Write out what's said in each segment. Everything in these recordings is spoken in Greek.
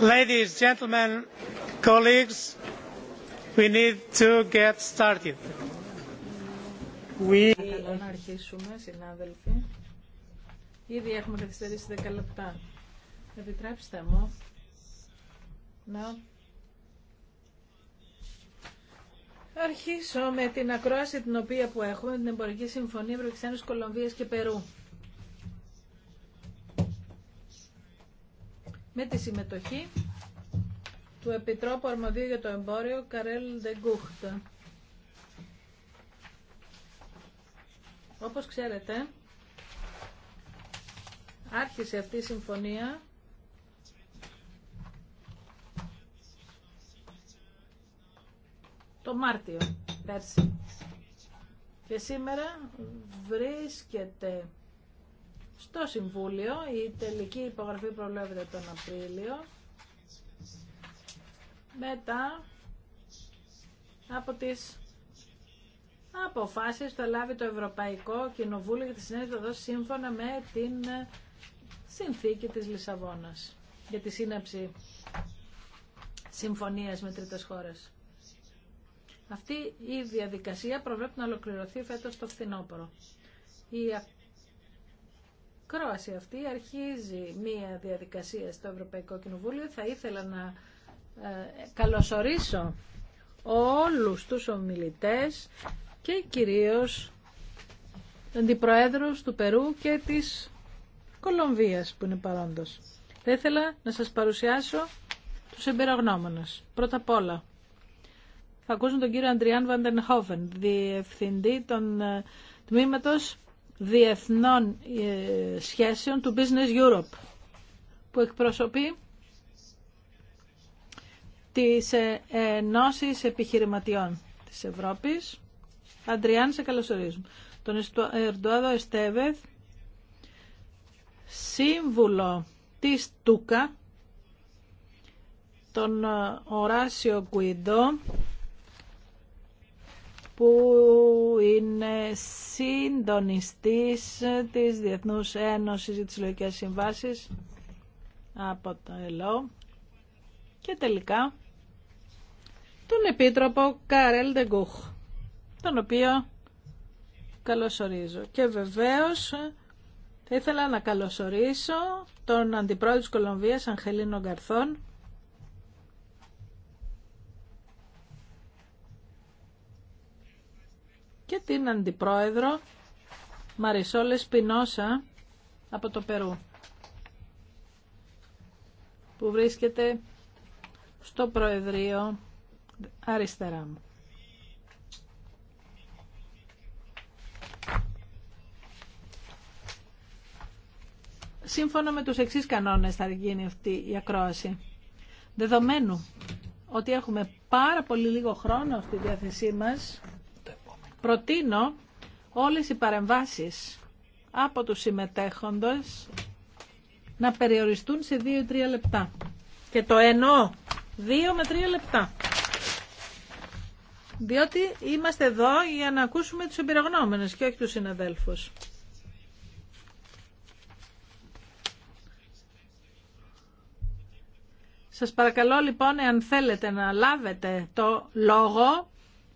Ladies, gentlemen, colleagues, we need to get started. We... να Ήδη έχουμε μου να αρχίσω με την ακρόαση την οποία που έχουμε, την εμπορική συμφωνία Ευρωξένους Κολομβίας και Περού. Με τη συμμετοχή του Επιτρόπου Αρμοδίου για το Εμπόριο, Καρέλ Ντεγκούχτ. Όπως ξέρετε, άρχισε αυτή η συμφωνία το Μάρτιο πέρσι. Και σήμερα βρίσκεται στο Συμβούλιο, η τελική υπογραφή προβλέπεται τον Απρίλιο, μετά από τις αποφάσεις θα λάβει το Ευρωπαϊκό Κοινοβούλιο για τη συνέντευξη εδώ σύμφωνα με την συνθήκη της Λισαβόνας για τη σύναψη συμφωνίας με τρίτες χώρες. Αυτή η διαδικασία προβλέπει να ολοκληρωθεί φέτος το φθινόπωρο. Η ακρόαση αυτή αρχίζει μία διαδικασία στο Ευρωπαϊκό Κοινοβούλιο. Θα ήθελα να ε, καλωσορίσω όλους τους ομιλητές και κυρίως αντιπροέδρους του Περού και της Κολομβίας που είναι παρόντος. Θα ήθελα να σας παρουσιάσω τους εμπειρογνώμονες. Πρώτα απ' όλα, θα ακούσουμε τον κύριο Αντριάν Βαντενχόβεν, διευθυντή των ε, τμήματος διεθνών ε, σχέσεων του Business Europe, που εκπροσωπεί τις ε, ενώσεις επιχειρηματιών της Ευρώπης. Αντριάν, σε καλωσορίζουμε. Τον Ερντοάδο Εστέβεθ, σύμβουλο της Τούκα, τον Οράσιο Κουιντό, που είναι συντονιστής της Διεθνούς Ένωσης για τις λογικέ Συμβάσεις από το ΕΛΟ και τελικά τον Επίτροπο Καρέλ Ντεγκούχ, τον οποίο καλωσορίζω. Και βεβαίως θα ήθελα να καλωσορίσω τον Αντιπρόεδρο της Κολομβίας, Αγχελίνο Γκαρθών, και την Αντιπρόεδρο Μαρισόλε Σπινόσα από το Περού που βρίσκεται στο Προεδρείο αριστερά μου. Σύμφωνα με τους εξής κανόνες θα γίνει αυτή η ακρόαση. Δεδομένου ότι έχουμε πάρα πολύ λίγο χρόνο στη διάθεσή μας, προτείνω όλες οι παρεμβάσεις από τους συμμετέχοντες να περιοριστούν σε 2-3 λεπτά. Και το εννοώ 2 με 3 λεπτά. Διότι είμαστε εδώ για να ακούσουμε τους εμπειρογνώμενες και όχι τους συναδέλφους. Σας παρακαλώ λοιπόν, εάν θέλετε να λάβετε το λόγο,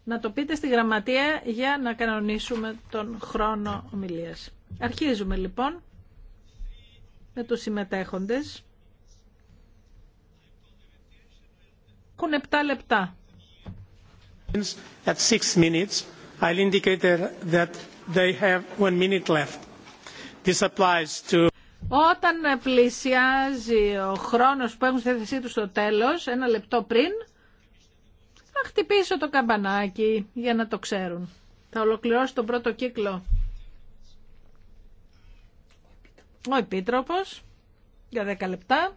να το πείτε στη γραμματεία για να κανονίσουμε τον χρόνο ομιλίας. Αρχίζουμε λοιπόν με τους συμμετέχοντες. Έχουν 7 λεπτά. minutes, I'll indicate that they have minute left. This applies to... Όταν πλησιάζει ο χρόνος που έχουν στη θέση του στο τέλος, ένα λεπτό πριν, να χτυπήσω το καμπανάκι για να το ξέρουν. Θα ολοκληρώσω τον πρώτο κύκλο. Ο Επίτροπος για 10 λεπτά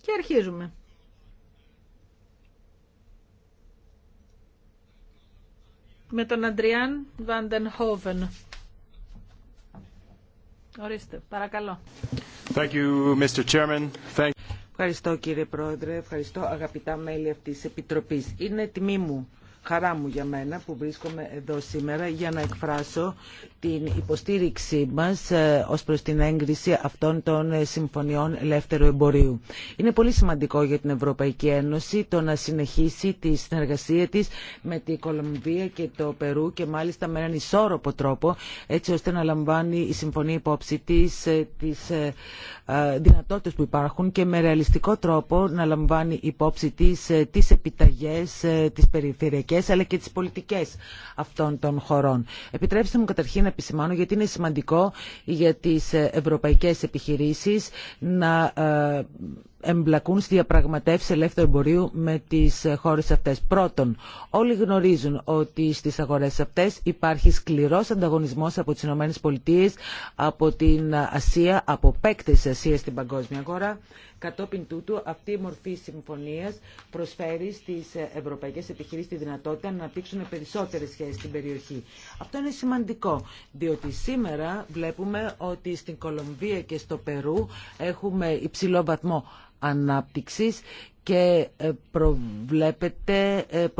και αρχίζουμε. Με τον Αντριάν Χόβεν. Ορίστε, παρακαλώ. Thank you, Mr. Chairman. Thank Ευχαριστώ κύριε Πρόεδρε, ευχαριστώ αγαπητά μέλη αυτής της Επιτροπής. Είναι τιμή μου χαρά μου για μένα που βρίσκομαι εδώ σήμερα για να εκφράσω την υποστήριξή μας ε, ως προς την έγκριση αυτών των ε, συμφωνιών ελεύθερου εμπορίου. Είναι πολύ σημαντικό για την Ευρωπαϊκή Ένωση το να συνεχίσει τη συνεργασία της με την Κολομβία και το Περού και μάλιστα με έναν ισόρροπο τρόπο έτσι ώστε να λαμβάνει η συμφωνία υπόψη της ε, τις δυνατότητες που υπάρχουν και με ρεαλιστικό τρόπο να λαμβάνει υπόψη της τις επιταγές της περιφερειακής οικονομικές αλλά και τι πολιτικέ αυτών των χωρών. Επιτρέψτε μου καταρχήν να επισημάνω γιατί είναι σημαντικό για τι ε, ευρωπαϊκέ επιχειρήσει. να ε, εμπλακούν στη διαπραγματεύση ελεύθερου εμπορίου με τις χώρες αυτές. Πρώτον, όλοι γνωρίζουν ότι στις αγορές αυτές υπάρχει σκληρός ανταγωνισμός από τις ΗΠΑ από την Ασία, από παίκτες της Ασίας στην παγκόσμια αγορά. Κατόπιν τούτου, αυτή η μορφή συμφωνία προσφέρει στις ευρωπαϊκέ επιχειρήσει τη δυνατότητα να αναπτύξουν περισσότερε σχέσει στην περιοχή. Αυτό είναι σημαντικό, διότι σήμερα βλέπουμε ότι στην Κολομβία και στο Περού έχουμε υψηλό βαθμό ανάπτυξης και ε, ε,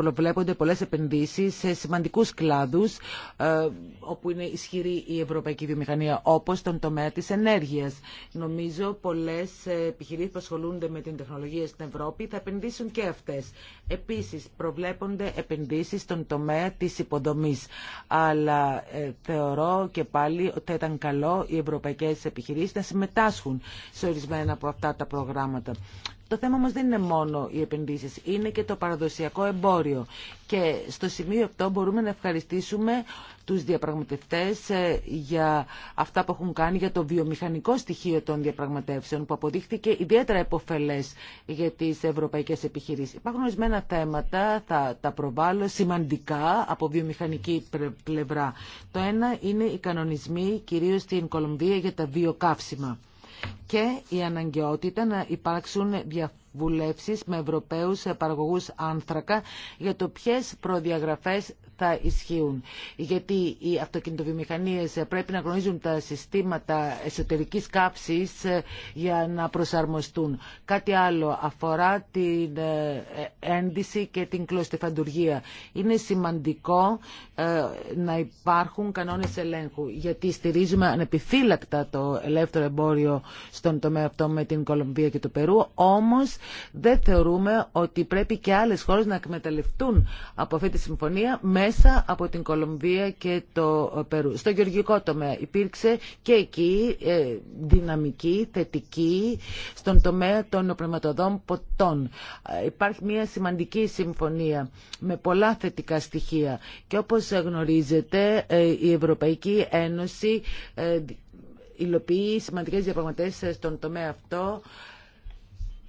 προβλέπονται πολλές επενδύσεις σε σημαντικούς κλάδους ε, όπου είναι ισχυρή η ευρωπαϊκή βιομηχανία όπως τον τομέα της ενέργειας. Νομίζω πολλές επιχειρήσεις που ασχολούνται με την τεχνολογία στην Ευρώπη θα επενδύσουν και αυτές. Επίσης προβλέπονται επενδύσεις στον τομέα της υποδομής αλλά θεωρώ και πάλι ότι θα ήταν καλό οι ευρωπαϊκές επιχειρήσεις να συμμετάσχουν σε ορισμένα από αυτά τα προγράμματα. Το θέμα όμω δεν είναι μόνο οι επενδύσεις, είναι και το παραδοσιακό εμπόριο. Και στο σημείο αυτό μπορούμε να ευχαριστήσουμε τους διαπραγματευτές ε, για αυτά που έχουν κάνει για το βιομηχανικό στοιχείο των διαπραγματεύσεων που αποδείχθηκε ιδιαίτερα επωφελές για τις ευρωπαϊκές επιχειρήσεις. Υπάρχουν ορισμένα θέματα, θα τα προβάλλω σημαντικά από βιομηχανική πλευρά. Το ένα είναι οι κανονισμοί κυρίως στην Κολομβία για τα βιοκαύσιμα και η αναγκαιότητα να υπάρξουν διαβουλεύσεις με Ευρωπαίους παραγωγούς άνθρακα για το ποιες προδιαγραφές θα ισχύουν. Γιατί οι αυτοκινητοβιομηχανίες πρέπει να γνωρίζουν τα συστήματα εσωτερικής κάψης ε, για να προσαρμοστούν. Κάτι άλλο αφορά την ε, ένδυση και την κλωστεφαντουργία. Είναι σημαντικό ε, να υπάρχουν κανόνες ελέγχου, γιατί στηρίζουμε ανεπιφύλακτα το ελεύθερο εμπόριο στον τομέα αυτό με την Κολομβία και το Περού, όμως δεν θεωρούμε ότι πρέπει και άλλες χώρες να εκμεταλλευτούν από αυτή τη συμφωνία από την Κολομβία και το Περού. Στο γεωργικό τομέα υπήρξε και εκεί ε, δυναμική, θετική, στον τομέα των πνευματοδών ποτών. Ε, υπάρχει μια σημαντική συμφωνία με πολλά θετικά στοιχεία και όπως γνωρίζετε ε, η Ευρωπαϊκή Ένωση υλοποιεί σημαντικές διαπραγματεύσεις στον τομέα αυτό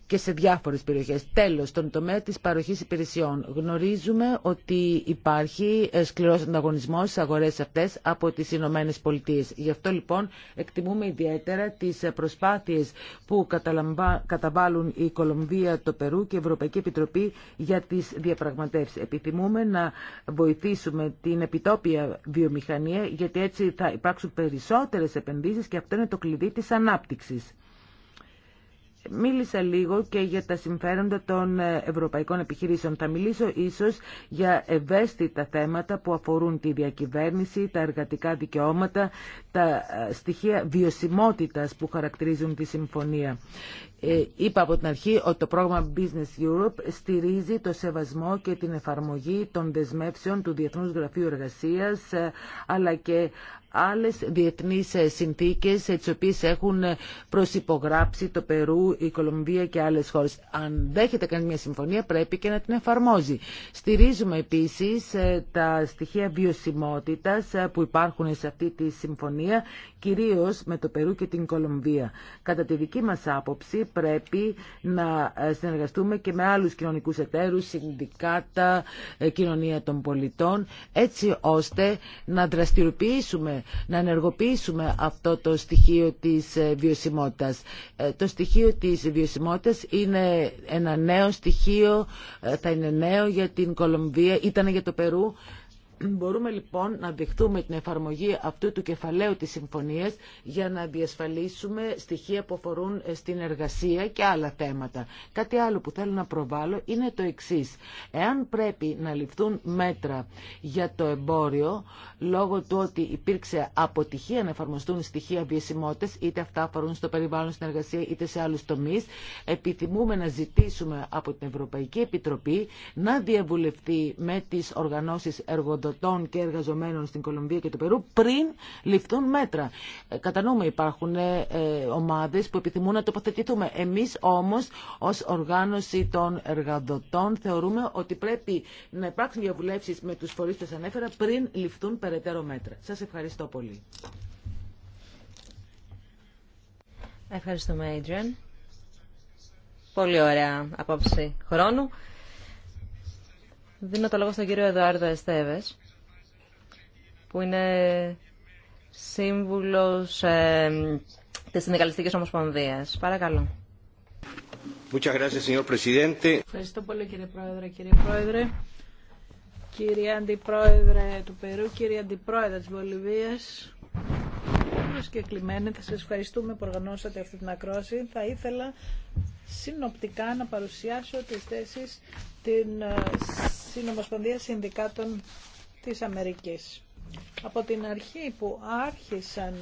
και σε διάφορες περιοχές. Τέλος, στον τομέα της παροχής υπηρεσιών γνωρίζουμε ότι υπάρχει ε, σκληρός ανταγωνισμός στις αγορές αυτές από τις Ηνωμένε Πολιτείε. Γι' αυτό λοιπόν εκτιμούμε ιδιαίτερα τις ε, προσπάθειες που καταβάλουν η Κολομβία, το Περού και η Ευρωπαϊκή Επιτροπή για τις διαπραγματεύσεις. Επιθυμούμε να βοηθήσουμε την επιτόπια βιομηχανία γιατί έτσι θα υπάρξουν περισσότερες επενδύσεις και αυτό είναι το κλειδί της ανάπτυξης. Μίλησα λίγο και για τα συμφέροντα των ε, ευρωπαϊκών επιχειρήσεων. Θα μιλήσω ίσως για ευαίσθητα θέματα που αφορούν τη διακυβέρνηση, τα εργατικά δικαιώματα, τα ε, στοιχεία βιωσιμότητας που χαρακτηρίζουν τη συμφωνία. Ε, είπα από την αρχή ότι το πρόγραμμα Business Europe στηρίζει το σεβασμό και την εφαρμογή των δεσμεύσεων του Διεθνούς Γραφείου Εργασίας ε, αλλά και άλλες διεθνείς ε, συνθήκες τις οποίες έχουν προσυπογράψει το Περού, η Κολομβία και άλλες χώρες. Αν δέχεται κανείς μια συμφωνία πρέπει και να την εφαρμόζει. Στηρίζουμε επίσης τα στοιχεία βιωσιμότητας που υπάρχουν σε αυτή τη συμφωνία κυρίως με το Περού και την Κολομβία. Κατά τη δική μας άποψη πρέπει να ε, συνεργαστούμε και με άλλους κοινωνικούς εταίρους, συνδικάτα, ε, κοινωνία των πολιτών, έτσι ώστε να δραστηριοποιήσουμε, να ενεργοποιήσουμε αυτό το στοιχείο της ε, βιωσιμότητας. Το στοιχείο της βιωσιμότητας είναι ένα νέο στοιχείο, θα είναι νέο για την Κολομβία, ήταν για το Περού, Μπορούμε λοιπόν να δεχτούμε την εφαρμογή αυτού του κεφαλαίου της συμφωνίας για να διασφαλίσουμε στοιχεία που αφορούν ε, στην εργασία και άλλα θέματα. Κάτι άλλο που θέλω να προβάλλω είναι το εξής. Εάν πρέπει να ληφθούν μέτρα για το εμπόριο, λόγω του ότι υπήρξε αποτυχία να εφαρμοστούν στοιχεία βιωσιμότητας, είτε αυτά αφορούν στο περιβάλλον, στην εργασία, είτε σε άλλους τομείς, επιθυμούμε να ζητήσουμε από την Ευρωπαϊκή Επιτροπή να διαβουλευτεί με τις οργανώσεις εργοδ εργοδοτών και εργαζομένων στην Κολομβία και το Περού πριν ληφθούν μέτρα. Ε, κατανοούμε υπάρχουν ε, ε, ομάδες που επιθυμούν να τοποθετηθούμε. Εμείς όμως ως οργάνωση των εργαδοτών θεωρούμε ότι πρέπει να υπάρξουν διαβουλεύσεις με τους φορείς που σας ανέφερα πριν ληφθούν περαιτέρω μέτρα. Σας ευχαριστώ πολύ. Ευχαριστούμε, Adrian. Πολύ ωραία απόψη χρόνου. Δίνω το λόγο στον κύριο Εδωάρδο Εστέβες, που είναι σύμβουλος ε, της Συνδικαλιστικής Ομοσπονδίας. Παρακαλώ. Ευχαριστώ πολύ κύριε Πρόεδρε, κύριε Πρόεδρε, κύριε Αντιπρόεδρε του Περού, κύριε Αντιπρόεδρε της Βολιβίας, προσκεκλημένοι, θα σας ευχαριστούμε που οργανώσατε αυτή την ακρόση. Θα ήθελα συνοπτικά να παρουσιάσω τις θέσεις την ε, Συνομοσπονδία Συνδικάτων της Αμερικής. Από την αρχή που άρχισαν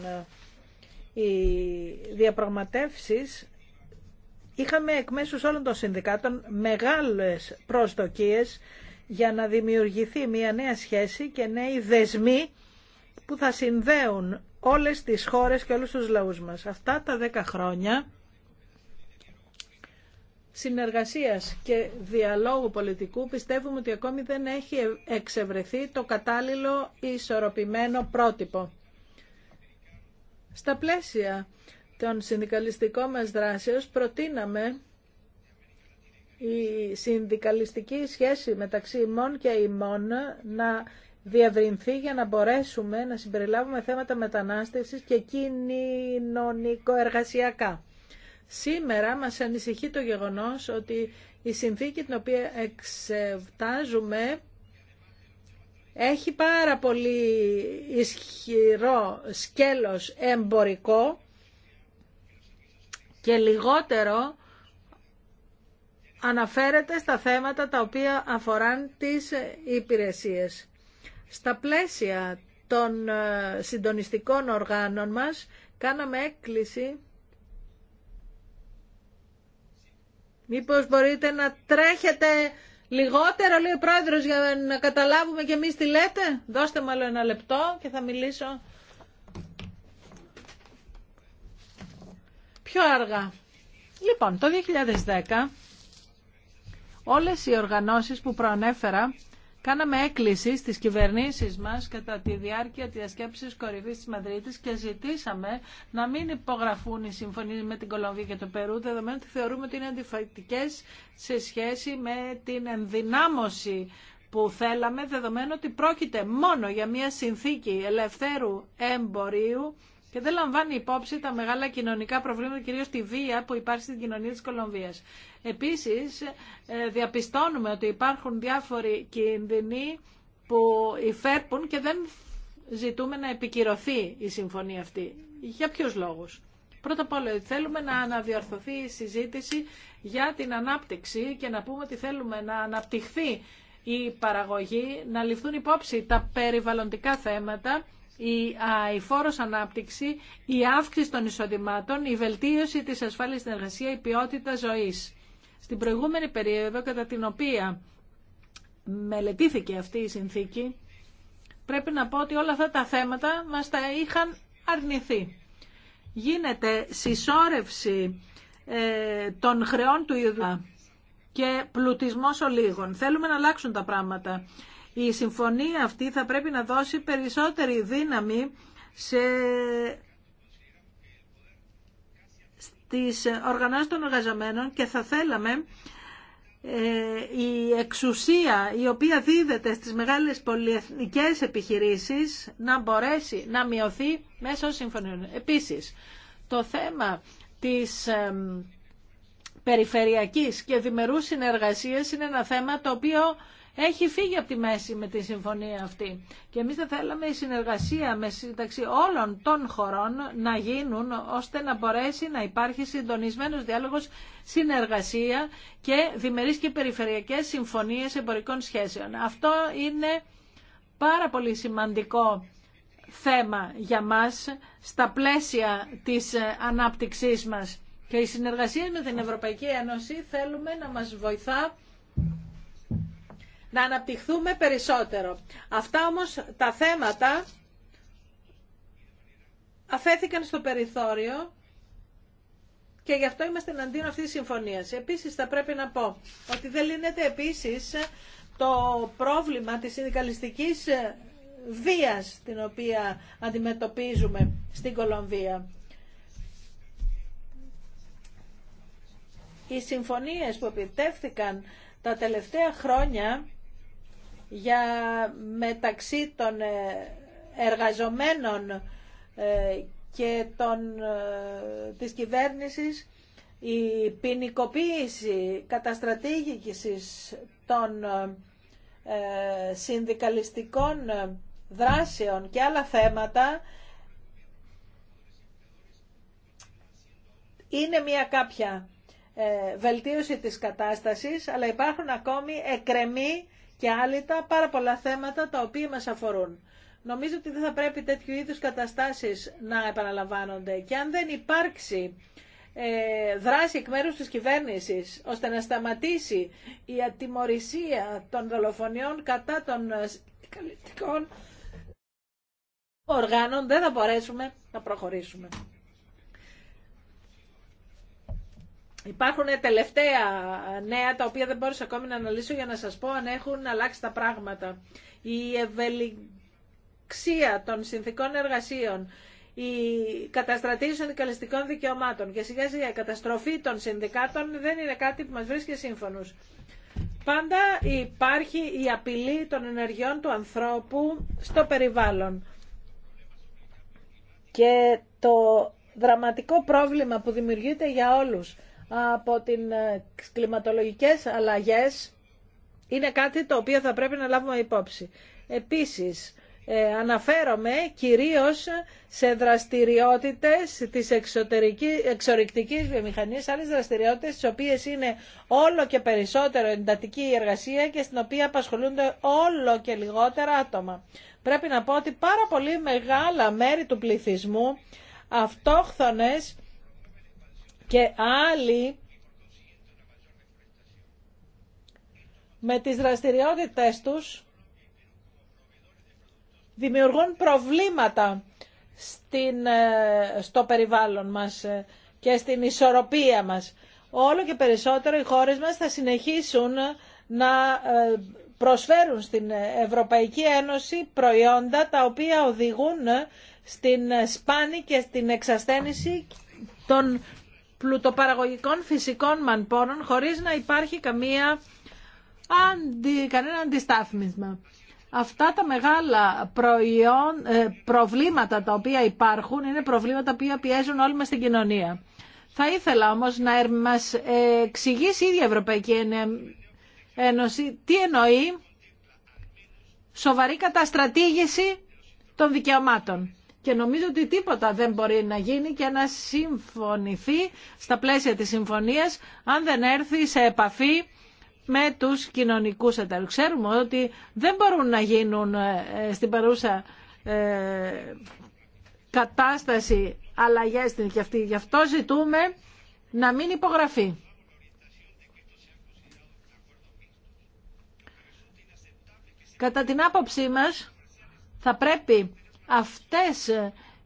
ε, οι διαπραγματεύσεις είχαμε εκ μέσου όλων των συνδικάτων μεγάλες προσδοκίες για να δημιουργηθεί μια νέα σχέση και νέοι δεσμοί που θα συνδέουν όλες τις χώρες και όλους τους λαούς μας. Αυτά τα δέκα χρόνια συνεργασίας και διαλόγου πολιτικού πιστεύουμε ότι ακόμη δεν έχει εξευρεθεί το κατάλληλο ισορροπημένο πρότυπο. Στα πλαίσια των συνδικαλιστικών μας δράσεως προτείναμε η συνδικαλιστική σχέση μεταξύ ημών και ημών να διευρυνθεί για να μπορέσουμε να συμπεριλάβουμε θέματα μετανάστευσης και κοινωνικοεργασιακά. Σήμερα μας ανησυχεί το γεγονός ότι η συνθήκη την οποία εξετάζουμε έχει πάρα πολύ ισχυρό σκέλος εμπορικό και λιγότερο αναφέρεται στα θέματα τα οποία αφοράν τις υπηρεσίες. Στα πλαίσια των ε, συντονιστικών οργάνων μας κάναμε έκκληση Μήπως μπορείτε να τρέχετε λιγότερο, λέει ο πρόεδρος, για να καταλάβουμε και εμείς τι λέτε. Δώστε μου άλλο ένα λεπτό και θα μιλήσω. Πιο αργά. Λοιπόν, το 2010 όλες οι οργανώσεις που προανέφερα Κάναμε έκκληση στις κυβερνήσεις μας κατά τη διάρκεια της ασκέψης κορυφής της Μαδρίτης και ζητήσαμε να μην υπογραφούν οι συμφωνίες με την Κολομβία και το Περού, δεδομένου ότι θεωρούμε ότι είναι αντιφατικές σε σχέση με την ενδυνάμωση που θέλαμε, δεδομένου ότι πρόκειται μόνο για μια συνθήκη ελευθέρου εμπορίου και δεν λαμβάνει υπόψη τα μεγάλα κοινωνικά προβλήματα, κυρίως τη βία που υπάρχει στην κοινωνία της Κολομβίας. Επίσης, ε, διαπιστώνουμε ότι υπάρχουν διάφοροι κινδυνοί που υφέρπουν και δεν ζητούμε να επικυρωθεί η συμφωνία αυτή. Για ποιους λόγους. Πρώτα απ' όλα, θέλουμε να αναδιορθωθεί η συζήτηση για την ανάπτυξη και να πούμε ότι θέλουμε να αναπτυχθεί η παραγωγή, να ληφθούν υπόψη τα περιβαλλοντικά θέματα η φόρος ανάπτυξη, η αύξηση των εισοδημάτων, η βελτίωση της ασφάλειας στην εργασία, η ποιότητα ζωής. Στην προηγούμενη περίοδο κατά την οποία μελετήθηκε αυτή η συνθήκη, πρέπει να πω ότι όλα αυτά τα θέματα μας τα είχαν αρνηθεί. Γίνεται συσσόρευση ε, των χρεών του ΙΔΑ και πλουτισμός ολίγων. Θέλουμε να αλλάξουν τα πράγματα. Η συμφωνία αυτή θα πρέπει να δώσει περισσότερη δύναμη σε τις οργανώσεις των εργαζομένων και θα θέλαμε ε, η εξουσία η οποία δίδεται στις μεγάλες πολυεθνικές επιχειρήσεις να μπορέσει να μειωθεί μέσω συμφωνιών. Επίσης, το θέμα της περιφερειακής και δημερού συνεργασίας είναι ένα θέμα το οποίο έχει φύγει από τη μέση με τη συμφωνία αυτή. Και εμείς θα θέλαμε η συνεργασία σύνταξη όλων των χωρών να γίνουν ώστε να μπορέσει να υπάρχει συντονισμένος διάλογος, συνεργασία και διμερείς και περιφερειακές συμφωνίες εμπορικών σχέσεων. Αυτό είναι πάρα πολύ σημαντικό θέμα για μας στα πλαίσια της ανάπτυξής μας. Και η συνεργασία με την Ευρωπαϊκή Ένωση θέλουμε να μας βοηθά να αναπτυχθούμε περισσότερο. Αυτά όμως τα θέματα αφέθηκαν στο περιθώριο και γι' αυτό είμαστε εναντίον αυτή τη συμφωνίας. Επίσης θα πρέπει να πω ότι δεν λύνεται επίσης το πρόβλημα της συνδικαλιστικής βίας την οποία αντιμετωπίζουμε στην Κολομβία. Οι συμφωνίες που επιτεύχθηκαν τα τελευταία χρόνια για μεταξύ των ε, εργαζομένων ε, και των, ε, της κυβέρνησης η ποινικοποίηση καταστρατήγησης των συνδικαλιστικών δράσεων και άλλα θέματα είναι μια κάποια βελτίωση της κατάστασης, αλλά υπάρχουν ακόμη εκρεμή και άλλοι πάρα πολλά θέματα τα οποία μας αφορούν. Νομίζω ότι δεν θα πρέπει τέτοιου είδους καταστάσεις να επαναλαμβάνονται και αν δεν υπάρξει ε, δράση εκ μέρους της κυβέρνησης ώστε να σταματήσει η ατιμορρησία των δολοφονιών κατά των ε, καλλιτικών οργάνων δεν θα μπορέσουμε να προχωρήσουμε. Υπάρχουν τελευταία νέα τα οποία δεν μπορούσα ακόμη να αναλύσω για να σας πω αν έχουν αλλάξει τα πράγματα. Η ευελιξία των συνθήκων εργασίων, η καταστρατήριση των δικαλιστικών δικαιωμάτων και σιγά σιγά η καταστροφή των συνδικάτων δεν είναι κάτι που μας βρίσκει σύμφωνους. Πάντα υπάρχει η απειλή των ενεργειών του ανθρώπου στο περιβάλλον. Και το δραματικό πρόβλημα που δημιουργείται για όλους από την ε, κλιματολογικές αλλαγές είναι κάτι το οποίο θα πρέπει να λάβουμε υπόψη. Επίσης, ε, αναφέρομαι κυρίως σε δραστηριότητες της εξωτερικής, βιομηχανίας, άλλες δραστηριότητες τις οποίες είναι όλο και περισσότερο εντατική η εργασία και στην οποία απασχολούνται όλο και λιγότερα άτομα. Πρέπει να πω ότι πάρα πολύ μεγάλα μέρη του πληθυσμού αυτόχθονες και άλλοι με τις δραστηριότητες τους δημιουργούν προβλήματα στην, ε, στο περιβάλλον μας ε, και στην ισορροπία μας. Όλο και περισσότερο οι χώρες μας θα συνεχίσουν να ε, προσφέρουν στην Ευρωπαϊκή Ένωση προϊόντα τα οποία οδηγούν στην σπάνη και στην εξασθένηση των πλουτοπαραγωγικών φυσικών μανπόρων χωρίς να υπάρχει καμία αντι, κανένα αντιστάθμισμα. Αυτά τα μεγάλα προϊόν, ε, προβλήματα τα οποία υπάρχουν είναι προβλήματα που πιέζουν όλοι μας την κοινωνία. Θα ήθελα όμως να μας εξηγήσει η ίδια Ευρωπαϊκή Ένωση τι εννοεί σοβαρή καταστρατήγηση των δικαιωμάτων και νομίζω ότι τίποτα δεν μπορεί να γίνει και να συμφωνηθεί στα πλαίσια της συμφωνίας αν δεν έρθει σε επαφή με τους κοινωνικούς εταίρους. Ξέρουμε ότι δεν μπορούν να γίνουν ε, στην παρούσα ε, κατάσταση αλλαγές στην και Γι' αυτό ζητούμε να μην υπογραφεί. Κατά την άποψή μας θα πρέπει αυτές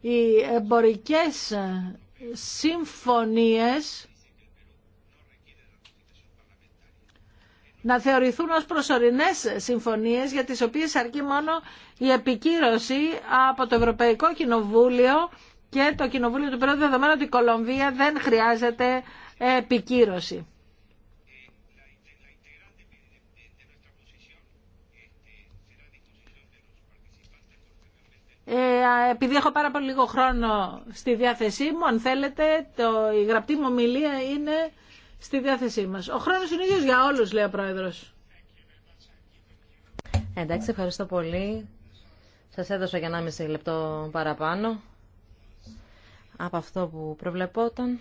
οι εμπορικές συμφωνίες να θεωρηθούν ως προσωρινές συμφωνίες για τις οποίες αρκεί μόνο η επικύρωση από το Ευρωπαϊκό Κοινοβούλιο και το Κοινοβούλιο του Πρόεδρου δεδομένου ότι η Κολομβία δεν χρειάζεται επικύρωση. Ε, επειδή έχω πάρα πολύ λίγο χρόνο στη διάθεσή μου, αν θέλετε, το, η γραπτή μου ομιλία είναι στη διάθεσή μας. Ο χρόνος είναι ίδιος για όλους, λέει ο Πρόεδρος. Ε, εντάξει, ευχαριστώ πολύ. Σας έδωσα για μισή λεπτό παραπάνω από αυτό που προβλεπόταν.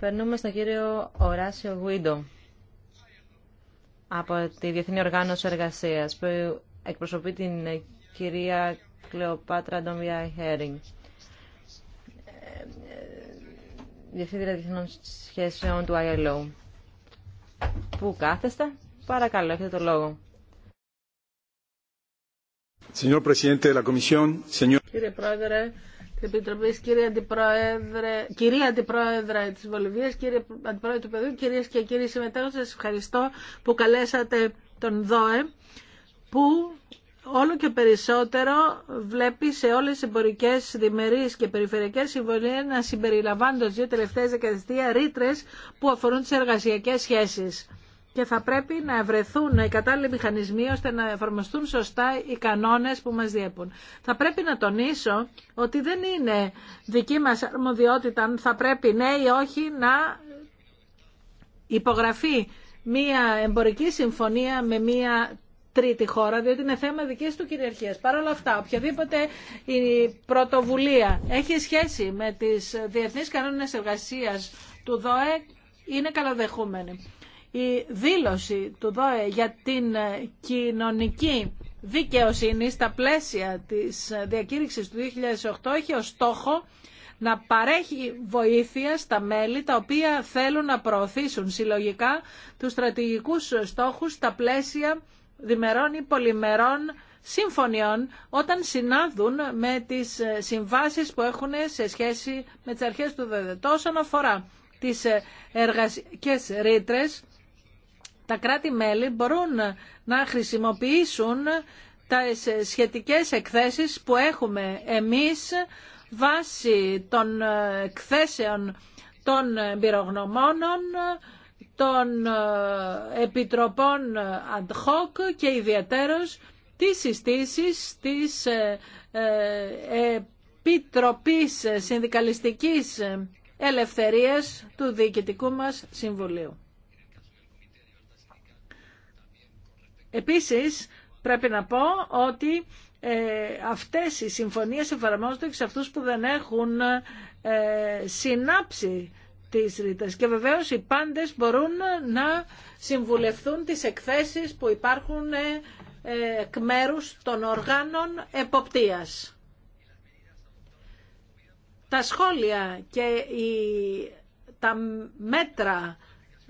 Περνούμε στον κύριο Οράσιο Γουίντο από τη Διεθνή Οργάνωση Εργασίας που εκπροσωπεί την κυρία Κλεοπάτρα Ντομιά Χέρινγκ. Διευθύντρια Διεθνών Σχέσεων του ILO. Πού κάθεστε? Παρακαλώ, έχετε το λόγο. Κύριε Πρόεδρε, Επιτροπή, κύριε Αντιπρόεδρε, κυρία Αντιπρόεδρα της Βολιβίας, κύριε Αντιπρόεδρε του παιδού, κύριε και κύριοι συμμετέχοντε, σας ευχαριστώ που καλέσατε τον ΔΟΕ, που όλο και περισσότερο βλέπει σε όλες τις εμπορικέ διμερεί και περιφερειακές συμβολίε να συμπεριλαμβάνονται τι δύο τελευταίε δεκαετία ρήτρε που αφορούν τι εργασιακέ σχέσει και θα πρέπει να ευρεθούν οι κατάλληλοι μηχανισμοί ώστε να εφαρμοστούν σωστά οι κανόνες που μας διέπουν. Θα πρέπει να τονίσω ότι δεν είναι δική μας αρμοδιότητα αν θα πρέπει ναι ή όχι να υπογραφεί μία εμπορική συμφωνία με μία τρίτη χώρα, διότι είναι θέμα δική του κυριαρχία. Παρ' όλα αυτά, οποιαδήποτε η πρωτοβουλία έχει σχέση με τι διεθνεί κανόνε εργασία του ΔΟΕ είναι καλοδεχούμενη η δήλωση του ΔΟΕ για την ε, κοινωνική δικαιοσύνη στα πλαίσια της ε, διακήρυξης του 2008 έχει ως στόχο να παρέχει βοήθεια στα μέλη τα οποία θέλουν να προωθήσουν συλλογικά τους στρατηγικούς στόχους στα πλαίσια διμερών ή πολυμερών συμφωνιών όταν συνάδουν με τις ε, συμβάσεις που έχουν σε σχέση με τις αρχές του ΔΕΔΕ. Όσον αφορά τις εργασιακές ρήτρες, τα κράτη-μέλη μπορούν να χρησιμοποιήσουν τα σχετικές εκθέσεις που έχουμε εμείς βάσει των ε, εκθέσεων των εμπειρογνωμόνων, των ε, επιτροπών ad hoc και ιδιαίτερως τις συστήσεις της ε, Επιτροπής Συνδικαλιστικής Ελευθερίας του Διοικητικού μας Συμβουλίου. Επίσης, πρέπει να πω ότι ε, αυτές οι συμφωνίες εφαρμόζονται σε αυτούς που δεν έχουν ε, συνάψει τις ρήτες. Και βεβαίως οι πάντες μπορούν να συμβουλευθούν τις εκθέσεις που υπάρχουν ε, εκ μέρους των οργάνων εποπτείας. Τα σχόλια και τα μέτρα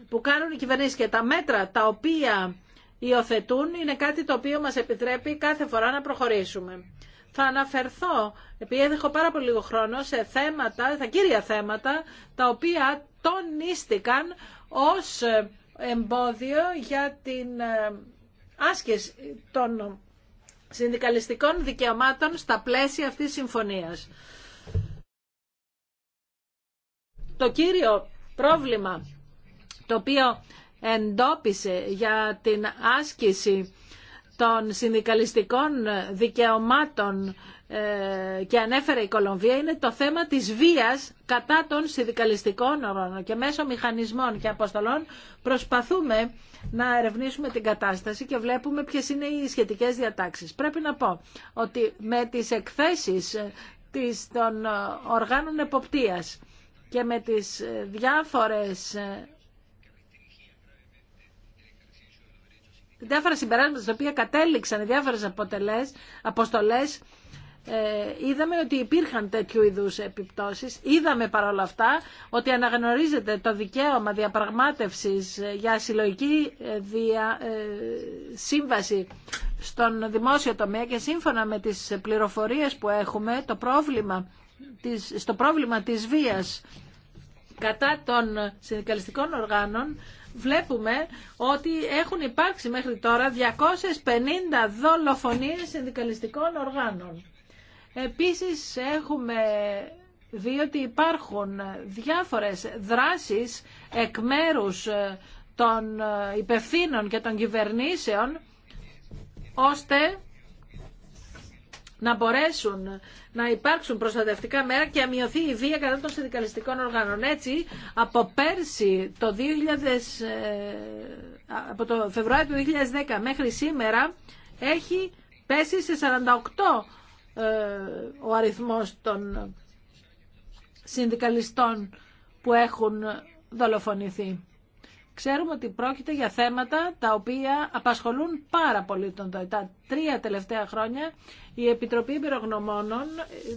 που κάνουν οι κυβερνήσεις και τα μέτρα τα οποία υιοθετούν είναι κάτι το οποίο μας επιτρέπει κάθε φορά να προχωρήσουμε. Θα αναφερθώ, επειδή έχω πάρα πολύ λίγο χρόνο, σε θέματα, τα κύρια θέματα, τα οποία τονίστηκαν ως ε, εμπόδιο για την ε, άσκηση των συνδικαλιστικών δικαιωμάτων στα πλαίσια αυτής της συμφωνίας. Το κύριο πρόβλημα το οποίο εντόπισε για την άσκηση των συνδικαλιστικών δικαιωμάτων ε, και ανέφερε η Κολομβία είναι το θέμα της βίας κατά των συνδικαλιστικών ορών και μέσω μηχανισμών και αποστολών προσπαθούμε να ερευνήσουμε την κατάσταση και βλέπουμε ποιες είναι οι σχετικές διατάξεις. Πρέπει να πω ότι με τις εκθέσεις ε, των ε, οργάνων εποπτείας και με τις διάφορες διάφορα συμπεράσματα στα οποία κατέληξαν οι διάφορε αποστολές ε, είδαμε ότι υπήρχαν τέτοιου είδους επιπτώσεις. Είδαμε παρόλα αυτά ότι αναγνωρίζεται το δικαίωμα διαπραγμάτευσης για συλλογική ε, δια, ε, σύμβαση στον δημόσιο τομέα και σύμφωνα με τις πληροφορίες που έχουμε το πρόβλημα της, στο πρόβλημα της βίας κατά των συνδικαλιστικών οργάνων βλέπουμε ότι έχουν υπάρξει μέχρι τώρα 250 δολοφονίες συνδικαλιστικών οργάνων. Επίσης έχουμε δει ότι υπάρχουν διάφορες δράσεις εκ μέρους ε, των ε, υπευθύνων και των κυβερνήσεων ώστε να μπορέσουν να υπάρξουν προστατευτικά μέρα και να η βία κατά των συνδικαλιστικών οργάνων. Έτσι, από πέρσι, το 2000, ε, από το Φεβρουάριο του 2010 μέχρι σήμερα, έχει πέσει σε 48 ε, ο αριθμός των συνδικαλιστών που έχουν δολοφονηθεί. Ξέρουμε ότι πρόκειται για θέματα τα οποία απασχολούν πάρα πολύ τον Τρία τελευταία χρόνια η Επιτροπή Υπηρογνωμόνων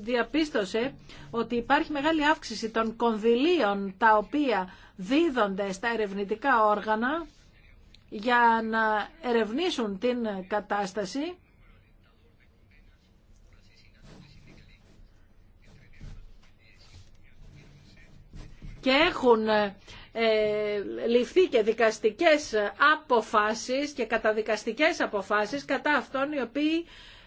διαπίστωσε ότι υπάρχει μεγάλη αύξηση των κονδυλίων τα οποία δίδονται στα ερευνητικά όργανα για να ερευνήσουν την κατάσταση και έχουν ε, ληφθεί και δικαστικές αποφάσεις και καταδικαστικές αποφάσεις κατά αυτών οι οποίοι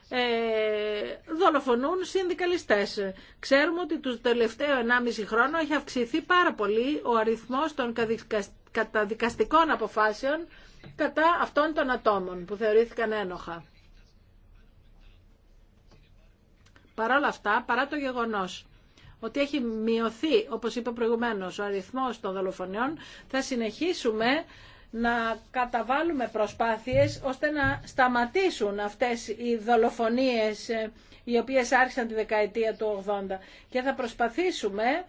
ε, δολοφονούν συνδικαλιστές. Ξέρουμε ότι τους τελευταίο 1,5 χρόνο έχει αυξηθεί πάρα πολύ ο αριθμός των καταδικαστικών αποφάσεων κατά αυτών των ατόμων που θεωρήθηκαν ένοχα. Παρ' όλα αυτά, παρά το γεγονός ότι έχει μειωθεί, όπως είπα προηγουμένως, ο αριθμός των δολοφονιών, θα συνεχίσουμε να καταβάλουμε προσπάθειες ώστε να σταματήσουν αυτές οι δολοφονίες ε, οι οποίες άρχισαν τη δεκαετία του 80 και θα προσπαθήσουμε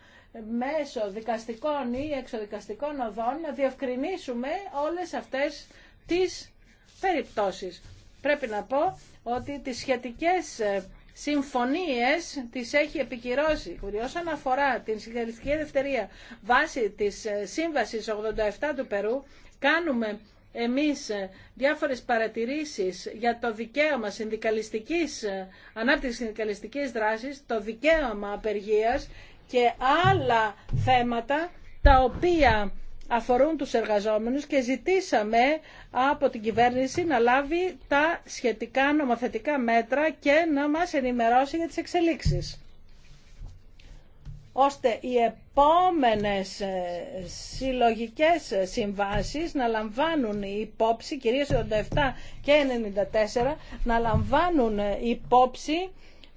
μέσω δικαστικών ή εξοδικαστικών οδών να διευκρινίσουμε όλες αυτές τις περιπτώσεις. Πρέπει να πω ότι τις σχετικές ε, συμφωνίες τις έχει επικυρώσει. Όσον αφορά την συγκεκριστική ελευθερία βάσει της ε, Σύμβασης 87 του Περού, κάνουμε εμείς ε, διάφορες παρατηρήσεις για το δικαίωμα συνδικαλιστικής, ε, ανάπτυξης συνδικαλιστικής δράσης, το δικαίωμα απεργίας και άλλα θέματα τα οποία αφορούν τους εργαζόμενους και ζητήσαμε από την κυβέρνηση να λάβει τα σχετικά νομοθετικά μέτρα και να μας ενημερώσει για τις εξελίξεις ώστε οι επόμενες ε, συλλογικές ε, συμβάσεις να λαμβάνουν υπόψη, κυρίως 87 και 94, να λαμβάνουν ε, υπόψη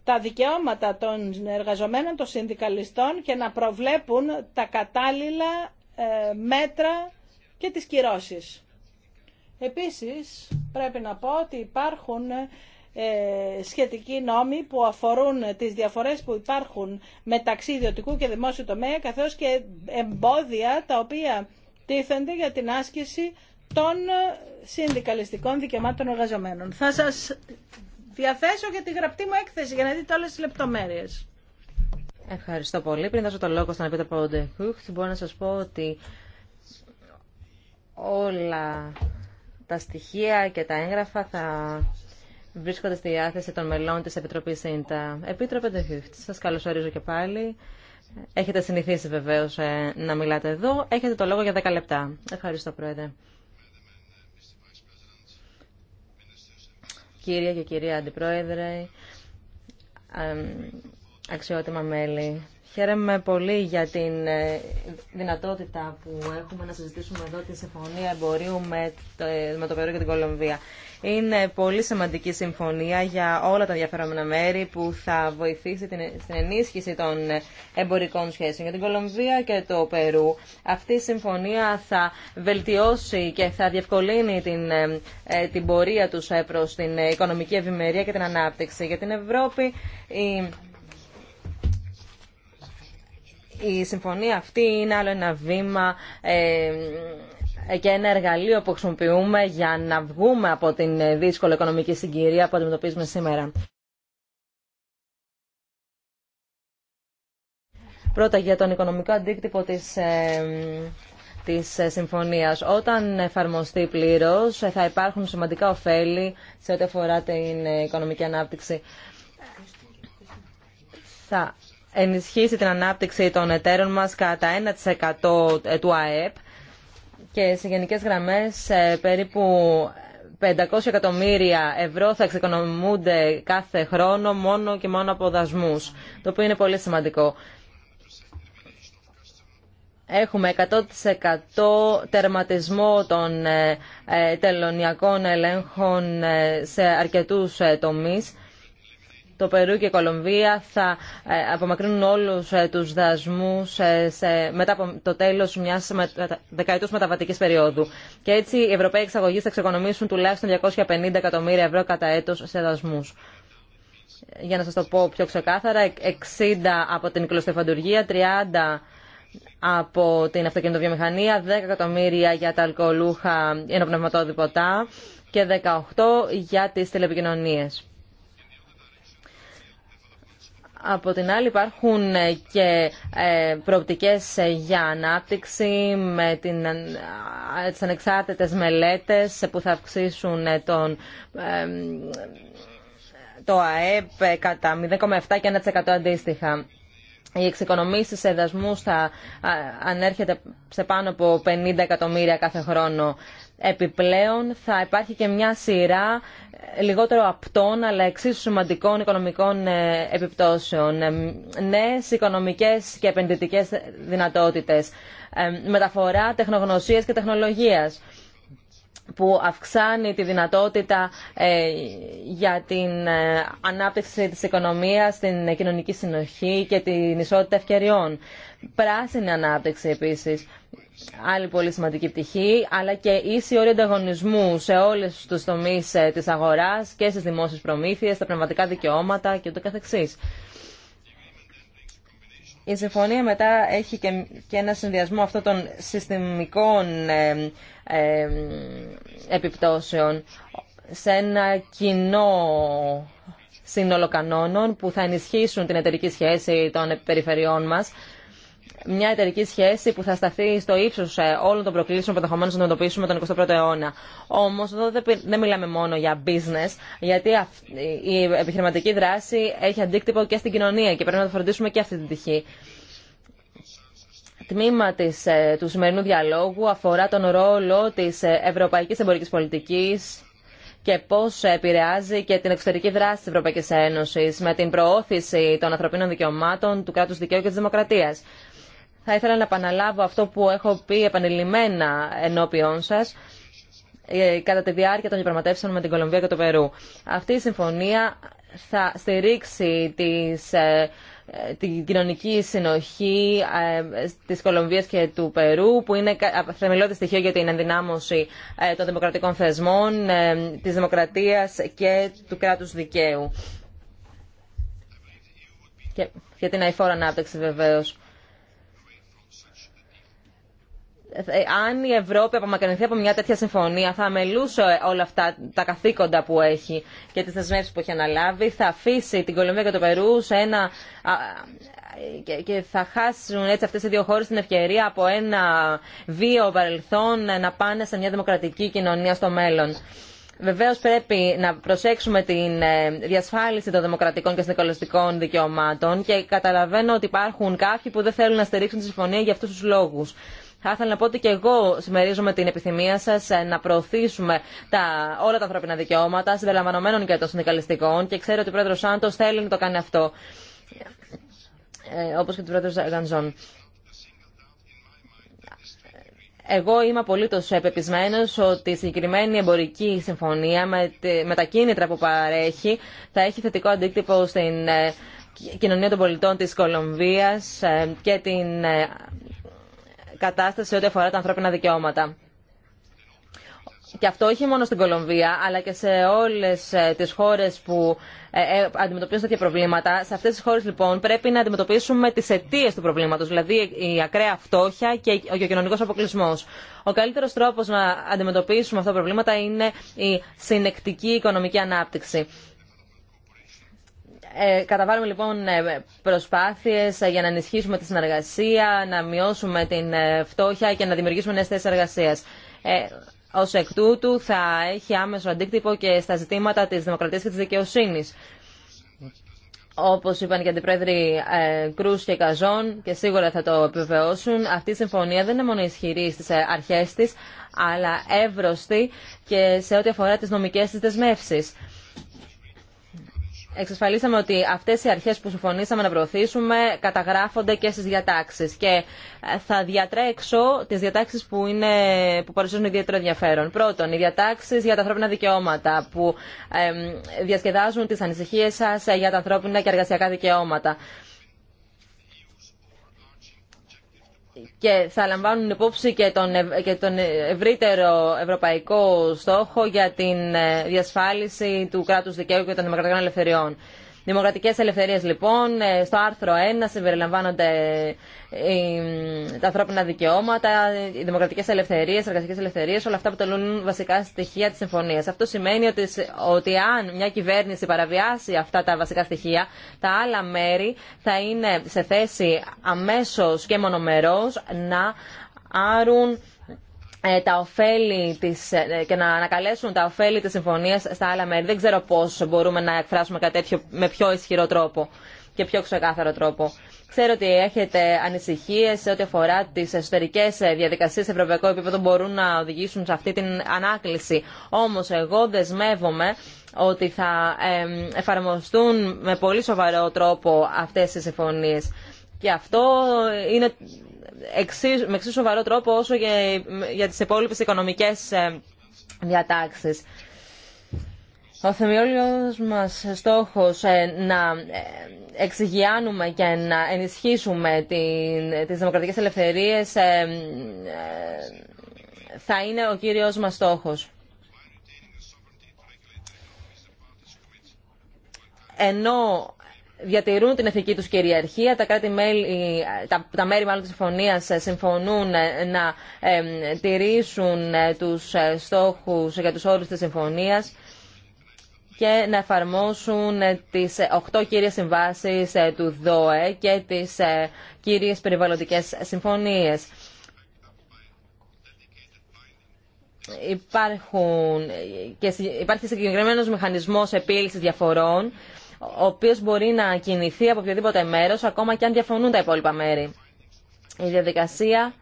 τα δικαιώματα των εργαζομένων, των συνδικαλιστών και να προβλέπουν τα κατάλληλα μέτρα και τις κυρώσεις. Επίσης, πρέπει να πω ότι υπάρχουν ε, σχετικοί νόμοι που αφορούν τις διαφορές που υπάρχουν μεταξύ ιδιωτικού και δημόσιου τομέα καθώς και εμπόδια τα οποία τίθενται για την άσκηση των συνδικαλιστικών δικαιωμάτων εργαζομένων. Θα σας διαθέσω για τη γραπτή μου έκθεση για να δείτε όλες τις λεπτομέρειες. Ευχαριστώ πολύ. Πριν δώσω το λόγο στον Επίτροπο Ντεχούχτ, μπορώ να σας πω ότι όλα τα στοιχεία και τα έγγραφα θα βρίσκονται στη διάθεση των μελών της Επιτροπής ΣΥΝΤΑ. Επίτροπε σας καλωσορίζω και πάλι. Έχετε συνηθίσει βεβαίως ε, να μιλάτε εδώ. Έχετε το λόγο για 10 λεπτά. Ευχαριστώ, Πρόεδρε. Κύριε και κυρία Αντιπρόεδρε, ε, αξιότιμα μέλη Χαίρομαι πολύ για την ε, δυνατότητα που έχουμε να συζητήσουμε εδώ τη Συμφωνία Εμπορίου ε, με το, Περού και την Κολομβία. Είναι πολύ σημαντική συμφωνία για όλα τα ενδιαφέρομενα μέρη που θα βοηθήσει την, στην ενίσχυση των εμπορικών σχέσεων. Για την Κολομβία και το Περού αυτή η συμφωνία θα βελτιώσει και θα διευκολύνει την, ε, την πορεία τους προς την οικονομική ευημερία και την ανάπτυξη. Για την Ευρώπη η συμφωνία αυτή είναι άλλο ένα βήμα ε, και ένα εργαλείο που χρησιμοποιούμε για να βγούμε από την δύσκολη οικονομική συγκυρία που αντιμετωπίζουμε σήμερα. Πρώτα για τον οικονομικό αντίκτυπο της, ε, της ε, συμφωνίας. Όταν εφαρμοστεί πλήρως θα υπάρχουν σημαντικά ωφέλη σε ό,τι αφορά την οικονομική ανάπτυξη. Θα ενισχύσει την ανάπτυξη των εταίρων μας κατά 1% του ΑΕΠ και σε γενικές γραμμές ε, περίπου 500 εκατομμύρια ευρώ θα εξοικονομούνται κάθε χρόνο μόνο και μόνο από δασμούς, το οποίο είναι πολύ σημαντικό. Έχουμε 100% τερματισμό των ε, ε, τελωνιακών ελέγχων σε αρκετούς τομείς το Περού και η Κολομβία θα ε, απομακρύνουν όλους ε, τους δασμούς ε, μετά από το τέλος μιας δεκαετούς μεταβατικής περίοδου. Και έτσι οι Ευρωπαίοι εξαγωγείς θα ξεκονομήσουν τουλάχιστον 250 εκατομμύρια ευρώ κατά έτος σε δασμούς. Για να σας το πω πιο ξεκάθαρα, 60 από την κλωστεφαντουργία, 30 από την αυτοκινητοβιομηχανία, 10 εκατομμύρια για τα αλκοολούχα ενοπνευματόδη ποτά και 18 για τις τηλεπικοινωνίες. Από την άλλη υπάρχουν και ε, προοπτικές για ανάπτυξη με την, ε, τις ανεξάρτητες μελέτες που θα αυξήσουν τον, το ΑΕΠ κατά 0,7 και 1% αντίστοιχα. Οι εξοικονομήσει σε δασμού θα ε, ανέρχεται σε πάνω από 50 εκατομμύρια κάθε χρόνο. Επιπλέον θα υπάρχει και μια σειρά ε, λιγότερο απτών αλλά εξίσου σημαντικών οικονομικών ε, επιπτώσεων. Ε, νέες οικονομικές και επενδυτικές δυνατότητες, μεταφορά τεχνογνωσίας και τεχνολογίας που αυξάνει τη δυνατότητα για την ανάπτυξη της οικονομίας, την κοινωνική συνοχή και την ισότητα ευκαιριών. Πράσινη ανάπτυξη επίσης άλλη πολύ σημαντική πτυχή, αλλά και ίση όρια ανταγωνισμού σε όλες τους τομείς ε, της αγοράς και στι δημόσιε προμήθειες, τα πνευματικά δικαιώματα και ούτω καθεξής. Η συμφωνία μετά έχει και, ένα συνδυασμό αυτών των συστημικών ε, ε, επιπτώσεων σε ένα κοινό σύνολο κανόνων που θα ενισχύσουν την εταιρική σχέση των περιφερειών μας μια εταιρική σχέση που θα σταθεί στο ύψο ε, όλων των προκλήσεων που ενδεχομένω να αντιμετωπίσουμε τον 21ο αιώνα. Όμω, εδώ δεν μιλάμε μόνο για business, γιατί η επιχειρηματική δράση έχει αντίκτυπο και στην κοινωνία και πρέπει να το φροντίσουμε και αυτή την τυχή. Τμήμα της, ε, του σημερινού διαλόγου αφορά τον ρόλο της ε, ευρωπαϊκής εμπορικής πολιτικής και πώς επηρεάζει και την εξωτερική δράση της Ευρωπαϊκής Ένωσης με την προώθηση των ανθρωπίνων δικαιωμάτων, του κράτους δικαίου και της δημοκρατίας. Θα ήθελα να επαναλάβω αυτό που έχω πει επανειλημμένα ενώπιόν σας ε, κατά τη διάρκεια των διαπραγματεύσεων με την Κολομβία και το Περού. Αυτή η συμφωνία θα στηρίξει τις, ε, την κοινωνική συνοχή ε, της Κολομβίας και του Περού που είναι θεμελιώδη στοιχείο για την ενδυνάμωση των δημοκρατικών θεσμών, της δημοκρατίας και του κράτους δικαίου. Και για την αηφόρα ανάπτυξη βεβαίως αν η Ευρώπη απομακρυνθεί από μια τέτοια συμφωνία, θα αμελούσε όλα αυτά τα καθήκοντα που έχει και τι δεσμεύσει που έχει αναλάβει, θα αφήσει την Κολομβία και το Περού σε ένα... και θα χάσουν έτσι αυτές οι δύο χώρες την ευκαιρία από ένα βίο παρελθόν να πάνε σε μια δημοκρατική κοινωνία στο μέλλον. Βεβαίως πρέπει να προσέξουμε την ε, διασφάλιση των δημοκρατικών και συνεκολαστικών δικαιωμάτων και καταλαβαίνω ότι υπάρχουν κάποιοι που δεν θέλουν να στηρίξουν τη συμφωνία για αυτού τους λόγους. Θα ήθελα να πω ότι και εγώ συμμερίζομαι την επιθυμία σα ε, να προωθήσουμε τα, όλα τα ανθρώπινα δικαιώματα, συμπεριλαμβανομένων και των συνδικαλιστικών και ξέρω ότι ο πρόεδρο Σάντο θέλει να το κάνει αυτό. Ε, Όπω και ο πρόεδρο Γανζόν. Εγώ είμαι απολύτω πεπισμένο ότι η συγκεκριμένη εμπορική συμφωνία με, τα κίνητρα που παρέχει θα έχει θετικό αντίκτυπο στην ε, κοινωνία των πολιτών της Κολομβίας ε, και την κατάσταση ό,τι αφορά τα ανθρώπινα δικαιώματα. Και αυτό όχι μόνο στην Κολομβία, αλλά και σε όλε τι χώρε που ε, ε, αντιμετωπίζουν τέτοια προβλήματα. Σε αυτέ τι χώρε, λοιπόν, πρέπει να αντιμετωπίσουμε τι αιτίε του προβλήματο, δηλαδή η ακραία φτώχεια και ο κοινωνικό αποκλεισμό. Ο καλύτερο τρόπο να αντιμετωπίσουμε αυτά τα προβλήματα είναι η συνεκτική οικονομική ανάπτυξη. Ε, καταβάλουμε λοιπόν ε, προσπάθειες ε, για να ενισχύσουμε τη συνεργασία, να μειώσουμε την φτώχεια και να δημιουργήσουμε νέες θέσεις εργασίας. Ε, ως εκ τούτου θα έχει άμεσο αντίκτυπο και στα ζητήματα της δημοκρατίας και τη δικαιοσύνη. Όπως είπαν και οι αντιπρόεδροι Κρούς και Καζόν και σίγουρα θα το επιβεβαιώσουν, αυτή η συμφωνία δεν είναι μόνο ισχυρή στι αρχέ τη, αλλά εύρωστη και σε ό,τι αφορά τι νομικέ της δεσμεύσει εξασφαλίσαμε ότι αυτές οι αρχές που συμφωνήσαμε να προωθήσουμε καταγράφονται και στι διατάξεις και ε, θα διατρέξω τις διατάξεις που, είναι, που παρουσιάζουν ιδιαίτερο ενδιαφέρον. Πρώτον, οι διατάξεις για τα ανθρώπινα δικαιώματα που διασκεδάζουν τις ανησυχίε σας για τα ανθρώπινα και εργασιακά δικαιώματα. και θα λαμβάνουν υπόψη και τον, ευρύτερο ευρωπαϊκό στόχο για την ε, διασφάλιση του κράτους δικαίου και των δημοκρατικών ελευθεριών. Δημοκρατικές ελευθερίες λοιπόν, ε, στο άρθρο 1 συμπεριλαμβάνονται ε, τα ανθρώπινα δικαιώματα, οι δημοκρατικές ελευθερίες, εργασιακές ελευθερίες, όλα αυτά που βασικά στοιχεία της συμφωνίας. Αυτό σημαίνει ότι, ότι αν μια κυβέρνηση παραβιάσει αυτά τα βασικά στοιχεία, τα άλλα μέρη θα είναι σε θέση αμέσως και μονομερός να άρουν ε, τα ωφέλη της, ε, και να ανακαλέσουν τα ωφέλη της συμφωνίας στα άλλα μέρη. Δεν ξέρω πώς μπορούμε να εκφράσουμε κάτι τέτοιο με πιο ισχυρό τρόπο και πιο ξεκάθαρο τρόπο. Ξέρω ότι έχετε ανησυχίε σε ό,τι αφορά τι εσωτερικέ ε, διαδικασίε σε ευρωπαϊκό επίπεδο μπορούν να οδηγήσουν σε αυτή την ανάκληση. Όμω, εγώ δεσμεύομαι ότι θα εφαρμοστούν με πολύ σοβαρό τρόπο αυτέ οι συμφωνίε. Και αυτό είναι με εξίσου σοβαρό τρόπο όσο για, για τις υπόλοιπες οικονομικές ε, διατάξεις. Ο θεμιόλιος μας στόχος ε, να ε, εξηγειάνουμε και να ενισχύσουμε την, τις δημοκρατικές ελευθερίες θα είναι ο κύριος μας στόχος. Ενώ διατηρούν την εθνική τους κυριαρχία. Τα, κράτη τα, τα μέρη μάλλον της συμφωνίας ε, συμφωνούν ε, να τηρήσουν ε, τους στόχους για τους όρους της συμφωνίας και να εφαρμόσουν τις οκτώ κύριες συμβάσεις του ΔΟΕ και τις κύριες περιβαλλοντικές συμφωνίες. Υπάρχουν, και υπάρχει συγκεκριμένος μηχανισμός επίλυσης διαφορών ο οποίο μπορεί να κινηθεί από οποιοδήποτε μέρο, ακόμα και αν διαφωνούν τα υπόλοιπα μέρη. Η διαδικασία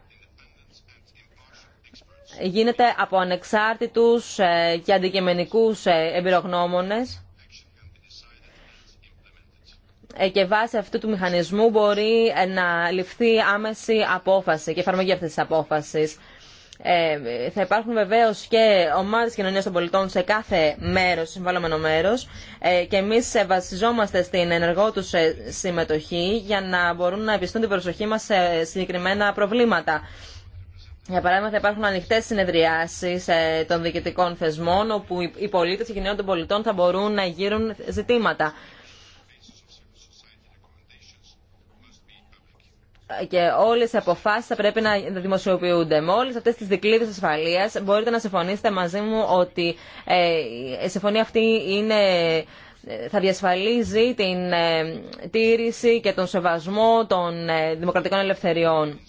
γίνεται από ανεξάρτητους ε, και αντικειμενικούς ε, εμπειρογνώμονες ε, και βάσει αυτού του μηχανισμού μπορεί να ληφθεί άμεση απόφαση και εφαρμογή αυτής της απόφασης. Ε, θα υπάρχουν βεβαίω και ομάδε κοινωνία των πολιτών σε κάθε μέρο, συμβαλλόμενο μέρο. Ε, και εμεί βασιζόμαστε στην ενεργό του ε, συμμετοχή για να μπορούν να επιστούν την προσοχή μα σε συγκεκριμένα προβλήματα. Για παράδειγμα, θα υπάρχουν ανοιχτέ συνεδριάσει ε, των διοικητικών θεσμών, όπου οι πολίτε και οι κοινωνία των πολιτών θα μπορούν να γύρουν ζητήματα. και όλες οι αποφάσεις θα πρέπει να δημοσιοποιούνται. Με όλε αυτές τι δικλείδες ασφαλεία. μπορείτε να συμφωνήσετε μαζί μου ότι ε, η συμφωνία αυτή είναι, ε, θα διασφαλίζει την ε, τήρηση και τον σεβασμό των δημοκρατικών ελευθεριών.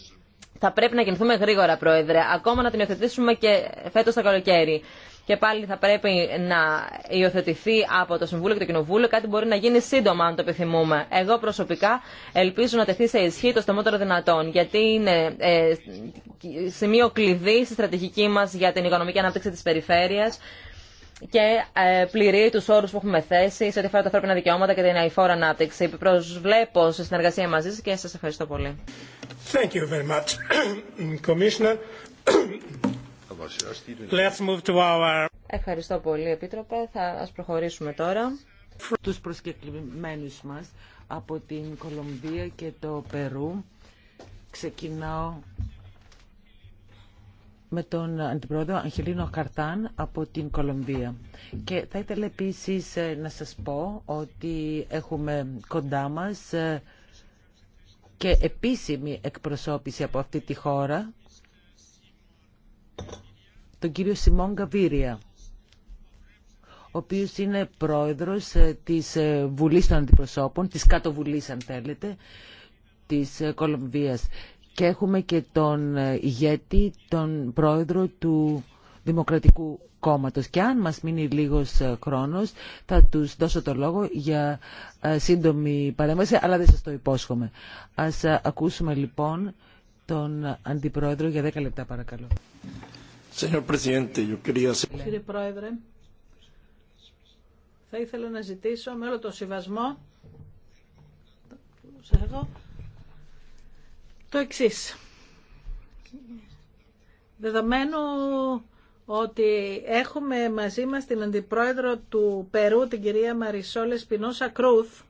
Θα πρέπει να κινηθούμε γρήγορα, Πρόεδρε, ακόμα να την υιοθετήσουμε και φέτος το καλοκαίρι και πάλι θα πρέπει να υιοθετηθεί από το Συμβούλιο και το Κοινοβούλιο. Κάτι μπορεί να γίνει σύντομα, αν το επιθυμούμε. Εγώ προσωπικά ελπίζω να τεθεί σε ισχύ το στομότερο δυνατόν, γιατί είναι ε, σημείο κλειδί στη στρατηγική μα για την οικονομική ανάπτυξη τη περιφέρεια και ε, πληρεί του όρου που έχουμε θέσει σε ό,τι αφορά τα ανθρώπινα δικαιώματα και την αηφόρα ανάπτυξη. Προσβλέπω σε συνεργασία μαζί σα και σα ευχαριστώ πολύ. Thank you very much. Commissioner. Let's move to Ευχαριστώ πολύ, Επίτροπε. Θα ας προχωρήσουμε τώρα. Τους προσκεκλημένους μας από την Κολομβία και το Περού ξεκινάω με τον Αντιπρόεδρο Αγγελίνο Καρτάν από την Κολομβία. Και θα ήθελα επίση ε, να σας πω ότι έχουμε κοντά μας ε, και επίσημη εκπροσώπηση από αυτή τη χώρα τον κύριο Σιμών Καβίρια, ο οποίος είναι πρόεδρος ε, της ε, Βουλής των Αντιπροσώπων, της Κάτω Βουλής αν θέλετε, της ε, Κολομβίας. Και έχουμε και τον ηγέτη, τον πρόεδρο του Δημοκρατικού Κόμματος. Και αν μας μείνει λίγος χρόνος θα τους δώσω το λόγο για σύντομη παρέμβαση, αλλά δεν σας το υπόσχομαι. Ας ακούσουμε λοιπόν τον Αντιπρόεδρο για 10 λεπτά παρακαλώ. Κύριε Πρόεδρε, θα ήθελα να ζητήσω με όλο το συμβασμό το εξή. Δεδομένου ότι έχουμε μαζί μας την Αντιπρόεδρο του Περού, την κυρία Μαρισόλε Σπινόσα Κρούθ,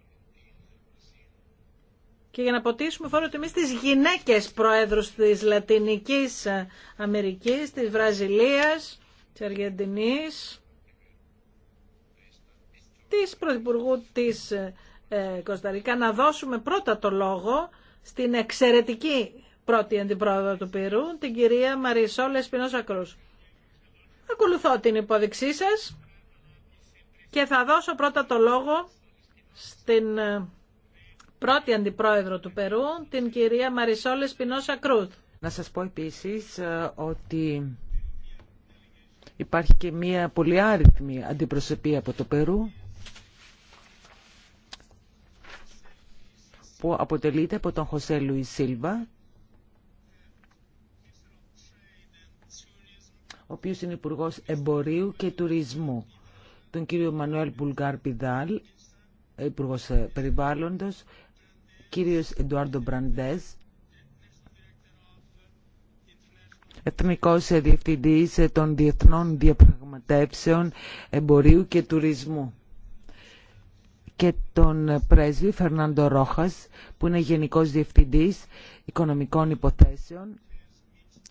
και για να ποτίσουμε φόρο τιμή στις γυναίκες προέδρους της Λατινικής Αμερικής, της Βραζιλίας, της Αργεντινής, της Πρωθυπουργού της ε, να δώσουμε πρώτα το λόγο στην εξαιρετική πρώτη αντιπρόεδρο του Πυρού, την κυρία Μαρισόλ Εσπινός Ακρούς. Ακολουθώ την υπόδειξή σας και θα δώσω πρώτα το λόγο στην ε, πρώτη αντιπρόεδρο του Περού, την κυρία Μαρισόλε Σπινόσα Κρούτ. Να σας πω επίσης ε, ότι υπάρχει και μία πολύ άριθμη αντιπροσωπή από το Περού που αποτελείται από τον Χωσέ Λουί Σίλβα, ο οποίος είναι υπουργό Εμπορίου και Τουρισμού, τον κύριο Μανουέλ Μπουλγκάρ Πιδάλ, υπουργό ε, Περιβάλλοντος, κύριος Εντουάρντο Μπραντές, Εθνικός Διευθυντής των Διεθνών Διαπραγματεύσεων Εμπορίου και Τουρισμού και τον πρέσβη Φερνάντο Ρόχας, που είναι Γενικός Διευθυντής Οικονομικών Υποθέσεων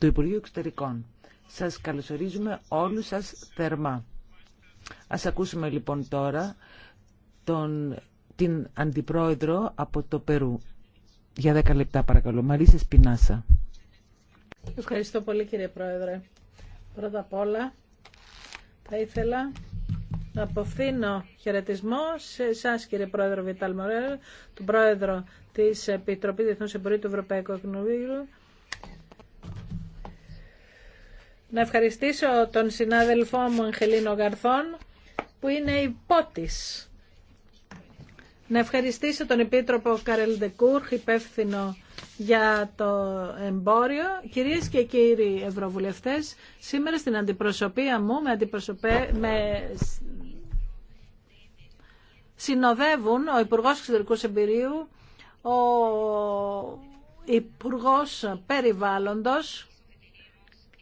του Υπουργείου Εξωτερικών. Σας καλωσορίζουμε όλους σας θερμά. Ας ακούσουμε λοιπόν τώρα τον την Αντιπρόεδρο από το Περού. Για 10 λεπτά παρακαλώ. Μαρίσες Πινάσα. Ευχαριστώ πολύ κύριε Πρόεδρε. Πρώτα απ' όλα θα ήθελα να αποφθύνω χαιρετισμό σε εσά κύριε Πρόεδρο Βιτάλ Μορέλ, τον Πρόεδρο της Επιτροπής Διεθνούς Εμπορίου του Ευρωπαϊκού Εκνοβίου, να ευχαριστήσω τον συνάδελφό μου Αγγελίνο Γαρθών που είναι υπότης να ευχαριστήσω τον Επίτροπο Καρέλ Ντεκούρχ, υπεύθυνο για το εμπόριο. Κυρίες και κύριοι Ευρωβουλευτές, σήμερα στην αντιπροσωπεία μου με, αντιπροσωπε... με... συνοδεύουν ο Υπουργός Εξωτερικού Εμπειρίου, ο Υπουργός Περιβάλλοντος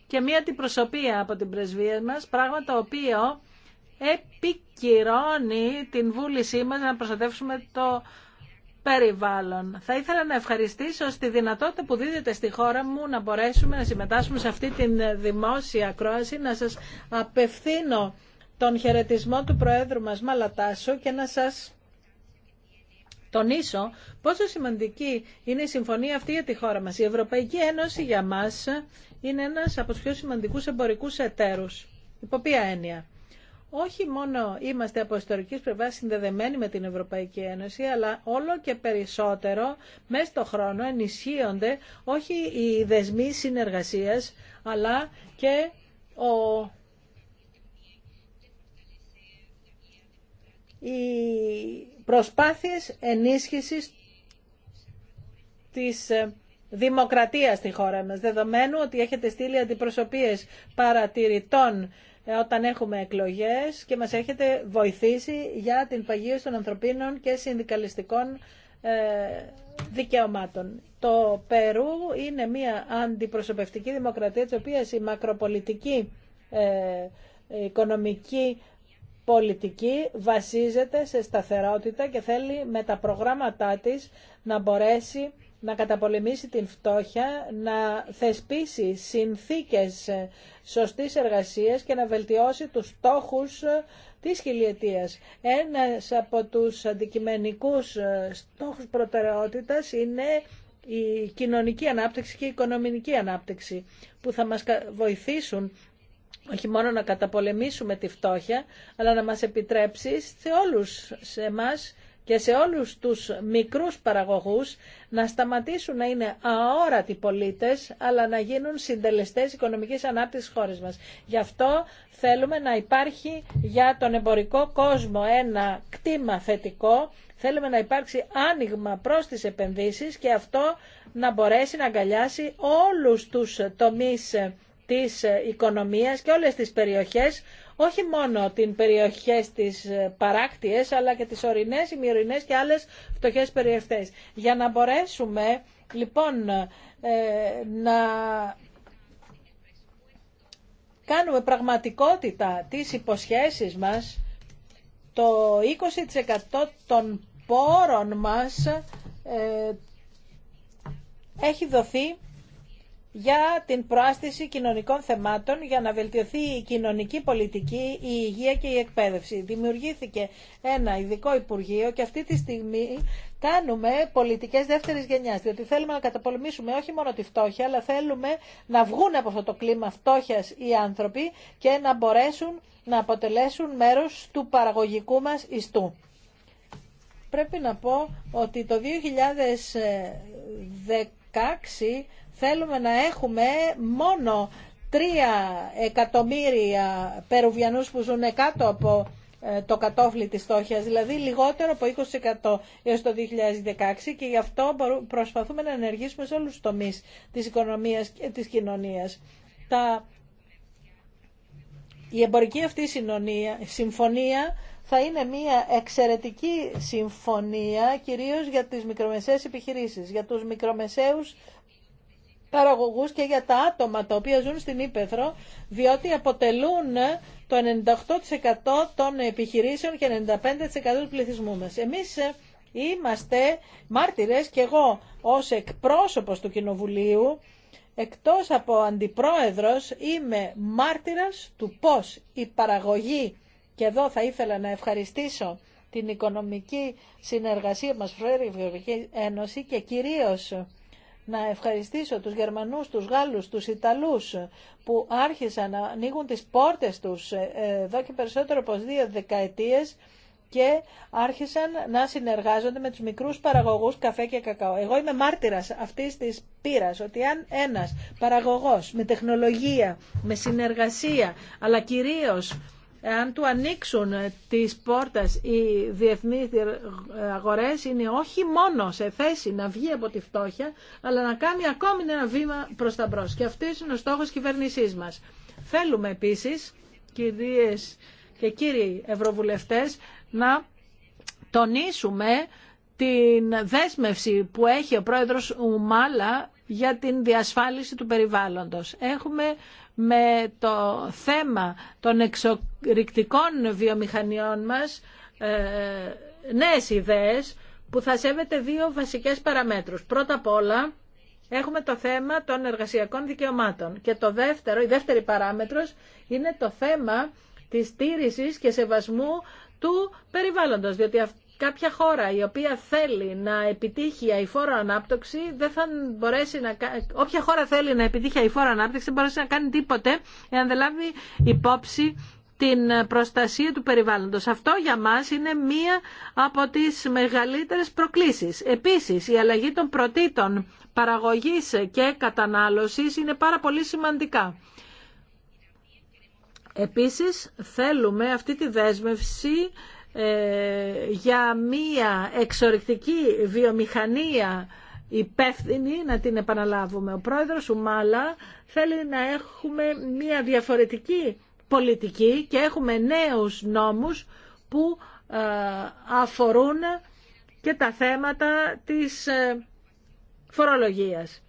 και μία αντιπροσωπεία από την πρεσβεία μας, πράγμα το οποίο επικυρώνει την βούλησή μας να προστατεύσουμε το περιβάλλον. Θα ήθελα να ευχαριστήσω στη δυνατότητα που δίδεται στη χώρα μου να μπορέσουμε να συμμετάσχουμε σε αυτή την δημόσια ακρόαση, να σας απευθύνω τον χαιρετισμό του Προέδρου μας Μαλατάσο και να σας τονίσω πόσο σημαντική είναι η συμφωνία αυτή για τη χώρα μας. Η Ευρωπαϊκή Ένωση για μας είναι ένας από τους πιο σημαντικούς εμπορικούς εταίρους. Υπό ποια έννοια όχι μόνο είμαστε από ιστορικής πλευράς συνδεδεμένοι με την Ευρωπαϊκή Ένωση, αλλά όλο και περισσότερο μέσα στο χρόνο ενισχύονται όχι οι δεσμοί συνεργασίας, αλλά και ο... οι προσπάθειες ενίσχυσης της ε, δημοκρατίας στη χώρα μας, δεδομένου ότι έχετε στείλει αντιπροσωπείες παρατηρητών ε, όταν έχουμε εκλογές και μας έχετε βοηθήσει για την παγίωση των ανθρωπίνων και συνδικαλιστικών ε, δικαιωμάτων. Το Περού είναι μια αντιπροσωπευτική δημοκρατία της οποίας η μακροπολιτική ε, οικονομική πολιτική βασίζεται σε σταθερότητα και θέλει με τα προγράμματά της να μπορέσει να καταπολεμήσει την φτώχεια, να θεσπίσει συνθήκες σωστής εργασίας και να βελτιώσει τους στόχους της χιλιετίας. Ένας από τους αντικειμενικούς στόχους προτεραιότητας είναι η κοινωνική ανάπτυξη και η οικονομική ανάπτυξη που θα μας βοηθήσουν όχι μόνο να καταπολεμήσουμε τη φτώχεια, αλλά να μας επιτρέψει σε όλους σε εμάς και σε όλους τους μικρούς παραγωγούς να σταματήσουν να είναι αόρατοι πολίτες, αλλά να γίνουν συντελεστές οικονομικής ανάπτυξης χώρες μας. Γι' αυτό θέλουμε να υπάρχει για τον εμπορικό κόσμο ένα κτήμα θετικό, θέλουμε να υπάρξει άνοιγμα προς τις επενδύσεις και αυτό να μπορέσει να αγκαλιάσει όλους τους τομείς της οικονομίας και όλες τις περιοχές όχι μόνο την περιοχές της παράκτιες, αλλά και τις ορεινές, ημιορεινές και άλλες φτωχές περιοχές. Για να μπορέσουμε λοιπόν ε, να κάνουμε πραγματικότητα τις υποσχέσεις μας, το 20% των πόρων μας ε, έχει δοθεί για την προάστηση κοινωνικών θεμάτων για να βελτιωθεί η κοινωνική πολιτική, η υγεία και η εκπαίδευση. Δημιουργήθηκε ένα ειδικό Υπουργείο και αυτή τη στιγμή κάνουμε πολιτικές δεύτερης γενιάς, διότι θέλουμε να καταπολεμήσουμε όχι μόνο τη φτώχεια, αλλά θέλουμε να βγουν από αυτό το κλίμα φτώχεια οι άνθρωποι και να μπορέσουν να αποτελέσουν μέρος του παραγωγικού μας ιστού. Πρέπει να πω ότι το 2016 θέλουμε να έχουμε μόνο 3 εκατομμύρια Περουβιανούς που ζουν κάτω από ε, το κατόφλι της στόχιας, δηλαδή λιγότερο από 20% έως το 2016 και γι' αυτό προσπαθούμε να ενεργήσουμε σε όλους τους τομείς της οικονομίας και της κοινωνίας. Τα... Η εμπορική αυτή συνωνία, συμφωνία θα είναι μια εξαιρετική συμφωνία κυρίως για τις μικρομεσαίες επιχειρήσεις, για τους μικρομεσαίους παραγωγούς και για τα άτομα τα οποία ζουν στην Ήπεθρο, διότι αποτελούν το 98% των επιχειρήσεων και 95% του πληθυσμού μας. Εμείς ε, είμαστε μάρτυρες και εγώ ως εκπρόσωπος του Κοινοβουλίου, εκτός από αντιπρόεδρος, είμαι μάρτυρας του πώς η παραγωγή, και εδώ θα ήθελα να ευχαριστήσω την οικονομική συνεργασία μας Ένωση και κυρίως να ευχαριστήσω τους Γερμανούς, τους Γάλλους, τους Ιταλούς που άρχισαν να ανοίγουν τις πόρτες τους ε, εδώ και περισσότερο από δύο δεκαετίες και άρχισαν να συνεργάζονται με τους μικρούς παραγωγούς καφέ και κακάο. Εγώ είμαι μάρτυρας αυτής της πείρας, ότι αν ένας παραγωγός με τεχνολογία, με συνεργασία, αλλά κυρίως εάν του ανοίξουν τις πόρτες οι διεθνείς αγορές είναι όχι μόνο σε θέση να βγει από τη φτώχεια αλλά να κάνει ακόμη ένα βήμα προς τα μπρος και αυτοί είναι ο στόχος κυβέρνησής μας. Θέλουμε επίσης κυρίες και κύριοι ευρωβουλευτές να τονίσουμε την δέσμευση που έχει ο πρόεδρος Ουμάλα για την διασφάλιση του περιβάλλοντος. Έχουμε με το θέμα των εξορυκτικών βιομηχανιών μας ε, νέες ιδέες που θα σέβεται δύο βασικές παραμέτρους. Πρώτα απ' όλα έχουμε το θέμα των εργασιακών δικαιωμάτων και το δεύτερο, η δεύτερη παράμετρος είναι το θέμα της στήρησης και σεβασμού του περιβάλλοντος, διότι αυτό κάποια χώρα η οποία θέλει να επιτύχει αηφόρο ανάπτυξη, δεν θα μπορέσει να Όποια χώρα θέλει να επιτύχει αηφόρο ανάπτυξη, δεν μπορέσει να κάνει τίποτε εάν δεν λάβει υπόψη την προστασία του περιβάλλοντος. Αυτό για μας είναι μία από τις μεγαλύτερες προκλήσεις. Επίσης, η αλλαγή των προτήτων παραγωγής και κατανάλωσης είναι πάρα πολύ σημαντικά. Επίσης, θέλουμε αυτή τη δέσμευση ε, για μία εξορρυκτική βιομηχανία υπεύθυνη, να την επαναλάβουμε. Ο πρόεδρος Ουμάλα θέλει να έχουμε μία διαφορετική πολιτική και έχουμε νέους νόμους που ε, αφορούν και τα θέματα της ε, φορολογίας.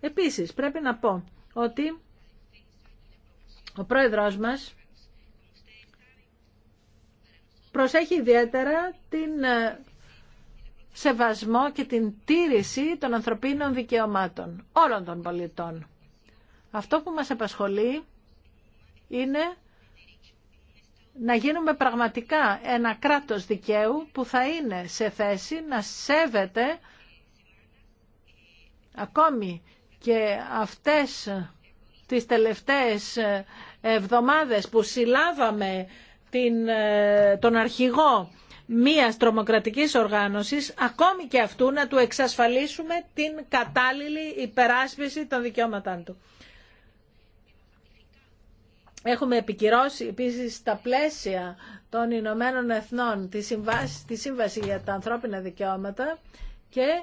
Επίσης, πρέπει να πω ότι ο πρόεδρος μας προσέχει ιδιαίτερα την ε, σεβασμό και την τήρηση των ανθρωπίνων δικαιωμάτων όλων των πολιτών. Αυτό που μας απασχολεί είναι να γίνουμε πραγματικά ένα κράτος δικαίου που θα είναι σε θέση να σέβεται ακόμη και αυτές τις τελευταίες ε, εβδομάδες που συλλάβαμε την, ε, τον αρχηγό μίας τρομοκρατικής οργάνωσης, ακόμη και αυτού να του εξασφαλίσουμε την κατάλληλη υπεράσπιση των δικαιώματών του. Έχουμε επικυρώσει επίσης τα πλαίσια των Ηνωμένων Εθνών τη Σύμβαση, τη σύμβαση για τα Ανθρώπινα Δικαιώματα και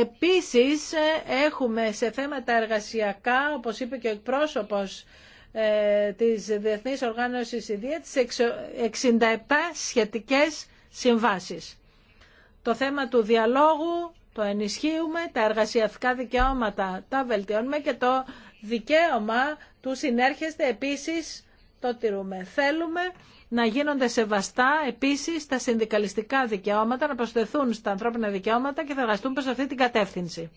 επίσης ε, έχουμε σε θέματα εργασιακά, όπως είπε και ο εκπρόσωπος ε, της Διεθνής Οργάνωσης Ιδία τις 67 σχετικές συμβάσεις. Το θέμα του διαλόγου το ενισχύουμε, τα εργασιακά δικαιώματα τα βελτιώνουμε και το δικαίωμα του συνέρχεστε επίσης το τηρούμε. Θέλουμε να γίνονται σεβαστά επίσης τα συνδικαλιστικά δικαιώματα, να προσθεθούν στα ανθρώπινα δικαιώματα και θα εργαστούν προς αυτή την κατεύθυνση.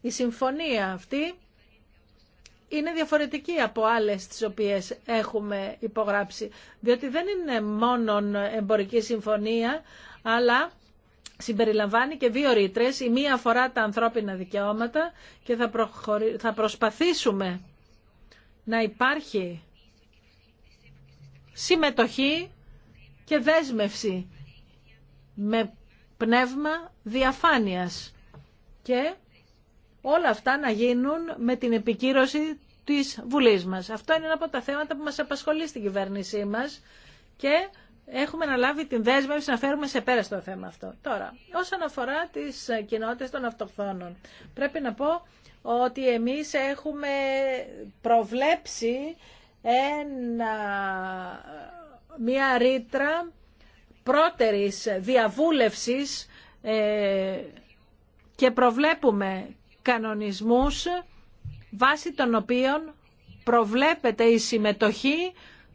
Η συμφωνία αυτή είναι διαφορετική από άλλες τις οποίες έχουμε υπογράψει. Διότι δεν είναι μόνο εμπορική συμφωνία, αλλά συμπεριλαμβάνει και δύο ρήτρε. Η μία αφορά τα ανθρώπινα δικαιώματα και θα, θα προσπαθήσουμε να υπάρχει συμμετοχή και δέσμευση με πνεύμα διαφάνειας και όλα αυτά να γίνουν με την επικύρωση της Βουλής μας. Αυτό είναι ένα από τα θέματα που μας απασχολεί στην κυβέρνησή μας και έχουμε αναλάβει την δέσμευση να φέρουμε σε πέρα στο θέμα αυτό. Τώρα, όσον αφορά τις κοινότητες των αυτοκτόνων, πρέπει να πω ότι εμείς έχουμε προβλέψει ένα, μια ρήτρα πρώτερης διαβούλευσης ε, και προβλέπουμε κανονισμούς βάσει των οποίων προβλέπεται η συμμετοχή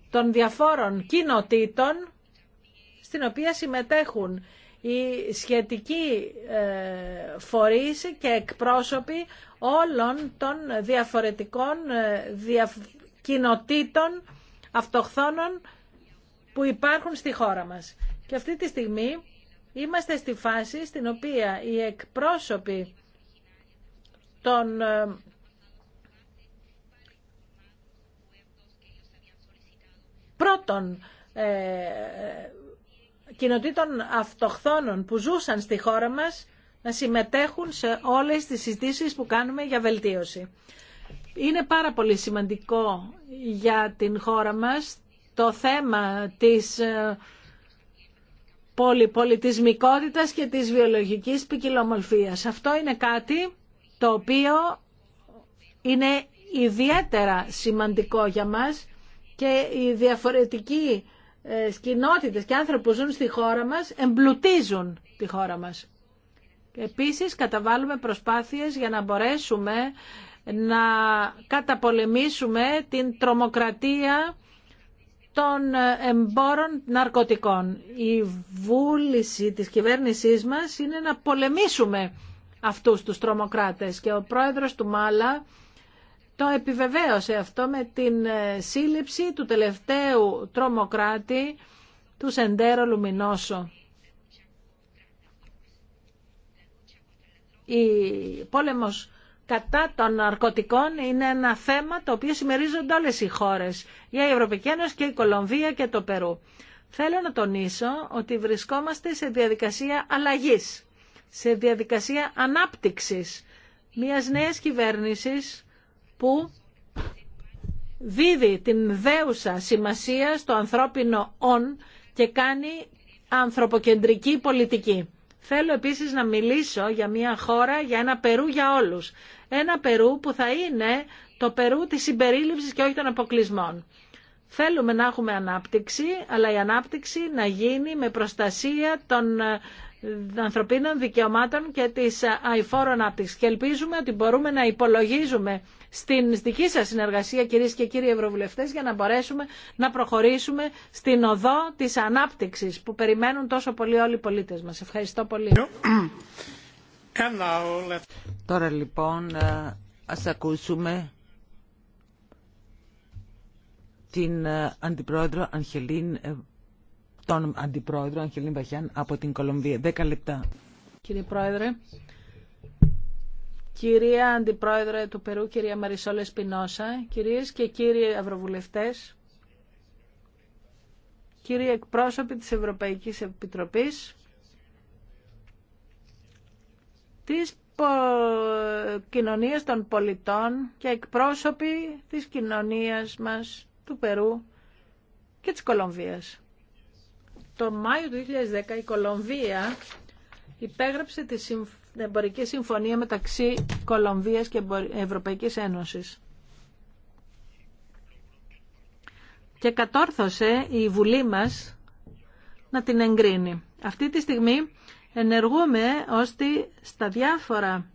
των διαφόρων κοινοτήτων στην οποία συμμετέχουν οι σχετικοί ε, φορείς και εκπρόσωποι όλων των διαφορετικών ε, κοινοτήτων αυτοχθόνων που υπάρχουν στη χώρα μας. Και αυτή τη στιγμή είμαστε στη φάση στην οποία οι εκπρόσωποι των ε, πρώτων ε, κοινοτήτων αυτοχθόνων που ζούσαν στη χώρα μας να συμμετέχουν σε όλες τις συζητήσει που κάνουμε για βελτίωση. Είναι πάρα πολύ σημαντικό για την χώρα μας το θέμα της ε, πολυπολιτισμικότητας και της βιολογικής ποικιλομορφίας. Αυτό είναι κάτι το οποίο είναι ιδιαίτερα σημαντικό για μας και οι διαφορετικοί ε, σκηνότητες και άνθρωποι που ζουν στη χώρα μας εμπλουτίζουν τη χώρα μας. Επίσης καταβάλουμε προσπάθειες για να μπορέσουμε να καταπολεμήσουμε την τρομοκρατία των ε, εμπόρων ναρκωτικών. Η βούληση της κυβέρνησής μας είναι να πολεμήσουμε αυτούς τους τρομοκράτες. Και ο πρόεδρος του Μάλα το επιβεβαίωσε αυτό με την ε, σύλληψη του τελευταίου τρομοκράτη του Σεντέρο Λουμινόσο. Η πόλεμος κατά των ναρκωτικών είναι ένα θέμα το οποίο συμμερίζονται όλες οι χώρες, η Ευρωπαϊκή Ένωση και η Κολομβία και το Περού. Θέλω να τονίσω ότι βρισκόμαστε σε διαδικασία αλλαγής σε διαδικασία ανάπτυξης μιας νέας κυβέρνησης που δίδει την δέουσα σημασία στο ανθρώπινο «ον» και κάνει ανθρωποκεντρική πολιτική. Θέλω επίσης να μιλήσω για μια χώρα, για ένα Περού για όλους. Ένα Περού που θα είναι το Περού της συμπερίληψης και όχι των αποκλεισμών. Θέλουμε να έχουμε ανάπτυξη, αλλά η ανάπτυξη να γίνει με προστασία των ε, ανθρωπίνων δικαιωμάτων και της αηφόρων άπτυξης. Και ελπίζουμε ότι μπορούμε να υπολογίζουμε στην δική σας συνεργασία κυρίες και κύριοι Ευρωβουλευτές για να μπορέσουμε να προχωρήσουμε στην οδό της ανάπτυξης που περιμένουν τόσο πολύ όλοι οι πολίτες μας. Ευχαριστώ πολύ. Τώρα λοιπόν ε, ας ακούσουμε την ε, Αντιπρόεδρο Αγγελίν ε, τον Αντιπρόεδρο Αγγελίν Βαχιάν από την Κολομβία. Δέκα λεπτά. Κύριε Πρόεδρε, κυρία Αντιπρόεδρε του Περού, κυρία Μαρισόλε Σπινόσα, κυρίες και κύριοι Ευρωβουλευτές, κύριοι εκπρόσωποι της Ευρωπαϊκής Επιτροπής, της κοινωνίας των πολιτών και εκπρόσωποι της κοινωνίας μας του Περού και της Κολομβίας το Μάιο του 2010 η Κολομβία υπέγραψε τη εμπορική συμφωνία μεταξύ Κολομβίας και Ευρωπαϊκής Ένωσης. Και κατόρθωσε η Βουλή μας να την εγκρίνει. Αυτή τη στιγμή ενεργούμε ώστε στα διάφορα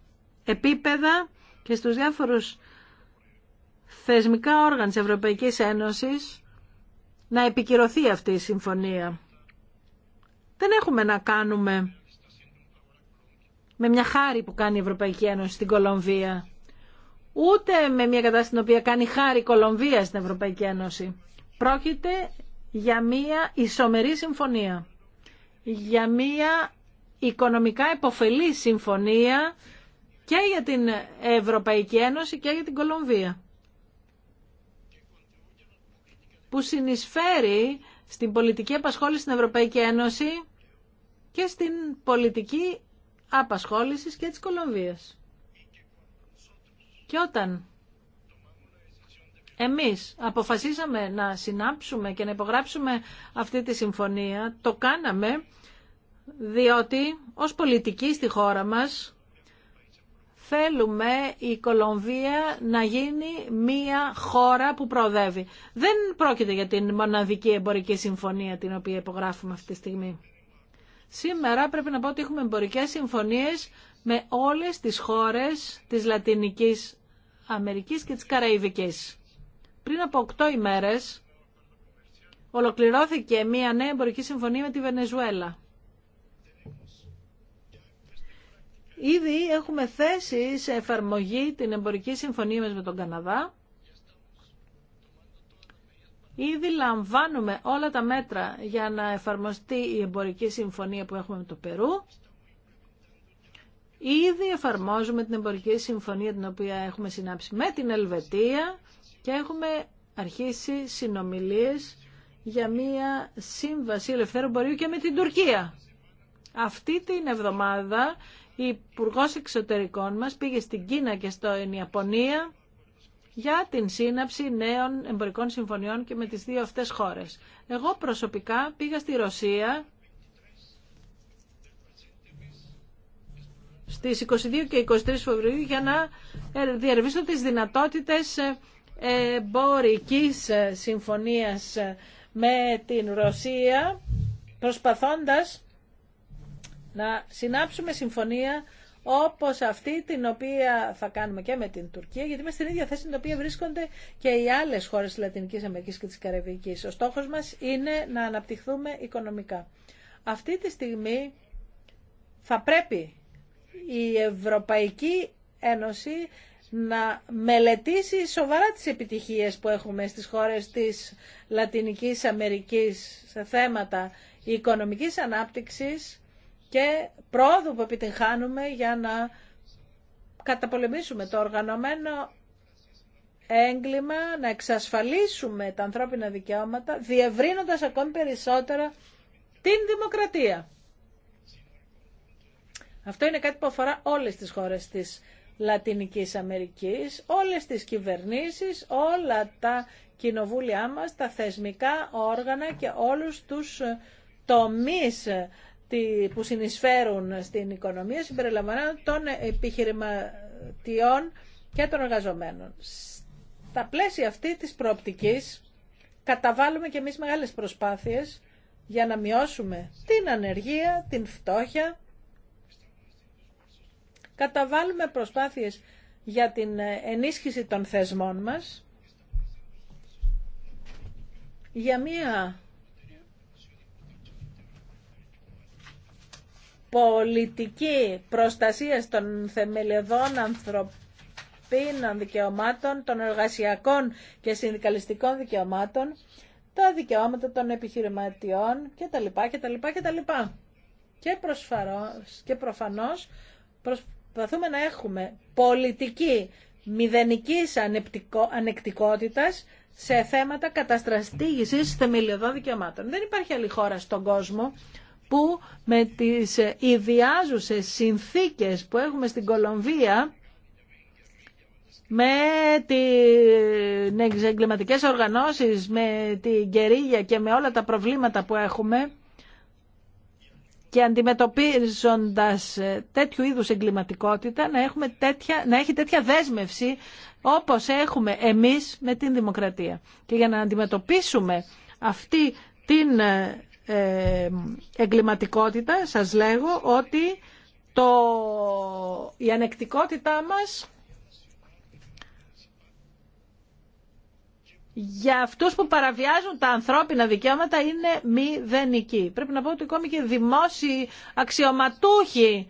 επίπεδα και στους διάφορους θεσμικά όργανα της Ευρωπαϊκής Ένωσης να επικυρωθεί αυτή η συμφωνία. Δεν έχουμε να κάνουμε με μια χάρη που κάνει η Ευρωπαϊκή Ένωση στην Κολομβία. Ούτε με μια κατάσταση την οποία κάνει χάρη η Κολομβία στην Ευρωπαϊκή Ένωση. Πρόκειται για μια ισομερή συμφωνία. Για μια οικονομικά υποφελή συμφωνία και για την Ευρωπαϊκή Ένωση και για την Κολομβία που συνεισφέρει στην πολιτική απασχόληση στην Ευρωπαϊκή Ένωση και στην πολιτική απασχόλησης και της Κολομβίας. Και όταν εμείς αποφασίσαμε να συνάψουμε και να υπογράψουμε αυτή τη συμφωνία, το κάναμε διότι ως πολιτικοί στη χώρα μας Θέλουμε η Κολομβία να γίνει μία χώρα που προοδεύει. Δεν πρόκειται για την μοναδική εμπορική συμφωνία την οποία υπογράφουμε αυτή τη στιγμή. Σήμερα πρέπει να πω ότι έχουμε εμπορικές συμφωνίες με όλες τις χώρες της Λατινικής Αμερικής και της Καραϊβικής. Πριν από 8 ημέρες ολοκληρώθηκε μία νέα εμπορική συμφωνία με τη Βενεζουέλα. Ήδη έχουμε θέσει σε εφαρμογή την εμπορική συμφωνία μας με τον Καναδά. Ήδη λαμβάνουμε όλα τα μέτρα για να εφαρμοστεί η εμπορική συμφωνία που έχουμε με το Περού. Ήδη εφαρμόζουμε την εμπορική συμφωνία την οποία έχουμε συνάψει με την Ελβετία και έχουμε αρχίσει συνομιλίες για μία σύμβαση ελευθέρου μπορείου και με την Τουρκία. Αυτή την εβδομάδα η υπουργό Εξωτερικών μας πήγε στην Κίνα και στην Ιαπωνία για την σύναψη νέων εμπορικών συμφωνιών και με τις δύο αυτές χώρες. Εγώ προσωπικά πήγα στη Ρωσία στις 22 και 23 Φεβρουαρίου για να ε, διαρρεύσω τις δυνατότητες εμπορικής συμφωνίας με την Ρωσία προσπαθώντας να συνάψουμε συμφωνία όπως αυτή την οποία θα κάνουμε και με την Τουρκία, γιατί είμαστε στην ίδια θέση την οποία βρίσκονται και οι άλλες χώρες τη Λατινική Αμερικής και της Καραβικής. Ο στόχος μας είναι να αναπτυχθούμε οικονομικά. Αυτή τη στιγμή θα πρέπει η Ευρωπαϊκή Ένωση να μελετήσει σοβαρά τις επιτυχίες που έχουμε στις χώρες της Λατινικής Αμερικής σε θέματα οικονομικής ανάπτυξης και πρόοδο που επιτυγχάνουμε για να καταπολεμήσουμε το οργανωμένο έγκλημα, να εξασφαλίσουμε τα ανθρώπινα δικαιώματα, διευρύνοντας ακόμη περισσότερα την δημοκρατία. Αυτό είναι κάτι που αφορά όλες τις χώρες της Λατινικής Αμερικής, όλες τις κυβερνήσεις, όλα τα κοινοβούλια μας, τα θεσμικά όργανα και όλους τους τομείς που συνεισφέρουν στην οικονομία συμπεριλαμβανομένων των επιχειρηματιών και των εργαζομένων. Στα πλαίσια αυτή της προοπτικής καταβάλουμε και εμείς μεγάλες προσπάθειες για να μειώσουμε την ανεργία, την φτώχεια. Καταβάλουμε προσπάθειες για την ενίσχυση των θεσμών μας, για μία πολιτική προστασία των θεμελιωδών ανθρωπίνων δικαιωμάτων, των εργασιακών και συνδικαλιστικών δικαιωμάτων, τα δικαιώματα των επιχειρηματιών κτλ. τα Και, προσφαρός, και προφανώς προσπαθούμε να έχουμε πολιτική μηδενικής ανεκτικότητας σε θέματα καταστραστήγησης θεμελιωδών δικαιωμάτων. Δεν υπάρχει άλλη χώρα στον κόσμο που με τις ιδιάζουσες συνθήκες που έχουμε στην Κολομβία με τις εγκληματικές οργανώσεις, με την κερίγια και με όλα τα προβλήματα που έχουμε και αντιμετωπίζοντας τέτοιου είδους εγκληματικότητα να, έχουμε τέτοια, να έχει τέτοια δέσμευση όπως έχουμε εμείς με την δημοκρατία. Και για να αντιμετωπίσουμε αυτή την ε, εγκληματικότητα, σας λέγω ότι το, η ανεκτικότητά μας για αυτούς που παραβιάζουν τα ανθρώπινα δικαιώματα είναι μηδενική. Πρέπει να πω ότι ακόμη και δημόσιοι αξιωματούχοι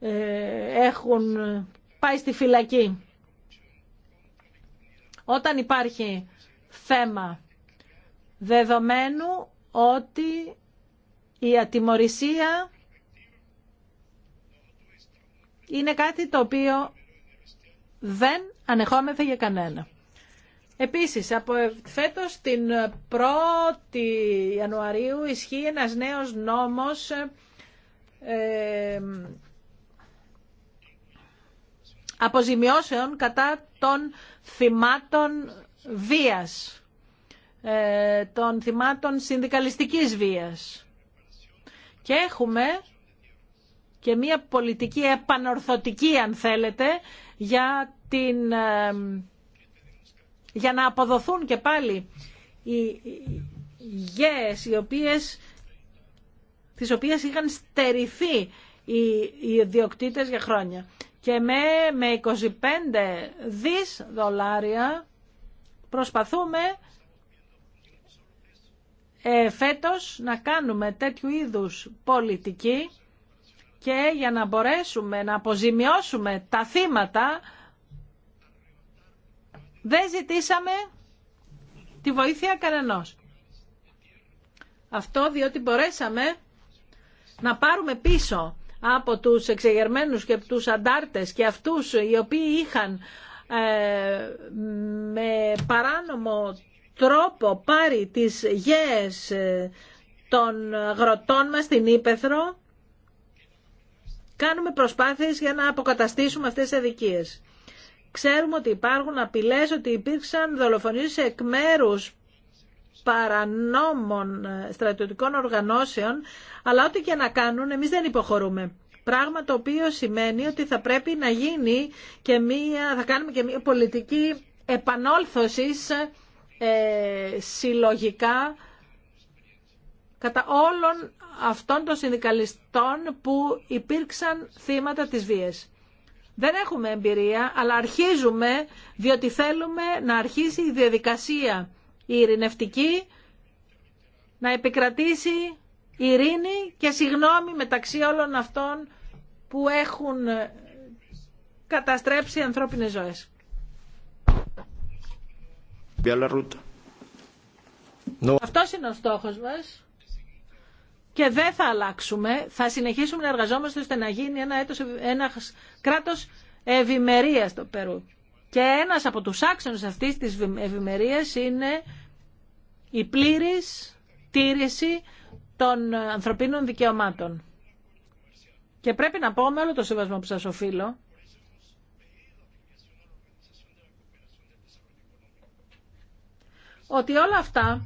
ε, έχουν πάει στη φυλακή. Όταν υπάρχει θέμα δεδομένου ότι η ατιμορρησία είναι κάτι το οποίο δεν ανεχόμεθα για κανένα. Επίσης, από φέτος την 1η Ιανουαρίου ισχύει ένας νέος νόμος ε, αποζημιώσεων κατά των θυμάτων βίας. Ε, των θυμάτων συνδικαλιστικής βίας. Και έχουμε και μια πολιτική επανορθωτική, αν θέλετε, για, την, ε, για να αποδοθούν και πάλι οι γέες οι οποίες, τις οποίες είχαν στερηθεί οι, οι για χρόνια. Και με, με 25 δις δολάρια προσπαθούμε ε, φέτος να κάνουμε τέτοιου είδους πολιτική και για να μπορέσουμε να αποζημιώσουμε τα θύματα δεν ζητήσαμε τη βοήθεια κανενός. Αυτό διότι μπορέσαμε να πάρουμε πίσω από τους εξεγερμένους και τους αντάρτες και αυτούς οι οποίοι είχαν ε, με παράνομο τρόπο πάρει τις γέες ε, των γροτών μας στην Ήπεθρο, κάνουμε προσπάθειες για να αποκαταστήσουμε αυτές τις αδικίες. Ξέρουμε ότι υπάρχουν απειλές, ότι υπήρξαν δολοφονίες εκ μέρους παρανόμων ε, στρατιωτικών οργανώσεων, αλλά ό,τι και να κάνουν εμείς δεν υποχωρούμε. Πράγμα το οποίο σημαίνει ότι θα πρέπει να γίνει και μία, θα κάνουμε και μία πολιτική επανόλθωσης ε, συλλογικά κατά όλων αυτών των συνδικαλιστών που υπήρξαν θύματα της βίας. Δεν έχουμε εμπειρία, αλλά αρχίζουμε διότι θέλουμε να αρχίσει η διαδικασία η ειρηνευτική, να επικρατήσει ειρήνη και συγνώμη μεταξύ όλων αυτών που έχουν καταστρέψει ανθρώπινες ζωές. Αυτός είναι ο στόχος μας και δεν θα αλλάξουμε. Θα συνεχίσουμε να εργαζόμαστε ώστε να γίνει ένα, έτος, κράτος ευημερία στο Περού. Και ένας από τους άξονες αυτής της ευημερία είναι η πλήρης τήρηση των ανθρωπίνων δικαιωμάτων. Και πρέπει να πω με όλο το σεβασμό που σας οφείλω, ότι όλα αυτά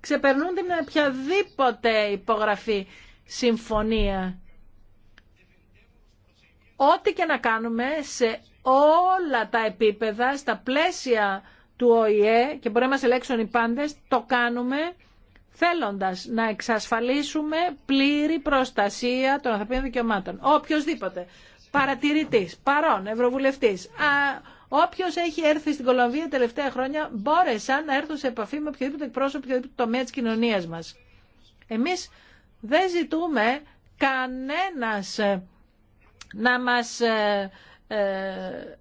ξεπερνούν την οποιαδήποτε υπογραφή συμφωνία. Ό,τι και να κάνουμε σε όλα τα επίπεδα, στα πλαίσια του ΟΗΕ και μπορεί να μας ελέγξουν οι πάντες, το κάνουμε θέλοντας να εξασφαλίσουμε πλήρη προστασία των ανθρωπίνων δικαιωμάτων. Οποιοςδήποτε παρατηρητής, παρόν, ευρωβουλευτής, α, Όποιο έχει έρθει στην Κολομβία τελευταία χρόνια μπόρεσαν να έρθουν σε επαφή με οποιοδήποτε εκπρόσωπο οποιοδήποτε τομέα τη κοινωνία μα. Εμεί δεν ζητούμε κανένας ε, να μα. ε, ε,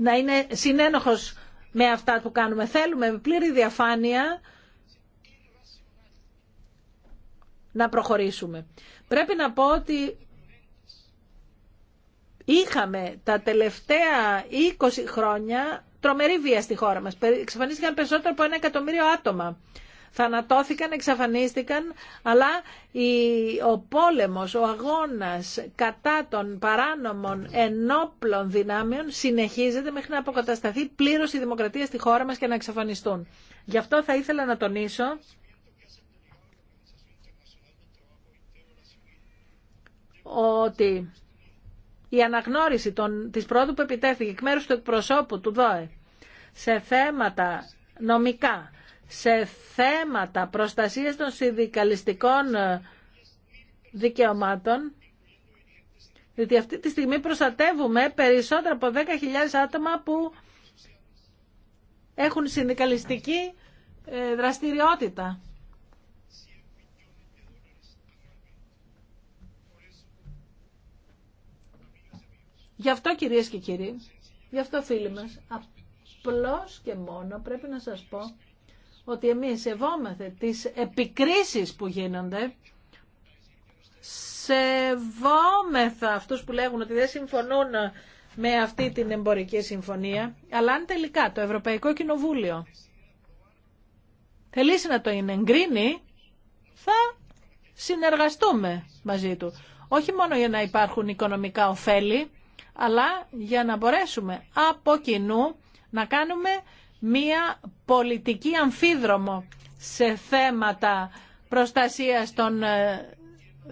να είναι συνένοχος με αυτά που κάνουμε. Θέλουμε πλήρη διαφάνεια να προχωρήσουμε. Πρέπει να πω ότι είχαμε τα τελευταία 20 χρόνια τρομερή βία στη χώρα μας. Εξαφανίστηκαν περισσότερο από ένα εκατομμύριο άτομα. Θανατώθηκαν, εξαφανίστηκαν, αλλά ο πόλεμος, ο αγώνας κατά των παράνομων ενόπλων δυνάμεων συνεχίζεται μέχρι να αποκατασταθεί πλήρως η δημοκρατία στη χώρα μας και να εξαφανιστούν. Γι' αυτό θα ήθελα να τονίσω ότι η αναγνώριση των, της πρόοδου που επιτέθηκε εκ μέρους του εκπροσώπου του ΔΟΕ σε θέματα νομικά, σε θέματα προστασίας των συνδικαλιστικών ε, δικαιωμάτων, διότι αυτή τη στιγμή προστατεύουμε περισσότερα από 10.000 άτομα που έχουν συνδικαλιστική ε, δραστηριότητα. Γι' αυτό κυρίες και κύριοι, γι' αυτό φίλοι μας, απλώς και μόνο πρέπει να σας πω ότι εμείς σεβόμαστε τις επικρίσεις που γίνονται, σεβόμεθα αυτούς που λέγουν ότι δεν συμφωνούν με αυτή την εμπορική συμφωνία, αλλά αν τελικά το Ευρωπαϊκό Κοινοβούλιο θελήσει να το εγκρίνει, θα συνεργαστούμε μαζί του. Όχι μόνο για να υπάρχουν οικονομικά ωφέλη, αλλά για να μπορέσουμε από κοινού να κάνουμε μία πολιτική αμφίδρομο σε θέματα προστασίας των ε,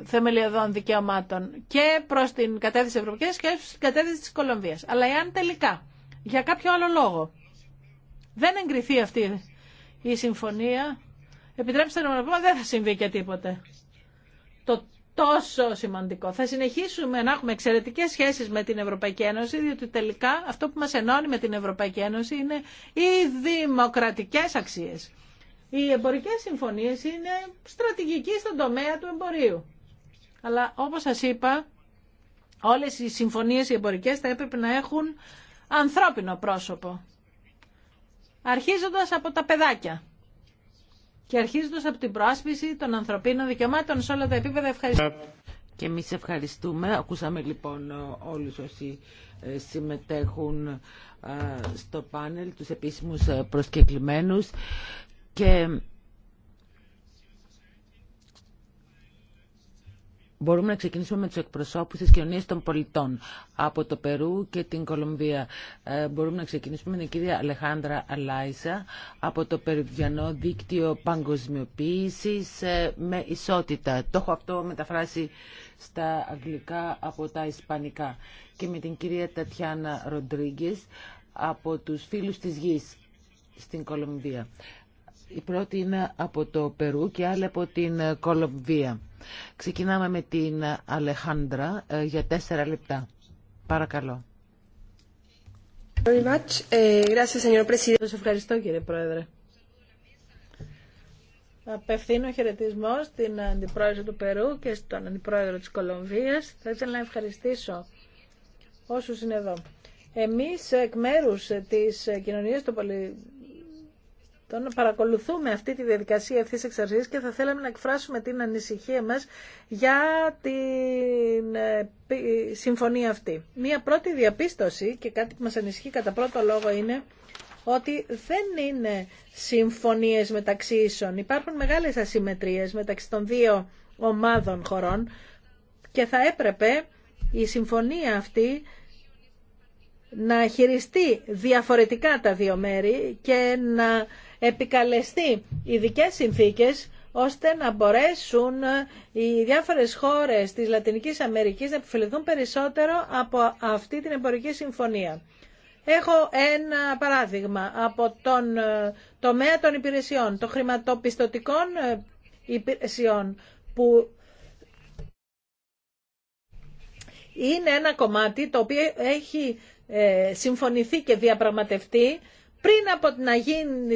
θεμελιωδών δικαιωμάτων και προς την κατεύθυνση της Ευρωπαϊκής και την κατεύθυνση της Κολομβίας. Αλλά εάν τελικά, για κάποιο άλλο λόγο, δεν εγκριθεί αυτή η συμφωνία, επιτρέψτε να πούμε, δεν θα συμβεί και τίποτε. Το τόσο σημαντικό. Θα συνεχίσουμε να έχουμε εξαιρετικέ σχέσεις με την Ευρωπαϊκή Ένωση, διότι τελικά αυτό που μας ενώνει με την Ευρωπαϊκή Ένωση είναι οι δημοκρατικές αξίες. Οι εμπορικές συμφωνίες είναι στρατηγικοί στον τομέα του εμπορίου. Αλλά όπως σας είπα, όλες οι συμφωνίες οι εμπορικές θα έπρεπε να έχουν ανθρώπινο πρόσωπο. Αρχίζοντας από τα παιδάκια και αρχίζοντας από την πρόσφυση των ανθρωπίνων δικαιωμάτων σε όλα τα επίπεδα. Ευχαριστώ. Και εμεί ευχαριστούμε. Ακούσαμε λοιπόν όλους όσοι ε, συμμετέχουν ε, στο πάνελ, τους επίσημους ε, προσκεκλημένους και Μπορούμε να ξεκινήσουμε με τους εκπροσώπους της κοινωνίας των πολιτών από το Περού και την Κολομβία. Ε, μπορούμε να ξεκινήσουμε με την κυρία Αλεχάνδρα Αλάισα από το Περουβιανό Δίκτυο Παγκοσμιοποίησης ε, με Ισότητα. Το έχω αυτό μεταφράσει στα αγγλικά από τα ισπανικά. Και με την κυρία Τατιάνα Ροντρίγκε από τους φίλους της γης στην Κολομβία. Η πρώτη είναι από το Περού και άλλη από την Κολομβία. Ξεκινάμε με την Αλεχάνδρα ε, για τέσσερα λεπτά. Παρακαλώ. Ε, Σας ευχαριστώ κύριε Πρόεδρε. Απευθύνω χαιρετισμό στην Αντιπρόεδρο του Περού και στον Αντιπρόεδρο της Κολομβίας. Θα ήθελα να ευχαριστήσω όσους είναι εδώ. Εμείς εκ μέρους της κοινωνίας των πολιτών να παρακολουθούμε αυτή τη διαδικασία αυτή τη και θα θέλαμε να εκφράσουμε την ανησυχία μας για τη ε, συμφωνία αυτή. Μία πρώτη διαπίστωση και κάτι που μας ανησυχεί κατά πρώτο λόγο είναι ότι δεν είναι συμφωνίες μεταξύ ίσων. Υπάρχουν μεγάλες ασυμμετρίες μεταξύ των δύο ομάδων χωρών και θα έπρεπε η συμφωνία αυτή να χειριστεί διαφορετικά τα δύο μέρη και να επικαλεστεί ειδικέ συνθήκες ώστε να μπορέσουν ε, οι διάφορες χώρες της Λατινικής Αμερικής να επιφυληθούν περισσότερο από αυτή την εμπορική συμφωνία. Έχω ένα παράδειγμα από τον ε, τομέα των υπηρεσιών, των χρηματοπιστωτικών ε, υπηρεσιών που είναι ένα κομμάτι το οποίο έχει συμφωνηθεί και διαπραγματευτεί πριν από να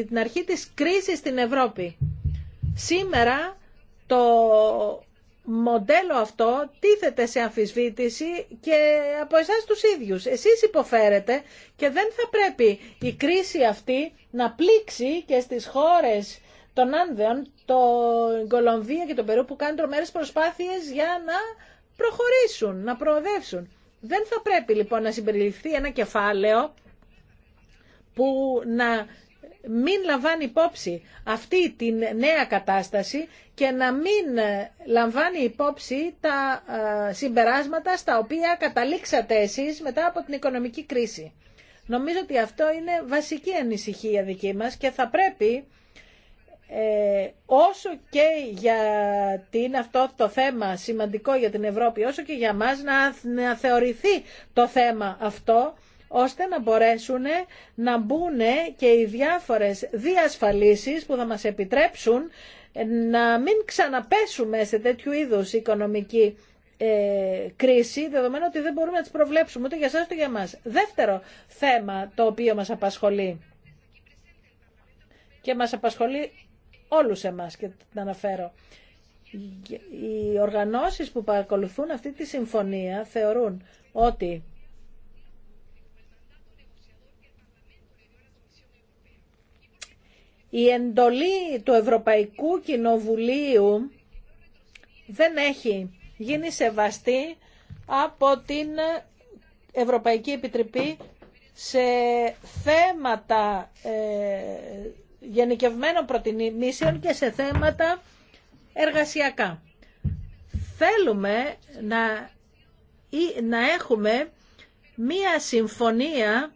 την αρχή της κρίσης στην Ευρώπη. Σήμερα το μοντέλο αυτό τίθεται σε αμφισβήτηση και από εσάς τους ίδιους. Εσείς υποφέρετε και δεν θα πρέπει η κρίση αυτή να πλήξει και στις χώρες των Άνδεων, το Κολομβία και το Περού που κάνουν τρομερές προσπάθειες για να προχωρήσουν, να προοδεύσουν. Δεν θα πρέπει λοιπόν να συμπεριληφθεί ένα κεφάλαιο που να μην λαμβάνει υπόψη αυτή την νέα κατάσταση και να μην λαμβάνει υπόψη τα ε, συμπεράσματα στα οποία καταλήξατε εσείς μετά από την οικονομική κρίση. Νομίζω ότι αυτό είναι βασική ανησυχία δική μας και θα πρέπει ε, όσο και για την αυτό το θέμα σημαντικό για την Ευρώπη, όσο και για μας να θεωρηθεί το θέμα αυτό ώστε να μπορέσουν να μπουν και οι διάφορες διασφαλίσεις που θα μας επιτρέψουν να μην ξαναπέσουμε σε τέτοιου είδους οικονομική ε, κρίση, δεδομένου ότι δεν μπορούμε να τις προβλέψουμε ούτε για εσάς ούτε για μας. Δεύτερο θέμα το οποίο μας απασχολεί και μας απασχολεί όλους εμάς και την αναφέρω. Οι οργανώσεις που παρακολουθούν αυτή τη συμφωνία θεωρούν ότι Η εντολή του Ευρωπαϊκού Κοινοβουλίου δεν έχει γίνει σεβαστή από την Ευρωπαϊκή Επιτροπή σε θέματα ε, γενικευμένων προτιμήσεων και σε θέματα εργασιακά. Θέλουμε να, να έχουμε μία συμφωνία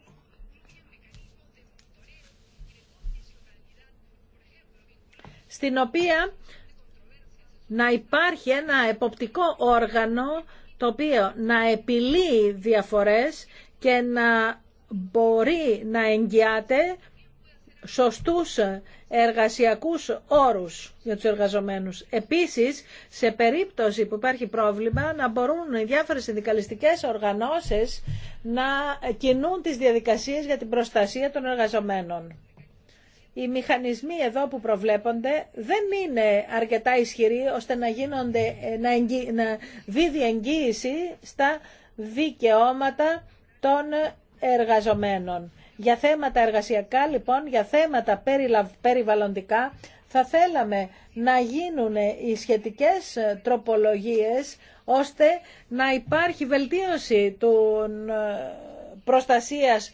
στην οποία να υπάρχει ένα εποπτικό όργανο το οποίο να επιλύει διαφορές και να μπορεί να εγγυάται σωστούς εργασιακούς όρους για τους εργαζομένους. Επίσης, σε περίπτωση που υπάρχει πρόβλημα, να μπορούν οι διάφορες συνδικαλιστικές οργανώσεις να κινούν τις διαδικασίες για την προστασία των εργαζομένων οι μηχανισμοί εδώ που προβλέπονται δεν είναι αρκετά ισχυροί ώστε να, γίνονται, να, να δίδει εγγύηση στα δικαιώματα των εργαζομένων. Για θέματα εργασιακά λοιπόν, για θέματα περιβαλλοντικά θα θέλαμε να γίνουν οι σχετικές τροπολογίες ώστε να υπάρχει βελτίωση των ε, προστασίας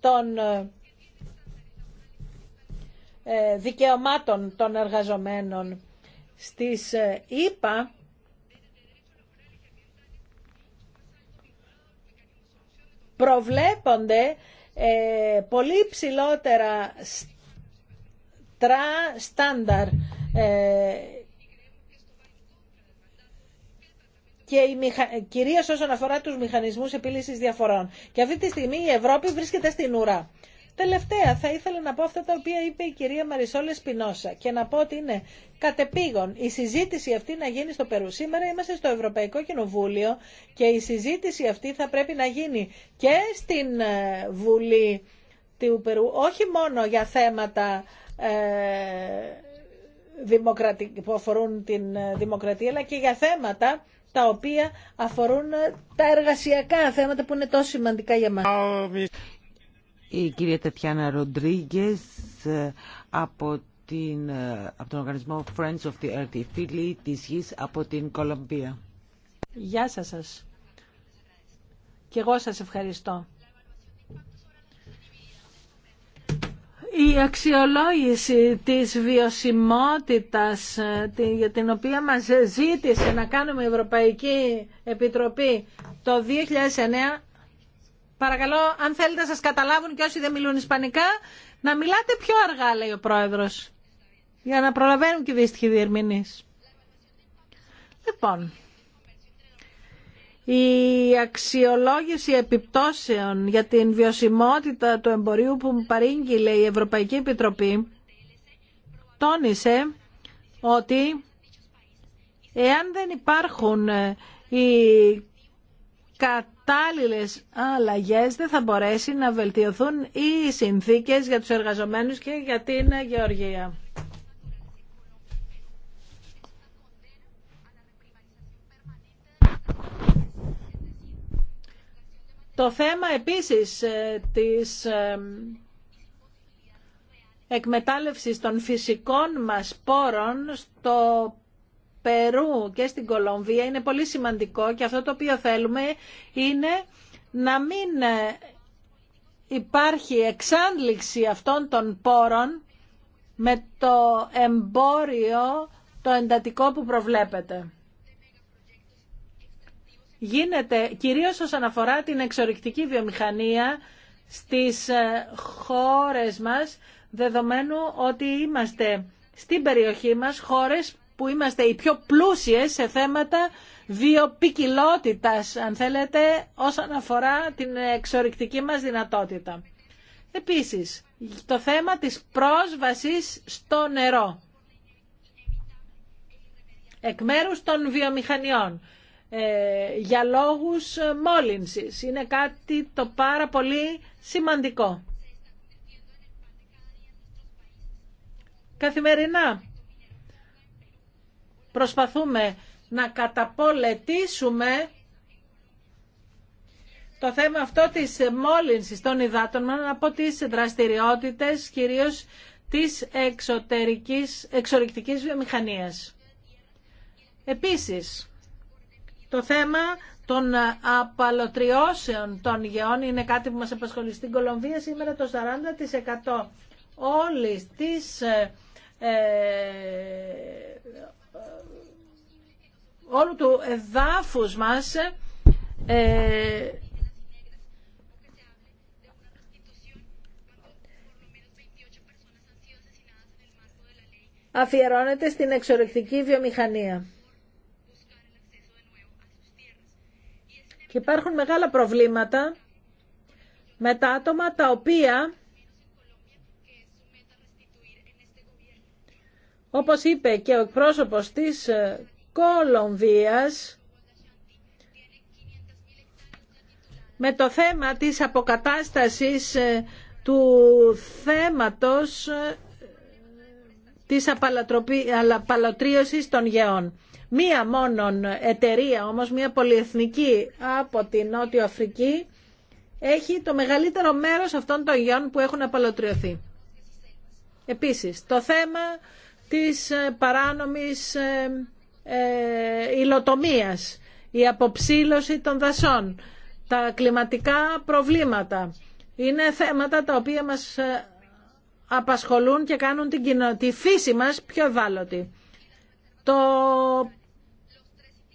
των ε, ε, δικαιωμάτων των εργαζομένων στις ίπα ε, προβλέπονται ε, πολύ ψηλότερα τρα στάνταρ και οι κυρίως όσον αφορά τους μηχανισμούς επίλυσης διαφορών. Και αυτή τη στιγμή η Ευρώπη βρίσκεται στην ουρά. Τελευταία, θα ήθελα να πω αυτά τα οποία είπε η κυρία Μαρισόλε Σπινόσα και να πω ότι είναι κατεπήγον η συζήτηση αυτή να γίνει στο Περού. Σήμερα είμαστε στο Ευρωπαϊκό Κοινοβούλιο και η συζήτηση αυτή θα πρέπει να γίνει και στην ε, Βουλή του Περού, όχι μόνο για θέματα ε, που αφορούν την ε, δημοκρατία, αλλά και για θέματα τα οποία αφορούν τα εργασιακά θέματα που είναι τόσο σημαντικά για μας η κυρία Τατιάνα Ροντρίγκε ε, ε, από, τον οργανισμό Friends of the Earth, η της γης από την Κολομπία. Γεια σας σας. Και εγώ σας ευχαριστώ. Η αξιολόγηση της βιωσιμότητας ε, για την οποία μας ζήτησε να κάνουμε Ευρωπαϊκή Επιτροπή το 2009 Παρακαλώ, αν θέλετε να σας καταλάβουν και όσοι δεν μιλούν ισπανικά, να μιλάτε πιο αργά, λέει ο πρόεδρος, για να προλαβαίνουν και οι δύστιχοι διερμηνείς. Λοιπόν, η αξιολόγηση επιπτώσεων για την βιωσιμότητα του εμπορίου που μου παρήγγειλε η Ευρωπαϊκή Επιτροπή τόνισε ότι εάν δεν υπάρχουν ε, οι κατάλληλες αλλαγές δεν θα μπορέσει να βελτιωθούν οι συνθήκες για τους εργαζομένους και για την γεωργία. Το θέμα επίσης ε, της ε, εκμετάλλευσης των φυσικών μας πόρων στο Περού και στην Κολομβία είναι πολύ σημαντικό και αυτό το οποίο θέλουμε είναι να μην ε, υπάρχει εξάντληξη αυτών των πόρων με το εμπόριο το εντατικό που προβλέπεται. Γίνεται κυρίως όσον αφορά την εξορρυκτική βιομηχανία στις ε, χώρες μας, δεδομένου ότι είμαστε στην περιοχή μας χώρες που είμαστε οι πιο πλούσιες σε θέματα βιοπικιλότητας, αν θέλετε, όσον αφορά την εξορρυκτική μας δυνατότητα. Επίσης, το θέμα της πρόσβασης στο νερό. Εκ μέρους των βιομηχανιών, ε, για λόγους μόλυνσης. Είναι κάτι το πάρα πολύ σημαντικό. Καθημερινά προσπαθούμε να καταπολετήσουμε το θέμα αυτό της μόλυνσης των υδάτων από τις δραστηριότητες κυρίως της εξωτερικής, εξορυκτικής βιομηχανίας. Επίσης, το θέμα των απαλωτριώσεων των γεών είναι κάτι που μας απασχολεί στην Κολομβία. Σήμερα το 40% όλης της, ε, ε, όλο του εδάφους μας ε, αφιερώνεται στην εξορρεκτική βιομηχανία. Και υπάρχουν μεγάλα προβλήματα με τα άτομα τα οποία Όπως είπε και ο εκπρόσωπος της ε, Κολομβίας, με το θέμα της αποκατάστασης ε, του θέματος ε, της απαλατρίωσης των γεών. Μία μόνον εταιρεία όμως, μία πολυεθνική από την Νότιο Αφρική έχει το μεγαλύτερο μέρος αυτών των γεών που έχουν απαλατριωθεί. Επίσης, το θέμα της ε, παράνομης ε, ε, υλοτομίας, η αποψήλωση των δασών, τα κλιματικά προβλήματα. Είναι θέματα τα οποία μας απασχολούν και κάνουν την τη φύση μας πιο ευάλωτη. Το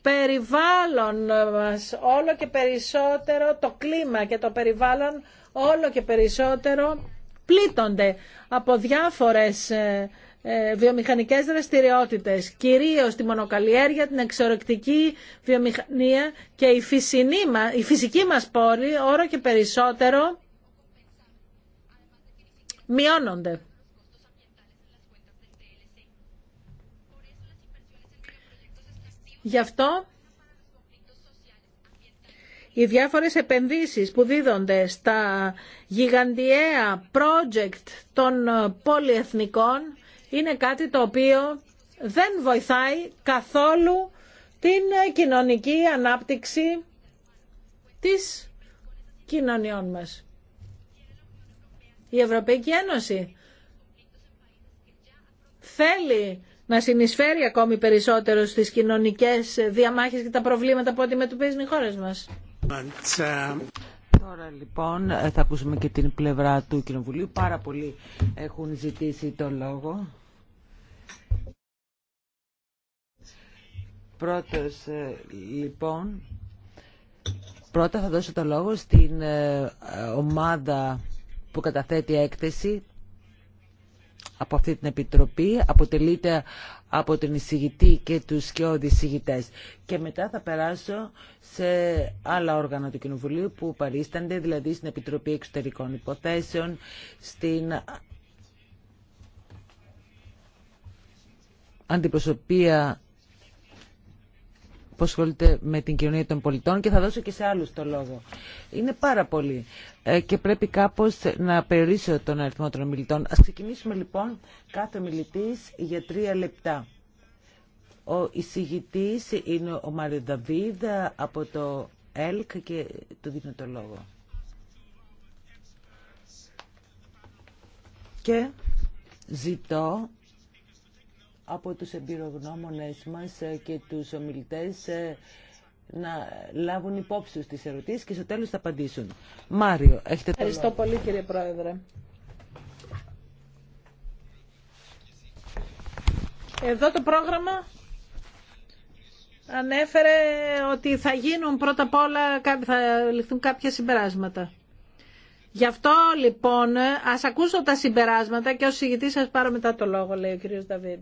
περιβάλλον μας όλο και περισσότερο, το κλίμα και το περιβάλλον όλο και περισσότερο πλήττονται από διάφορες ε, βιομηχανικές δραστηριότητες, κυρίως τη μονοκαλλιέργεια, την εξορρεκτική βιομηχανία και η, φυσική η φυσική μας πόλη όρο και περισσότερο μειώνονται. Γι' αυτό οι διάφορες επενδύσεις που δίδονται στα γιγαντιαία project των πολυεθνικών είναι κάτι το οποίο δεν βοηθάει καθόλου την κοινωνική ανάπτυξη της κοινωνιών μας. Η Ευρωπαϊκή Ένωση θέλει να συνεισφέρει ακόμη περισσότερο στις κοινωνικές διαμάχες και τα προβλήματα που αντιμετωπίζουν οι χώρες μας. Τώρα λοιπόν θα ακούσουμε και την πλευρά του Κοινοβουλίου. Πάρα πολλοί έχουν ζητήσει το λόγο. Πρώτος, ε, λοιπόν, πρώτα θα δώσω το λόγο στην ε, ομάδα που καταθέτει έκθεση από αυτή την Επιτροπή. Αποτελείται από τον εισηγητή και τους και εισηγητές. Και μετά θα περάσω σε άλλα όργανα του Κοινοβουλίου που παρίστανται, δηλαδή στην Επιτροπή Εξωτερικών Υποθέσεων, στην Αντιπροσωπεία που ασχολείται με την κοινωνία των πολιτών και θα δώσω και σε άλλου το λόγο. Είναι πάρα Ε, και πρέπει κάπω να περιορίσω τον αριθμό των ομιλητών. Α ξεκινήσουμε λοιπόν κάθε ομιλητή για τρία λεπτά. Ο εισηγητή είναι ο Μάριο Νταβίδ από το ΕΛΚ και του δίνω το λόγο. Και ζητώ από τους εμπειρογνώμονες μας ε, και τους ομιλητές ε, να λάβουν υπόψη τους τις ερωτήσεις και στο τέλος θα απαντήσουν. Μάριο, έχετε το Ευχαριστώ πολύ κύριε Πρόεδρε. Εδώ το πρόγραμμα ανέφερε ότι θα γίνουν πρώτα απ' όλα, θα ληφθούν κάποια συμπεράσματα. Γι' αυτό λοιπόν ας ακούσω τα συμπεράσματα και ως συγητή σας πάρω μετά το λόγο, λέει ο κύριος Δαβίδ.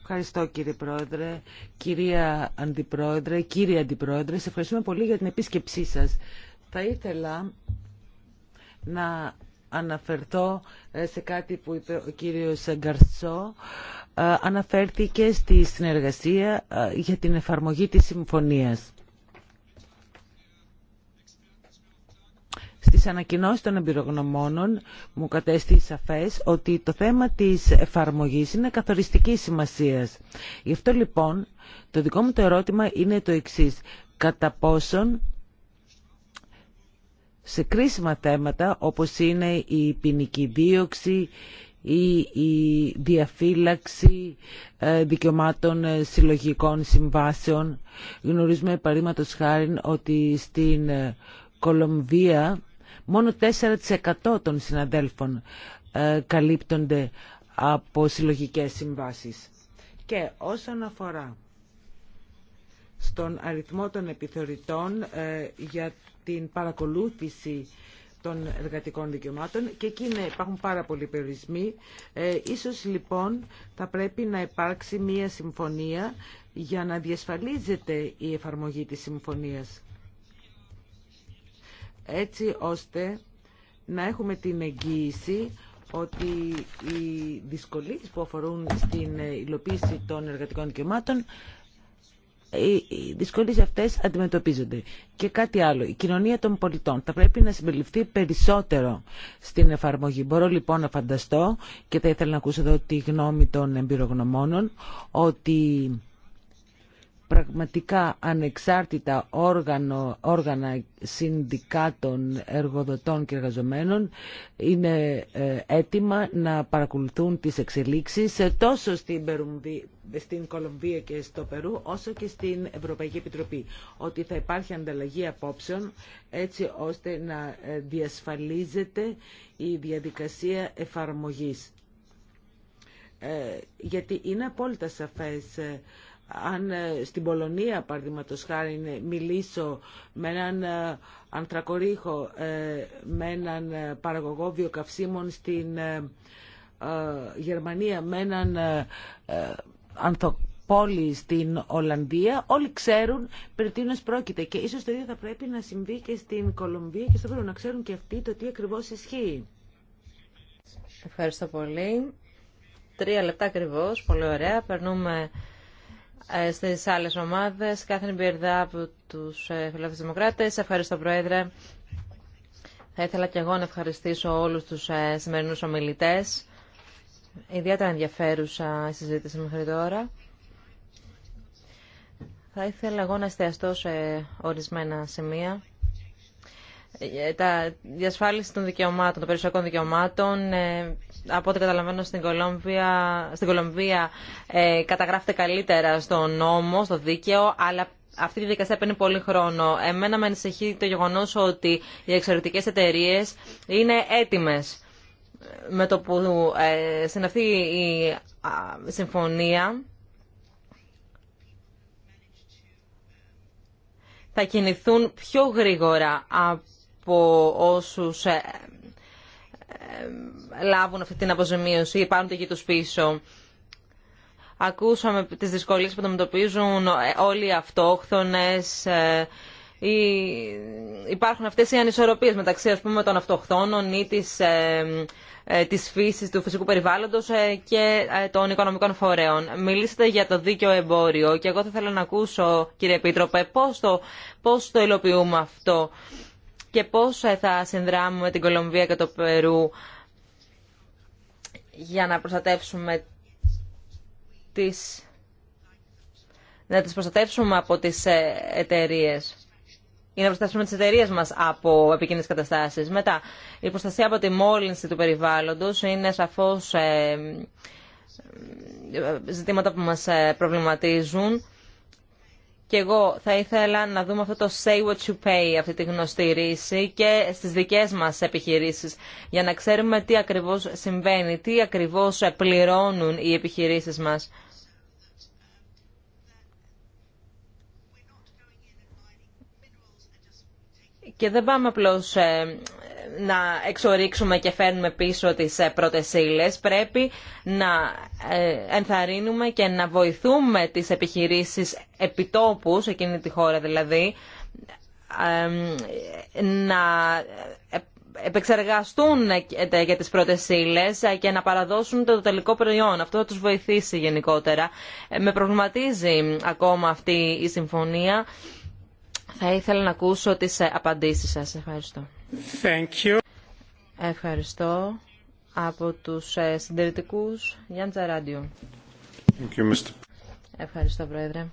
Ευχαριστώ κύριε Πρόεδρε, κυρία Αντιπρόεδρε, κύριε Αντιπρόεδρε. Σε ευχαριστούμε πολύ για την επίσκεψή σας. Θα ήθελα να αναφερθώ ε, σε κάτι που είπε ο κύριος Γκαρτσό, ε, Αναφέρθηκε στη συνεργασία ε, για την εφαρμογή της συμφωνίας. Στις ανακοινώσεις των εμπειρογνωμόνων μου κατέστη σαφές ότι το θέμα της εφαρμογής είναι καθοριστική σημασίας. Γι' αυτό λοιπόν το δικό μου το ερώτημα είναι το εξής. Κατά πόσον σε κρίσιμα θέματα όπως είναι η ποινική δίωξη ή η διαφύλαξη ε, δικαιωμάτων ε, συλλογικών συμβάσεων. Γνωρίζουμε παρήματος χάρη ότι στην ε, Κολομβία Μόνο 4% των συναδέλφων ε, καλύπτονται από συλλογικές συμβάσεις. Και όσον αφορά στον αριθμό των επιθεωρητών ε, για την παρακολούθηση των εργατικών δικαιωμάτων και εκεί υπάρχουν πάρα πολλοί περιορισμοί. Ε, ίσως λοιπόν θα πρέπει να υπάρξει μία συμφωνία για να διασφαλίζεται η εφαρμογή της συμφωνίας έτσι ώστε να έχουμε την εγγύηση ότι οι δυσκολίες που αφορούν στην υλοποίηση των εργατικών δικαιωμάτων οι δυσκολίες αυτές αντιμετωπίζονται. Και κάτι άλλο, η κοινωνία των πολιτών θα πρέπει να συμπεριληφθεί περισσότερο στην εφαρμογή. Μπορώ λοιπόν να φανταστώ και θα ήθελα να ακούσω εδώ τη γνώμη των εμπειρογνωμόνων ότι πραγματικά ανεξάρτητα όργανο, όργανα συνδικάτων εργοδοτών και εργαζομένων είναι ε, έτοιμα να παρακολουθούν τις εξελίξεις ε, τόσο στην, στην Κολομβία και στο Περού όσο και στην Ευρωπαϊκή Επιτροπή ότι θα υπάρχει ανταλλαγή απόψεων έτσι ώστε να ε, διασφαλίζεται η διαδικασία εφαρμογής. γιατί είναι απόλυτα σαφές αν ε, στην Πολωνία, παραδείγματο χάρη, μιλήσω με έναν ε, ανθρακορίχο, ε, με έναν παραγωγό βιοκαυσίμων στην Γερμανία, με έναν ανθοπόλη στην Ολλανδία, όλοι ξέρουν περί τίνο πρόκειται. Και ίσω το ίδιο θα πρέπει να συμβεί και στην Κολομβία και στο Βέλγιο να ξέρουν και αυτοί το τι ακριβώ ισχύει. Ευχαριστώ πολύ. Τρία λεπτά ακριβώ, πολύ ωραία. Περνούμε ε, Στι άλλε ομάδες. Κάθεν Μπιερδά από τους ε, Φιλόφους Δημοκράτες. Ευχαριστώ, Πρόεδρε. Θα ήθελα και εγώ να ευχαριστήσω όλους τους ε, σημερινού ομιλητές. Ιδιαίτερα ενδιαφέρουσα η συζήτηση μέχρι τώρα. Θα ήθελα εγώ να εστιαστώ σε ορισμένα σημεία. Τα διασφάλιση των δικαιωμάτων, των περιουσιακών δικαιωμάτων, από ό,τι καταλαβαίνω στην Κολομβία, στην Κολομβία ε, καταγράφεται καλύτερα στο νόμο, στο δίκαιο, αλλά αυτή η δικασία παίρνει πολύ χρόνο. Εμένα με ανησυχεί το γεγονό ότι οι εξαιρετικέ εταιρείε είναι έτοιμε με το που ε, η συμφωνία. Θα κινηθούν πιο γρήγορα από όσους ε, ε, λάβουν αυτή την αποζημίωση ή πάρουν τη γη τους πίσω. Ακούσαμε τις δυσκολίες που αντιμετωπίζουν όλοι οι αυτόχθονες, ε, υπάρχουν αυτές οι ανισορροπίες μεταξύ ας πούμε, των αυτοχθόνων ή της, ε, της φύσης του φυσικού περιβάλλοντος και των οικονομικών φορέων. Μιλήσατε για το δίκαιο εμπόριο και εγώ θα ήθελα να ακούσω κύριε Επίτροπε πώς το, πώς το υλοποιούμε αυτό και πώς θα συνδράμουμε την Κολομβία και το Περού για να προστατεύσουμε τις να τις προστατεύσουμε από τις ε, εταιρείε ή να προστατεύσουμε τις εταιρείε μας από επικίνδυνες καταστάσεις. Μετά, η προστασία από τη μόλυνση του περιβάλλοντος είναι σαφώς ε, ε, ζητήματα που μας προβληματίζουν. Και εγώ θα ήθελα να δούμε αυτό το say what you pay, αυτή τη γνωστή ρίση και στις δικές μας επιχειρήσεις για να ξέρουμε τι ακριβώς συμβαίνει, τι ακριβώς πληρώνουν οι επιχειρήσεις μας. Και δεν πάμε απλώς ε, να εξορίξουμε και φέρνουμε πίσω τις ε, πρώτες ύλες. Πρέπει να ε, ενθαρρύνουμε και να βοηθούμε τις επιχειρήσεις επιτόπους, εκείνη τη χώρα δηλαδή, να ε, επεξεργαστούν για τις πρώτες ύλε και να παραδώσουν το τελικό προϊόν. Αυτό θα τους βοηθήσει γενικότερα. Με προβληματίζει ακόμα αυτή η συμφωνία. Θα ήθελα να ακούσω τις απαντήσεις σας. Ευχαριστώ. Ευχαριστώ από τους ε, συντηρητικούς Γιάννη Τζαράντιου. Ευχαριστώ, Πρόεδρε.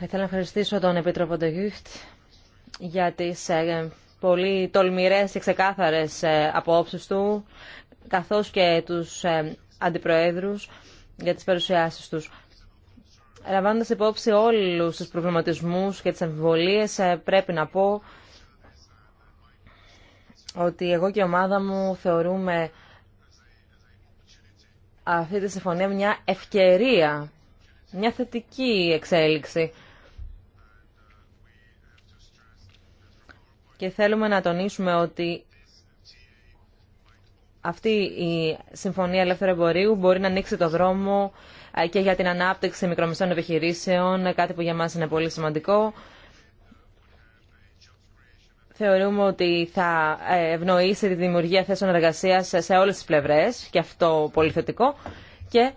Ήθελα να ευχαριστήσω τον Επίτροπο Ντεγιούχτ για τις ε, πολύ τολμηρές και ξεκάθαρες ε, απόψεις του, καθώς και τους αντιπροέδρους για τις παρουσιάσεις τους. Λαμβάνοντα υπόψη όλους τους προβληματισμούς και τις αμφιβολίες, ε, πρέπει να πω ότι εγώ και η ομάδα μου θεωρούμε αυτή τη συμφωνία μια ευκαιρία, μια θετική εξέλιξη. Και θέλουμε να τονίσουμε ότι αυτή η Συμφωνία Ελεύθερου Εμπορίου μπορεί να ανοίξει το δρόμο και για την ανάπτυξη μικρομεσαίων επιχειρήσεων, κάτι που για μας είναι πολύ σημαντικό. Θεωρούμε ότι θα ε, ευνοήσει τη δημιουργία θέσεων εργασίας σε όλες τις πλευρές και αυτό πολύ θετικό και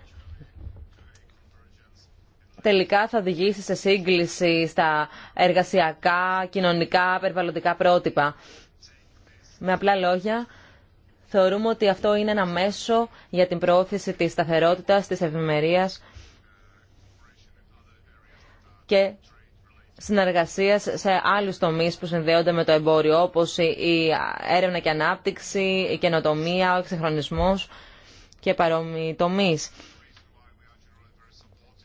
τελικά θα οδηγήσει σε σύγκληση στα εργασιακά, κοινωνικά, περιβαλλοντικά πρότυπα. Με απλά λόγια, Θεωρούμε ότι αυτό είναι ένα μέσο για την προώθηση της σταθερότητας, της ευημερίας και συνεργασίας σε άλλους τομείς που συνδέονται με το εμπόριο, όπως η έρευνα και ανάπτυξη, η καινοτομία, ο εξεχρονισμός και παρόμοιοι τομείς.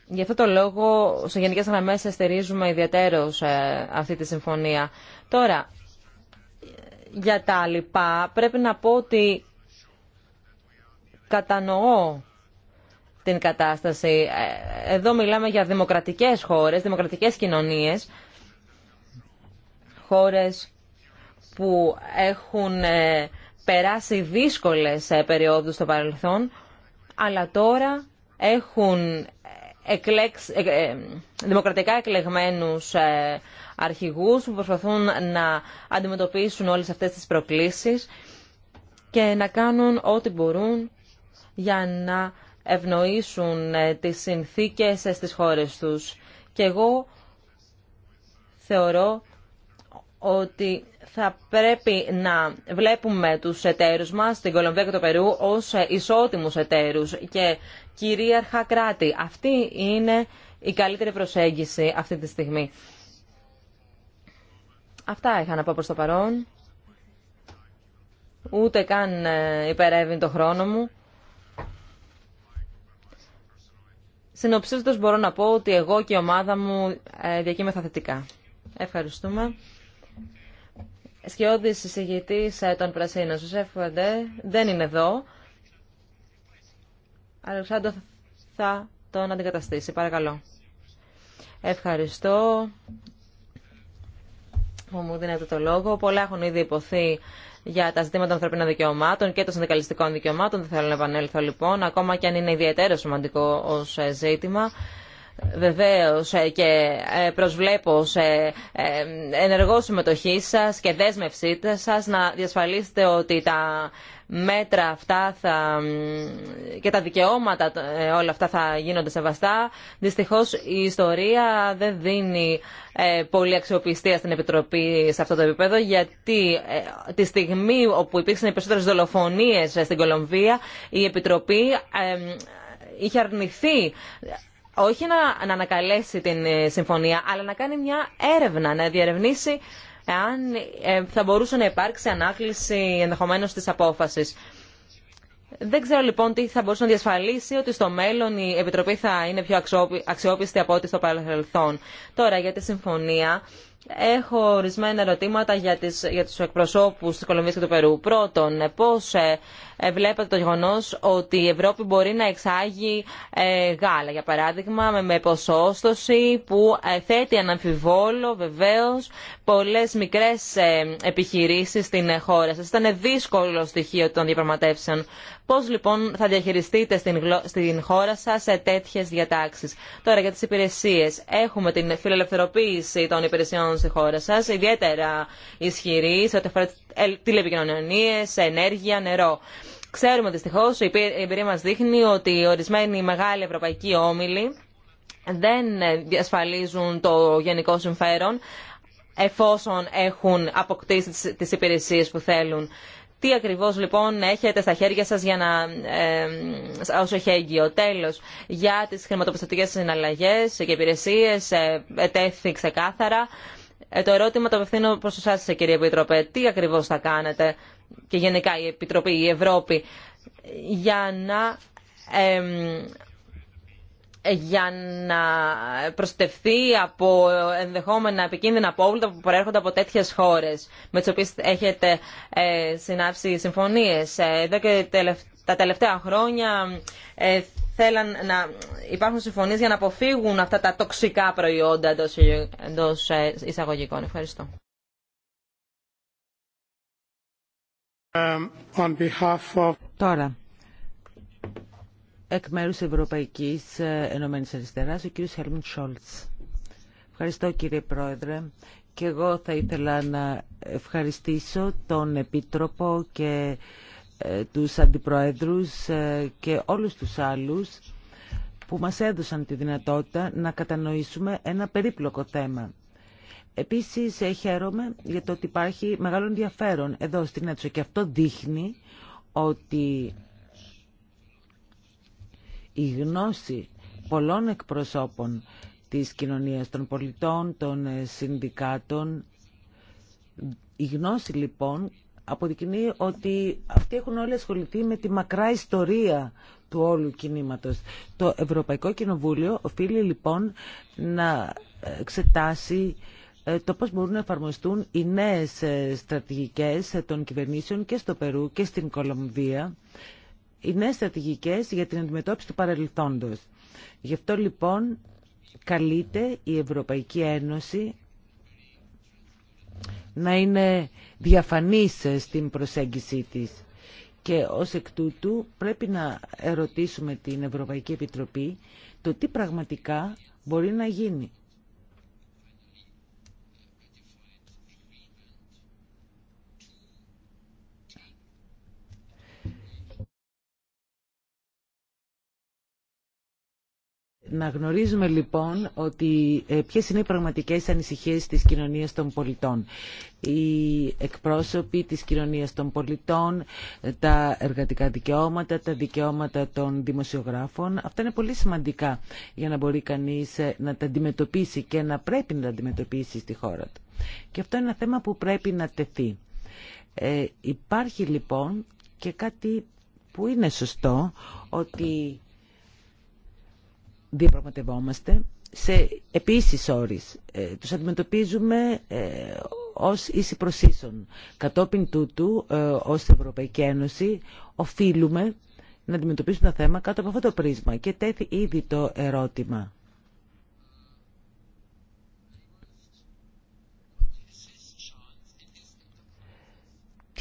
Γι' αυτό το λόγο, σε γενικές γραμμές, στηρίζουμε ιδιαίτερως ε, αυτή τη συμφωνία. Τώρα, για τα λοιπά, πρέπει να πω ότι κατανοώ την κατάσταση. Ε, εδώ μιλάμε για δημοκρατικές χώρες, δημοκρατικές κοινωνίες, χώρες που έχουν ε, περάσει δύσκολες ε, περιόδους στο παρελθόν, αλλά τώρα έχουν εκλεξ, ε, ε, δημοκρατικά εκλεγμένους ε, αρχηγούς που προσπαθούν να αντιμετωπίσουν όλες αυτές τις προκλήσεις και να κάνουν ό,τι μπορούν για να ευνοήσουν ε, τις συνθήκες στις χώρες τους. Και εγώ θεωρώ ότι θα πρέπει να βλέπουμε τους εταίρους μας στην Κολομβία και το Περού ως ισότιμους εταίρους και κυρίαρχα κράτη. Αυτή είναι η καλύτερη προσέγγιση αυτή τη στιγμή. Αυτά είχα να πω προς το παρόν. Ούτε καν ε, υπερεύει το χρόνο μου. Συνοψίζοντας μπορώ να πω ότι εγώ και η ομάδα μου ε, διακύμεθα θετικά. Ευχαριστούμε σκιώδης συζητητή ε, των Πρασίνων. Σωσέφ δεν είναι εδώ. Αλεξάνδρο θα τον αντικαταστήσει. Παρακαλώ. Ευχαριστώ που μου δίνετε το λόγο. Πολλά έχουν ήδη υποθεί για τα ζητήματα των ανθρωπίνων δικαιωμάτων και των συνδικαλιστικών δικαιωμάτων. Δεν θέλω να επανέλθω λοιπόν, ακόμα και αν είναι ιδιαίτερο σημαντικό ω ε, ζήτημα. Βεβαίω ε, και ε, προσβλέπω σε ε, ενεργό συμμετοχή σα και δέσμευσή σας να διασφαλίσετε ότι τα μέτρα αυτά θα... και τα δικαιώματα όλα αυτά θα γίνονται σεβαστά. Δυστυχώς η ιστορία δεν δίνει πολύ αξιοπιστία στην Επιτροπή σε αυτό το επίπεδο γιατί τη στιγμή όπου υπήρξαν οι περισσότερες δολοφονίες στην Κολομβία η Επιτροπή είχε αρνηθεί όχι να, να ανακαλέσει την ε, συμφωνία, αλλά να κάνει μια έρευνα, να διερευνήσει αν ε, θα μπορούσε να υπάρξει ανάκληση ενδεχομένω τη απόφαση. Δεν ξέρω λοιπόν τι θα μπορούσε να διασφαλίσει ότι στο μέλλον η Επιτροπή θα είναι πιο αξιόπιστη από ό,τι στο παρελθόν. Τώρα για τη συμφωνία Έχω ορισμένα ερωτήματα για, τις, για τους εκπροσώπους της Κολομβίας και του Περού. Πρώτον, πώς ε, ε, βλέπετε το γεγονός ότι η Ευρώπη μπορεί να εξάγει ε, γάλα, για παράδειγμα, με, με ποσόστοση που θέτει αναμφιβόλο βεβαίως πολλές μικρές επιχειρήσεις στην χώρα σας. Ήταν δύσκολο στοιχείο των διαπραγματεύσεων. Πώ λοιπόν θα διαχειριστείτε στην χώρα σας σε τέτοιε διατάξεις. Τώρα για τι υπηρεσίες. Έχουμε την φιλελευθερωποίηση των υπηρεσιών στη χώρα σας, ιδιαίτερα ισχυρή σε ό,τι αφορά ε, τηλεπικοινωνίες, ενέργεια, νερό. Ξέρουμε δυστυχώ, η εμπειρία μα δείχνει ότι ορισμένοι μεγάλοι ευρωπαϊκοί όμιλοι δεν διασφαλίζουν το γενικό συμφέρον εφόσον έχουν αποκτήσει τις υπηρεσίες που θέλουν. Τι ακριβώς λοιπόν έχετε στα χέρια σας για να, ε, ως εχέγγυο. Τέλος, για τις χρηματοπιστωτικές συναλλαγές και υπηρεσίες ε, ετέθη ξεκάθαρα. Ε, το ερώτημα το απευθύνω προς εσάς κύριε Επιτροπέ. Τι ακριβώς θα κάνετε και γενικά η Επιτροπή, η Ευρώπη για να για να προστευθεί από ενδεχόμενα επικίνδυνα απόβλητα που προέρχονται από τέτοιες χώρες με τις οποίες έχετε ε, συνάψει συμφωνίες. Ε, εδώ και τα τελευταία χρόνια ε, θέλαν να υπάρχουν συμφωνίες για να αποφύγουν αυτά τα τοξικά προϊόντα εντό εισαγωγικών. Ευχαριστώ. Um, on Τώρα, Εκ μέρου Ευρωπαϊκή ε, Ενωμένη Αριστερά, ο κύριος Χέλμουντ Σόλτ. Ευχαριστώ κύριε Πρόεδρε. Και εγώ θα ήθελα να ευχαριστήσω τον Επίτροπο και ε, τους Αντιπροέδρους ε, και όλους τους άλλους που μας έδωσαν τη δυνατότητα να κατανοήσουμε ένα περίπλοκο θέμα. Επίσης χαίρομαι για το ότι υπάρχει μεγάλο ενδιαφέρον εδώ στην Έτσο και αυτό δείχνει ότι η γνώση πολλών εκπροσώπων της κοινωνίας των πολιτών, των ε, συνδικάτων. Η γνώση λοιπόν αποδεικνύει ότι αυτοί έχουν όλοι ασχοληθεί με τη μακρά ιστορία του όλου κινήματος. Το Ευρωπαϊκό Κοινοβούλιο οφείλει λοιπόν να εξετάσει ε, το πώς μπορούν να εφαρμοστούν οι νέες ε, στρατηγικές των κυβερνήσεων και στο Περού και στην Κολομβία είναι στρατηγικές για την αντιμετώπιση του παρελθόντος. Γι' αυτό λοιπόν καλείται η Ευρωπαϊκή Ένωση να είναι διαφανής στην προσέγγιση της. Και ως εκ τούτου πρέπει να ερωτήσουμε την Ευρωπαϊκή Επιτροπή το τι πραγματικά μπορεί να γίνει. Να γνωρίζουμε λοιπόν ότι ε, ποιες είναι οι πραγματικές ανησυχίες της κοινωνίας των πολιτών. Οι εκπρόσωποι της κοινωνίας των πολιτών, ε, τα εργατικά δικαιώματα, τα δικαιώματα των δημοσιογράφων, αυτά είναι πολύ σημαντικά για να μπορεί κανείς ε, να τα αντιμετωπίσει και να πρέπει να τα αντιμετωπίσει στη χώρα του. Και αυτό είναι ένα θέμα που πρέπει να τεθεί. Ε, υπάρχει λοιπόν και κάτι που είναι σωστό, ότι διαπραγματευόμαστε σε επίσης όρις. Ε, τους αντιμετωπίζουμε ε, ως ίση προσίσων. Κατόπιν τούτου, ε, ως Ευρωπαϊκή Ένωση, οφείλουμε να αντιμετωπίσουμε το θέμα κάτω από αυτό το πρίσμα. Και τέθη ήδη το ερώτημα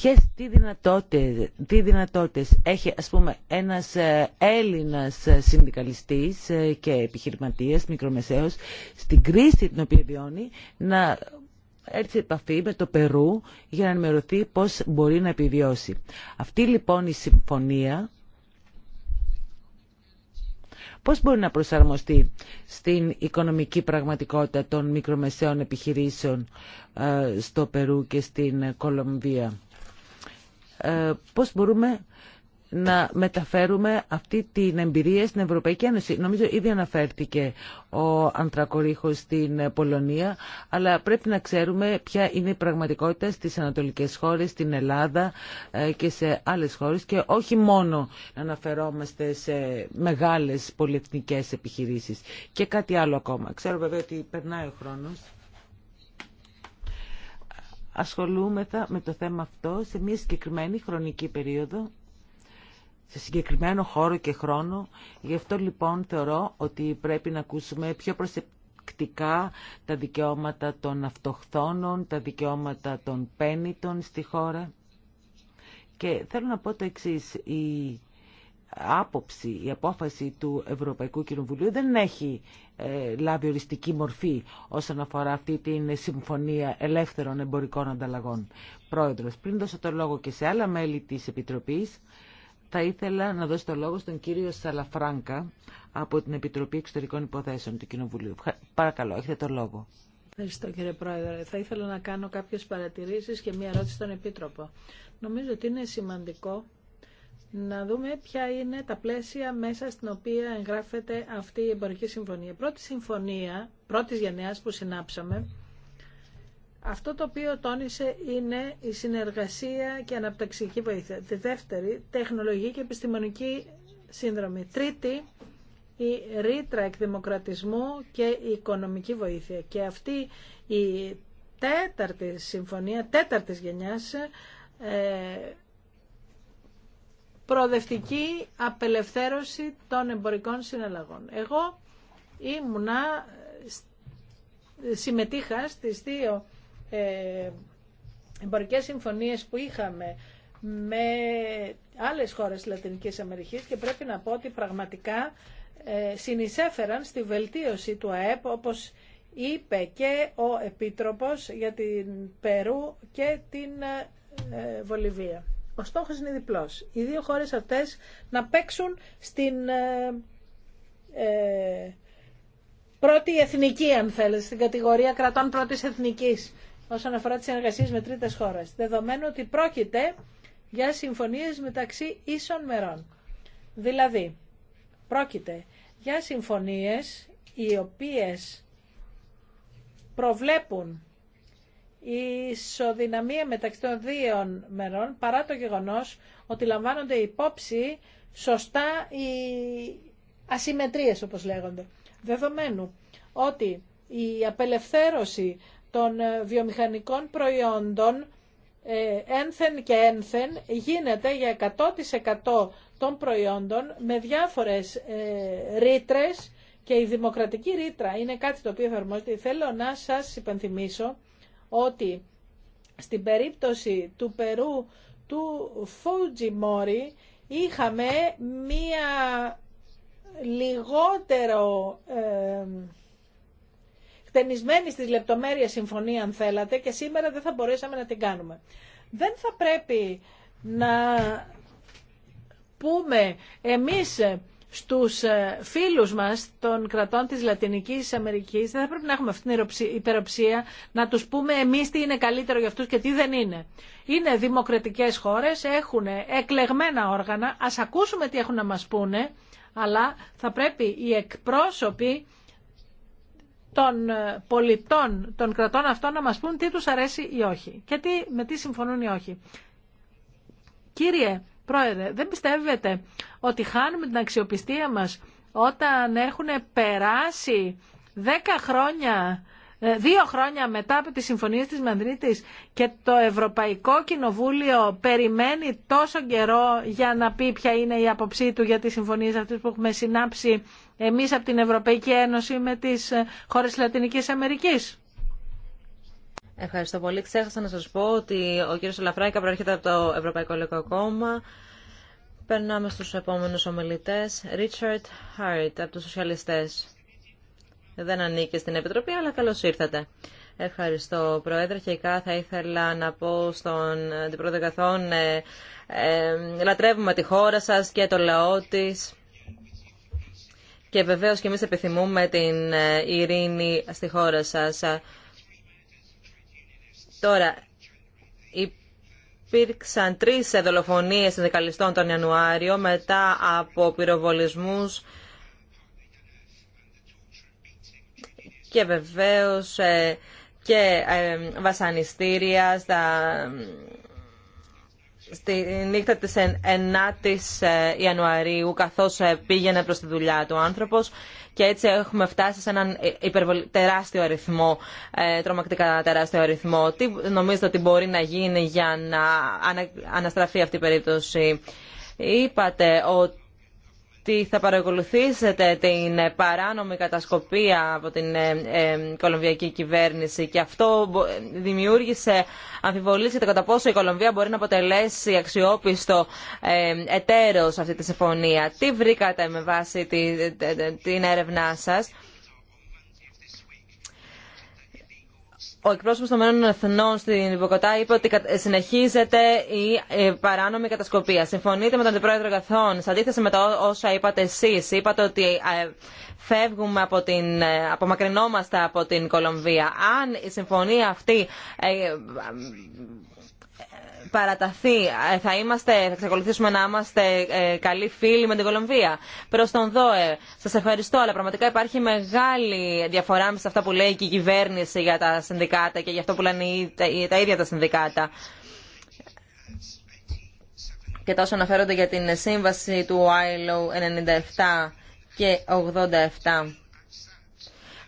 ποιες, τι, δυνατότητες, δυνατότητες έχει ας πούμε ένας ε, Έλληνας ε, συνδικαλιστής ε, και επιχειρηματίας μικρομεσαίος στην κρίση την οποία βιώνει να έρθει σε επαφή με το Περού για να ενημερωθεί πώς μπορεί να επιβιώσει. Αυτή λοιπόν η συμφωνία πώς μπορεί να προσαρμοστεί στην οικονομική πραγματικότητα των μικρομεσαίων επιχειρήσεων στο Περού και στην Κολομβία. Ε, πώς μπορούμε να μεταφέρουμε αυτή την εμπειρία στην Ευρωπαϊκή Ένωση. Νομίζω ήδη αναφέρθηκε ο Αντρακορίχος στην Πολωνία, αλλά πρέπει να ξέρουμε ποια είναι η πραγματικότητα στις ανατολικές χώρες, στην Ελλάδα ε, και σε άλλες χώρες και όχι μόνο να αναφερόμαστε σε μεγάλες πολυεθνικές επιχειρήσεις και κάτι άλλο ακόμα. Ξέρω βέβαια ότι περνάει ο χρόνος ασχολούμεθα με το θέμα αυτό σε μια συγκεκριμένη χρονική περίοδο, σε συγκεκριμένο χώρο και χρόνο. Γι' αυτό λοιπόν θεωρώ ότι πρέπει να ακούσουμε πιο προσεκτικά τα δικαιώματα των αυτοχθόνων, τα δικαιώματα των πέννητων στη χώρα. Και θέλω να πω το εξής, η άποψη, η απόφαση του Ευρωπαϊκού Κοινοβουλίου δεν έχει ε, λάβει οριστική μορφή όσον αφορά αυτή την Συμφωνία Ελεύθερων Εμπορικών Ανταλλαγών. Πρόεδρος, πριν δώσω το λόγο και σε άλλα μέλη της Επιτροπής, θα ήθελα να δώσω το λόγο στον κύριο Σαλαφράγκα από την Επιτροπή Εξωτερικών Υποθέσεων του Κοινοβουλίου. Παρακαλώ, έχετε το λόγο. Ευχαριστώ κύριε Πρόεδρε. Θα ήθελα να κάνω κάποιες παρατηρήσεις και μία ερώτηση στον Επίτροπο. Νομίζω ότι είναι σημαντικό να δούμε ποια είναι τα πλαίσια μέσα στην οποία εγγράφεται αυτή η εμπορική συμφωνία. Πρώτη συμφωνία, πρώτη γενιά που συνάψαμε, αυτό το οποίο τόνισε είναι η συνεργασία και αναπτυξιακή βοήθεια. Τη δεύτερη, τεχνολογική και επιστημονική σύνδρομη. Τρίτη, η ρήτρα εκδημοκρατισμού και η οικονομική βοήθεια. Και αυτή η τέταρτη συμφωνία, τέταρτης γενιάς, ε, προοδευτική απελευθέρωση των εμπορικών συναλλαγών. Εγώ ήμουνα, ε, συμμετείχα στις δύο ε, εμπορικές συμφωνίες που είχαμε με άλλες χώρες της Λατινικής Αμερικής και πρέπει να πω ότι πραγματικά ε, συνεισέφεραν στη βελτίωση του ΑΕΠ όπως είπε και ο Επίτροπος για την Περού και την Βολιβία. Ο στόχο είναι διπλός. Οι δύο χώρες αυτές να παίξουν στην ε, ε πρώτη εθνική, αν θέλετε, στην κατηγορία κρατών πρώτης εθνικής όσον αφορά τι εργασίες με τρίτες χώρες, δεδομένου ότι πρόκειται για συμφωνίε μεταξύ ίσων μερών. Δηλαδή, πρόκειται για συμφωνίες οι οποίες προβλέπουν η ισοδυναμία μεταξύ των δύο μερών παρά το γεγονός ότι λαμβάνονται υπόψη σωστά οι ασυμμετρίες όπως λέγονται. Δεδομένου ότι η απελευθέρωση των βιομηχανικών προϊόντων ε, ένθεν και ένθεν γίνεται για 100% των προϊόντων με διάφορες ε, ρήτρες και η δημοκρατική ρήτρα είναι κάτι το οποίο εφαρμόζεται. Θέλω να σας υπενθυμίσω ότι στην περίπτωση του Περού του Φούτζι Μόρι είχαμε μία λιγότερο ε, χτενισμένη στις λεπτομέρειες συμφωνία αν θέλατε και σήμερα δεν θα μπορέσαμε να την κάνουμε. Δεν θα πρέπει να πούμε εμείς στους ε, φίλους μας των κρατών της Λατινικής Αμερικής δεν θα πρέπει να έχουμε αυτή την υπεροψία να τους πούμε εμείς τι είναι καλύτερο για αυτούς και τι δεν είναι. Είναι δημοκρατικές χώρες, έχουν εκλεγμένα όργανα, ας ακούσουμε τι έχουν να μας πούνε, αλλά θα πρέπει οι εκπρόσωποι των ε, πολιτών των κρατών αυτών να μας πούν τι τους αρέσει ή όχι και τι, με τι συμφωνούν ή όχι. Κύριε Πρόεδρε, δεν πιστεύετε ότι χάνουμε την αξιοπιστία μας όταν έχουν περάσει δέκα χρόνια, ε, δύο χρόνια μετά από τις συμφωνίες της Μανδρίτης και το Ευρωπαϊκό Κοινοβούλιο περιμένει τόσο καιρό για να πει ποια είναι η άποψή του για τις συμφωνίες αυτές που έχουμε συνάψει εμείς από την Ευρωπαϊκή Ένωση με τις ε, χώρες της Λατινικής Αμερικής. Ευχαριστώ πολύ. Ξέχασα να σας πω ότι ο κύριος Ελαφράκη προέρχεται από το Ευρωπαϊκό Λαϊκό Κόμμα. Περνάμε στους επόμενου ομιλητέ Richard Χάρτ από τους Σοσιαλιστές. Δεν ανήκει στην Επιτροπή, αλλά καλώ ήρθατε. Ευχαριστώ, Πρόεδρε. και θα ήθελα να πω στον Αντιπρόεδρο Καθόν, ε, ε, λατρεύουμε τη χώρα σας και το λαό της. Και βεβαίως και εμείς επιθυμούμε την ε, ειρήνη στη χώρα σας. Τώρα, υπήρξαν τρεις δολοφονίες συνδικαλιστών τον Ιανουάριο μετά από πυροβολισμούς και βεβαίως ε, και ε, βασανιστήρια στα στην νύχτα της 9ης ε, Ιανουαρίου καθώς ε, πήγαινε προς τη δουλειά του άνθρωπος και έτσι έχουμε φτάσει σε έναν ε, υπερβολ... τεράστιο αριθμό, τρομακτικά τεράστιο αριθμό. Τι νομίζετε ότι μπορεί να γίνει για να αναστραφεί αυτή η περίπτωση. Είπατε ότι ότι θα παρακολουθήσετε την παράνομη κατασκοπία από την ε, ε, κολομβιακή κυβέρνηση και αυτό δημιούργησε αμφιβολίες για το κατά πόσο η Κολομβία μπορεί να αποτελέσει αξιόπιστο ε, εταίρο σε αυτή τη συμφωνία. Τι βρήκατε με βάση την έρευνά σας ο εκπρόσωπος των Μένων Εθνών στην Υποκοτά είπε ότι συνεχίζεται η παράνομη κατασκοπία. Συμφωνείτε με τον Αντιπρόεδρο Γαθών, σε αντίθεση με τα όσα είπατε εσείς, είπατε ότι ε, φεύγουμε από την, ε, απομακρυνόμαστε από την Κολομβία. Αν η συμφωνία αυτή ε, παραταθεί, θα, είμαστε, θα εξακολουθήσουμε να είμαστε καλοί φίλοι με την Κολομβία. Προ τον ΔΟΕ, σα ευχαριστώ, αλλά πραγματικά υπάρχει μεγάλη διαφορά με αυτά που λέει και η κυβέρνηση για τα συνδικά συνδικάτα και γι' αυτό που λένε τα ίδια τα συνδικάτα. Και τόσο αναφέρονται για την σύμβαση του ILO 97 και 87.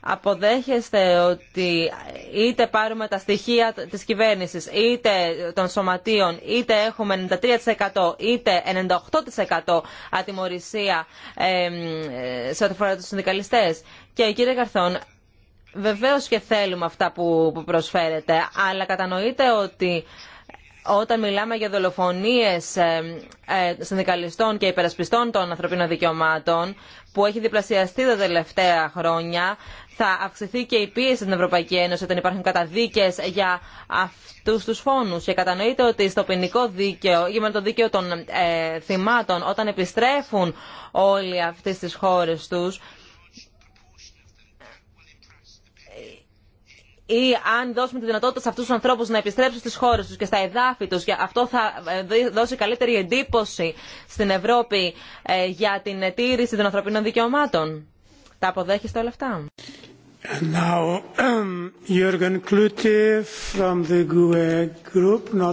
Αποδέχεστε ότι είτε πάρουμε τα στοιχεία της κυβέρνησης, είτε των σωματείων, είτε έχουμε 93%, είτε 98% ατιμορρησία σε ό,τι αφορά τους συνδικαλιστές. Και κύριε Καρθόν, Βεβαίως και θέλουμε αυτά που προσφέρετε, αλλά κατανοείτε ότι όταν μιλάμε για δολοφονίες ε, ε, συνδικαλιστών και υπερασπιστών των ανθρωπίνων δικαιωμάτων, που έχει διπλασιαστεί τα τελευταία χρόνια, θα αυξηθεί και η πίεση στην Ευρωπαϊκή Ένωση όταν υπάρχουν καταδίκες για αυτούς τους φόνους. Και κατανοείται ότι στο ποινικό δίκαιο, ή το δίκαιο των ε, θυμάτων, όταν επιστρέφουν όλοι αυτοί στις χώρες τους, ή αν δώσουμε τη δυνατότητα σε αυτούς τους ανθρώπους να επιστρέψουν στις χώρες τους και στα εδάφη τους, αυτό θα ε, δώσει καλύτερη εντύπωση στην Ευρώπη ε, για την τήρηση των ανθρωπίνων δικαιωμάτων. Τα αποδέχεστε όλα αυτά.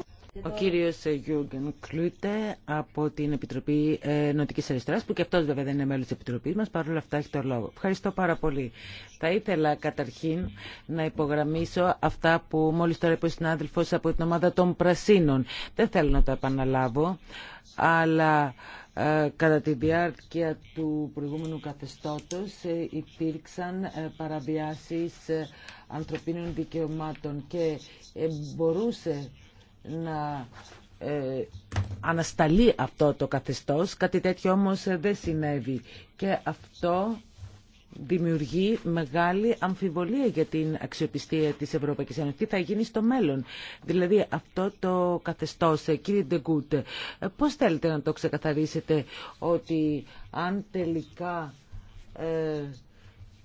Ο κύριος Γιούργεν Κλούτε από την Επιτροπή ε, Νοτικής Αριστεράς, που και αυτός βέβαια δεν είναι μέλος της Επιτροπής μας, παρόλα αυτά έχει το λόγο. Ευχαριστώ πάρα πολύ. Θα ήθελα καταρχήν να υπογραμμίσω αυτά που μόλις τώρα είπε ο συνάδελφος από την ομάδα των Πρασίνων. Δεν θέλω να το επαναλάβω, αλλά ε, κατά τη διάρκεια του προηγούμενου καθεστώτος ε, υπήρξαν παραβιάσεις ανθρωπίνων δικαιωμάτων και μπορούσε να ε, ανασταλεί αυτό το καθεστώς. Κάτι τέτοιο όμως ε, δεν συνέβη. Και αυτό δημιουργεί μεγάλη αμφιβολία για την αξιοπιστία της Ευρωπαϊκής Ένωσης. Τι θα γίνει στο μέλλον. Δηλαδή αυτό το καθεστώς, ε, κύριε Ντεγκούτ, πώς θέλετε να το ξεκαθαρίσετε ότι αν τελικά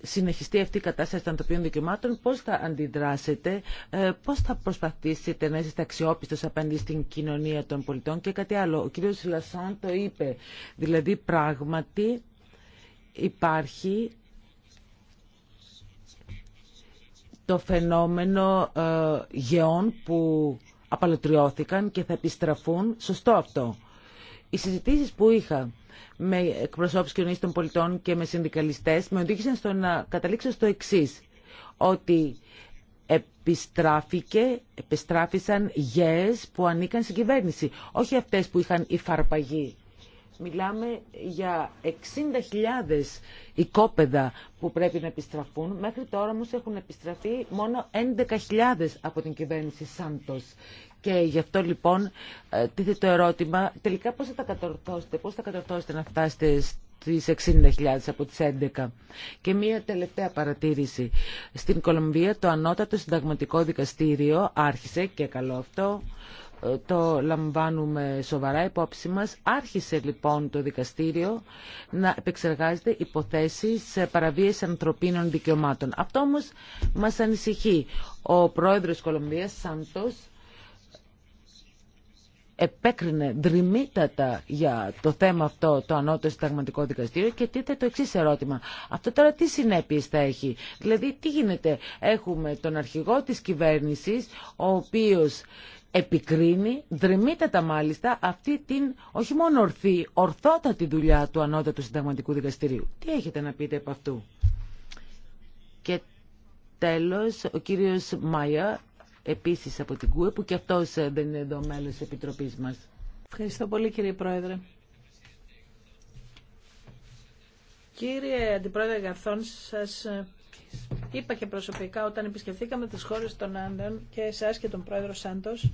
συνεχιστεί αυτή η κατάσταση των ανθρωπίνων δικαιωμάτων, πώς θα αντιδράσετε, ε, πώς θα προσπαθήσετε να είστε αξιόπιστος απέναντι στην κοινωνία των πολιτών και κάτι άλλο. Ο κύριος Λασάν το είπε, δηλαδή πράγματι υπάρχει το φαινόμενο ε, γεών που απαλωτριώθηκαν και θα επιστραφούν. Σωστό αυτό. Οι συζητήσεις που είχα με εκπροσώπους κοινωνίας των πολιτών και με συνδικαλιστές με οδήγησαν στο να καταλήξω στο εξή ότι επιστράφηκε, επιστράφησαν γέες που ανήκαν στην κυβέρνηση, όχι αυτές που είχαν υφαρπαγή Μιλάμε για 60.000 οικόπεδα που πρέπει να επιστραφούν. Μέχρι τώρα όμως έχουν επιστραφεί μόνο 11.000 από την κυβέρνηση Σάντος. Και γι' αυτό λοιπόν ε, τίθεται το ερώτημα, τελικά πώς θα τα κατορθώσετε, πώς θα κατορθώσετε να φτάσετε τις 60.000 από τις 11. Και μία τελευταία παρατήρηση. Στην Κολομβία το ανώτατο συνταγματικό δικαστήριο άρχισε, και καλό αυτό, το λαμβάνουμε σοβαρά υπόψη μας. Άρχισε λοιπόν το δικαστήριο να επεξεργάζεται υποθέσεις σε ανθρωπίνων δικαιωμάτων. Αυτό όμως μας ανησυχεί. Ο πρόεδρος Κολομβίας, Σάντος, επέκρινε δρυμύτατα για το θέμα αυτό το ανώτο συνταγματικό δικαστήριο και τίθεται το εξή ερώτημα. Αυτό τώρα τι συνέπειες θα έχει. Δηλαδή τι γίνεται. Έχουμε τον αρχηγό της κυβέρνησης ο οποίος επικρίνει, δρυμύτατα μάλιστα, αυτή την όχι μόνο ορθή, ορθότατη δουλειά του ανώτατου συνταγματικού δικαστηρίου. Τι έχετε να πείτε από αυτού. Και τέλος, ο κύριος Μάια, επίσης από την ΚΟΕ, που και αυτός ε, δεν είναι εδώ μέλος της Επιτροπής μας. Ευχαριστώ πολύ κύριε Πρόεδρε. Κύριε Αντιπρόεδρε Γαρθών, σας Είπα και προσωπικά όταν επισκεφθήκαμε τις χώρες των Άντων και εσάς και τον πρόεδρο Σάντος,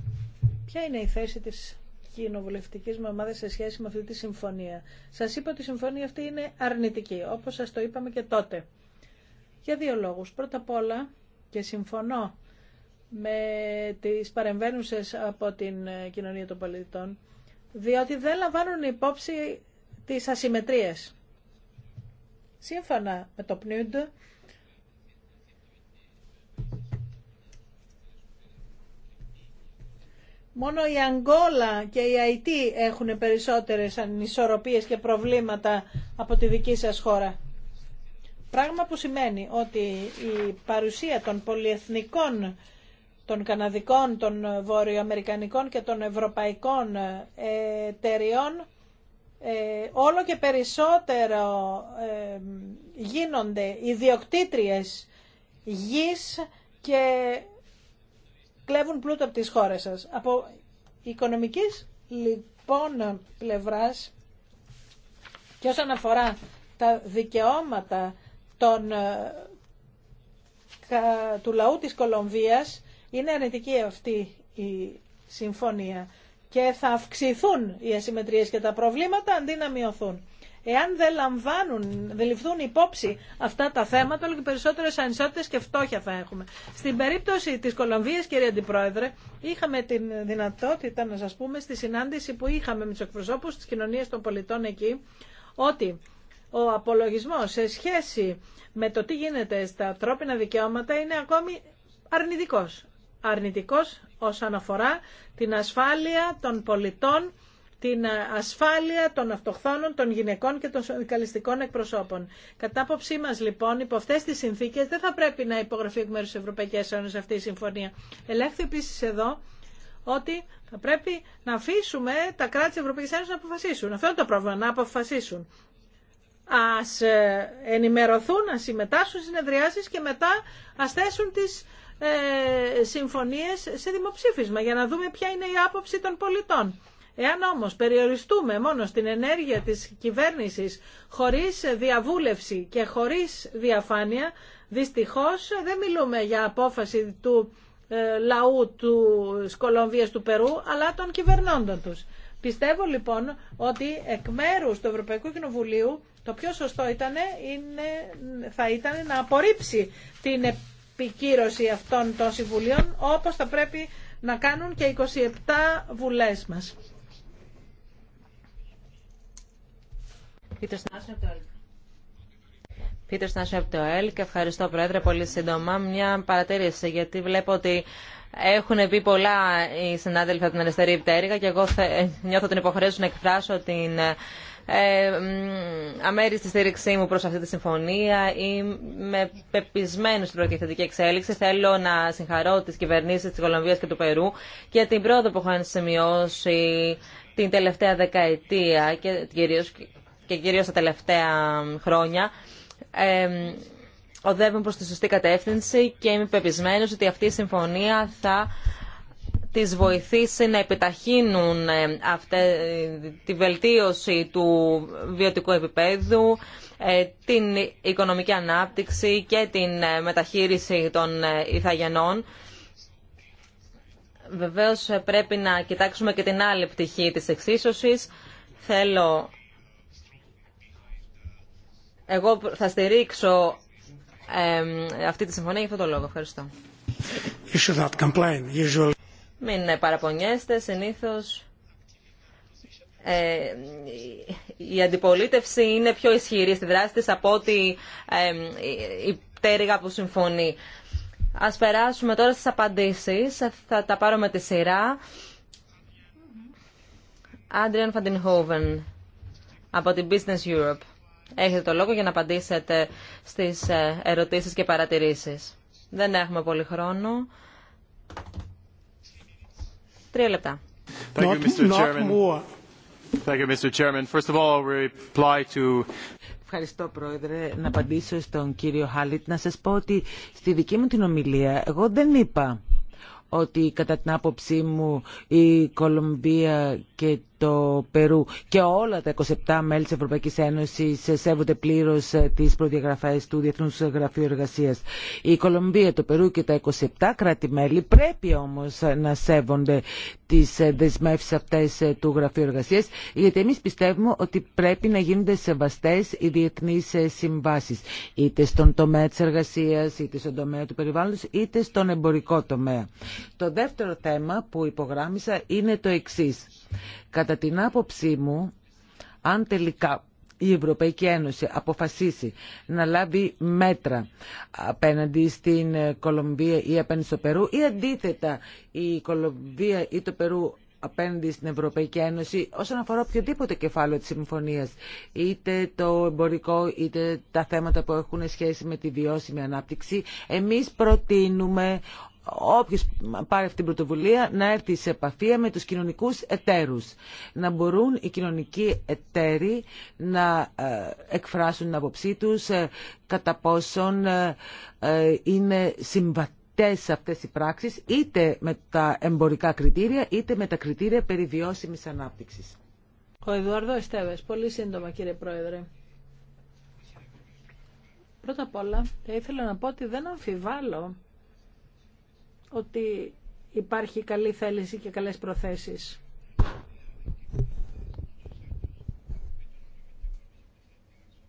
ποια είναι η θέση της κοινοβουλευτική μου ομάδα σε σχέση με αυτή τη συμφωνία. Σα είπα ότι η συμφωνία αυτή είναι αρνητική, όπω σα το είπαμε και τότε. Για δύο λόγου. Πρώτα απ' όλα, και συμφωνώ με τις παρεμβαίνουσες από την ε, κοινωνία των πολιτών, διότι δεν λαμβάνουν υπόψη τις ασυμμετρίες. Σύμφωνα με το PNUD, Μόνο η Αγγόλα και η Αϊτή έχουν περισσότερες ανισορροπίες και προβλήματα από τη δική σας χώρα. Πράγμα που σημαίνει ότι η παρουσία των πολυεθνικών, των καναδικών, των βορειοαμερικανικών και των ευρωπαϊκών ε, εταιριών ε, όλο και περισσότερο ε, γίνονται ιδιοκτήτριες γης και κλέβουν πλούτο από τις χώρες σας. Από οικονομικής λοιπόν πλευράς και όσον αφορά τα δικαιώματα των, ε, του λαού της Κολομβίας είναι αρνητική αυτή η συμφωνία και θα αυξηθούν οι ασυμμετρίες και τα προβλήματα αντί να μειωθούν. Εάν δεν λαμβάνουν, δεν ληφθούν υπόψη αυτά τα θέματα, όλο και περισσότερες ανισότητε και φτώχεια θα έχουμε. Στην περίπτωση της Κολομβίας, κύριε Αντιπρόεδρε, είχαμε την δυνατότητα να σας πούμε στη συνάντηση που είχαμε με τους εκπροσώπου της κοινωνίας των πολιτών εκεί, ότι ο απολογισμός σε σχέση με το τι γίνεται στα ανθρώπινα δικαιώματα είναι ακόμη αρνητικό. Αρνητικό όσον αφορά την ασφάλεια των πολιτών την ασφάλεια των αυτοχθόνων, των γυναικών και των συνδικαλιστικών εκπροσώπων. Κατά άποψή μα, λοιπόν, υπό αυτέ τι συνθήκε δεν θα πρέπει να υπογραφεί εκ μέρου τη Ευρωπαϊκή Ένωση αυτή η συμφωνία. Ελέγχθη επίση εδώ ότι θα πρέπει να αφήσουμε τα κράτη τη Ευρωπαϊκή Ένωση να αποφασίσουν. Αυτό είναι το πρόβλημα, να αποφασίσουν. Α ε, ενημερωθούν, να συμμετάσχουν συνεδριάσει και μετά α θέσουν τι ε, συμφωνίε σε δημοψήφισμα για να δούμε ποια είναι η άποψη των πολιτών. Εάν όμως περιοριστούμε μόνο στην ενέργεια της κυβέρνησης χωρίς διαβούλευση και χωρίς διαφάνεια, δυστυχώς δεν μιλούμε για απόφαση του ε, λαού του Κολομβίας του Περού, αλλά των κυβερνώντων τους. Πιστεύω λοιπόν ότι εκ μέρου του Ευρωπαϊκού Κοινοβουλίου το πιο σωστό είναι, θα ήταν να απορρίψει την επικύρωση αυτών των συμβουλίων όπως θα πρέπει να κάνουν και 27 βουλές μας. Πίτερ Πίτερ από το ΕΛΚ. Ευχαριστώ, Πρόεδρε, πολύ σύντομα. Μια παρατήρηση, γιατί βλέπω ότι έχουν πει πολλά οι συνάδελφοι από την αριστερή πτέρυγα και εγώ ε, νιώθω την υποχρέωση να εκφράσω την ε, αμέριστη στήριξή μου προς αυτή τη συμφωνία. Είμαι πεπισμένη στην προκειθετική εξέλιξη. Θέλω να συγχαρώ τις κυβερνήσεις της Κολομβίας και του Περού για την πρόοδο που έχουν σημειώσει την τελευταία δεκαετία και κυρίως και κυρίως τα τελευταία χρόνια οδεύουν προς τη σωστή κατεύθυνση και είμαι πεπισμένος ότι αυτή η συμφωνία θα τις βοηθήσει να επιταχύνουν ε, αυτή, τη βελτίωση του βιωτικού επίπεδου, ε, την οικονομική ανάπτυξη και την ε, μεταχείριση των Ιθαγενών. Βεβαίως πρέπει να κοιτάξουμε και την άλλη πτυχή της εξίσωσης. Θέλω εγώ θα στηρίξω ε, αυτή τη συμφωνία για αυτόν τον λόγο. Ευχαριστώ. Μην ε, παραπονιέστε. συνήθω ε, η αντιπολίτευση είναι πιο ισχυρή στη δράση τη από ότι η πτέρυγα που συμφωνεί. Α περάσουμε τώρα στι απαντήσει. Θα τα πάρω με τη σειρά. Άντριαν Φαντινχόβεν από την Business Europe. Έχετε το λόγο για να απαντήσετε στις ε, ερωτήσεις και παρατηρήσεις. Δεν έχουμε πολύ χρόνο. Τρία λεπτά. Ευχαριστώ Πρόεδρε. Να απαντήσω στον κύριο Χάλιτ. Να σας πω ότι στη δική μου την ομιλία εγώ δεν είπα ότι κατά την άποψή μου η Κολομβία και το Περού και όλα τα 27 μέλη της Ευρωπαϊκής Ένωσης σέβονται πλήρω ε, τις προδιαγραφές του διεθνού Γραφείου εργασία. Η Κολομβία, το Περού και τα 27 κράτη-μέλη πρέπει όμως ε, να σέβονται τις ε, δεσμεύσει αυτέ του Γραφείου εργασία. γιατί εμεί πιστεύουμε ότι πρέπει να γίνονται σεβαστές οι διεθνεί συμβάσεις είτε στον τομέα τη εργασία, είτε στον τομέα του περιβάλλοντος, είτε στον εμπορικό τομέα. Το δεύτερο θέμα που υπογράμμισα είναι το εξή. Κατά την άποψή μου, αν τελικά η Ευρωπαϊκή Ένωση αποφασίσει να λάβει μέτρα απέναντι στην Κολομβία ή απέναντι στο Περού ή αντίθετα η Κολομβία ή το Περού απέναντι στην Ευρωπαϊκή Ένωση όσον αφορά οποιοδήποτε κεφάλαιο της συμφωνίας είτε το εμπορικό είτε τα θέματα που έχουν σχέση με τη βιώσιμη ανάπτυξη εμείς προτείνουμε όποιος πάρει αυτή την πρωτοβουλία να έρθει σε επαφή με τους κοινωνικούς εταίρους. Να μπορούν οι κοινωνικοί εταίροι να ε, εκφράσουν την άποψή τους ε, κατά πόσον ε, είναι συμβατές αυτές οι πράξεις είτε με τα εμπορικά κριτήρια είτε με τα κριτήρια περί βιώσιμης ανάπτυξης. Ο Εδουαρδό Εστέβες, πολύ σύντομα κύριε Πρόεδρε. Πρώτα απ' όλα θα ήθελα να πω ότι δεν αμφιβάλλω ότι υπάρχει καλή θέληση και καλές προθέσεις.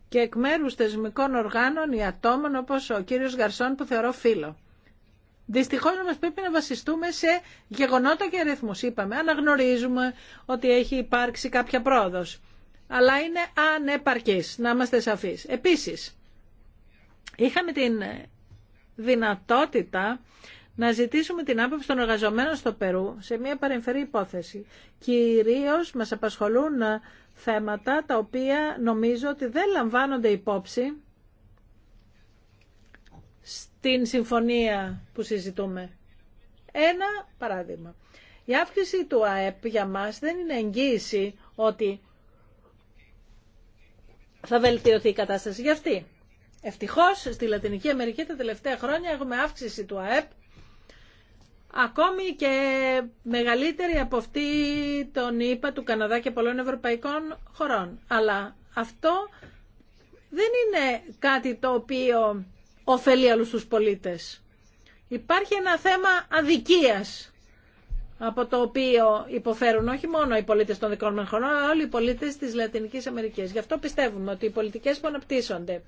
Και εκ μέρους θεσμικών οργάνων ή ατόμων όπως ο κύριος Γαρσόν που θεωρώ φίλο. Δυστυχώς όμως πρέπει να βασιστούμε σε γεγονότα και αριθμούς. Είπαμε, αναγνωρίζουμε ότι έχει υπάρξει κάποια πρόοδος. Αλλά είναι ανεπαρκής, να είμαστε σαφείς. Επίσης, είχαμε την δυνατότητα να ζητήσουμε την άποψη των εργαζομένων στο Περού σε μια παρεμφερή υπόθεση. Κυρίως μας απασχολούν ε, θέματα τα οποία νομίζω ότι δεν λαμβάνονται υπόψη στην συμφωνία που συζητούμε. Ένα παράδειγμα. Η αύξηση του ΑΕΠ για μας δεν είναι εγγύηση ότι θα βελτιωθεί η κατάσταση για αυτή. Ευτυχώς στη Λατινική Αμερική τα τελευταία χρόνια έχουμε αύξηση του ΑΕΠ ακόμη και μεγαλύτερη από αυτή τον ΗΠΑ, του Καναδά και πολλών ευρωπαϊκών χωρών. Αλλά αυτό δεν είναι κάτι το οποίο ωφελεί αλλού τους πολίτες. Υπάρχει ένα θέμα αδικίας από το οποίο υποφέρουν όχι μόνο οι πολίτες των δικών μας χωρών, αλλά όλοι οι πολίτες της Λατινικής Αμερικής. Γι' αυτό πιστεύουμε ότι οι πολιτικές που αναπτύσσονται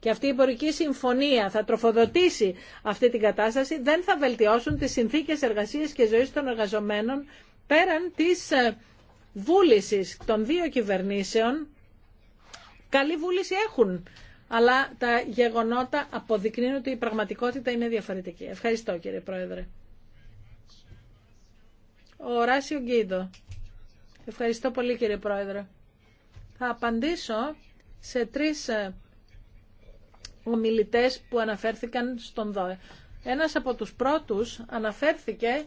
και αυτή η εμπορική συμφωνία θα τροφοδοτήσει αυτή την κατάσταση, δεν θα βελτιώσουν τις συνθήκες εργασίας και ζωής των εργαζομένων πέραν της ε, βούλησης των δύο κυβερνήσεων. Καλή βούληση έχουν, αλλά τα γεγονότα αποδεικνύουν ότι η πραγματικότητα είναι διαφορετική. Ευχαριστώ κύριε Πρόεδρε. Ο Ράσιο Γκίδο. Ευχαριστώ πολύ κύριε Πρόεδρε. Θα απαντήσω σε τρεις ε, ομιλητές που αναφέρθηκαν στον ΔΟΕ. Ένας από τους πρώτους αναφέρθηκε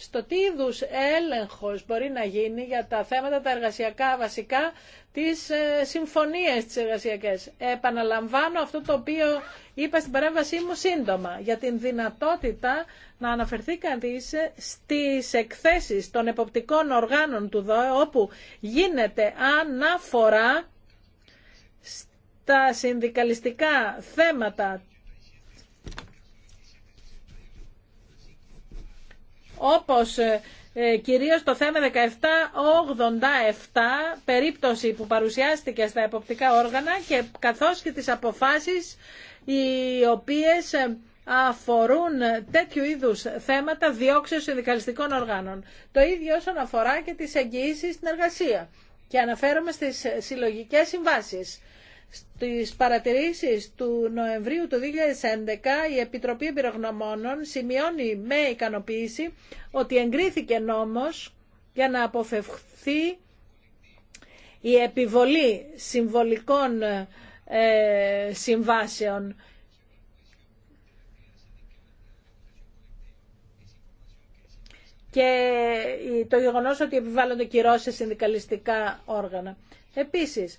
στο τι είδου έλεγχος μπορεί να γίνει για τα θέματα τα εργασιακά βασικά της ε, συμφωνίες τις εργασιακές. Επαναλαμβάνω αυτό το οποίο είπα στην παρέμβασή μου σύντομα για την δυνατότητα να αναφερθεί κανεί στις εκθέσεις των εποπτικών οργάνων του ΔΟΕ όπου γίνεται αναφορά στα συνδικαλιστικά θέματα όπως ε, ε, κυρίως το θέμα 1787, περίπτωση που παρουσιάστηκε στα εποπτικά όργανα και καθώς και τις αποφάσεις οι οποίες ε, αφορούν τέτοιου είδους θέματα διώξεως συνδικαλιστικών οργάνων. Το ίδιο όσον αφορά και τις εγγυήσεις στην εργασία. Και αναφέρομαι στις συλλογικές συμβάσεις. Στις παρατηρήσεις του Νοεμβρίου του 2011 η Επιτροπή Εμπειρογνωμόνων σημειώνει με ικανοποίηση ότι εγκρίθηκε νόμος για να αποφευχθεί η επιβολή συμβολικών ε, συμβάσεων. και το γεγονός ότι επιβάλλονται κυρώσεις συνδικαλιστικά όργανα. Επίσης,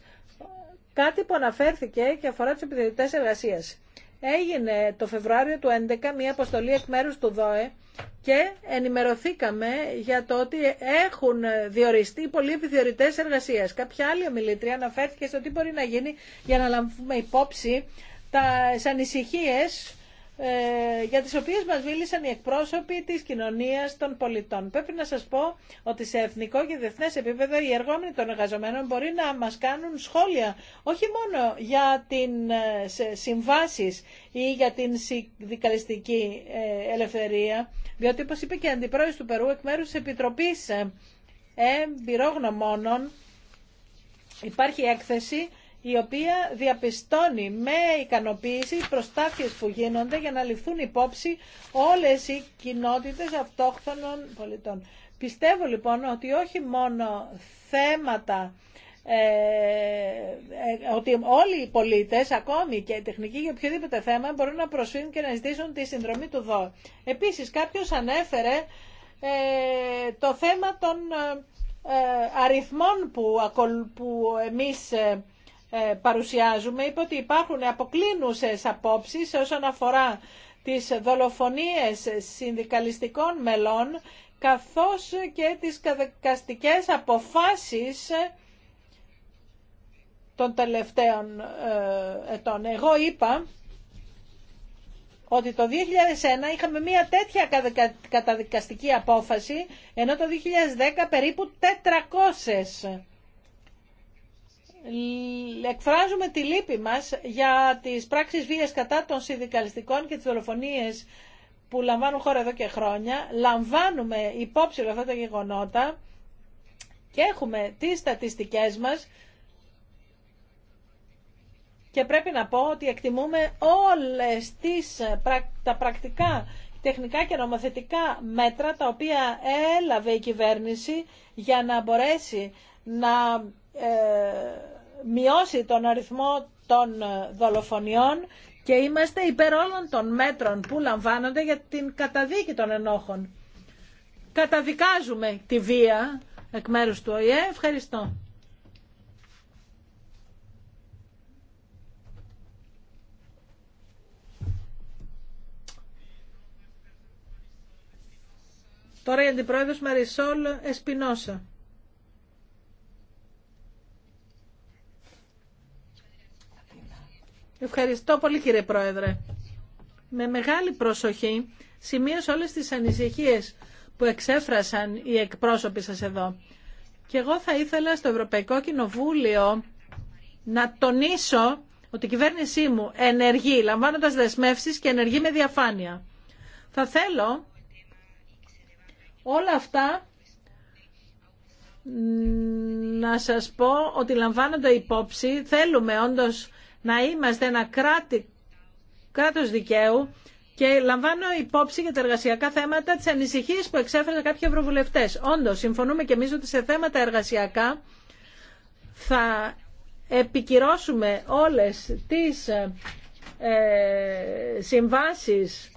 κάτι που αναφέρθηκε και αφορά τις επιθετικές εργασία. Έγινε το Φεβρουάριο του 2011 μια αποστολή εκ μέρου του ΔΟΕ και ενημερωθήκαμε για το ότι έχουν διοριστεί πολλοί επιθεωρητέ εργασία. Κάποια άλλη ομιλήτρια αναφέρθηκε στο τι μπορεί να γίνει για να λαμβάνουμε υπόψη τα ανησυχίε ε, για τις οποίες μας μίλησαν οι εκπρόσωποι της κοινωνίας των πολιτών. Πρέπει να σας πω ότι σε εθνικό και διεθνές επίπεδο οι εργόμενοι των εργαζομένων μπορεί να μας κάνουν σχόλια όχι μόνο για την ε, συμβάσεις ή για την συνδικαλιστική ε, ελευθερία, διότι όπως είπε και αντιπρόεδρος του Περού εκ μέρους της Επιτροπής υπάρχει έκθεση η οποία διαπιστώνει με ικανοποίηση προστάθειες που γίνονται για να ληφθούν υπόψη όλες οι κοινότητες αυτόχθονων πολιτών. Πιστεύω λοιπόν ότι όχι μόνο θέματα ε, ε, ότι όλοι οι πολίτες, ακόμη και οι τεχνικοί για οποιοδήποτε θέμα, μπορούν να προσφύγουν και να ζητήσουν τη συνδρομή του ΔΟΕ. Επίσης, κάποιος ανέφερε ε, το θέμα των αριθμών που εμείς ε, παρουσιάζουμε είπε ότι υπάρχουν αποκλίνουσες απόψεις όσον αφορά τις δολοφονίες συνδικαλιστικών μελών καθώς και τις καταδικαστικές αποφάσεις των τελευταίων ε, ετών. Εγώ είπα ότι το 2001 είχαμε μία τέτοια καταδικαστική απόφαση, ενώ το 2010 περίπου 400 εκφράζουμε τη λύπη μας για τις πράξεις βίας κατά των συνδικαλιστικών και τις δολοφονίες που λαμβάνουν χώρα εδώ και χρόνια. Λαμβάνουμε υπόψη αυτά τα γεγονότα και έχουμε τις στατιστικές μας και πρέπει να πω ότι εκτιμούμε όλες τις, τα πρακτικά τεχνικά και νομοθετικά μέτρα τα οποία έλαβε η κυβέρνηση για να μπορέσει να ε, μειώσει τον αριθμό των ε, δολοφονιών και είμαστε υπέρ όλων των μέτρων που λαμβάνονται για την καταδίκη των ενόχων. Καταδικάζουμε τη βία εκ μέρους του ΟΗΕ. Ευχαριστώ. Τώρα η Αντιπρόεδρος Μαρισόλ Εσπινόσα. Ευχαριστώ πολύ κύριε Πρόεδρε. Με μεγάλη προσοχή σημείωσα όλες τις ανησυχίες που εξέφρασαν οι εκπρόσωποι σας εδώ. Και εγώ θα ήθελα στο Ευρωπαϊκό Κοινοβούλιο να τονίσω ότι η κυβέρνησή μου ενεργεί, λαμβάνοντας δεσμεύσεις και ενεργεί με διαφάνεια. Θα θέλω όλα αυτά να σας πω ότι λαμβάνονται υπόψη, θέλουμε όντως να είμαστε ένα κράτη, κράτος δικαίου και λαμβάνω υπόψη για τα εργασιακά θέματα τις ανησυχίες που εξέφεραν κάποιοι ευρωβουλευτές. Όντως, συμφωνούμε και εμείς ότι σε θέματα εργασιακά θα επικυρώσουμε όλες τις ε, ε συμβάσεις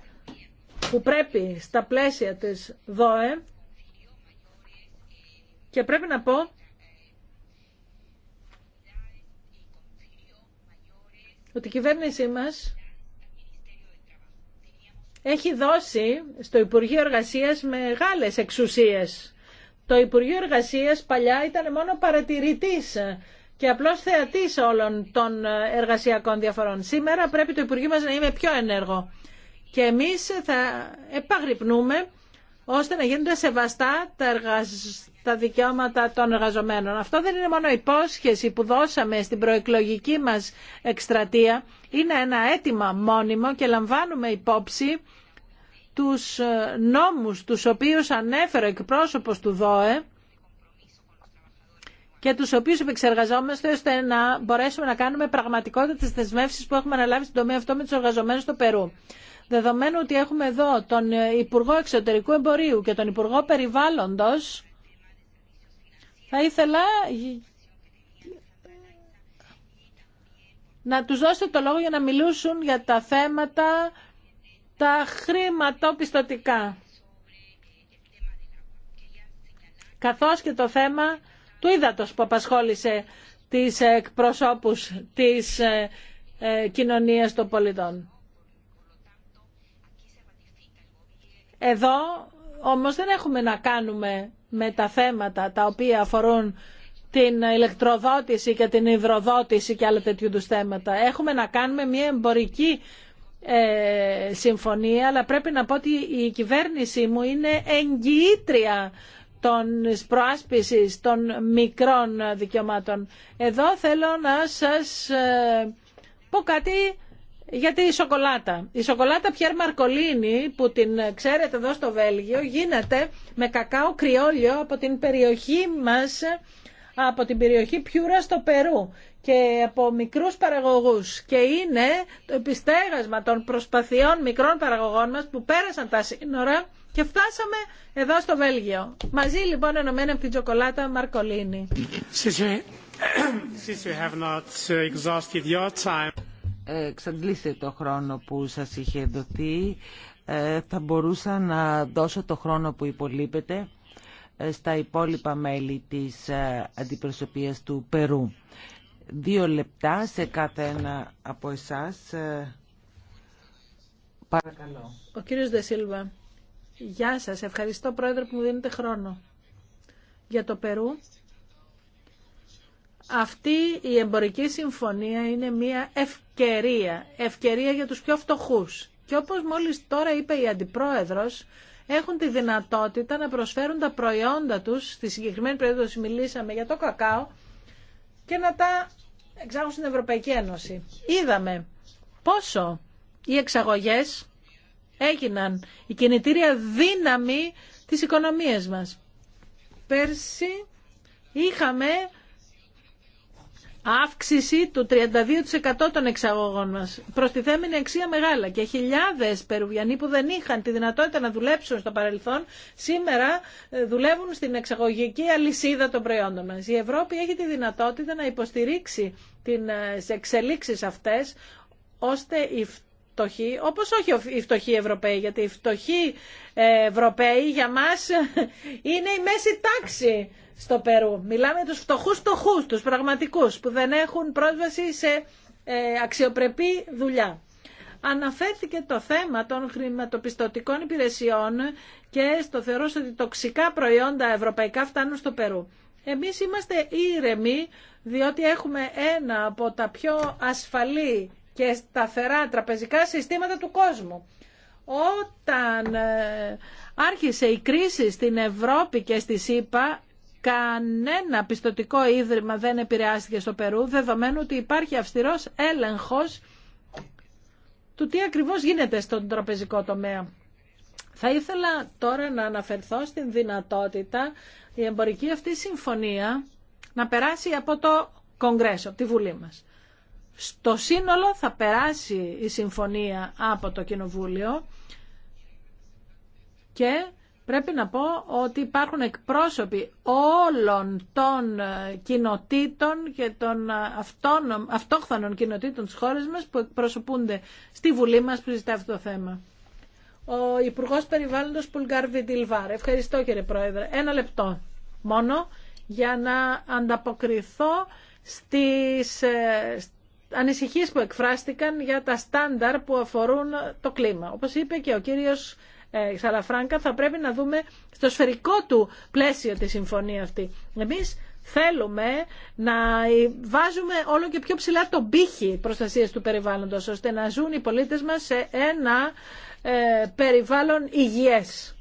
που πρέπει στα πλαίσια της ΔΟΕ και πρέπει να πω ότι η κυβέρνησή μας έχει δώσει στο Υπουργείο Εργασίας μεγάλες εξουσίες. Το Υπουργείο Εργασίας παλιά ήταν μόνο παρατηρητής και απλώς θεατής όλων των εργασιακών διαφορών. Σήμερα πρέπει το Υπουργείο μας να είναι πιο ενέργο. Και εμείς θα επαγρυπνούμε ώστε να γίνονται σεβαστά τα, δικαιώματα των εργαζομένων. Αυτό δεν είναι μόνο υπόσχεση που δώσαμε στην προεκλογική μας εκστρατεία. Είναι ένα αίτημα μόνιμο και λαμβάνουμε υπόψη τους ε, νόμους τους οποίους ανέφερε ο εκπρόσωπος του ΔΟΕ και τους οποίους επεξεργαζόμαστε ώστε να μπορέσουμε να κάνουμε πραγματικότητα τις δεσμεύσεις που έχουμε αναλάβει στην τομέα αυτό με τους εργαζομένους στο Περού. Δεδομένου ότι έχουμε εδώ τον Υπουργό Εξωτερικού Εμπορίου και τον Υπουργό Περιβάλλοντος, θα ήθελα να τους δώσετε το λόγο για να μιλούσουν για τα θέματα τα χρηματοπιστωτικά. Καθώς και το θέμα του ύδατος που απασχόλησε τις εκπροσώπους της ε, ε, κοινωνίας των πολιτών. Εδώ όμως δεν έχουμε να κάνουμε με τα θέματα τα οποία αφορούν την ηλεκτροδότηση και την υδροδότηση και άλλα τέτοιου τους θέματα. Έχουμε να κάνουμε μια εμπορική ε, συμφωνία, αλλά πρέπει να πω ότι η κυβέρνησή μου είναι εγγυήτρια των προάσπισης των μικρών δικαιωμάτων. Εδώ θέλω να σας ε, πω κάτι γιατί η σοκολάτα. Η σοκολάτα Πιέρ Μαρκολίνη που την ξέρετε εδώ στο Βέλγιο γίνεται με κακάο κρυόλιο από την περιοχή μας, από την περιοχή Πιούρα στο Περού και από μικρούς παραγωγούς και είναι το επιστέγασμα των προσπαθειών μικρών παραγωγών μας που πέρασαν τα σύνορα και φτάσαμε εδώ στο Βέλγιο. Μαζί λοιπόν ενωμένοι από την τσοκολάτα Μαρκολίνη εξαντλήσετε το χρόνο που σας είχε δοθεί. Ε, θα μπορούσα να δώσω το χρόνο που υπολείπεται ε, στα υπόλοιπα μέλη της ε, αντιπροσωπείας του Περού. Δύο λεπτά σε κάθε ένα από εσάς. Παρακαλώ. Ο κύριος Δεσίλβα, γεια σας. Ευχαριστώ πρόεδρε που μου δίνετε χρόνο. Για το Περού αυτή η εμπορική συμφωνία είναι μια ευκαιρία, ευκαιρία για τους πιο φτωχούς. Και όπως μόλις τώρα είπε η Αντιπρόεδρος, έχουν τη δυνατότητα να προσφέρουν τα προϊόντα τους, στη συγκεκριμένη περίπτωση μιλήσαμε για το κακάο, και να τα εξάγουν στην Ευρωπαϊκή Ένωση. Είδαμε πόσο οι εξαγωγές έγιναν η κινητήρια δύναμη της οικονομίας μας. Πέρσι είχαμε αύξηση του 32% των εξαγωγών μας. Προστιθέμενη αξία μεγάλα και χιλιάδες Περουβιανοί που δεν είχαν τη δυνατότητα να δουλέψουν στο παρελθόν σήμερα ε, δουλεύουν στην εξαγωγική αλυσίδα των προϊόντων μας. Η Ευρώπη έχει τη δυνατότητα να υποστηρίξει τις ε, εξελίξεις αυτές ώστε η φτωχή, όπως όχι οι φτωχοί Ευρωπαίοι, γιατί οι φτωχοί ε, Ευρωπαίοι για μας είναι η μέση τάξη στο Περού. Μιλάμε για τους φτωχούς φτωχούς, τους πραγματικούς που δεν έχουν πρόσβαση σε ε, αξιοπρεπή δουλειά. Αναφέρθηκε το θέμα των χρηματοπιστωτικών υπηρεσιών και στο θεωρούσε ότι τοξικά προϊόντα ευρωπαϊκά φτάνουν στο Περού. Εμείς είμαστε ήρεμοι διότι έχουμε ένα από τα πιο ασφαλή και σταθερά τραπεζικά συστήματα του κόσμου. Όταν ε, άρχισε η κρίση στην Ευρώπη και στη ΣΥΠΑ κανένα πιστοτικό ίδρυμα δεν επηρεάστηκε στο Περού, δεδομένου ότι υπάρχει αυστηρός έλεγχος του τι ακριβώς γίνεται στον τραπεζικό τομέα. Θα ήθελα τώρα να αναφερθώ στην δυνατότητα η εμπορική αυτή συμφωνία να περάσει από το Κογκρέσο, τη Βουλή μας. Στο σύνολο θα περάσει η συμφωνία από το Κοινοβούλιο και Πρέπει να πω ότι υπάρχουν εκπρόσωποι όλων των ε, κοινοτήτων και των ε, αυτόχθανων κοινοτήτων της χώρας μας που εκπροσωπούνται στη Βουλή μας που ζητάει αυτό το θέμα. Ο Υπουργό Περιβάλλοντος Πουλγκάρ Βιντιλβάρ. Ευχαριστώ κύριε Πρόεδρε. Ένα λεπτό μόνο για να ανταποκριθώ ε, στις ανησυχίες που εκφράστηκαν για τα στάνταρ που αφορούν το κλίμα. Όπως είπε και ο κύριος ε, Σαλαφράγκα θα πρέπει να δούμε στο σφαιρικό του πλαίσιο τη συμφωνία αυτή. Εμείς θέλουμε να ε, βάζουμε όλο και πιο ψηλά τον πύχη προστασίας του περιβάλλοντος, ώστε να ζουν οι πολίτες μας σε ένα ε, περιβάλλον υγιές.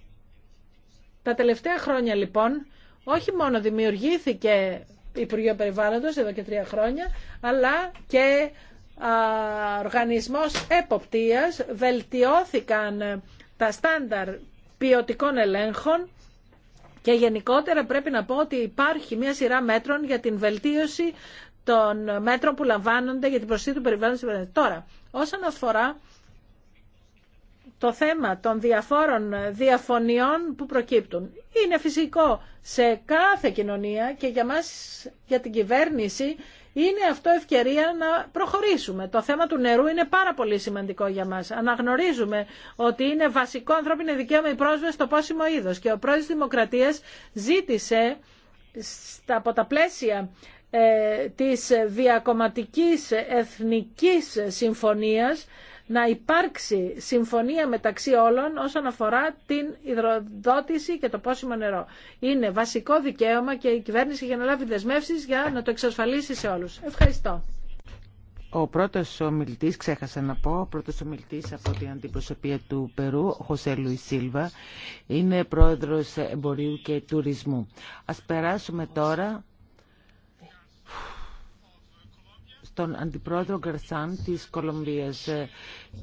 Τα τελευταία χρόνια λοιπόν, όχι μόνο δημιουργήθηκε Υπουργείο Περιβάλλοντος εδώ και τρία χρόνια, αλλά και οργανισμός εποπτείας βελτιώθηκαν τα στάνταρ ποιοτικών ελέγχων και γενικότερα πρέπει να πω ότι υπάρχει μια σειρά μέτρων για την βελτίωση των μέτρων που λαμβάνονται για την προσθήκη του περιβάλλοντος. Τώρα, όσον αφορά το θέμα των διαφόρων διαφωνιών που προκύπτουν. Είναι φυσικό σε κάθε κοινωνία και για μας, για την κυβέρνηση, είναι αυτό ευκαιρία να προχωρήσουμε. Το θέμα του νερού είναι πάρα πολύ σημαντικό για μας. Αναγνωρίζουμε ότι είναι βασικό ανθρώπινο δικαίωμα η πρόσβαση στο πόσιμο είδος και ο πρόεδρος της Δημοκρατίας ζήτησε από τα πλαίσια ε, της διακομματικής εθνικής συμφωνίας να υπάρξει συμφωνία μεταξύ όλων όσον αφορά την υδροδότηση και το πόσιμο νερό. Είναι βασικό δικαίωμα και η κυβέρνηση να λάβει δεσμεύσει για να το εξασφαλίσει σε όλου. Ευχαριστώ. Ο πρώτος ομιλητή ξέχασα να πω, ο πρώτος ομιλητή από την αντιπροσωπεία του Περού, ο Χωσέ Λουι Σίλβα, είναι πρόεδρος εμπορίου και τουρισμού. Α περάσουμε τώρα τον Αντιπρόεδρο Γκαρσάν της Κολομβίας. Ε,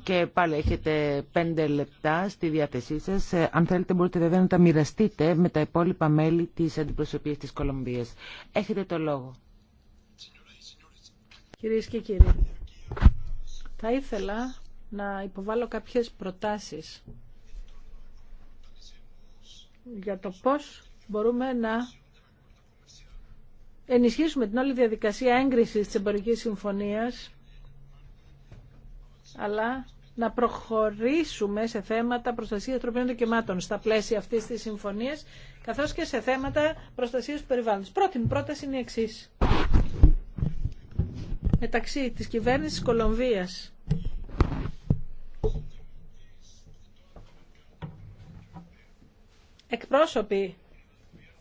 και πάλι έχετε πέντε λεπτά στη διάθεσή σας. Ε, αν θέλετε μπορείτε βέβαια να τα μοιραστείτε με τα υπόλοιπα μέλη της Αντιπροσωπείας της Κολομβίας. Έχετε το λόγο. Κυρίες και κύριοι, θα ήθελα να υποβάλω κάποιες προτάσεις για το πώς μπορούμε να ενισχύσουμε την όλη διαδικασία έγκρισης της εμπορικής συμφωνίας, αλλά να προχωρήσουμε σε θέματα προστασίας τροπίνων δικαιωμάτων στα πλαίσια αυτής της συμφωνίας, καθώς και σε θέματα προστασίας του περιβάλλοντος. Πρώτη μου πρόταση είναι η εξή. Μεταξύ της κυβέρνησης της Κολομβίας εκπρόσωποι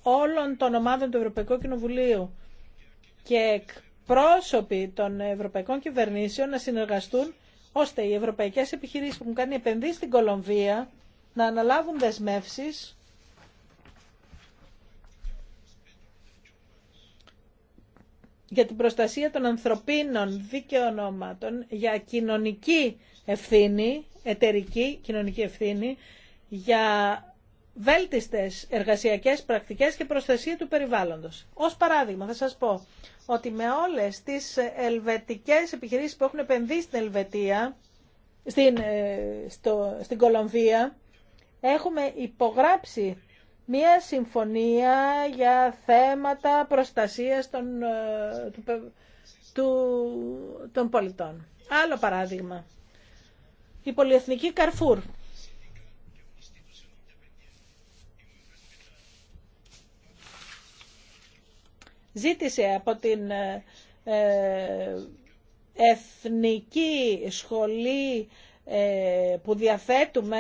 όλων των ομάδων του Ευρωπαϊκού Κοινοβουλίου και εκπρόσωποι των ευρωπαϊκών κυβερνήσεων να συνεργαστούν ώστε οι ευρωπαϊκές επιχειρήσεις που έχουν κάνει επενδύσεις στην Κολομβία να αναλάβουν δεσμεύσεις για την προστασία των ανθρωπίνων δικαιωνόματων για κοινωνική ευθύνη, εταιρική κοινωνική ευθύνη, για βέλτιστες εργασιακές πρακτικές και προστασία του περιβάλλοντος. Ως παράδειγμα θα σας πω ότι με όλες τις ε, ελβετικές επιχειρήσεις που έχουν επενδύσει στην Ελβετία, στην, ε, στο, στην Κολομβία, έχουμε υπογράψει μία συμφωνία για θέματα προστασίας των, ε, των πολιτών. Άλλο παράδειγμα. Η πολυεθνική Καρφούρ ζήτησε από την ε, ε, Εθνική Σχολή ε, που διαθέτουμε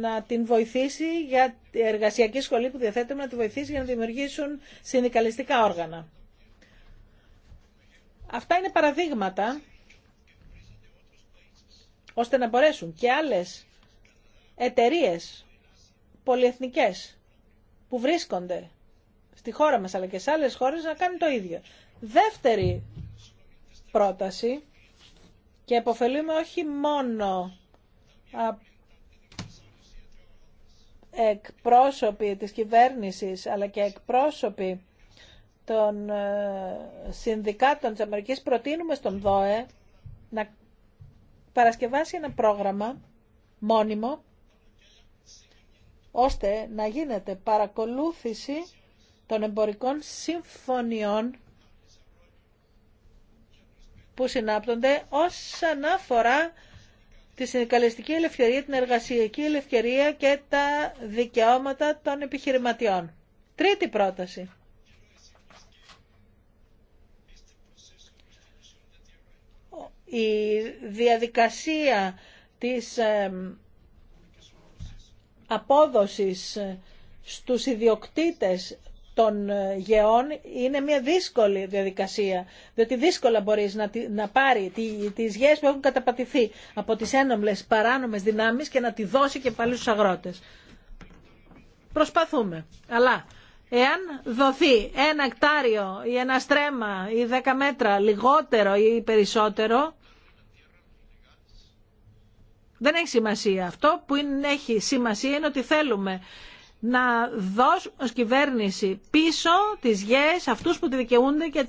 να την βοηθήσει για εργασιακή σχολή που διαθέτουμε να τη βοηθήσει για να δημιουργήσουν συνδικαλιστικά όργανα. Αυτά είναι παραδείγματα ώστε να μπορέσουν και άλλες εταιρείες πολυεθνικές που βρίσκονται στη χώρα μας αλλά και σε άλλες χώρες να κάνει το ίδιο. Δεύτερη πρόταση και επωφελούμε όχι μόνο εκπρόσωποι της κυβέρνησης αλλά και εκπρόσωποι των ε, συνδικάτων της Αμερικής προτείνουμε στον ΔΟΕ να παρασκευάσει ένα πρόγραμμα μόνιμο ώστε να γίνεται παρακολούθηση των εμπορικών συμφωνιών που συνάπτονται όσον αφορά τη συνδικαλιστική ελευθερία, την εργασιακή ελευθερία και τα δικαιώματα των επιχειρηματιών. Τρίτη πρόταση. Η διαδικασία της απόδοσης στους ιδιοκτήτες των ε, γεών είναι μια δύσκολη διαδικασία, διότι δύσκολα μπορείς να, να πάρει τις γεές που έχουν καταπατηθεί από τις ένομλες παράνομες δυνάμεις και να τη δώσει και πάλι στους αγρότες. Προσπαθούμε, αλλά εάν δοθεί ένα εκτάριο ή ένα στρέμμα ή δέκα μέτρα λιγότερο ή περισσότερο, δεν έχει σημασία αυτό. Που έχει σημασία είναι ότι θέλουμε να δώσουν ως κυβέρνηση πίσω τις γέες αυτούς που τη δικαιούνται και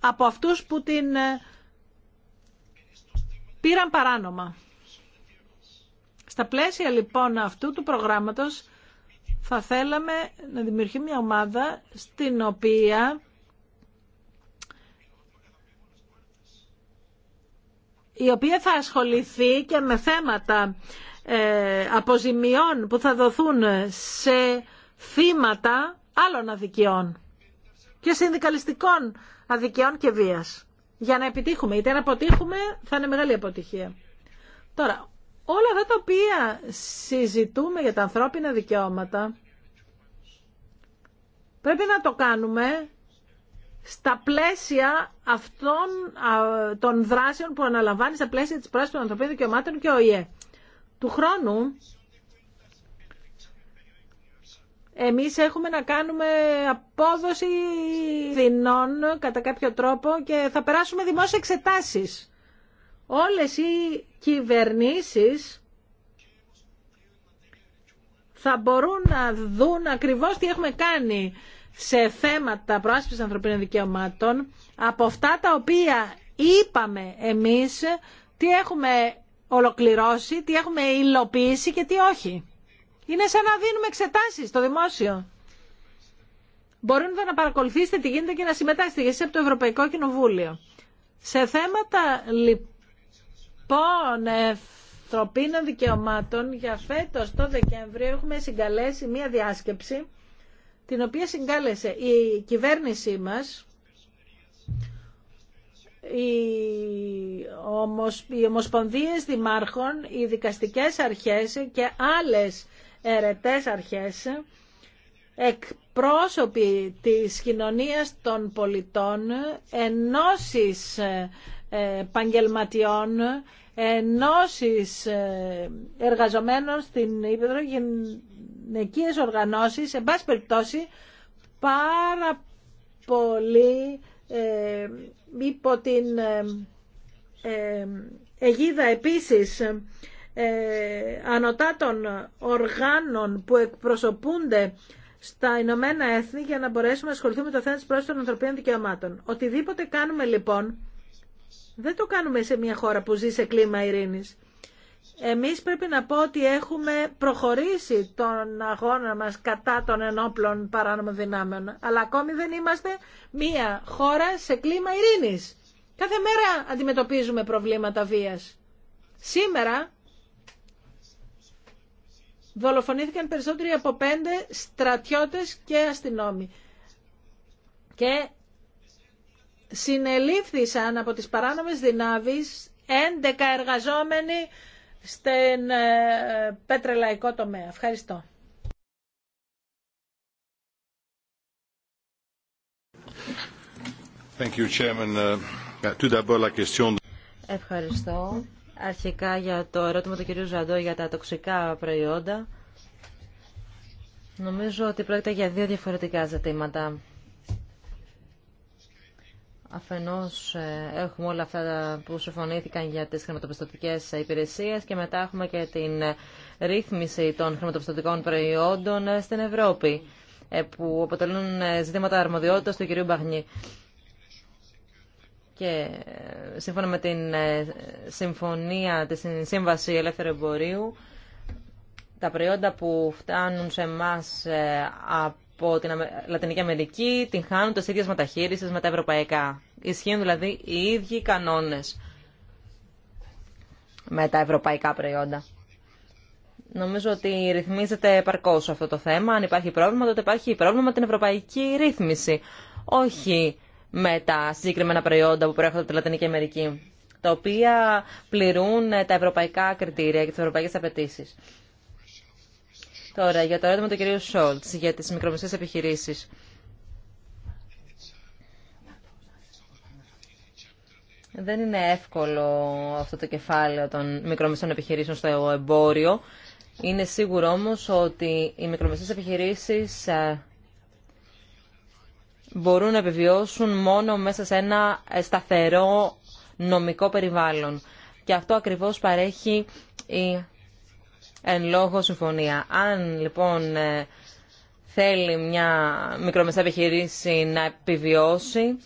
από αυτούς που την ε, πήραν παράνομα. Στα πλαίσια λοιπόν αυτού του προγράμματος θα θέλαμε να δημιουργεί μια ομάδα στην οποία η οποία θα ασχοληθεί και με θέματα ε, αποζημιών που θα δοθούν σε θύματα άλλων αδικιών και συνδικαλιστικών αδικιών και βίας. Για να επιτύχουμε, είτε να αποτύχουμε θα είναι μεγάλη αποτυχία. Τώρα, όλα αυτά τα οποία συζητούμε για τα ανθρώπινα δικαιώματα πρέπει να το κάνουμε στα πλαίσια αυτών των δράσεων που αναλαμβάνει στα πλαίσια της πράσινης των ανθρωπίνων δικαιωμάτων και ο ΙΕ του χρόνου εμείς έχουμε να κάνουμε απόδοση δεινών κατά κάποιο τρόπο και θα περάσουμε δημόσιες εξετάσεις. Όλες οι κυβερνήσεις θα μπορούν να δουν ακριβώς τι έχουμε κάνει σε θέματα προάσπισης ανθρωπίνων δικαιωμάτων από αυτά τα οποία είπαμε εμείς τι έχουμε ολοκληρώσει, τι έχουμε υλοποιήσει και τι όχι. Είναι σαν να δίνουμε εξετάσεις στο δημόσιο. Μπορείτε να παρακολουθήσετε τι γίνεται και να συμμετάσχετε εσείς από το Ευρωπαϊκό Κοινοβούλιο. Σε θέματα λοιπόν ευθροπίνων δικαιωμάτων για φέτος το Δεκέμβριο έχουμε συγκαλέσει μία διάσκεψη την οποία συγκάλεσε η κυβέρνησή μας οι, ομοσ... ομοσπονδίες δημάρχων, οι δικαστικές αρχές και άλλες ερετές αρχές, εκπρόσωποι της κοινωνίας των πολιτών, ενώσεις ε, επαγγελματιών, ενώσεις ε, εργαζομένων στην Ήπεδρο, γυναικείες οργανώσεις, εν πάση περιπτώσει, πάρα πολύ ε, υπό την ε, ε, αιγίδα επίσης ε, ανωτά των οργάνων που εκπροσωπούνται στα Ηνωμένα Έθνη για να μπορέσουμε να ασχοληθούμε με το θέμα της πρόσφασης των ανθρωπίνων δικαιωμάτων. Οτιδήποτε κάνουμε λοιπόν δεν το κάνουμε σε μια χώρα που ζει σε κλίμα ειρήνης. Εμείς πρέπει να πω ότι έχουμε προχωρήσει τον αγώνα μας κατά των ενόπλων παράνομων δυνάμεων, αλλά ακόμη δεν είμαστε μία χώρα σε κλίμα ειρήνης. Κάθε μέρα αντιμετωπίζουμε προβλήματα βίας. Σήμερα δολοφονήθηκαν περισσότεροι από πέντε στρατιώτες και αστυνόμοι. Και συνελήφθησαν από τις παράνομες δυνάμεις 11 εργαζόμενοι στην ε, πετρελαϊκό τομέα. Ευχαριστώ. Thank you, Chairman. Ε, Ευχαριστώ. Αρχικά για το ερώτημα του κυρίου Ζαντό για τα τοξικά προϊόντα. Νομίζω ότι πρόκειται για δύο διαφορετικά ζητήματα. Αφενός ε, έχουμε όλα αυτά που συμφωνήθηκαν για τις χρηματοπιστωτικές υπηρεσίες και μετά έχουμε και την ρύθμιση των χρηματοπιστωτικών προϊόντων ε, στην Ευρώπη ε, που αποτελούν ζητήματα αρμοδιότητας του κυρίου Μπαγνή. Και σύμφωνα με την συμφωνία, της σύμβαση ελεύθερου εμπορίου, τα προϊόντα που φτάνουν σε εμά από την Λατινική Αμερική την χάνουν τις ίδιες μεταχείρισεις με τα ευρωπαϊκά. Ισχύουν δηλαδή οι ίδιοι κανόνες με τα ευρωπαϊκά προϊόντα. Νομίζω ότι ρυθμίζεται επαρκώς αυτό το θέμα. Αν υπάρχει πρόβλημα, τότε υπάρχει πρόβλημα με την ευρωπαϊκή ρύθμιση. Όχι με τα συγκεκριμένα προϊόντα που προέρχονται από τη Λατινική Αμερική, τα οποία πληρούν τα ευρωπαϊκά κριτήρια και τις ευρωπαϊκές απαιτήσει. Τώρα, για το ερώτημα του κυρίου Σόλτ για τις μικρομεσαίες επιχειρήσεις. Δεν είναι εύκολο αυτό το κεφάλαιο των μικρομεσαίων επιχειρήσεων στο εμπόριο. Είναι σίγουρο όμως ότι οι μικρομεσαίες επιχειρήσεις ε, μπορούν να επιβιώσουν μόνο μέσα σε ένα ε, σταθερό νομικό περιβάλλον. Και αυτό ακριβώς παρέχει η εν λόγω συμφωνία. Αν λοιπόν ε, θέλει μια μικρομεσαία επιχειρήση να επιβιώσει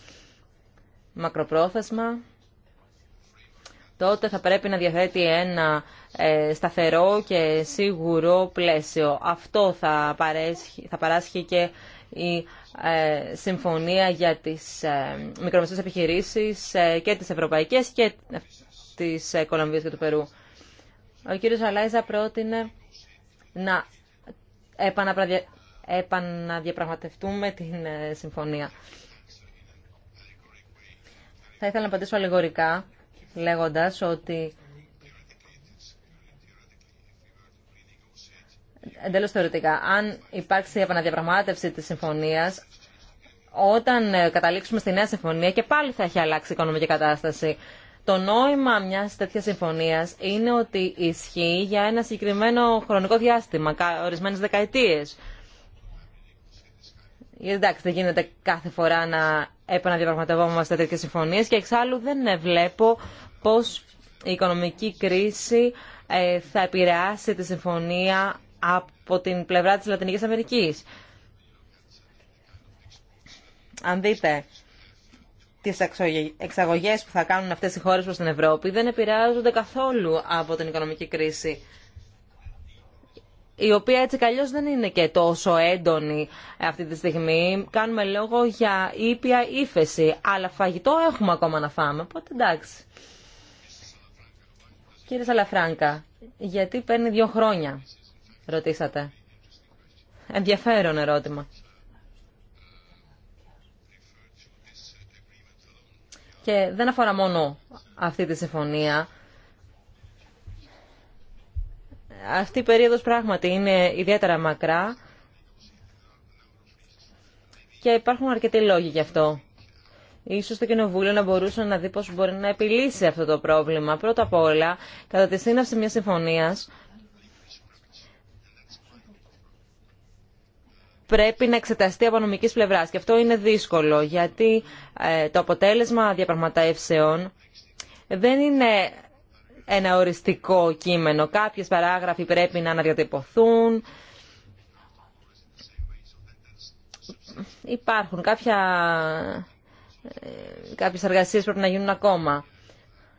μακροπρόθεσμα, τότε θα πρέπει να διαθέτει ένα ε, σταθερό και σίγουρο πλαίσιο. Αυτό θα παράσχει, θα παράσχει και η ε, συμφωνία για τις μικρομεσαίες επιχειρήσεις και τις ευρωπαϊκές και της Κολομβίας και του Περού. Ο κύριο Αλάιζα πρότεινε να επαναδιαπραγματευτούμε την ε, συμφωνία. Θα ήθελα να απαντήσω αλληγορικά, λέγοντας ότι εντελώ θεωρητικά, αν υπάρξει επαναδιαπραγμάτευση τη συμφωνία, όταν ε, καταλήξουμε στη νέα συμφωνία και πάλι θα έχει αλλάξει η οικονομική κατάσταση. Το νόημα μια τέτοια συμφωνία είναι ότι ισχύει για ένα συγκεκριμένο χρονικό διάστημα, ορισμένε δεκαετίε. Εντάξει, δεν γίνεται κάθε φορά να επαναδιαπραγματευόμαστε τέτοιε συμφωνίε και εξάλλου δεν βλέπω πώ η οικονομική κρίση ε, θα επηρεάσει τη συμφωνία από την πλευρά της Λατινικής Αμερικής. Αν δείτε τις εξαγωγές που θα κάνουν αυτές οι χώρες προς την Ευρώπη δεν επηρεάζονται καθόλου από την οικονομική κρίση η οποία έτσι καλλιώς δεν είναι και τόσο έντονη αυτή τη στιγμή. Κάνουμε λόγο για ήπια ύφεση, αλλά φαγητό έχουμε ακόμα να φάμε, οπότε εντάξει. Κύριε Σαλαφράγκα, γιατί παίρνει δύο χρόνια, ρωτήσατε. Ενδιαφέρον ερώτημα. και δεν αφορά μόνο αυτή τη συμφωνία. Αυτή η περίοδος πράγματι είναι ιδιαίτερα μακρά και υπάρχουν αρκετοί λόγοι γι' αυτό. Ίσως το Κοινοβούλιο να μπορούσε να δει πώς μπορεί να επιλύσει αυτό το πρόβλημα. Πρώτα απ' όλα, κατά τη σύναυση μιας συμφωνίας, πρέπει να εξεταστεί από νομική πλευρά. Και αυτό είναι δύσκολο, γιατί ε, το αποτέλεσμα διαπραγματεύσεων δεν είναι ένα οριστικό κείμενο. Κάποιες παράγραφοι πρέπει να αναδιατυπωθούν. Υπάρχουν κάποια, ε, κάποιες εργασίες πρέπει να γίνουν ακόμα.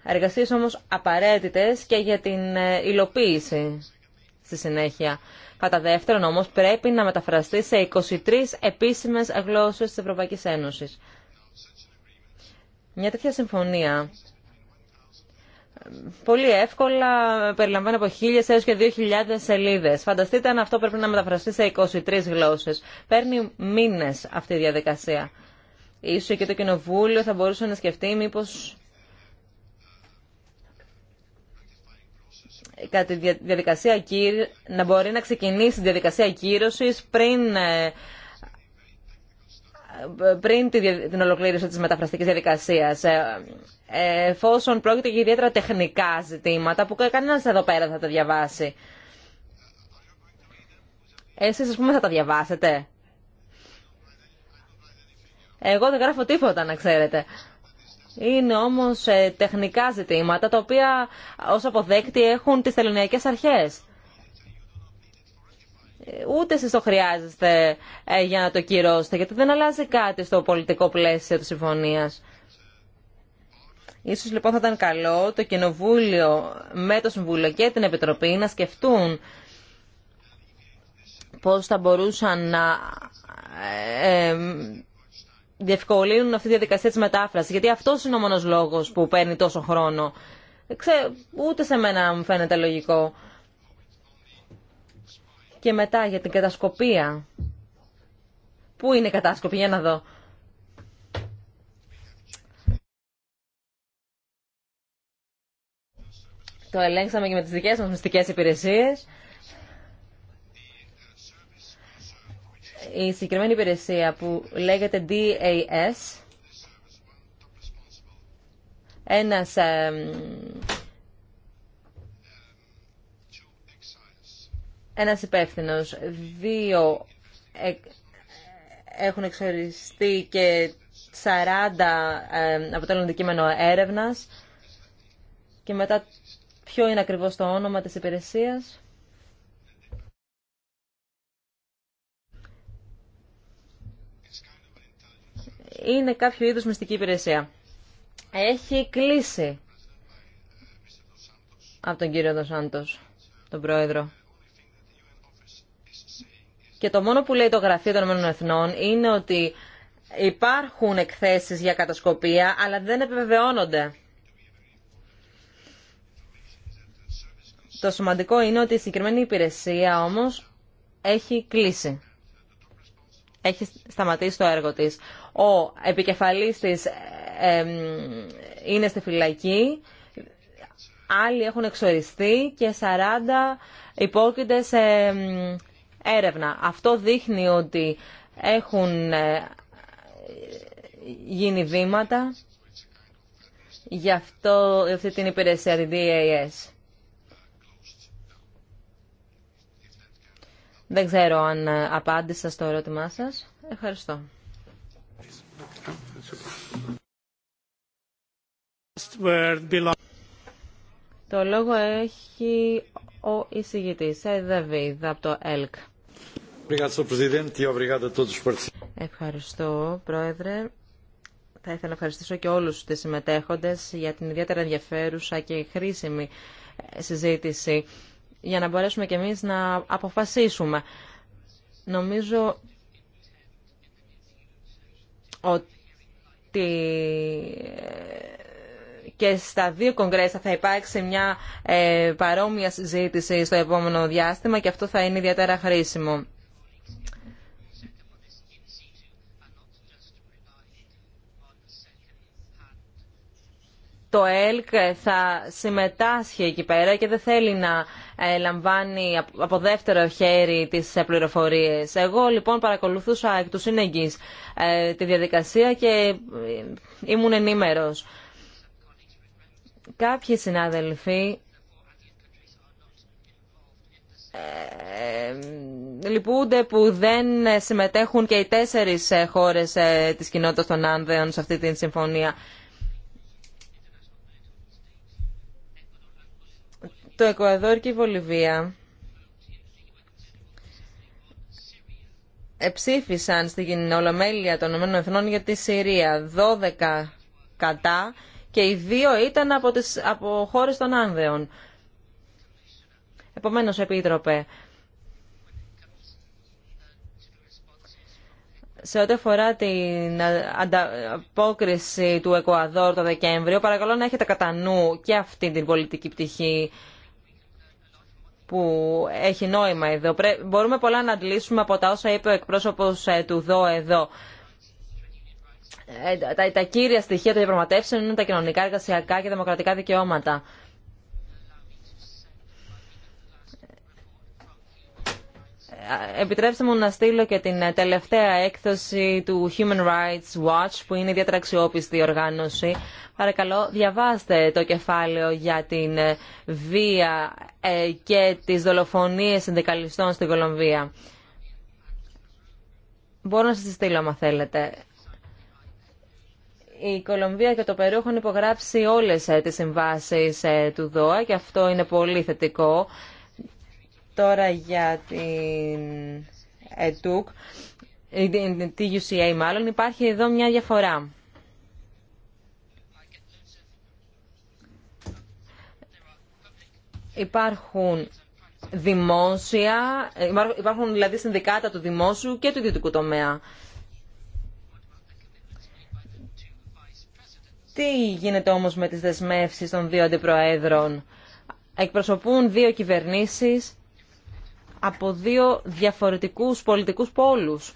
Εργασίες όμως απαραίτητες και για την ε, υλοποίηση στη συνέχεια. Κατά δεύτερον όμως πρέπει να μεταφραστεί σε 23 επίσημες γλώσσες της Ευρωπαϊκής Ένωσης. Μια τέτοια συμφωνία πολύ εύκολα περιλαμβάνει από 1.000 έως και 2.000 σελίδες. Φανταστείτε αν αυτό πρέπει να μεταφραστεί σε 23 γλώσσες. Παίρνει μήνες αυτή η διαδικασία. Ίσως και το Κοινοβούλιο θα μπορούσε να σκεφτεί μήπως κατά τη διαδικασία, να μπορεί να ξεκινήσει τη διαδικασία κύρωσης πριν, ε, ε, πριν την ολοκλήρωση της μεταφραστικής διαδικασίας. Ε, εφόσον πρόκειται για ιδιαίτερα τεχνικά ζητήματα που κανένας εδώ πέρα θα τα διαβάσει. Εσείς, ας πούμε, θα τα διαβάσετε. Εγώ δεν γράφω τίποτα, να ξέρετε. Είναι όμως ε, τεχνικά ζητήματα τα οποία ως αποδέκτη έχουν τις ελληνικέ αρχές. Ε, ούτε εσεί το χρειάζεστε ε, για να το κυρώσετε, γιατί δεν αλλάζει κάτι στο πολιτικό πλαίσιο της συμφωνία. Ίσως λοιπόν θα ήταν καλό το Κοινοβούλιο με το Συμβούλιο και την Επιτροπή να σκεφτούν πώς θα μπορούσαν να διευκολύνουν αυτή τη διαδικασία τη μετάφραση. Γιατί αυτό είναι ο μόνο λόγο που παίρνει τόσο χρόνο. Ξέ, ούτε σε μένα μου φαίνεται λογικό. Και μετά για την κατασκοπία. Πού είναι η κατάσκοπη, για να δω. Το ελέγξαμε και με τις δικές μας μυστικές υπηρεσίες. η συγκεκριμένη υπηρεσία που λέγεται DAS, ένας ένας υπεύθυνος, δύο ε, έχουν εξοριστεί και 40 αποτελούν αντικείμενο έρευνας και μετά ποιο είναι ακριβώς το όνομα της υπηρεσίας. είναι κάποιο είδους μυστική υπηρεσία. Έχει κλείσει από τον κύριο Δοσάντος, τον πρόεδρο. Και το μόνο που λέει το Γραφείο των Εθνών είναι ότι υπάρχουν εκθέσεις για κατασκοπία, αλλά δεν επιβεβαιώνονται. Το σημαντικό είναι ότι η συγκεκριμένη υπηρεσία όμως έχει κλείσει. Έχει σταματήσει το έργο της ο επικεφαλής της είναι στη φυλακή, άλλοι έχουν εξοριστεί και 40 υπόκεινται σε έρευνα. Αυτό δείχνει ότι έχουν ε, γίνει βήματα για, αυτό, αυτή την υπηρεσία, την DAS. Δεν ξέρω αν ε, απάντησα στο ερώτημά σας. Ευχαριστώ. Το λόγο έχει ο εισηγητής, ε, Δαβίδ, από το ΕΛΚ. E Ευχαριστώ, Πρόεδρε. Θα ήθελα να ευχαριστήσω και όλους τους συμμετέχοντες για την ιδιαίτερα ενδιαφέρουσα και χρήσιμη ε, συζήτηση για να μπορέσουμε και εμείς να αποφασίσουμε. Νομίζω ότι ε, και στα δύο κογκρέσα θα υπάρξει μια ε, παρόμοια συζήτηση στο επόμενο διάστημα και αυτό θα είναι ιδιαίτερα χρήσιμο. Το ΕΛΚ θα συμμετάσχει εκεί πέρα και δεν θέλει να ε, λαμβάνει από δεύτερο χέρι τις ε, πληροφορίες. Εγώ λοιπόν παρακολουθούσα εκ του ε, τη διαδικασία και ήμουν ενήμερος. Κάποιοι συνάδελφοι ε, λυπούνται που δεν συμμετέχουν και οι τέσσερις χώρες ε, της κοινότητας των Άνδεων σε αυτή την συμφωνία. Το Εκουαδόρ και η Βολιβία εψήφισαν στην Ολομέλεια των Εθνών για τη Συρία 12 κατά και οι δύο ήταν από, τις, από χώρες των Άνδεων. Επομένως, Επίτροπε, σε ό,τι αφορά την ανταπόκριση του Εκουαδόρ το Δεκέμβριο, παρακαλώ να έχετε κατά νου και αυτή την πολιτική πτυχή που έχει νόημα εδώ. Μπορούμε πολλά να αντλήσουμε από τα όσα είπε ο εκπρόσωπος ε, του ΔΟ εδώ. Ε, τα, τα κύρια στοιχεία των διαπραγματεύσεων είναι τα κοινωνικά, εργασιακά και δημοκρατικά δικαιώματα. Ε, επιτρέψτε μου να στείλω και την ε, τελευταία έκθεση του Human Rights Watch, που είναι ιδιαίτερα αξιόπιστη οργάνωση. Παρακαλώ, διαβάστε το κεφάλαιο για την βία και τις δολοφονίες συνδικαλιστών στην Κολομβία. Μπορώ να σας τη στείλω, άμα θέλετε η Κολομβία και το Περού έχουν υπογράψει όλε τι συμβάσει ε, του ΔΟΑ και αυτό είναι πολύ θετικό. Τώρα για την ΕΤΟΚ, ε, την TUCA μάλλον, υπάρχει εδώ μια διαφορά. Υπάρχουν δημόσια, ε, υπάρχουν δηλαδή συνδικάτα του δημόσιου και του ιδιωτικού τομέα. Τι γίνεται όμως με τις δεσμεύσεις των δύο αντιπροέδρων. Εκπροσωπούν δύο κυβερνήσεις από δύο διαφορετικούς πολιτικούς πόλους.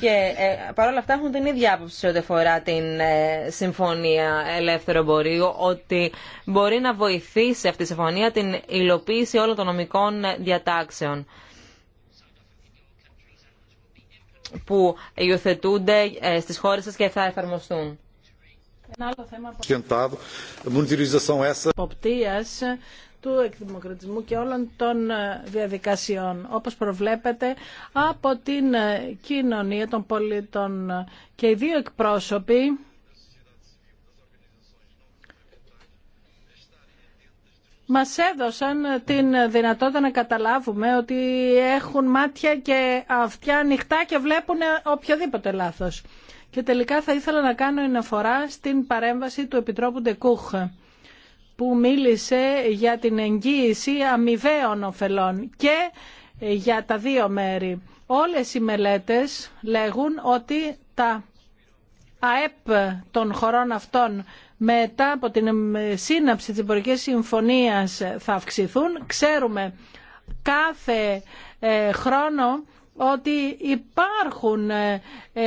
Και ε, παρόλα αυτά έχουν την ίδια άποψη σε ό,τι αφορά την ε, Συμφωνία Ελεύθερο Εμπορίου, ότι μπορεί να βοηθήσει αυτή η συμφωνία την υλοποίηση όλων των νομικών ε, διατάξεων που υιοθετούνται ε, στι χώρε σα και θα εφαρμοστούν. Ένα άλλο θέμα του εκδημοκρατισμού και όλων των ε, διαδικασιών, όπως προβλέπετε από την ε, κοινωνία των πολίτων και οι δύο εκπρόσωποι μας έδωσαν την δυνατότητα να καταλάβουμε ότι έχουν μάτια και αυτιά ανοιχτά και βλέπουν οποιοδήποτε λάθος. Και τελικά θα ήθελα να κάνω αναφορά στην παρέμβαση του Επιτρόπου Ντεκούχ που μίλησε για την εγγύηση αμοιβαίων ωφελών και για τα δύο μέρη. Όλες οι μελέτες λέγουν ότι τα ΑΕΠ των χωρών αυτών μετά από την σύναψη της εμπορικής συμφωνίας θα αυξηθούν. Ξέρουμε κάθε ε, χρόνο ότι υπάρχουν, ε, ε,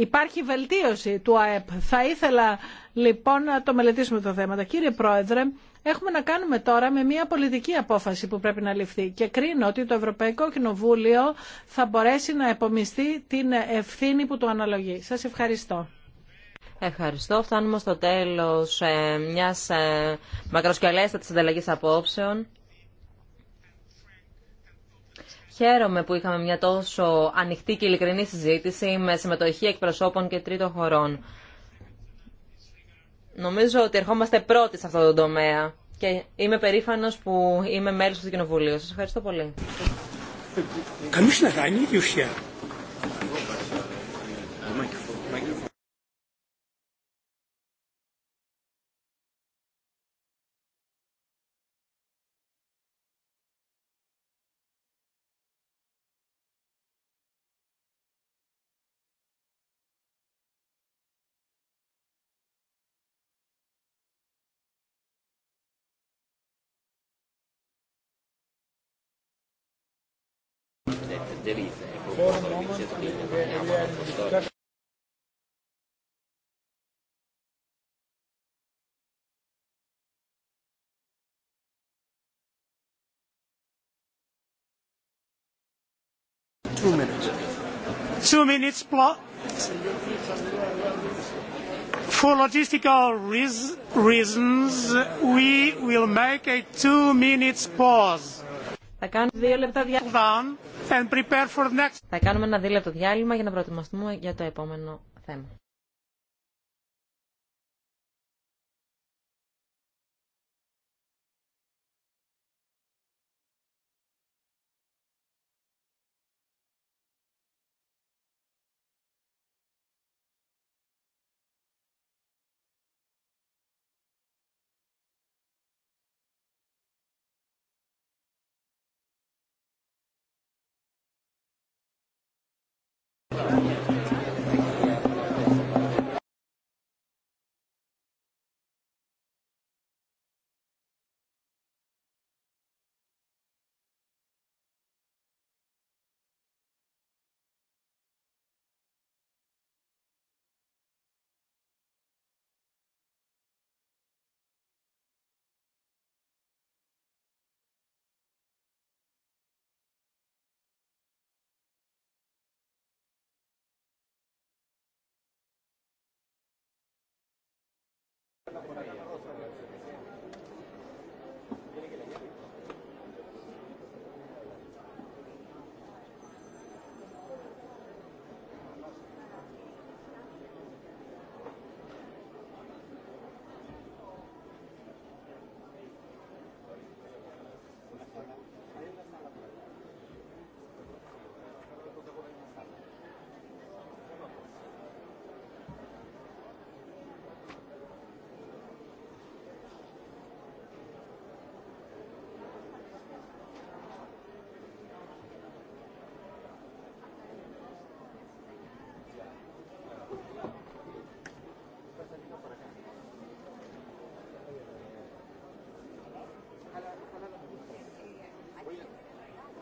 υπάρχει βελτίωση του ΑΕΠ. Θα ήθελα λοιπόν να το μελετήσουμε το θέμα. Κύριε Πρόεδρε, έχουμε να κάνουμε τώρα με μια πολιτική απόφαση που πρέπει να ληφθεί και κρίνω ότι το Ευρωπαϊκό Κοινοβούλιο θα μπορέσει να επομιστεί την ευθύνη που του αναλογεί. Σας ευχαριστώ. Ευχαριστώ. Φτάνουμε στο τέλος ε, μιας ε, μακροσκελέστατης ανταλλαγής απόψεων. Χαίρομαι που είχαμε μια τόσο ανοιχτή και ειλικρινή συζήτηση με συμμετοχή εκπροσώπων και τρίτων χωρών. Νομίζω ότι ερχόμαστε πρώτοι σε αυτό το τομέα και είμαι περήφανος που είμαι μέλος του Κοινοβουλίου. Σας ευχαριστώ πολύ. Two minutes. Two minutes plus. For logistical reasons, we will make a two minutes pause. Θα κάνουμε δύο λεπτά διάλειμμα. Θα κάνουμε διάλειμμα για να προετοιμαστούμε για το επόμενο θέμα.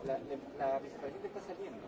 la, la, la vicepresidenta está saliendo.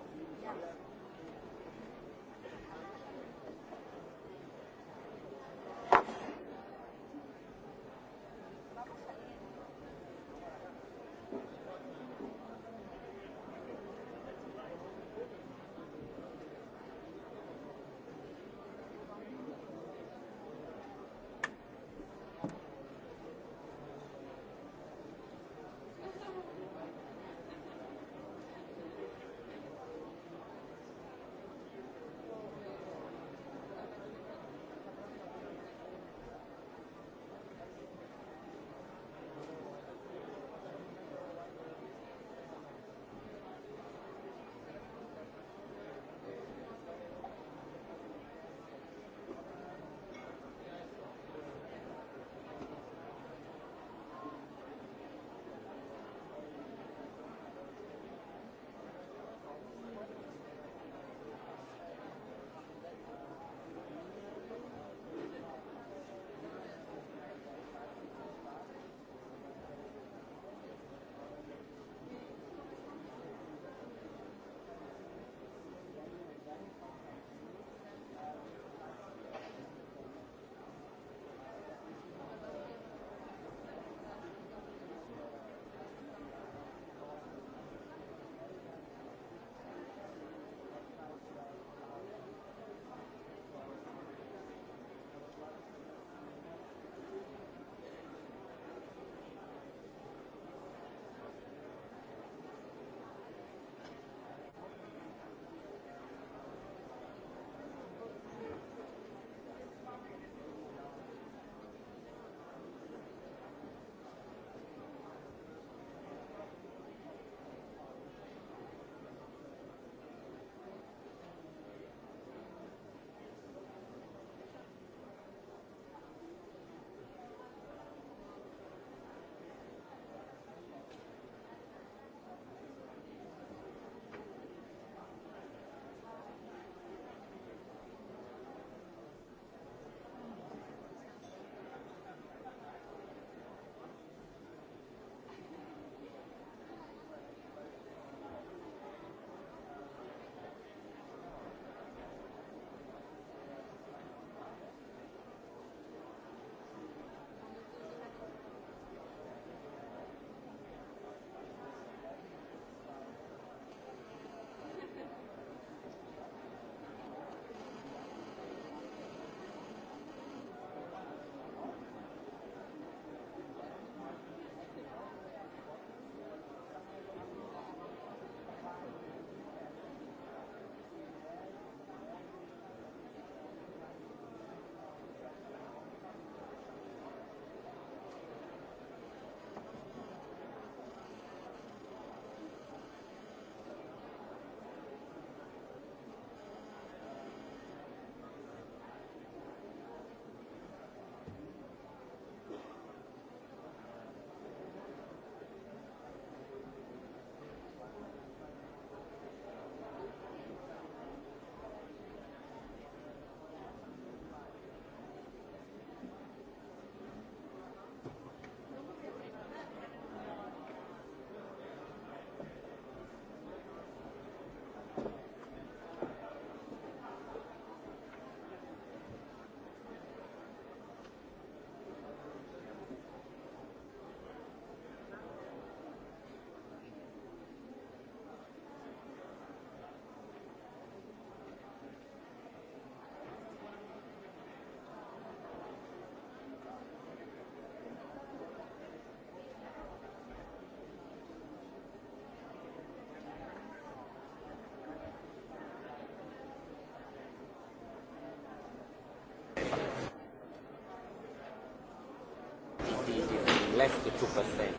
less than 2%,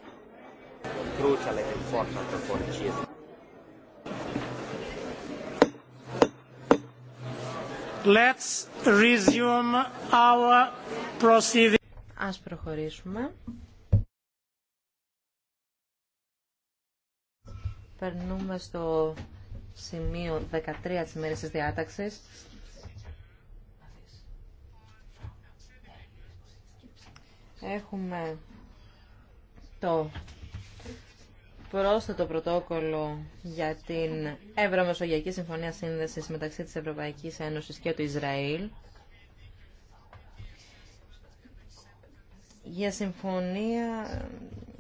crucial and important for GSP. Let's resume our proceeding. Ας προχωρήσουμε. Περνούμε στο σημείο 13 της ημέρας της διάταξης. Έχουμε το πρόσθετο πρωτόκολλο για την Ευρωμεσογειακή Συμφωνία Σύνδεσης μεταξύ της Ευρωπαϊκής Ένωσης και του Ισραήλ. για συμφωνία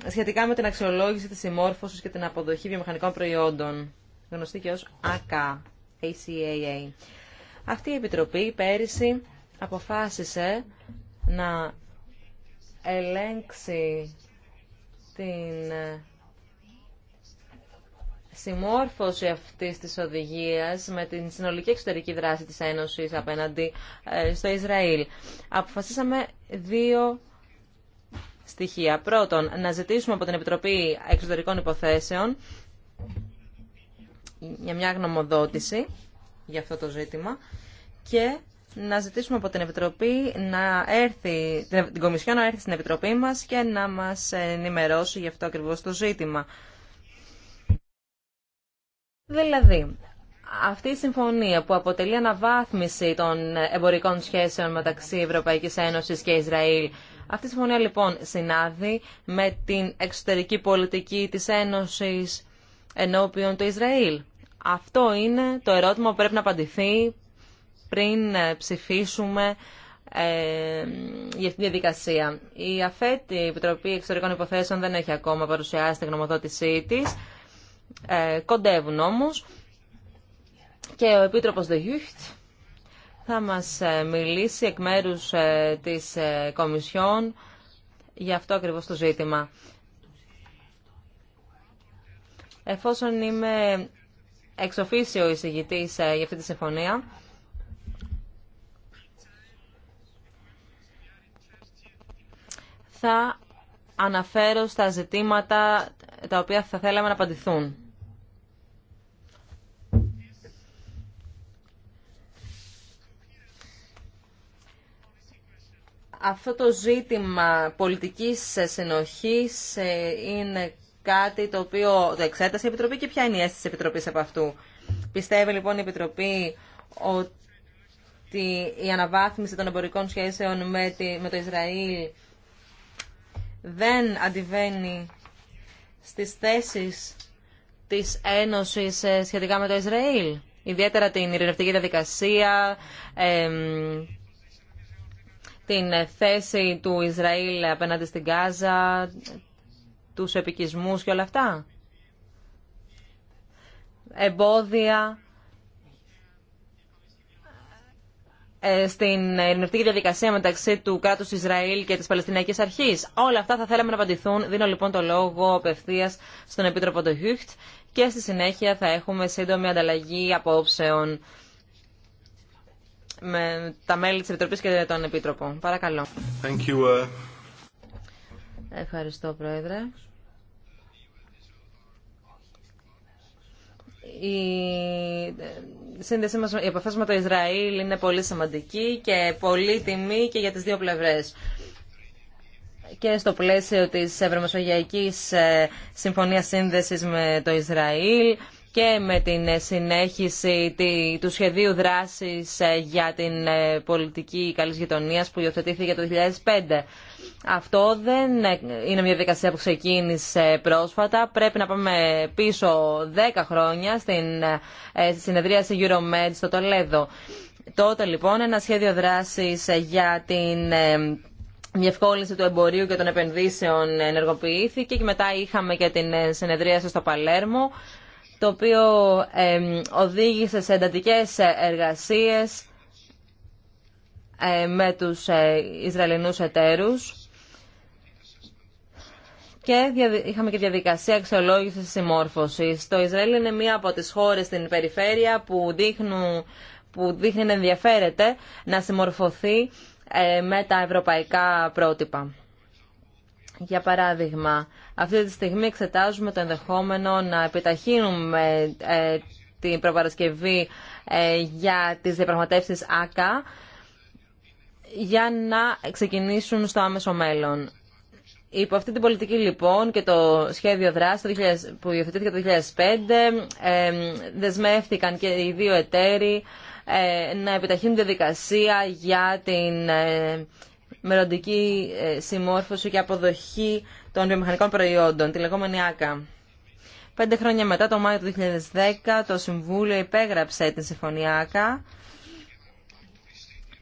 σχετικά με την αξιολόγηση της συμμόρφωσης και την αποδοχή βιομηχανικών προϊόντων, γνωστή και ως ACA, ACAA. Αυτή η Επιτροπή πέρυσι αποφάσισε να ελέγξει την ε, συμμόρφωση αυτής της οδηγίας με την συνολική εξωτερική δράση της Ένωσης απέναντι ε, στο Ισραήλ. Αποφασίσαμε δύο στοιχεία. Πρώτον, να ζητήσουμε από την Επιτροπή Εξωτερικών Υποθέσεων για μια γνωμοδότηση για αυτό το ζήτημα και να ζητήσουμε από την Επιτροπή να έρθει, την Κομισιόν να έρθει στην Επιτροπή μας και να μας ενημερώσει γι' αυτό ακριβώς το ζήτημα. Δηλαδή, αυτή η συμφωνία που αποτελεί αναβάθμιση των εμπορικών σχέσεων μεταξύ Ευρωπαϊκής Ένωσης και Ισραήλ, αυτή η συμφωνία λοιπόν συνάδει με την εξωτερική πολιτική της Ένωσης ενώπιον του Ισραήλ. Αυτό είναι το ερώτημα που πρέπει να απαντηθεί πριν ε, ψηφίσουμε ε, για αυτή τη διαδικασία. Η ΑΦΕΤ, η Επιτροπή Εξωτερικών Υποθέσεων, δεν έχει ακόμα παρουσιάσει τη γνωμοδότησή τη. Ε, κοντεύουν όμω. Και ο Επίτροπος Δε Γιούχτ θα μας ε, μιλήσει εκ μέρους ε, της Κομισιόν για αυτό ακριβώς το ζήτημα. Εφόσον είμαι εξοφίσιο εισηγητής για αυτή τη συμφωνία, θα αναφέρω στα ζητήματα τα οποία θα θέλαμε να απαντηθούν. Αυτό το ζήτημα πολιτικής συνοχής ε, είναι κάτι το οποίο το εξέτασε η Επιτροπή και ποια είναι η αίσθηση της Επιτροπής από αυτού. Πιστεύει λοιπόν η Επιτροπή ότι η αναβάθμιση των εμπορικών σχέσεων με το Ισραήλ δεν αντιβαίνει στις θέσεις της Ένωσης ε, σχετικά με το Ισραήλ. Ιδιαίτερα την ειρηνευτική διαδικασία, την θέση του Ισραήλ απέναντι στην Γάζα, τους επικισμούς και όλα αυτά. Εμπόδια Ε, στην ειρηνευτική διαδικασία μεταξύ του κράτου Ισραήλ και τη Παλαιστινιακή Αρχή. Όλα αυτά θα θέλαμε να απαντηθούν. Δίνω λοιπόν το λόγο απευθεία στον Επίτροπο του Χιούχτ και στη συνέχεια θα έχουμε σύντομη ανταλλαγή απόψεων με τα μέλη της Επιτροπής και τον Επίτροπο. Παρακαλώ. Thank you. Uh, Ευχαριστώ, Πρόεδρε. η σύνδεσή μας, με το Ισραήλ είναι πολύ σημαντική και πολύ τιμή και για τις δύο πλευρές. Και στο πλαίσιο της Ευρωμεσογειακής ε, Συμφωνίας Σύνδεσης με το Ισραήλ και με την ε, συνέχιση του σχεδίου δράσης ε, για την πολιτική καλής γειτονίας που υιοθετήθηκε το 2005. Αυτό δεν είναι μια διαδικασία που ξεκίνησε πρόσφατα. Πρέπει να πάμε πίσω 10 χρόνια στην ε, συνεδρίαση Euromed στο Τολέδο. Τότε λοιπόν ένα σχέδιο δράσης για την ε, διευκόλυνση του εμπορίου και των επενδύσεων ενεργοποιήθηκε και μετά είχαμε και την ε, συνεδρίαση στο Παλέρμο το οποίο οδήγησε σε εντατικές εργασίες ε, με τους ε, Ισραηλινούς εταίρους και είχαμε και διαδικασία αξιολόγηση συμμόρφωσης. Το Ισραήλ είναι μία από τις χώρες στην περιφέρεια που, δείχνουν, που δείχνει να ενδιαφέρεται να συμμορφωθεί ε, με τα ευρωπαϊκά πρότυπα. Για παράδειγμα, αυτή τη στιγμή εξετάζουμε το ενδεχόμενο να επιταχύνουμε την προπαρασκευή για τις διαπραγματεύσεις ΑΚΑ για να ξεκινήσουν στο άμεσο μέλλον. Υπό αυτή την πολιτική λοιπόν και το σχέδιο δράση που υιοθετήθηκε το 2005 δεσμεύτηκαν και οι δύο εταίροι ε, να επιταχύνουν τη δικασία για την ε, μελλοντική ε, συμμόρφωση και αποδοχή των βιομηχανικών προϊόντων, τη λεγόμενη ΆΚΑ. Πέντε χρόνια μετά, το Μάιο του 2010, το Συμβούλιο υπέγραψε την Συμφωνία ΆΚΑ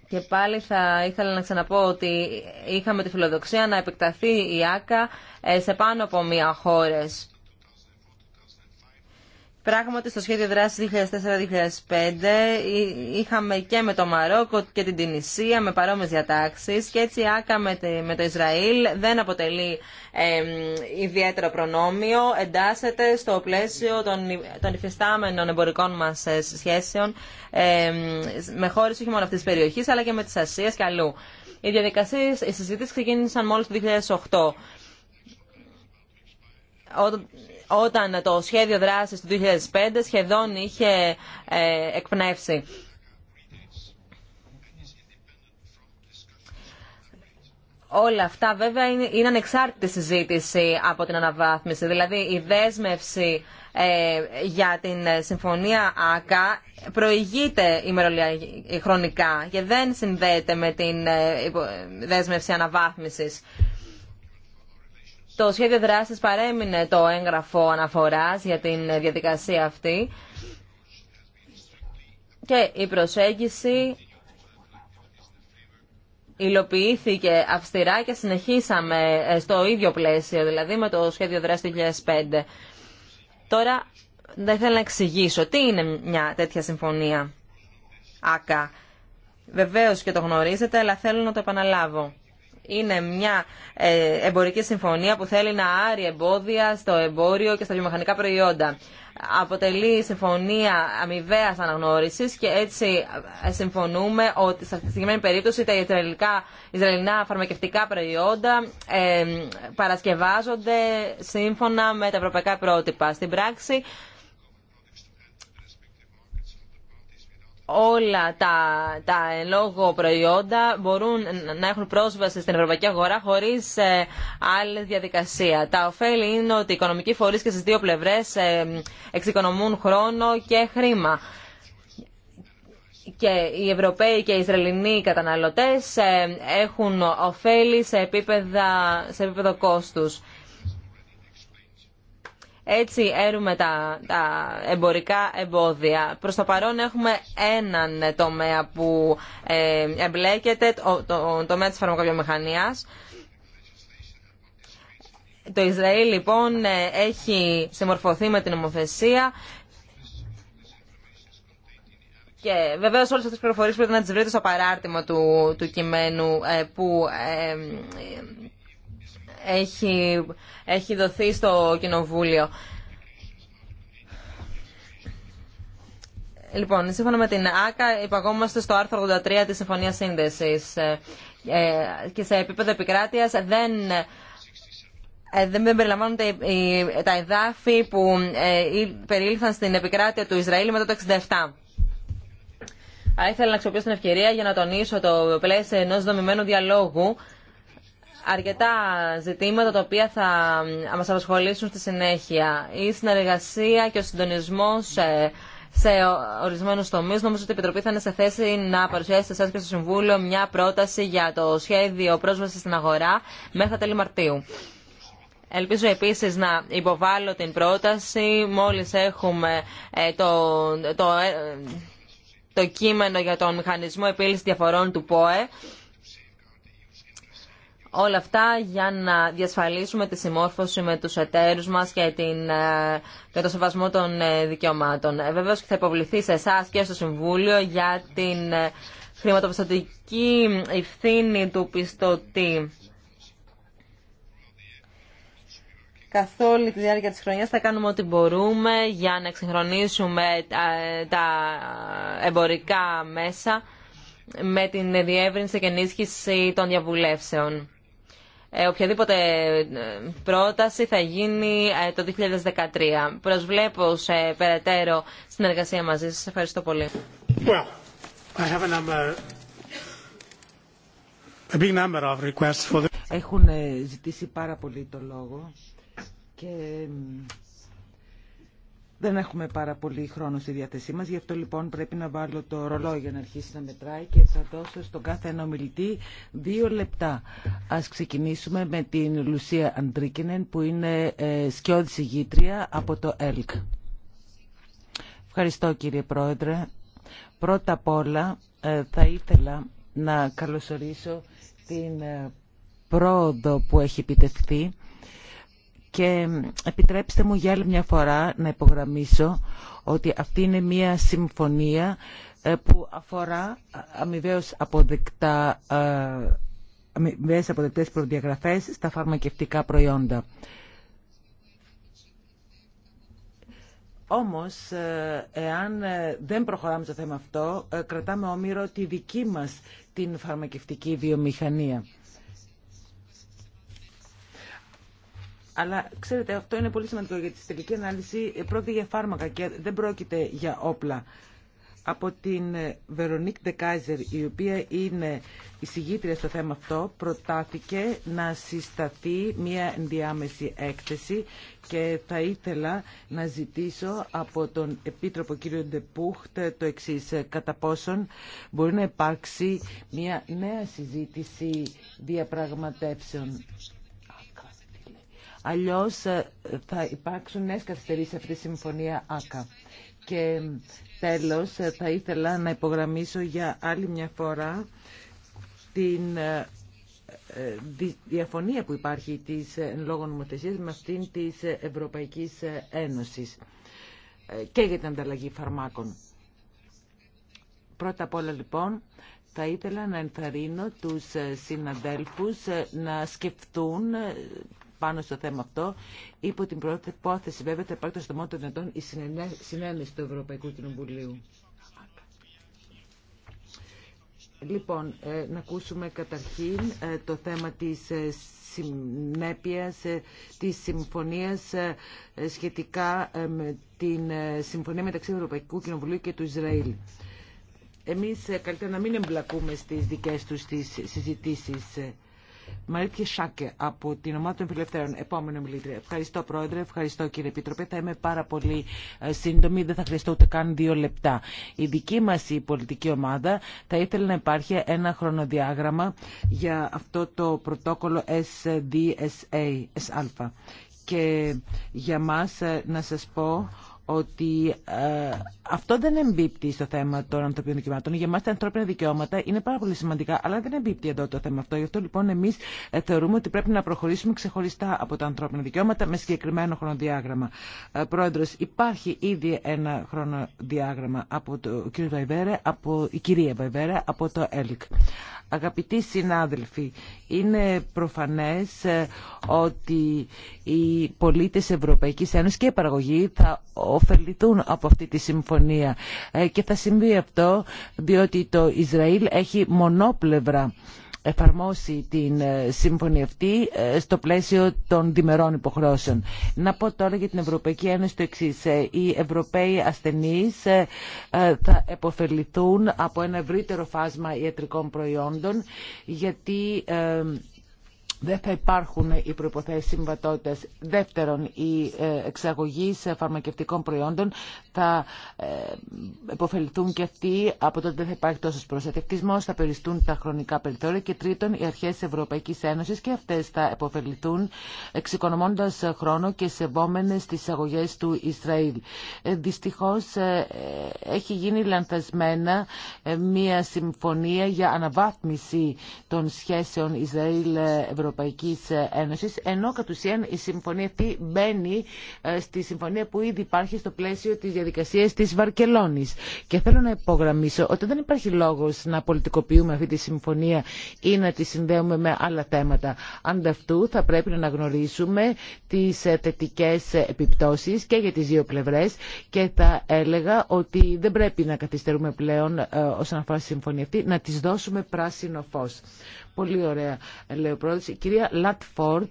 και πάλι θα ήθελα να ξαναπώ ότι είχαμε τη φιλοδοξία να επεκταθεί η ΆΚΑ ε, σε πάνω από μία χώρες. Πράγματι στο σχέδιο δράσης 2004-2005 είχαμε και με το Μαρόκο και την Τινησία με παρόμοιες διατάξεις και έτσι άκαμε με το Ισραήλ δεν αποτελεί ιδιαίτερο προνόμιο, εντάσσεται στο πλαίσιο των, των υφιστάμενων εμπορικών μας ε, σχέσεων ε, με χώρες όχι μόνο αυτής της περιοχής αλλά και με τις Ασίας και αλλού. Οι διαδικασίες, οι ξεκίνησαν μόλις το 2008 όταν το σχέδιο δράσης του 2005 σχεδόν είχε ε, εκπνεύσει. Όλα αυτά βέβαια είναι ανεξάρτητη συζήτηση από την αναβάθμιση. Δηλαδή η δέσμευση ε, για την ε, συμφωνία ΑΚΑ προηγείται ημερολιακή χρονικά και δεν συνδέεται με την δέσμευση αναβάθμισης. Το σχέδιο δράσης παρέμεινε το έγγραφο αναφοράς για την διαδικασία αυτή και η προσέγγιση υλοποιήθηκε αυστηρά και συνεχίσαμε ε, στο ίδιο πλαίσιο, δηλαδή με το σχέδιο δράση 2005. Τώρα δεν θέλω να εξηγήσω τι είναι μια τέτοια συμφωνία. Άκα. Βεβαίως και το γνωρίζετε, αλλά θέλω να το επαναλάβω είναι μια ε, εμπορική συμφωνία που θέλει να άρει εμπόδια στο εμπόριο και στα βιομηχανικά προϊόντα. Αποτελεί συμφωνία αμοιβαία αναγνώριση και έτσι ε, συμφωνούμε ότι σε αυτή τη συγκεκριμένη περίπτωση τα Ισραηλινά φαρμακευτικά προϊόντα ε, παρασκευάζονται σύμφωνα με τα ευρωπαϊκά πρότυπα. Στην πράξη, όλα τα, τα προϊόντα μπορούν να έχουν πρόσβαση στην ευρωπαϊκή αγορά χωρίς ε, άλλη διαδικασία. Τα ωφέλη είναι ότι οι οικονομικοί φορεί και στι δύο πλευρές ε, εξοικονομούν χρόνο και χρήμα. Και οι Ευρωπαίοι και οι Ισραηλινοί καταναλωτές ε, έχουν ωφέλη σε, σε επίπεδο κόστους. Έτσι έρουμε τα, τα εμπορικά εμπόδια. Προς το παρόν έχουμε έναν τομέα που ε, εμπλέκεται, το, το τομέα της φαρμακοβιομηχανίας. Το Ισραήλ λοιπόν ε, έχει συμμορφωθεί με την νομοθεσία και βεβαίω όλε αυτέ τι πληροφορίε πρέπει να τι βρείτε στο παράρτημα του, του κειμένου ε, που έχει, δοθεί στο Κοινοβούλιο. Λοιπόν, σύμφωνα με την ΆΚΑ υπαγόμαστε στο άρθρο 83 της Συμφωνίας Σύνδεσης ε, ε, και σε επίπεδο επικράτειας δεν ε, δεν περιλαμβάνονται τα εδάφη που περιήλθαν στην επικράτεια του Ισραήλ μετά το 1967. Θα ήθελα να αξιοποιήσω την ευκαιρία για να τονίσω το πλαίσιο ενός δομημένου διαλόγου αρκετά ζητήματα τα οποία θα μα απασχολήσουν στη συνέχεια. Η συνεργασία και ο συντονισμό ε, σε ορισμένου τομεί. Νομίζω ότι η Επιτροπή θα είναι σε θέση να παρουσιάσει σε εσά και στο Συμβούλιο μια πρόταση για το σχέδιο πρόσβαση στην αγορά μέχρι τα τέλη Μαρτίου. Ελπίζω επίσης να υποβάλω την πρόταση μόλις έχουμε ε, το, ε, το, κείμενο για τον μηχανισμό επίλυσης διαφορών του ΠΟΕ Όλα αυτά για να διασφαλίσουμε τη συμμόρφωση με τους εταίρους μας και, την, ε, το σεβασμό των ε, δικαιωμάτων. Ε, βεβαίως και θα υποβληθεί σε εσά και στο Συμβούλιο για την χρηματοπιστωτική ευθύνη του πιστωτή. Καθ' όλη τη διάρκεια της χρονιάς θα κάνουμε ό,τι μπορούμε για να εξυγχρονίσουμε τα εμπορικά μέσα με την διεύρυνση και ενίσχυση των διαβουλεύσεων. Ε, οποιαδήποτε ε, πρόταση θα γίνει ε, το 2013. Προσβλέπω σε περαιτέρω συνεργασία μαζί σας. Ευχαριστώ πολύ. Έχουν ζητήσει πάρα πολύ το λόγο και δεν έχουμε πάρα πολύ χρόνο στη διάθεσή μας, γι' αυτό λοιπόν πρέπει να βάλω το ρολόι για να αρχίσει να μετράει και θα δώσω στον κάθε ένα ομιλητή δύο λεπτά. Ας ξεκινήσουμε με την Λουσία Αντρίκινεν που είναι ε, σκιώδηση από το ΕΛΚ. Ευχαριστώ κύριε Πρόεδρε. Πρώτα απ' όλα ε, θα ήθελα να καλωσορίσω την ε, πρόοδο που έχει επιτευχθεί και επιτρέψτε μου για άλλη μια φορά να υπογραμμίσω ότι αυτή είναι μια συμφωνία ε, που αφορά αμοιβαίως αποδεκτά ε, αμοιβαίες αποδεκτές προδιαγραφές στα φαρμακευτικά προϊόντα. Όμως, ε, εάν δεν προχωράμε στο θέμα αυτό, κρατάμε όμοιρο τη δική μας την φαρμακευτική βιομηχανία. Αλλά ξέρετε, αυτό είναι πολύ σημαντικό γιατί στη τελική ανάλυση πρόκειται για φάρμακα και δεν πρόκειται για όπλα. Από την ε, Βερονίκ Ντεκάιζερ, η οποία είναι η εισηγήτρια στο θέμα αυτό, προτάθηκε να συσταθεί μια ενδιάμεση έκθεση και θα ήθελα να ζητήσω από τον Επίτροπο κ. Ντεπούχτ το εξή ε, κατά πόσον μπορεί να υπάρξει μια νέα συζήτηση διαπραγματεύσεων Αλλιώς ε, θα υπάρξουν νέες καθυστερήσεις σε αυτή τη συμφωνία ΆΚΑ. Και τέλος ε, θα ήθελα να υπογραμμίσω για άλλη μια φορά την ε, διαφωνία που υπάρχει της λόγω νομοθεσίας με αυτήν της Ευρωπαϊκής Ένωσης και για την ανταλλαγή φαρμάκων. Πρώτα απ' όλα λοιπόν θα ήθελα να ενθαρρύνω τους συναδέλφους να σκεφτούν πάνω στο θέμα αυτό. Υπό την προπόθεση βέβαια θα υπάρχει το στομό των δυνατών η συνένεση του Ευρωπαϊκού Κοινοβουλίου. Λοιπόν, ε, να ακούσουμε καταρχήν ε, το θέμα της ε, συνέπειας της συμφωνίας σχετικά με την συμφωνία μεταξύ Ευρωπαϊκού Κοινοβουλίου και του Ισραήλ. Εμείς καλύτερα να μην εμπλακούμε στις δικές τους τις συζητήσεις. Μαρίτια Σάκε από την Ομάδα των Φιλελευθέρων. Επόμενο μιλήτρια. Ευχαριστώ Πρόεδρε, ευχαριστώ κύριε πίτροπε. Θα είμαι πάρα πολύ ε, σύντομη, δεν θα χρειαστώ ούτε καν δύο λεπτά. Η δική μας η πολιτική ομάδα θα ήθελε να υπάρχει ένα χρονοδιάγραμμα για αυτό το πρωτόκολλο SDSA. Και για μας ε, να σας πω ότι ε, αυτό δεν εμπίπτει στο θέμα των ανθρωπίνων δικαιωμάτων. Για εμά τα ανθρώπινα δικαιώματα είναι πάρα πολύ σημαντικά, αλλά δεν εμπίπτει εδώ το θέμα αυτό. Γι' αυτό λοιπόν εμείς ε, θεωρούμε ότι πρέπει να προχωρήσουμε ξεχωριστά από τα ανθρώπινα δικαιώματα με συγκεκριμένο χρονοδιάγραμμα. Ε, πρόεδρος, υπάρχει ήδη ένα χρονοδιάγραμμα από το κ. Βαϊβέρε, από η κυρία Βαϊβέρε, από το ΕΛΚ. Αγαπητοί συνάδελφοι, είναι προφανές ε, ότι οι πολίτες Ευρωπαϊκής Ένωσης και η παραγωγή θα ωφεληθούν από αυτή τη συμφωνία. Ε, και θα συμβεί αυτό διότι το Ισραήλ έχει μονόπλευρα εφαρμόσει την ε, συμφωνία αυτή ε, στο πλαίσιο των διμερών υποχρεώσεων. Να πω τώρα για την Ευρωπαϊκή Ένωση το εξή. Οι Ευρωπαίοι ασθενεί θα επωφεληθούν από ένα ευρύτερο φάσμα ιατρικών προϊόντων γιατί δεν θα υπάρχουν οι προϋποθέσεις συμβατότητας. Δεύτερον, οι ε, εξαγωγείς φαρμακευτικών προϊόντων θα ε, επωφεληθούν και αυτοί από τότε δεν θα υπάρχει τόσο προσεκτισμό, θα περιστούν τα χρονικά περιθώρια και τρίτον, οι αρχές της Ευρωπαϊκής Ένωσης και αυτές θα επωφεληθούν εξοικονομώντας χρόνο και σεβόμενες τις εισαγωγές του Ισραήλ. Ε, δυστυχώς έχει γίνει λανθασμένα μια συμφωνία για αναβάθμιση των σχέσεων Ευρωπαϊκή. Ευρωπαϊκή Ένωση, ενώ κατ' ουσίαν η συμφωνία αυτή μπαίνει ε, στη συμφωνία που ήδη υπάρχει στο πλαίσιο της διαδικασίας της Βαρκελόνης. Και θέλω να υπογραμμίσω ότι δεν υπάρχει λόγος να πολιτικοποιούμε αυτή τη συμφωνία ή να τη συνδέουμε με άλλα θέματα. Ανταυτού θα πρέπει να αναγνωρίσουμε τις ε, θετικές ε, επιπτώσεις και για τις δύο πλευρές και θα έλεγα ότι δεν πρέπει να καθυστερούμε πλέον όσον αφορά τη συμφωνία αυτή, να της δώσουμε πράσινο φως. Πολύ ωραία, λέει ο Η κυρία Λατφόρτ,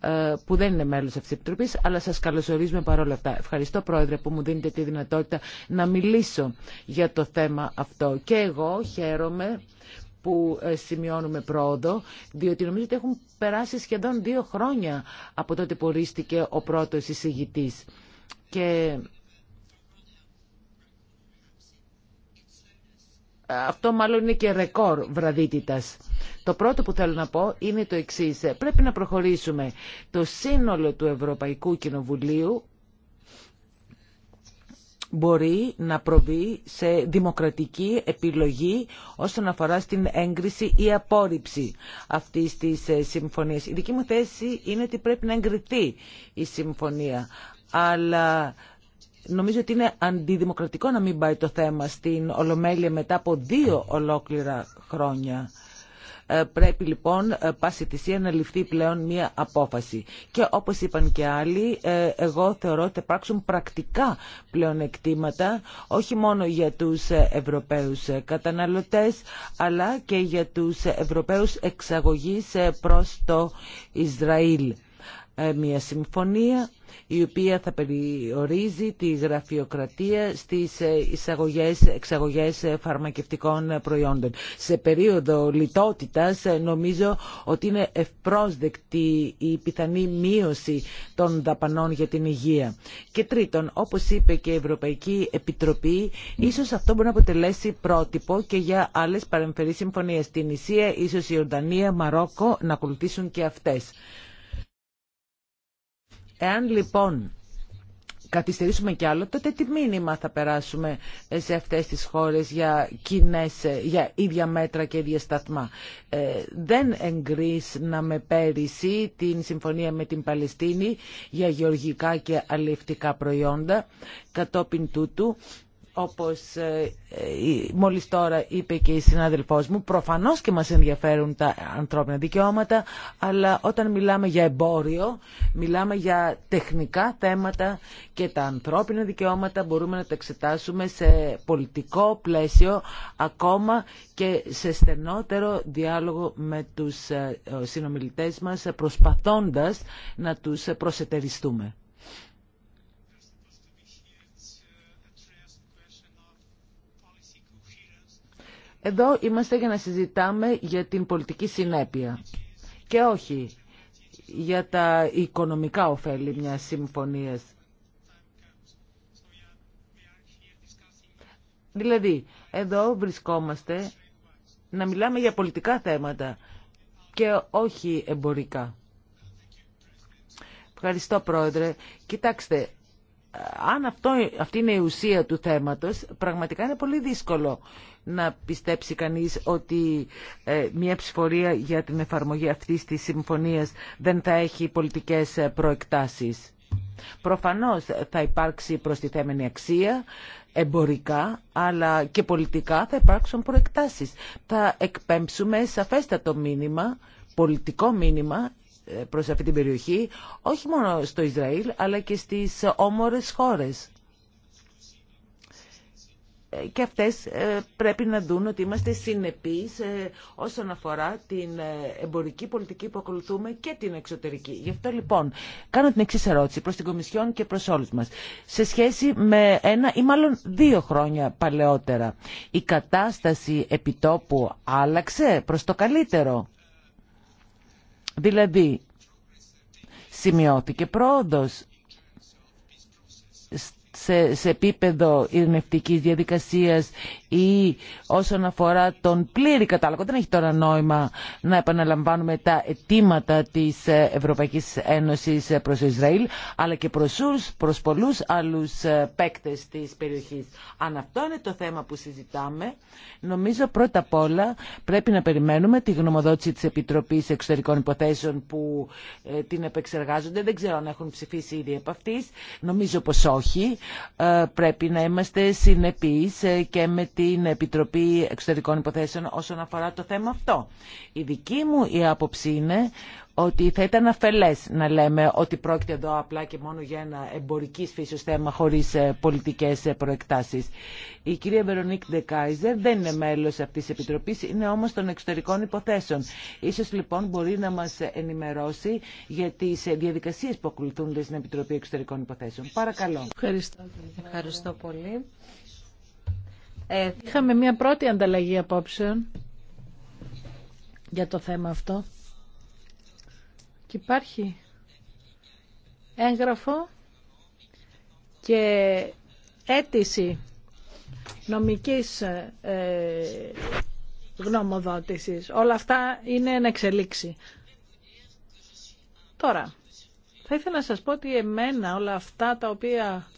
ε, που δεν είναι μέλος αυτής της Επιτροπής, αλλά σας καλωσορίζουμε παρόλα αυτά. Ευχαριστώ, Πρόεδρε, που μου δίνετε τη δυνατότητα να μιλήσω για το θέμα αυτό. Και εγώ χαίρομαι που ε, σημειώνουμε πρόοδο, διότι νομίζω ότι έχουν περάσει σχεδόν δύο χρόνια από τότε που ορίστηκε ο πρώτος εισηγητής. Και Αυτό μάλλον είναι και ρεκόρ βραδύτητας. Το πρώτο που θέλω να πω είναι το εξής. Πρέπει να προχωρήσουμε το σύνολο του Ευρωπαϊκού Κοινοβουλίου μπορεί να προβεί σε δημοκρατική επιλογή όσον αφορά στην έγκριση ή απόρριψη αυτής της ε, συμφωνίας. Η δική μου θέση είναι ότι πρέπει να εγκριθεί η συμφωνία. Αλλά Νομίζω ότι είναι αντιδημοκρατικό να μην πάει το θέμα στην Ολομέλεια μετά από δύο ολόκληρα χρόνια. Ε, πρέπει λοιπόν ε, πάση θυσία να ληφθεί πλέον μία απόφαση. Και όπως είπαν και άλλοι, ε, εγώ θεωρώ ότι θα υπάρξουν πρακτικά πλεονεκτήματα, όχι μόνο για τους Ευρωπαίους καταναλωτές, αλλά και για τους Ευρωπαίους εξαγωγής προς το Ισραήλ. Ε, μια συμφωνία η οποία θα περιορίζει τη γραφειοκρατία στις ε, εισαγωγές, εξαγωγές ε, φαρμακευτικών προϊόντων. Σε περίοδο λιτότητας νομίζω ότι είναι ευπρόσδεκτη η πιθανή μείωση των δαπανών για την υγεία. Και τρίτον, όπως είπε και η Ευρωπαϊκή Επιτροπή, ίσως αυτό μπορεί να αποτελέσει πρότυπο και για άλλες παρεμφερείς συμφωνίες. Την Ισία, ίσως η Ορδανία, Μαρόκο να ακολουθήσουν και αυτές. Εάν λοιπόν καθυστερήσουμε κι άλλο, τότε τι μήνυμα θα περάσουμε σε αυτές τις χώρες για, για ίδια μέτρα και ίδια σταθμά. Ε, δεν με πέρυσι την συμφωνία με την Παλαιστίνη για γεωργικά και αλληλευτικά προϊόντα. Κατόπιν τούτου όπως ε, ε, μόλις τώρα είπε και η συνάδελφός μου, προφανώς και μας ενδιαφέρουν τα ανθρώπινα δικαιώματα, αλλά όταν μιλάμε για εμπόριο, μιλάμε για τεχνικά θέματα και τα ανθρώπινα δικαιώματα μπορούμε να τα εξετάσουμε σε πολιτικό πλαίσιο, ακόμα και σε στενότερο διάλογο με τους ε, συνομιλητές μας, προσπαθώντας να τους προσετεριστούμε. Εδώ είμαστε για να συζητάμε για την πολιτική συνέπεια και όχι για τα οικονομικά ωφέλη μιας συμφωνίας. Δηλαδή, εδώ βρισκόμαστε να μιλάμε για πολιτικά θέματα και όχι εμπορικά. Ευχαριστώ, Πρόεδρε. Κοιτάξτε, αν αυτό, αυτή είναι η ουσία του θέματος, πραγματικά είναι πολύ δύσκολο να πιστέψει κανείς ότι ε, μια ψηφορία για την εφαρμογή αυτής της συμφωνίας δεν θα έχει πολιτικές ε, προεκτάσεις. Προφανώς θα υπάρξει προστιθέμενη αξία εμπορικά αλλά και πολιτικά θα υπάρξουν προεκτάσεις. Θα εκπέμψουμε σαφέστατο μήνυμα πολιτικό μήνυμα προς αυτή την περιοχή, όχι μόνο στο Ισραήλ, αλλά και στις όμορες χώρες. Ε, και αυτές ε, πρέπει να δουν ότι είμαστε συνεπείς ε, όσον αφορά την εμπορική πολιτική που ακολουθούμε και την εξωτερική. Γι' αυτό λοιπόν κάνω την εξή ερώτηση προς την Κομισιόν και προς όλους μας. Σε σχέση με ένα ή μάλλον δύο χρόνια παλαιότερα, η κατάσταση επιτόπου άλλαξε προς το καλύτερο. Δηλαδή, σημειώθηκε πρόοδος σε, σε επίπεδο ειρηνευτικής διαδικασίας ή όσον αφορά τον πλήρη κατάλογο. Δεν έχει τώρα νόημα να επαναλαμβάνουμε τα αιτήματα της Ευρωπαϊκής Ένωσης προς Ισραήλ, αλλά και προς, ούς, προς πολλούς άλλους ε, παίκτες της περιοχής. Αν αυτό είναι το θέμα που συζητάμε, νομίζω πρώτα απ' όλα πρέπει να περιμένουμε τη γνωμοδότηση της Επιτροπής Εξωτερικών Υποθέσεων που ε, την επεξεργάζονται. Δεν ξέρω αν έχουν ψηφίσει ήδη επ' αυτής. Νομίζω πως όχι. Ε, πρέπει να είμαστε συνεπείς ε, και με την Επιτροπή Εξωτερικών Υποθέσεων όσον αφορά το θέμα αυτό. Η δική μου η άποψη είναι ότι θα ήταν αφελές να λέμε ότι πρόκειται εδώ απλά και μόνο για ένα εμπορική φύσεως θέμα χωρίς ε, πολιτικές ε, προεκτάσεις. Η κυρία Βερονίκ Ντεκάιζερ δεν είναι μέλος αυτής της Επιτροπής, είναι όμως των εξωτερικών υποθέσεων. Ίσως λοιπόν μπορεί να μας ενημερώσει για τις ε, διαδικασίες που ακολουθούνται στην Επιτροπή Εξωτερικών Υποθέσεων. Παρακαλώ. Ευχαριστώ, Ευχαριστώ πολύ. Ε, είχαμε μια πρώτη ανταλλαγή απόψεων για το θέμα αυτό. Και υπάρχει έγγραφο και αίτηση νομικής ε, γνωμοδότησης. Όλα αυτά είναι εν εξελίξη. Τώρα, θα ήθελα να σας πω ότι εμένα όλα αυτά τα οποία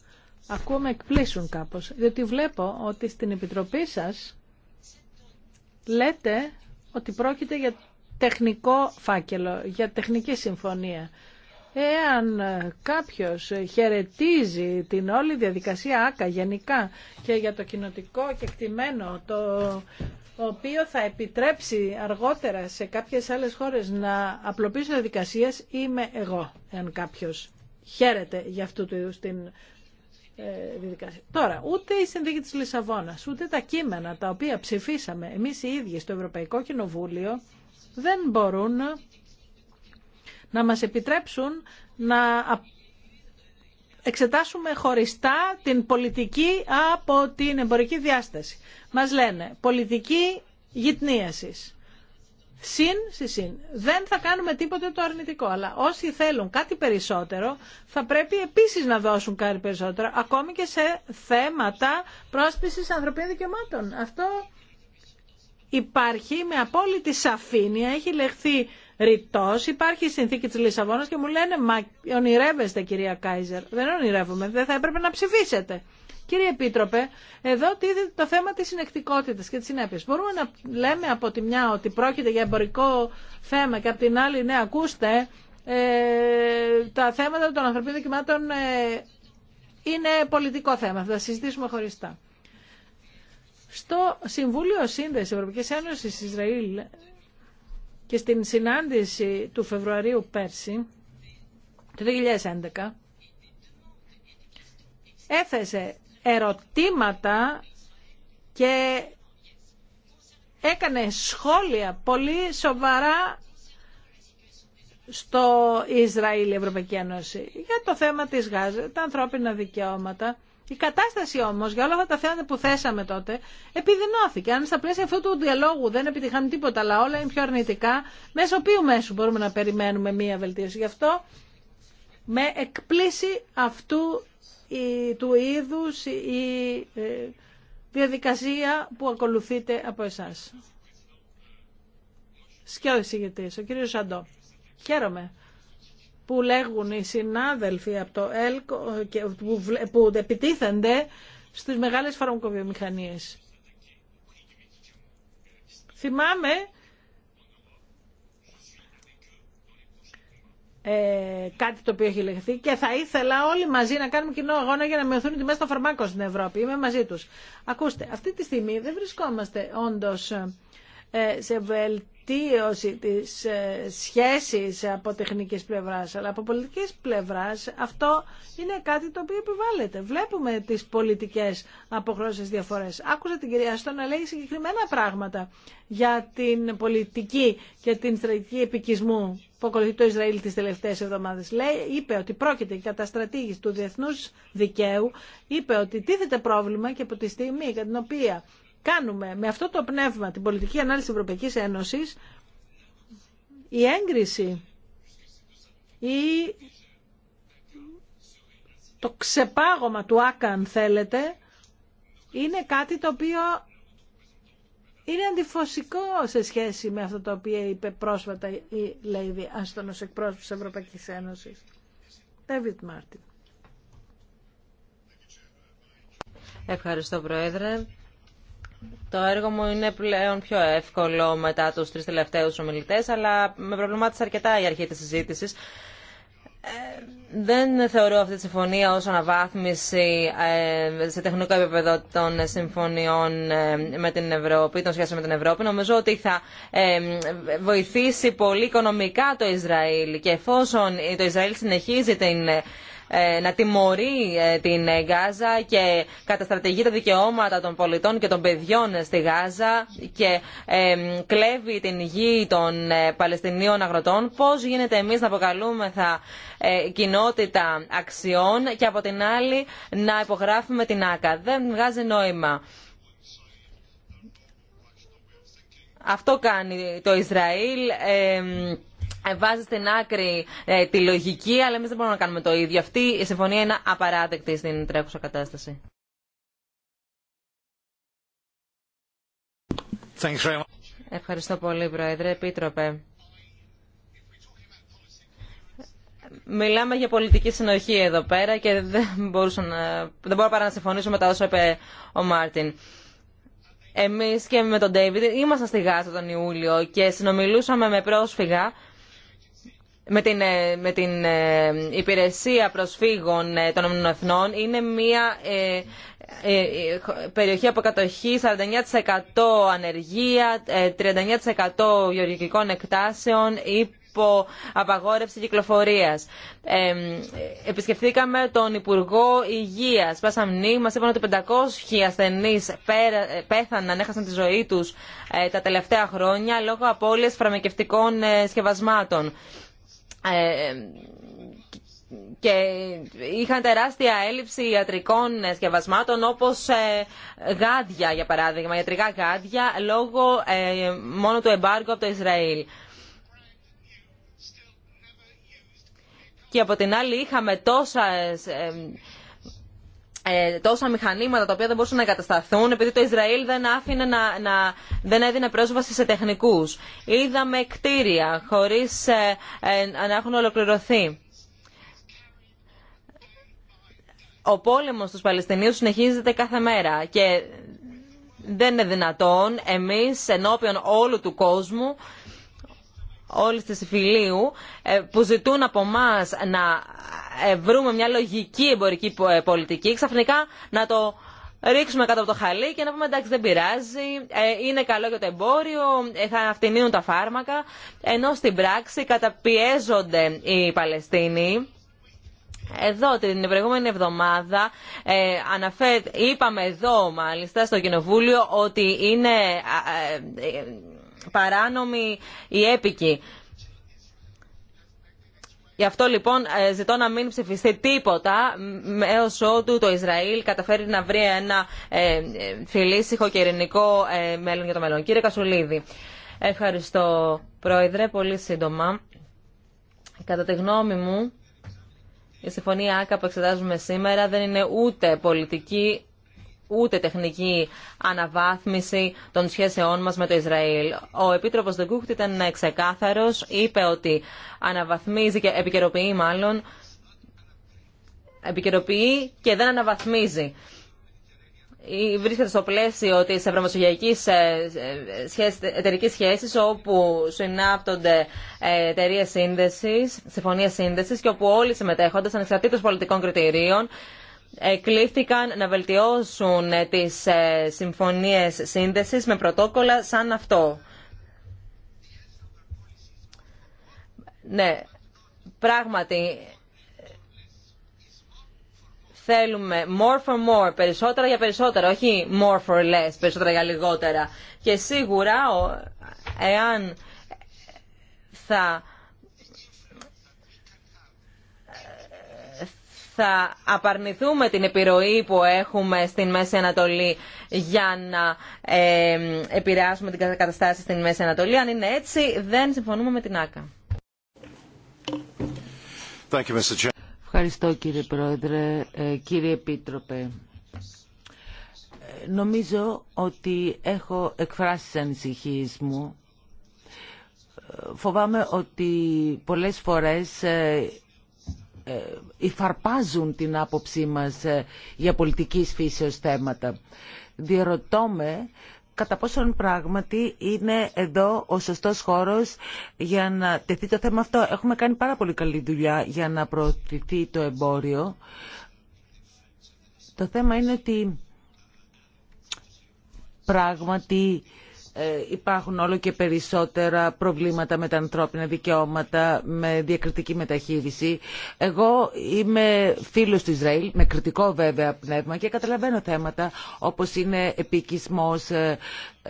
ακούμε εκπλήσουν κάπως, διότι βλέπω ότι στην Επιτροπή σας λέτε ότι πρόκειται για τεχνικό φάκελο, για τεχνική συμφωνία. Εάν ε, κάποιος χαιρετίζει την όλη διαδικασία ΆΚΑ γενικά και για το κοινοτικό κεκτημένο, το οποίο θα επιτρέψει αργότερα σε κάποιες άλλες χώρες να απλοποιήσουν διαδικασίες, είμαι εγώ, εάν κάποιος χαίρεται για αυτού του είδους την ε, διαδικασία. Τώρα, ούτε η συνθήκη της Λισαβόνας, ούτε τα κείμενα τα οποία ψηφίσαμε εμείς οι ίδιοι στο Ευρωπαϊκό Κοινοβούλιο, δεν μπορούν να μας επιτρέψουν να εξετάσουμε χωριστά την πολιτική από την εμπορική διάσταση. Μας λένε πολιτική γυτνίασης. Συν, συ, συν. Δεν θα κάνουμε τίποτε το αρνητικό, αλλά όσοι θέλουν κάτι περισσότερο θα πρέπει επίσης να δώσουν κάτι περισσότερο, ακόμη και σε θέματα πρόσπισης ανθρωπίνων δικαιωμάτων. Αυτό υπάρχει με απόλυτη σαφήνεια, έχει λεχθεί ρητό, υπάρχει η συνθήκη τη Λισαβόνα και μου λένε «Μα ονειρεύεστε κυρία Κάιζερ». Δεν ονειρεύομαι, δεν θα έπρεπε να ψηφίσετε. Κύριε Επίτροπε, εδώ τίθεται το θέμα της συνεκτικότητας και της συνέπειας. Μπορούμε να λέμε από τη μια ότι πρόκειται για εμπορικό θέμα και από την άλλη, ναι, ακούστε, ε, τα θέματα των ανθρωπίνων δικαιωμάτων ε, είναι πολιτικό θέμα. Θα συζητήσουμε χωριστά στο Συμβούλιο Σύνδεση Ευρωπαϊκής Ένωσης Ισραήλ και στην συνάντηση του Φεβρουαρίου πέρσι, το 2011, έθεσε ερωτήματα και έκανε σχόλια πολύ σοβαρά στο Ισραήλ η Ευρωπαϊκή Ένωση για το θέμα της Γάζας, τα ανθρώπινα δικαιώματα η κατάσταση όμω για όλα αυτά τα θέματα που θέσαμε τότε επιδεινώθηκε. Αν στα πλαίσια αυτού του διαλόγου δεν επιτυχάνει τίποτα, αλλά όλα είναι πιο αρνητικά, μέσω οποίου μέσου μπορούμε να περιμένουμε μία βελτίωση. Γι' αυτό με εκπλήσει αυτού του είδου η ε, διαδικασία που ακολουθείτε από εσάς. Σκιώδης ηγετής, ο κύριο Σαντό. Χαίρομαι που λέγουν οι συνάδελφοι από το ΕΛΚ που επιτίθενται στις μεγάλες φαρμακοβιομηχανίες. Θυμάμαι ε, κάτι το οποίο έχει λεχθεί και θα ήθελα όλοι μαζί να κάνουμε κοινό αγώνα για να μειωθούν οι τιμές των φαρμάκων στην Ευρώπη. Είμαι μαζί τους. Ακούστε, αυτή τη στιγμή δεν βρισκόμαστε όντως ε, σε βελτίωση της ε, σχέσης από τεχνικής πλευράς, αλλά από πολιτικής πλευράς αυτό είναι κάτι το οποίο επιβάλλεται. Βλέπουμε τις πολιτικές αποχρώσεις διαφορές. Άκουσα την κυρία Στόνα να λέει συγκεκριμένα πράγματα για την πολιτική και την στρατηγική επικισμού που ακολουθεί το Ισραήλ τις τελευταίες εβδομάδες. Λέει, είπε ότι πρόκειται κατά στρατήγηση του διεθνούς δικαίου, είπε ότι τίθεται πρόβλημα και από τη στιγμή κατά την οποία κάνουμε με αυτό το πνεύμα την πολιτική ανάλυση της Ευρωπαϊκής Ένωσης η έγκριση ή το ξεπάγωμα του ΆΚΑ αν θέλετε είναι κάτι το οποίο είναι αντιφωσικό σε σχέση με αυτό το οποίο είπε πρόσφατα η Λέιδη Άστον εκπρόσωπος της Ευρωπαϊκής Ένωσης. David Martin. Ευχαριστώ Πρόεδρε. Το έργο μου είναι πλέον πιο εύκολο μετά τους τρεις τελευταίους ομιλητές, αλλά με προβλημάτισε αρκετά η αρχή της συζήτησης. Ε, δεν θεωρώ αυτή τη συμφωνία ως αναβάθμιση ε, σε τεχνικό επίπεδο των συμφωνιών ε, με την Ευρώπη, των σχέσεων με την Ευρώπη. Νομίζω ότι θα βοηθήσει πολύ οικονομικά το Ισραήλ και εφόσον το Ισραήλ συνεχίζει την ε, να τιμωρεί ε, την ε, Γάζα και καταστρατηγεί τα δικαιώματα των πολιτών και των παιδιών στη Γάζα και κλέβει την γη των Παλαιστινίων αγροτών. Πώς γίνεται εμείς να ε, κοινότητα αξιών και από την άλλη να υπογράφουμε την ΆΚΑ. Δεν βγάζει νόημα. Αυτό κάνει το Ισραήλ. Ε, βάζει στην άκρη ε, τη λογική, αλλά εμεί δεν μπορούμε να κάνουμε το ίδιο. Αυτή η συμφωνία είναι απαράδεκτη στην τρέχουσα κατάσταση. Ευχαριστώ πολύ, Πρόεδρε. Επίτροπε. Μιλάμε για πολιτική συνοχή εδώ πέρα και δεν, μπορούσα να, δεν μπορώ παρά να συμφωνήσω με τα όσα είπε ο Μάρτιν. Εμείς και με τον Ντέιβιντ ήμασταν στη Γάζα τον Ιούλιο και συνομιλούσαμε με πρόσφυγα με την, ε, με την ε, υπηρεσία προσφύγων ε, των Εθνών είναι μια ε, περιοχή αποκατοχή 49% ανεργία, 39% γεωργικών εκτάσεων υπό απαγόρευση κυκλοφορίας. επισκεφθήκαμε τον Υπουργό Υγείας Πασαμνή, μας είπαν ότι 500 ασθενείς πέθαναν, έχασαν τη ζωή τους τα τελευταία χρόνια λόγω απώλειας φαρμακευτικών σκευασμάτων. Ε, και είχαν τεράστια έλλειψη ιατρικών σκευασμάτων όπως ε, γάντια για παράδειγμα, ιατρικά γάντια λόγω ε, μόνο του εμπάργου από το Ισραήλ. Και από την άλλη είχαμε τόσα ε, τόσα μηχανήματα τα οποία δεν μπορούσαν να εγκατασταθούν επειδή το Ισραήλ δεν, άφηνε να, να, δεν έδινε πρόσβαση σε τεχνικούς. Είδαμε κτίρια χωρίς ε, ε, να έχουν ολοκληρωθεί. Ο πόλεμος στους Παλαιστινίους συνεχίζεται κάθε μέρα και δεν είναι δυνατόν εμείς ενώπιον όλου του κόσμου όλη τη φιλίου ε, που ζητούν από εμά να ε, βρούμε μια λογική εμπορική ε, πολιτική, ξαφνικά να το ρίξουμε κάτω από το χαλί και να πούμε εντάξει δεν πειράζει, είναι καλό για το εμπόριο, θα φτηνίνουν τα φάρμακα, ενώ στην πράξη καταπιέζονται οι Παλαιστίνοι. Εδώ την προηγούμενη εβδομάδα ε, είπαμε εδώ μάλιστα στο Κοινοβούλιο ότι είναι, παράνομη η έπικοι. Γι' αυτό λοιπόν ε, ζητώ να μην ψηφιστεί τίποτα έω ότου το Ισραήλ καταφέρει να βρει ένα ε, ε φιλήσυχο και ειρηνικό ε, μέλλον για το μέλλον. Κύριε Κασουλίδη, ευχαριστώ Πρόεδρε, πολύ σύντομα. Κατά τη γνώμη μου, η συμφωνία ΑΚΑ που εξετάζουμε σήμερα δεν είναι ούτε πολιτική ούτε τεχνική αναβάθμιση των σχέσεών μας με το Ισραήλ. Ο Επίτροπος Δεγκούχτ ήταν ξεκάθαρος, είπε ότι αναβαθμίζει και επικαιροποιεί μάλλον, επικαιροποιεί και δεν αναβαθμίζει βρίσκεται στο πλαίσιο τη ευρωμεσογειακή ε, ε, εταιρική σχέση όπου συνάπτονται ε, εταιρείε σύνδεση, συμφωνίες σύνδεση και όπου όλοι συμμετέχονται ανεξαρτήτω πολιτικών κριτηρίων κλήθηκαν να βελτιώσουν ε, τις ε, συμφωνίες σύνδεσης με πρωτόκολλα σαν αυτό. Ναι, πράγματι θέλουμε more for more, περισσότερα για περισσότερα, όχι more for less, περισσότερα για λιγότερα. Και σίγουρα, εάν θα θα απαρνηθούμε την επιρροή που έχουμε στην Μέση Ανατολή για να ε, επηρεάσουμε την καταστάση στην Μέση Ανατολή. Αν είναι έτσι, δεν συμφωνούμε με την ΆΚΑ. Ευχαριστώ κύριε Πρόεδρε. Ε, κύριε Επίτροπε, νομίζω ότι έχω εκφράσει τις ανησυχίες μου. Ε, φοβάμαι ότι πολλές φορές ε, ε, υφαρπάζουν την άποψή μας ε, για πολιτικής φύσεως θέματα. Διερωτώμε κατά πόσον πράγματι είναι εδώ ο σωστός χώρος για να τεθεί το θέμα αυτό. Έχουμε κάνει πάρα πολύ καλή δουλειά για να προωθηθεί το εμπόριο. Το θέμα είναι ότι πράγματι ε, υπάρχουν όλο και περισσότερα προβλήματα με τα ανθρώπινα δικαιώματα, με διακριτική μεταχείριση. Εγώ είμαι φίλος του Ισραήλ, με κριτικό βέβαια πνεύμα και καταλαβαίνω θέματα όπως είναι επικισμός, ε,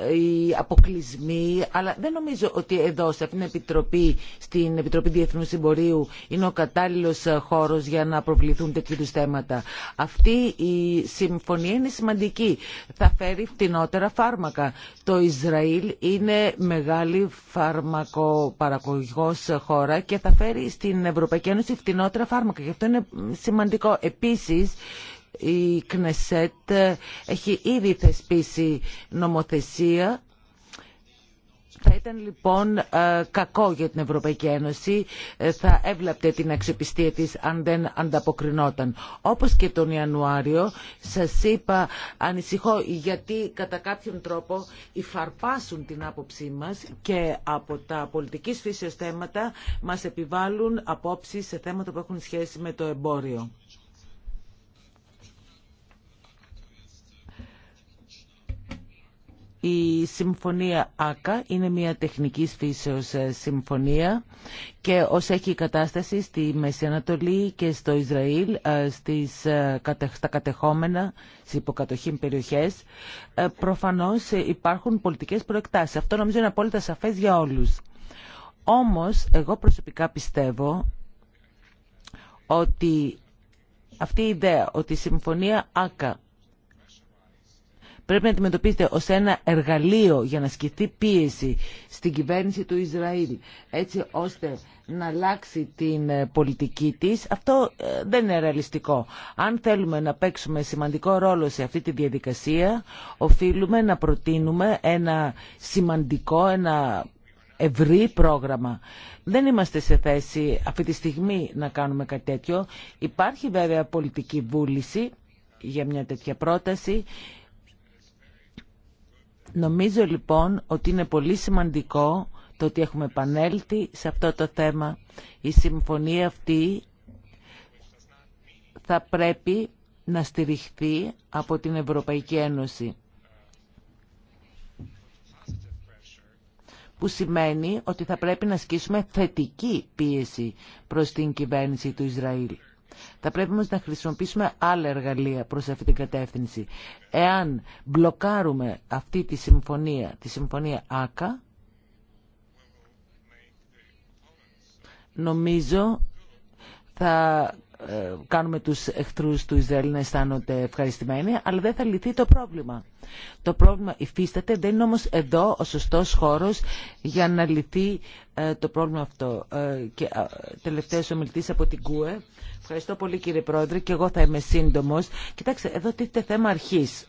οι αποκλεισμοί, αλλά δεν νομίζω ότι εδώ σε αυτήν την Επιτροπή, στην Επιτροπή Διεθνούς Συμπορίου είναι ο κατάλληλος ε, χώρος για να προβληθούν τέτοιου θέματα. Αυτή η συμφωνία είναι σημαντική. Θα φέρει φτηνότερα φάρμακα. Το Ισραήλ είναι μεγάλη φαρμακοπαραγωγός ε, χώρα και θα φέρει στην Ευρωπαϊκή Ένωση φτηνότερα φάρμακα. Γι' αυτό είναι σημαντικό. Επίσης, η Κνεσέτ έχει ήδη θεσπίσει νομοθεσία θα ήταν λοιπόν ε, κακό για την Ευρωπαϊκή Ένωση, ε, θα έβλαπτε την αξιοπιστία της αν δεν ανταποκρινόταν. Όπως και τον Ιανουάριο σας είπα ανησυχώ γιατί κατά κάποιον τρόπο υφαρπάσουν την άποψή μας και από τα πολιτικής φύσεως θέματα μας επιβάλλουν απόψεις σε θέματα που έχουν σχέση με το εμπόριο. Η συμφωνία ΆΚΑ είναι μια τεχνικής φύσεως ε, συμφωνία και ως έχει η κατάσταση στη Μέση Ανατολή και στο Ισραήλ, ε, στις, ε, στα κατεχόμενα, στις υποκατοχήν περιοχές, προφανώς υπάρχουν πολιτικές προεκτάσεις. Αυτό νομίζω είναι απόλυτα σαφές για όλους. Όμως, εγώ προσωπικά πιστεύω ότι αυτή η ιδέα ότι η συμφωνία ΆΚΑ πρέπει να αντιμετωπίσετε ως ένα εργαλείο για να ασκηθεί πίεση στην κυβέρνηση του Ισραήλ έτσι ώστε να αλλάξει την ε, πολιτική της, αυτό ε, δεν είναι ρεαλιστικό. Αν θέλουμε να παίξουμε σημαντικό ρόλο σε αυτή τη διαδικασία, οφείλουμε να προτείνουμε ένα σημαντικό, ένα ευρύ πρόγραμμα. Δεν είμαστε σε θέση αυτή τη στιγμή να κάνουμε κάτι τέτοιο. Υπάρχει βέβαια πολιτική βούληση για μια τέτοια πρόταση. Νομίζω λοιπόν ότι είναι πολύ σημαντικό το ότι έχουμε επανέλθει σε αυτό το θέμα. Η συμφωνία αυτή θα πρέπει να στηριχθεί από την Ευρωπαϊκή Ένωση. που σημαίνει ότι θα πρέπει να ασκήσουμε θετική πίεση προς την κυβέρνηση του Ισραήλ. Θα πρέπει όμως να χρησιμοποιήσουμε άλλα εργαλεία προς αυτή την κατεύθυνση. Εάν μπλοκάρουμε αυτή τη συμφωνία, τη συμφωνία ΆΚΑ, νομίζω θα ε, κάνουμε τους εχθρούς του Ισραήλ να αισθάνονται ευχαριστημένοι, αλλά δεν θα λυθεί το πρόβλημα. Το πρόβλημα υφίσταται, δεν είναι όμως εδώ ο σωστός χώρος για να λυθεί ε, το πρόβλημα αυτό. Ε, και τελευταίος ο από την ΚΟΕ. Ευχαριστώ πολύ κύριε Πρόεδρε και εγώ θα είμαι σύντομος. Κοιτάξτε, εδώ τίθεται θέμα αρχής.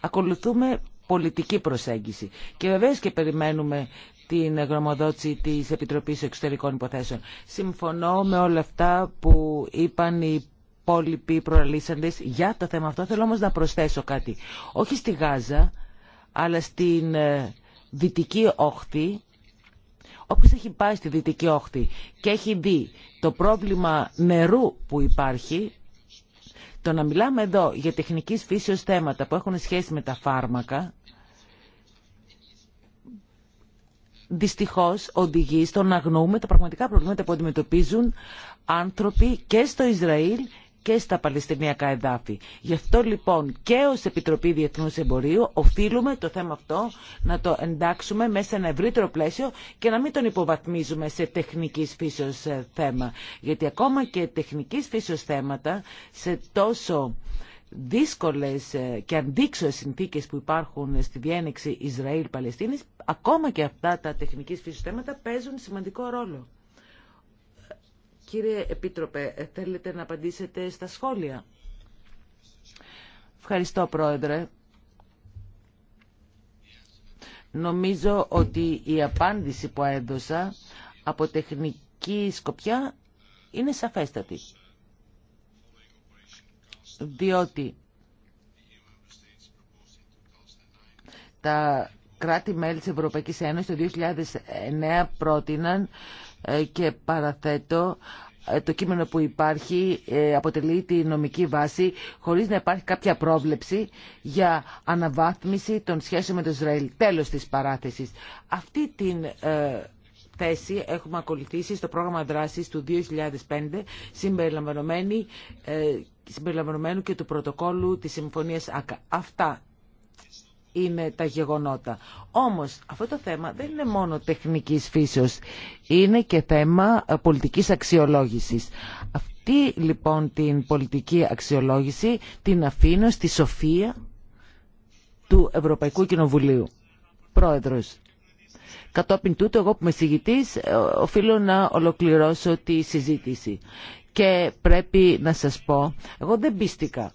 Ακολουθούμε πολιτική προσέγγιση. Και βεβαίως και περιμένουμε την γνωμοδότηση της Επιτροπής Εξωτερικών Υποθέσεων. Συμφωνώ με όλα αυτά που είπαν οι υπόλοιποι προαλήσαντες για το θέμα αυτό. Θέλω όμως να προσθέσω κάτι. Όχι στη Γάζα, αλλά στην ε, Δυτική Όχθη, Όπως έχει πάει στη Δυτική Όχθη και έχει δει το πρόβλημα νερού που υπάρχει, το να μιλάμε εδώ για τεχνικής φύσεως θέματα που έχουν σχέση με τα φάρμακα, Δυστυχώ οδηγεί στο να αγνοούμε τα πραγματικά προβλήματα που αντιμετωπίζουν άνθρωποι και στο Ισραήλ και στα Παλαιστινιακά εδάφη. Γι' αυτό λοιπόν και ω Επιτροπή διεθνού Εμπορίου οφείλουμε το θέμα αυτό να το εντάξουμε μέσα σε ένα ευρύτερο πλαίσιο και να μην τον υποβαθμίζουμε σε τεχνικής φύσεως ε, θέμα. Γιατί ακόμα και τεχνική φύσεως θέματα σε τόσο δύσκολες ε, και αντίξωες συνθήκες που υπάρχουν στη διένεξη Ισραήλ-Παλαιστίνης, ακόμα και αυτά τα τεχνικής φύσης θέματα παίζουν σημαντικό ρόλο. Κύριε Επίτροπε, ε, θέλετε να απαντήσετε στα σχόλια. Ευχαριστώ, Πρόεδρε. Νομίζω ότι η απάντηση που έδωσα από τεχνική σκοπιά είναι σαφέστατη διότι τα κράτη-μέλη της Ευρωπαϊκής Ένωσης το 2009 πρότειναν ε, και παραθέτω ε, το κείμενο που υπάρχει ε, αποτελεί τη νομική βάση χωρίς να υπάρχει κάποια πρόβλεψη για αναβάθμιση των σχέσεων με το Ισραήλ. Τέλος της παράθεσης. Αυτή την θέση έχουμε ακολουθήσει στο πρόγραμμα δράσης του 2005 συμπεριλαμβανομένη συμπεριλαμβανομένου και του πρωτοκόλου της Συμφωνίας ΑΚΑ. Αυτά είναι τα γεγονότα. Όμως αυτό το θέμα δεν είναι μόνο τεχνικής φύσεως, είναι και θέμα ε, πολιτικής αξιολόγησης. Αυτή λοιπόν την πολιτική αξιολόγηση την αφήνω στη σοφία του Ευρωπαϊκού Κοινοβουλίου. Πρόεδρος, κατόπιν τούτου εγώ που είμαι συγητής ε, οφείλω να ολοκληρώσω τη συζήτηση. Και πρέπει να σας πω, εγώ δεν πίστηκα.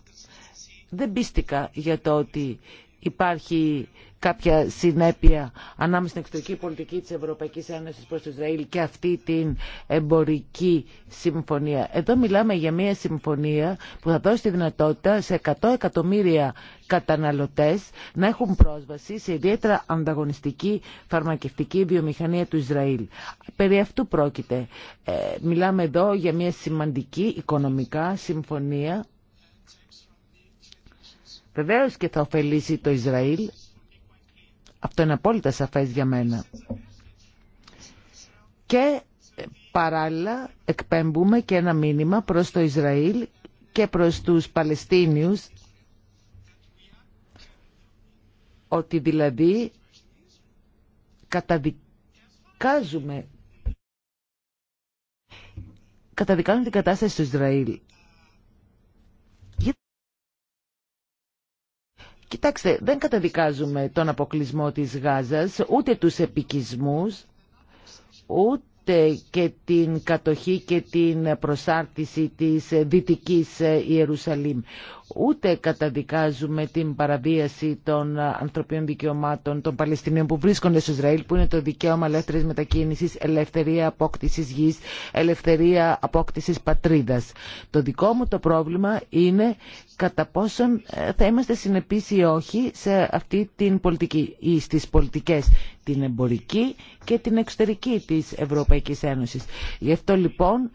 Δεν πίστηκα για το ότι υπάρχει κάποια συνέπεια ανάμεσα στην εξωτερική πολιτική της Ευρωπαϊκής Ένωσης προς το Ισραήλ και αυτή την εμπορική συμφωνία. Εδώ μιλάμε για μια συμφωνία που θα δώσει τη δυνατότητα σε 100 εκατομμύρια καταναλωτές να έχουν πρόσβαση σε ιδιαίτερα ανταγωνιστική φαρμακευτική βιομηχανία του Ισραήλ. Περί αυτού πρόκειται. Ε, μιλάμε εδώ για μια σημαντική οικονομικά συμφωνία Βεβαίως και θα ωφελήσει το Ισραήλ. Αυτό είναι απόλυτα σαφές για μένα. Και παράλληλα εκπέμπουμε και ένα μήνυμα προς το Ισραήλ και προς τους Παλαιστίνιους ότι δηλαδή καταδικάζουμε καταδικάζουμε την κατάσταση του Ισραήλ Κοιτάξτε, δεν καταδικάζουμε τον αποκλεισμό της Γάζας, ούτε τους επικισμούς, ούτε και την κατοχή και την προσάρτηση της Δυτικής Ιερουσαλήμ ούτε καταδικάζουμε την παραβίαση των ανθρωπίνων δικαιωμάτων των Παλαιστινίων που βρίσκονται στο Ισραήλ, που είναι το δικαίωμα ελεύθερη μετακίνηση, ελευθερία απόκτηση γης, ελευθερία απόκτηση πατρίδας. Το δικό μου το πρόβλημα είναι κατά πόσον ε, θα είμαστε συνεπείς ή όχι σε αυτή την πολιτική ή στις πολιτικές την εμπορική και την εξωτερική της Ευρωπαϊκής Ένωσης. Γι' αυτό λοιπόν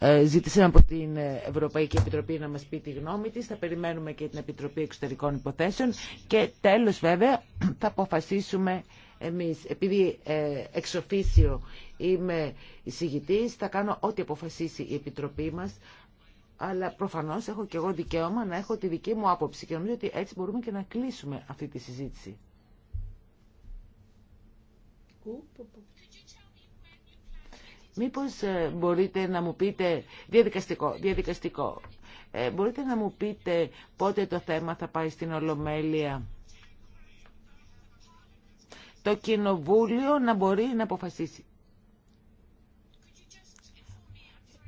ε, Ζήτησαν από την Ευρωπαϊκή Επιτροπή να μας πει τη γνώμη της. Θα περιμένουμε και την Επιτροπή Εξωτερικών Υποθέσεων. Και τέλος βέβαια θα αποφασίσουμε εμείς. Επειδή ε, εξοφίσιο είμαι εισηγητής, θα κάνω ό,τι αποφασίσει η Επιτροπή μας. Αλλά προφανώς έχω και εγώ δικαίωμα να έχω τη δική μου άποψη. Και νομίζω ότι έτσι μπορούμε και να κλείσουμε αυτή τη συζήτηση. Μήπως ε, μπορείτε να μου πείτε διαδικαστικό, διαδικαστικό. Ε, μπορείτε να μου πείτε πότε το θέμα θα πάει στην Ολομέλεια. Το Κοινοβούλιο να μπορεί να αποφασίσει.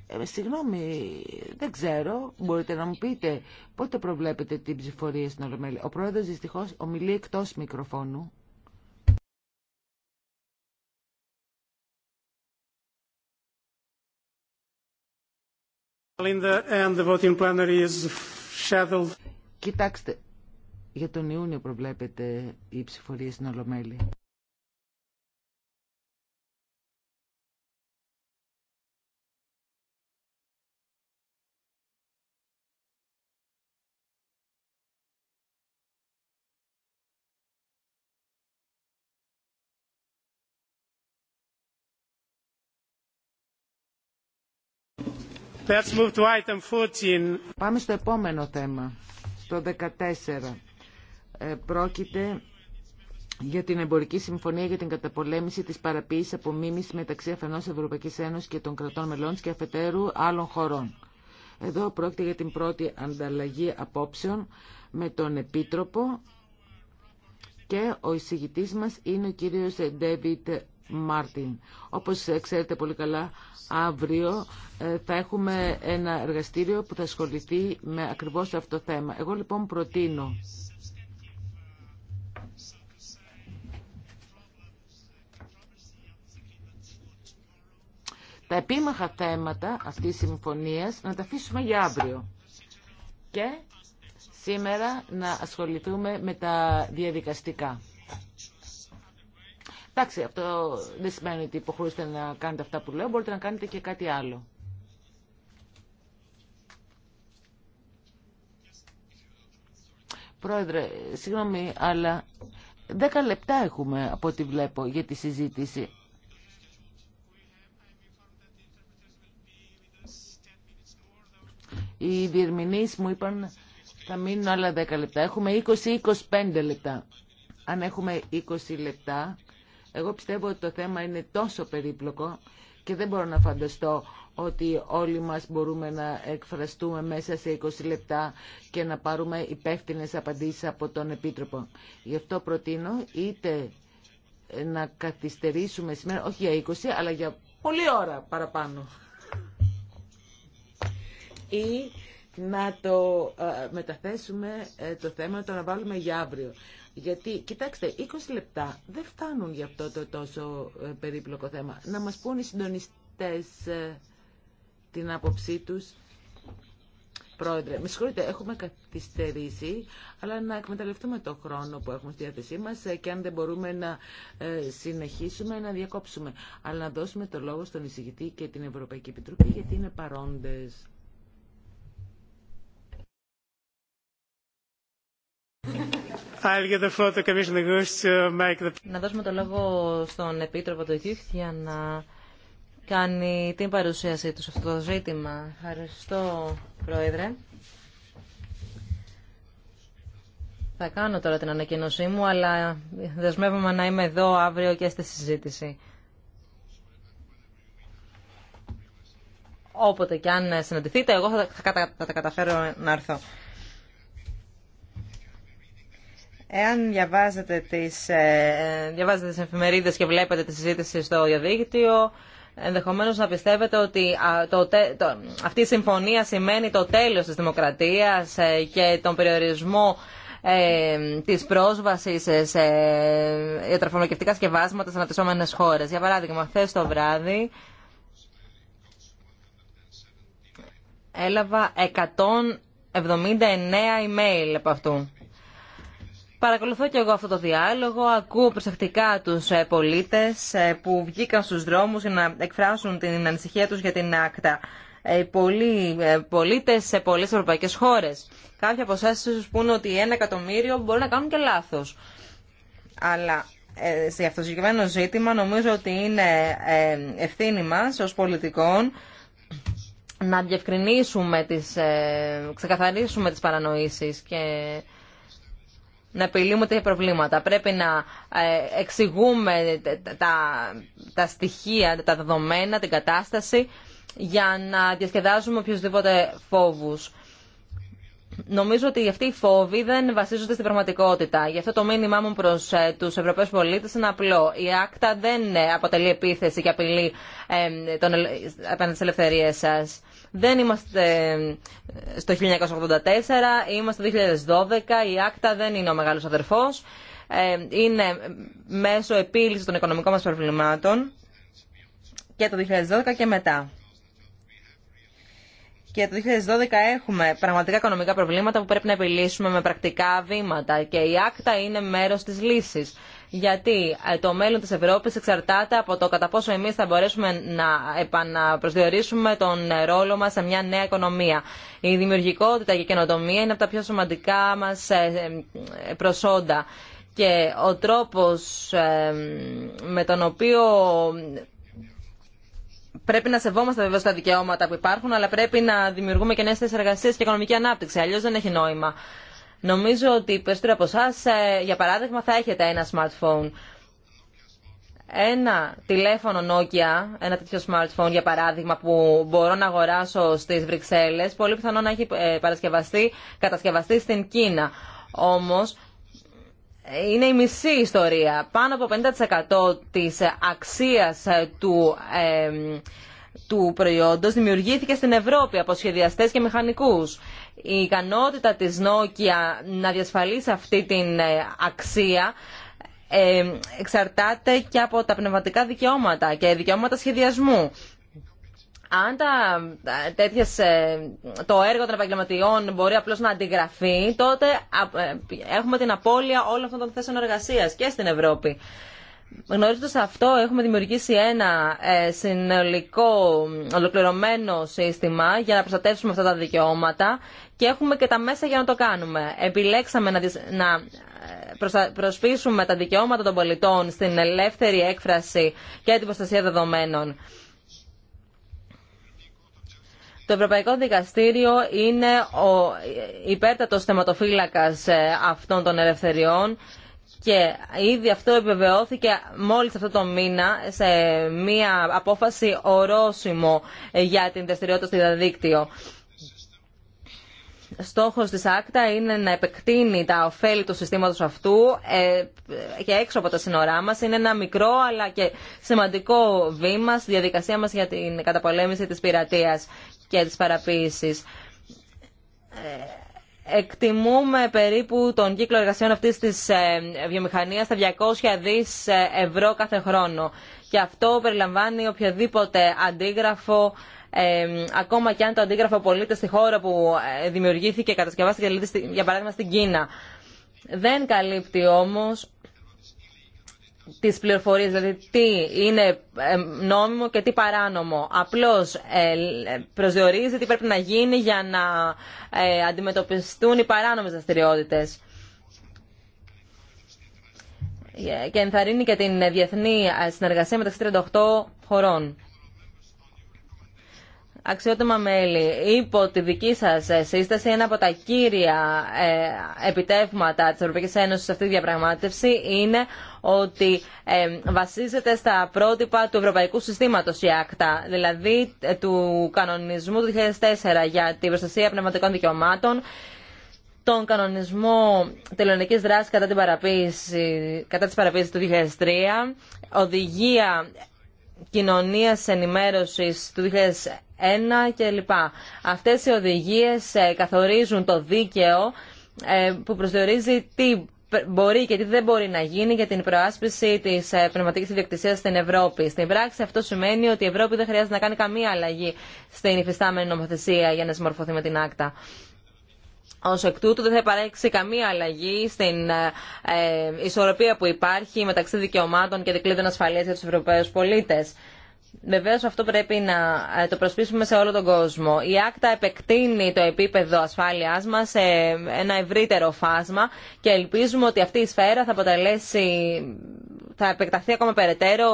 Ε, συγγνώμη, δεν ξέρω. Μπορείτε να μου πείτε πότε προβλέπετε την ψηφορία στην Ολομέλεια. Ο πρόεδρος δυστυχώς ομιλεί εκτός μικροφώνου. Κοιτάξτε, για τον Ιούνιο προβλέπεται η ψηφορία στην Ολομέλη. Πάμε στο επόμενο θέμα, το 14. Ε, πρόκειται για την εμπορική συμφωνία για την καταπολέμηση της παραποίησης μίμηση μεταξύ αφενός Ευρωπαϊκής Ένωσης και των κρατών μελών και αφετέρου άλλων χωρών. Εδώ πρόκειται για την πρώτη ανταλλαγή απόψεων με τον Επίτροπο και ο εισηγητής μας είναι ο κύριος Ντέβιτ Μάρτιν. Όπως ξέρετε πολύ καλά, αύριο ε, θα έχουμε ένα εργαστήριο που θα ασχοληθεί με ακριβώς αυτό το θέμα. Εγώ λοιπόν προτείνω τα επίμαχα θέματα αυτής της συμφωνίας να τα αφήσουμε για αύριο. Και σήμερα να ασχοληθούμε με τα διαδικαστικά. Εντάξει, αυτό δεν σημαίνει ότι υποχρεούστε να κάνετε αυτά που λέω, μπορείτε να κάνετε και κάτι άλλο. Πρόεδρε, συγγνώμη, αλλά δέκα λεπτά έχουμε από ό,τι βλέπω για τη συζήτηση. Οι διερμηνείς μου είπαν θα μείνουν άλλα 10 λεπτά. Έχουμε 20-25 λεπτά. Αν έχουμε 20 λεπτά, εγώ πιστεύω ότι το θέμα είναι τόσο περίπλοκο και δεν μπορώ να φανταστώ ότι όλοι μας μπορούμε να εκφραστούμε μέσα σε 20 λεπτά και να πάρουμε υπεύθυνε απαντήσεις από τον Επίτροπο. Γι' αυτό προτείνω είτε να καθυστερήσουμε σήμερα, όχι για 20, αλλά για πολλή ώρα παραπάνω. Ή να το ε, μεταθέσουμε ε, το θέμα, να το αναβάλουμε για αύριο. Γιατί, κοιτάξτε, 20 λεπτά δεν φτάνουν για αυτό το τόσο ε, περίπλοκο θέμα. Να μας πούν οι συντονιστές ε, την άποψή τους. Πρόεδρε, με συγχωρείτε, έχουμε καθυστερήσει, αλλά να εκμεταλλευτούμε το χρόνο που έχουμε στη διάθεσή μας ε, και αν δεν μπορούμε να συνεχίσουμε, να διακόψουμε. Αλλά να δώσουμε το λόγο στον εισηγητή και την Ευρωπαϊκή Επιτροπή, γιατί είναι παρόντες. Να δώσουμε το λόγο στον Επίτροπο του Γιούχ για να κάνει την παρουσίασή του σε αυτό το ζήτημα. Ευχαριστώ, Πρόεδρε. Θα κάνω τώρα την ανακοίνωσή μου, αλλά δεσμεύομαι να είμαι εδώ αύριο και στη συζήτηση. Όποτε και αν συναντηθείτε, εγώ θα, θα τα καταφέρω να έρθω. Εάν διαβάζετε τις, ε, διαβάζετε τις εφημερίδες και βλέπετε τη συζήτηση στο διαδίκτυο, ενδεχομένως να πιστεύετε ότι το, αυτή η συμφωνία σημαίνει το τέλος της δημοκρατίας ε, και τον περιορισμό ε, της πρόσβασης σε ιατροφαρμακευτικά σκευάσματα σε αναπτυσσόμενες χώρες. Για παράδειγμα, χθε το βράδυ έλαβα 179 email από αυτού. Παρακολουθώ και εγώ αυτό το διάλογο, ακούω προσεκτικά τους ε, πολίτε ε, που βγήκαν στου δρόμου για να εκφράσουν την ανησυχία του για την άκτα. Ε, πολλοί πολίτε σε πολλέ ευρωπαϊκέ χώρε. Κάποιοι από εσά σα πούνε ότι ένα εκατομμύριο μπορεί να κάνουν και λάθο. Αλλά σε αυτό το συγκεκριμένο ζήτημα νομίζω ότι είναι ευθύνη μα ω πολιτικών να διευκρινίσουμε, ξεκαθαρίσουμε τις παρανοήσεις και να επιλύουμε τέτοια προβλήματα. Πρέπει να ε, εξηγούμε τα, τα στοιχεία, τα δεδομένα, την κατάσταση για να διασκεδάζουμε οποιουσδήποτε φόβους. Νομίζω ότι αυτοί οι φόβοι δεν βασίζονται στην πραγματικότητα. Γι' αυτό το μήνυμά μου προ ε, του Ευρωπαίου πολίτε είναι απλό. Η άκτα δεν ε, αποτελεί επίθεση και απειλή απέναντι στι ελευθερίε σα. Δεν είμαστε στο 1984, είμαστε το 2012, η Άκτα δεν είναι ο μεγάλος αδερφός, ε, είναι μέσω επίλυσης των οικονομικών μας προβλημάτων και το 2012 και μετά. Και το 2012 έχουμε πραγματικά οικονομικά προβλήματα που πρέπει να επιλύσουμε με πρακτικά βήματα και η Άκτα είναι μέρος της λύσης γιατί ε, το μέλλον της Ευρώπης εξαρτάται από το κατά πόσο εμείς θα μπορέσουμε να επαναπροσδιορίσουμε τον ε, ρόλο μας σε μια νέα οικονομία. Η δημιουργικότητα και η καινοτομία είναι από τα πιο σημαντικά μας ε, προσόντα και ο τρόπος με τον οποίο πρέπει να σεβόμαστε βεβαίω τα δικαιώματα που υπάρχουν, αλλά πρέπει να δημιουργούμε και νέε θέσει εργασία και οικονομική ανάπτυξη. Αλλιώ δεν έχει νόημα. Νομίζω ότι οι περισσότεροι από εσά, ε, για παράδειγμα, θα έχετε ένα smartphone. Ένα τηλέφωνο Nokia, ένα τέτοιο smartphone για παράδειγμα που μπορώ να αγοράσω στις Βρυξέλλες, πολύ πιθανό να έχει ε, παρασκευαστεί, κατασκευαστεί στην Κίνα. Όμως είναι η μισή ιστορία. Πάνω από 50% της αξίας ε, του, ε, του προϊόντος δημιουργήθηκε στην Ευρώπη από σχεδιαστές και μηχανικούς η ικανότητα της Νόκια να διασφαλίσει αυτή την ε, αξία ε, εξαρτάται και από τα πνευματικά δικαιώματα και δικαιώματα σχεδιασμού. Αν τα, ε, τέτοιες, το έργο των επαγγελματιών μπορεί απλώς να αντιγραφεί, τότε έχουμε την απώλεια όλων αυτών των θέσεων εργασίας και στην Ευρώπη. Γνωρίζοντα αυτό, έχουμε δημιουργήσει ένα συνολικό, ολοκληρωμένο σύστημα για να προστατεύσουμε αυτά τα δικαιώματα και έχουμε και τα μέσα για να το κάνουμε. Επιλέξαμε να, να ε, προσπίσουμε τα δικαιώματα των πολιτών στην ελεύθερη έκφραση και την προστασία δεδομένων. Το Ευρωπαϊκό Δικαστήριο είναι ο υπέρτατος θεματοφύλακας ε, αυτών των ελευθεριών και ήδη αυτό επιβεβαιώθηκε μόλις αυτό το μήνα σε μία απόφαση ορόσημο ε, για την δραστηριότητα στο διαδίκτυο. Στόχος της ΑΚΤΑ είναι να επεκτείνει τα ωφέλη του συστήματος αυτού ε, και έξω από τα σύνορά μας. Είναι ένα μικρό αλλά και σημαντικό βήμα στη διαδικασία μας για την καταπολέμηση της πειρατείας και της παραποίησης. Ε, εκτιμούμε περίπου τον κύκλο εργασιών αυτής της ε, βιομηχανίας στα 200 δις ευρώ κάθε χρόνο. Και αυτό περιλαμβάνει οποιοδήποτε αντίγραφο ακόμα και αν το αντίγραφο πωλείται στη χώρα που ε, δημιουργήθηκε, κατασκευάστηκε, για παράδειγμα στην Κίνα. Δεν καλύπτει όμως τις πληροφορίες, δηλαδή τι είναι νόμιμο και τι παράνομο. Απλώς ε, ε, προσδιορίζει τι πρέπει να γίνει για να αντιμετωπιστούν οι παράνομες δραστηριότητε. Και ενθαρρύνει και την διεθνή συνεργασία μεταξύ 38 χωρών. Αξιότιμα μέλη, υπό τη δική σα ε, σύσταση, ένα από τα κύρια ε, επιτεύγματα τη Ευρωπαϊκή σε αυτή τη διαπραγμάτευση είναι ότι ε, βασίζεται στα πρότυπα του Ευρωπαϊκού Συστήματο η ΑΚΤΑ, δηλαδή του κανονισμού του 2004 για την προστασία πνευματικών δικαιωμάτων, τον κανονισμό τελωνική δράση κατά, την παραποίηση, κατά του 2003, οδηγία κοινωνίας ενημέρωσης του 2001 κλπ. Αυτές οι οδηγίες ε, καθορίζουν το δίκαιο ε, που προσδιορίζει τι μπορεί και τι δεν μπορεί να γίνει για την προάσπιση τη ε, πνευματική ιδιοκτησία στην Ευρώπη. Στην πράξη αυτό σημαίνει ότι η Ευρώπη δεν χρειάζεται να κάνει καμία αλλαγή στην υφιστάμενη νομοθεσία για να συμμορφωθεί με την άκτα. Ω εκ τούτου δεν θα υπάρξει καμία αλλαγή στην ε, ε, ισορροπία που υπάρχει μεταξύ δικαιωμάτων και δικλείδων ασφαλεία για του Ευρωπαίου πολίτε. Βεβαίω αυτό πρέπει να ε, το προσπίσουμε σε όλο τον κόσμο. Η άκτα επεκτείνει το επίπεδο ασφάλειά μα σε ένα ευρύτερο φάσμα και ελπίζουμε ότι αυτή η σφαίρα θα αποτελέσει θα επεκταθεί ακόμα περαιτέρω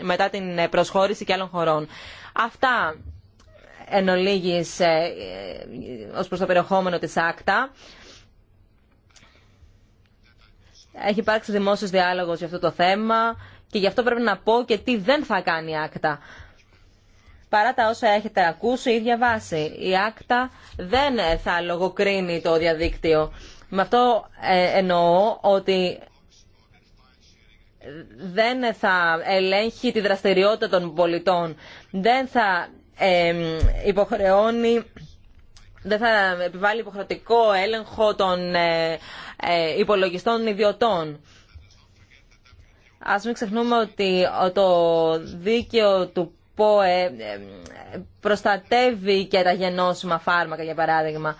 μετά την προσχώρηση και άλλων χωρών. Αυτά εν ολίγης ε, ως προς το περιεχόμενο της άκτα. Έχει υπάρξει δημόσιος διάλογος για αυτό το θέμα και γι' αυτό πρέπει να πω και τι δεν θα κάνει η άκτα. Παρά τα όσα έχετε ακούσει, η ίδια Η άκτα δεν θα λογοκρίνει το διαδίκτυο. Με αυτό ε, εννοώ ότι δεν θα ελέγχει τη δραστηριότητα των πολιτών. Δεν θα υποχρεώνει δεν θα επιβάλλει υποχρεωτικό έλεγχο των ε, ε, υπολογιστών ιδιωτών. Ας μην ξεχνούμε ότι το δίκαιο του ΠΟΕ προστατεύει και τα γενώσιμα φάρμακα, για παράδειγμα.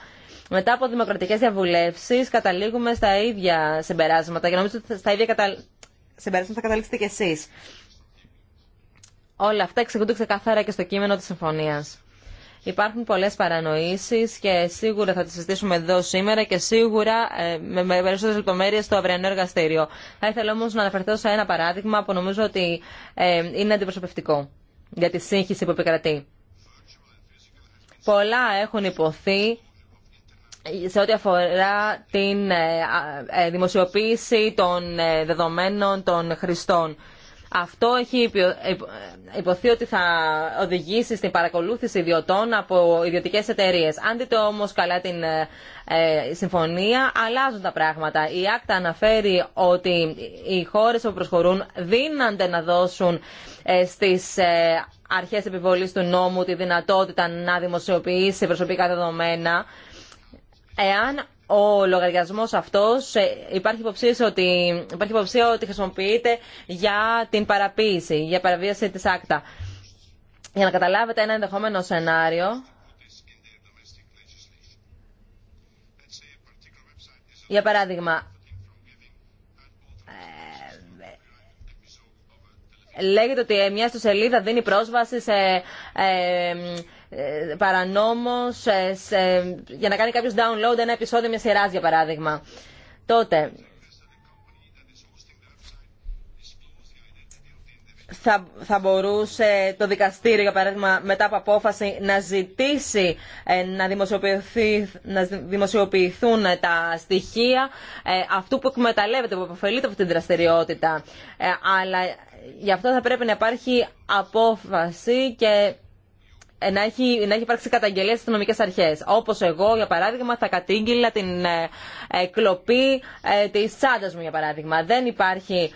Μετά από δημοκρατικές διαβουλεύσεις καταλήγουμε στα ίδια συμπεράσματα και νομίζω ότι στα ίδια κατα... συμπεράσματα θα καταλήξετε κι εσείς. Όλα αυτά εξηγούνται ξεκαθάρα και στο κείμενο της συμφωνίας. Υπάρχουν πολλές παρανοήσεις και σίγουρα θα τις συζητήσουμε εδώ σήμερα και σίγουρα ε, με περισσότερες λεπτομέρειες στο αυριανό εργαστήριο. Θα ήθελα όμως να αναφερθώ σε ένα παράδειγμα που νομίζω ότι ε, είναι αντιπροσωπευτικό για τη σύγχυση που επικρατεί. Πολλά έχουν υποθεί σε ό,τι αφορά την ε, δημοσιοποίηση των δεδομένων των χρηστών. Αυτό έχει υποθεί ότι θα οδηγήσει στην παρακολούθηση ιδιωτών από ιδιωτικές εταιρείε. Αν δείτε όμω καλά την ε, συμφωνία, αλλάζουν τα πράγματα. Η Άκτα αναφέρει ότι οι χώρες που προσχωρούν δύνανται να δώσουν ε, στις ε, αρχές επιβολής του νόμου τη δυνατότητα να δημοσιοποιήσει προσωπικά δεδομένα εάν ο λογαριασμός αυτός ε, υπάρχει υποψία ότι, υπάρχει ότι χρησιμοποιείται για την παραποίηση, για παραβίαση της άκτα. Για να καταλάβετε ένα ενδεχόμενο σενάριο, για παράδειγμα, ε, ε, λέγεται ότι μια ιστοσελίδα δίνει πρόσβαση σε ε, παρανόμως ε, για να κάνει κάποιο download ένα επεισόδιο μια σειρά, για παράδειγμα. Τότε θα, θα μπορούσε το δικαστήριο, για παράδειγμα, μετά από απόφαση να ζητήσει ε, να, δημοσιοποιηθεί, να δημοσιοποιηθούν τα στοιχεία αυτού που εκμεταλλεύεται, που αποφελείται από την δραστηριότητα. αλλά γι' αυτό θα πρέπει να υπάρχει απόφαση και ε, να έχει, να έχει υπάρξει καταγγελία στι αστυνομικέ αρχέ. Όπω εγώ, για παράδειγμα, θα κατήγγειλα την ε, κλοπή ε, τη τσάντα μου, για παράδειγμα. Δεν υπάρχει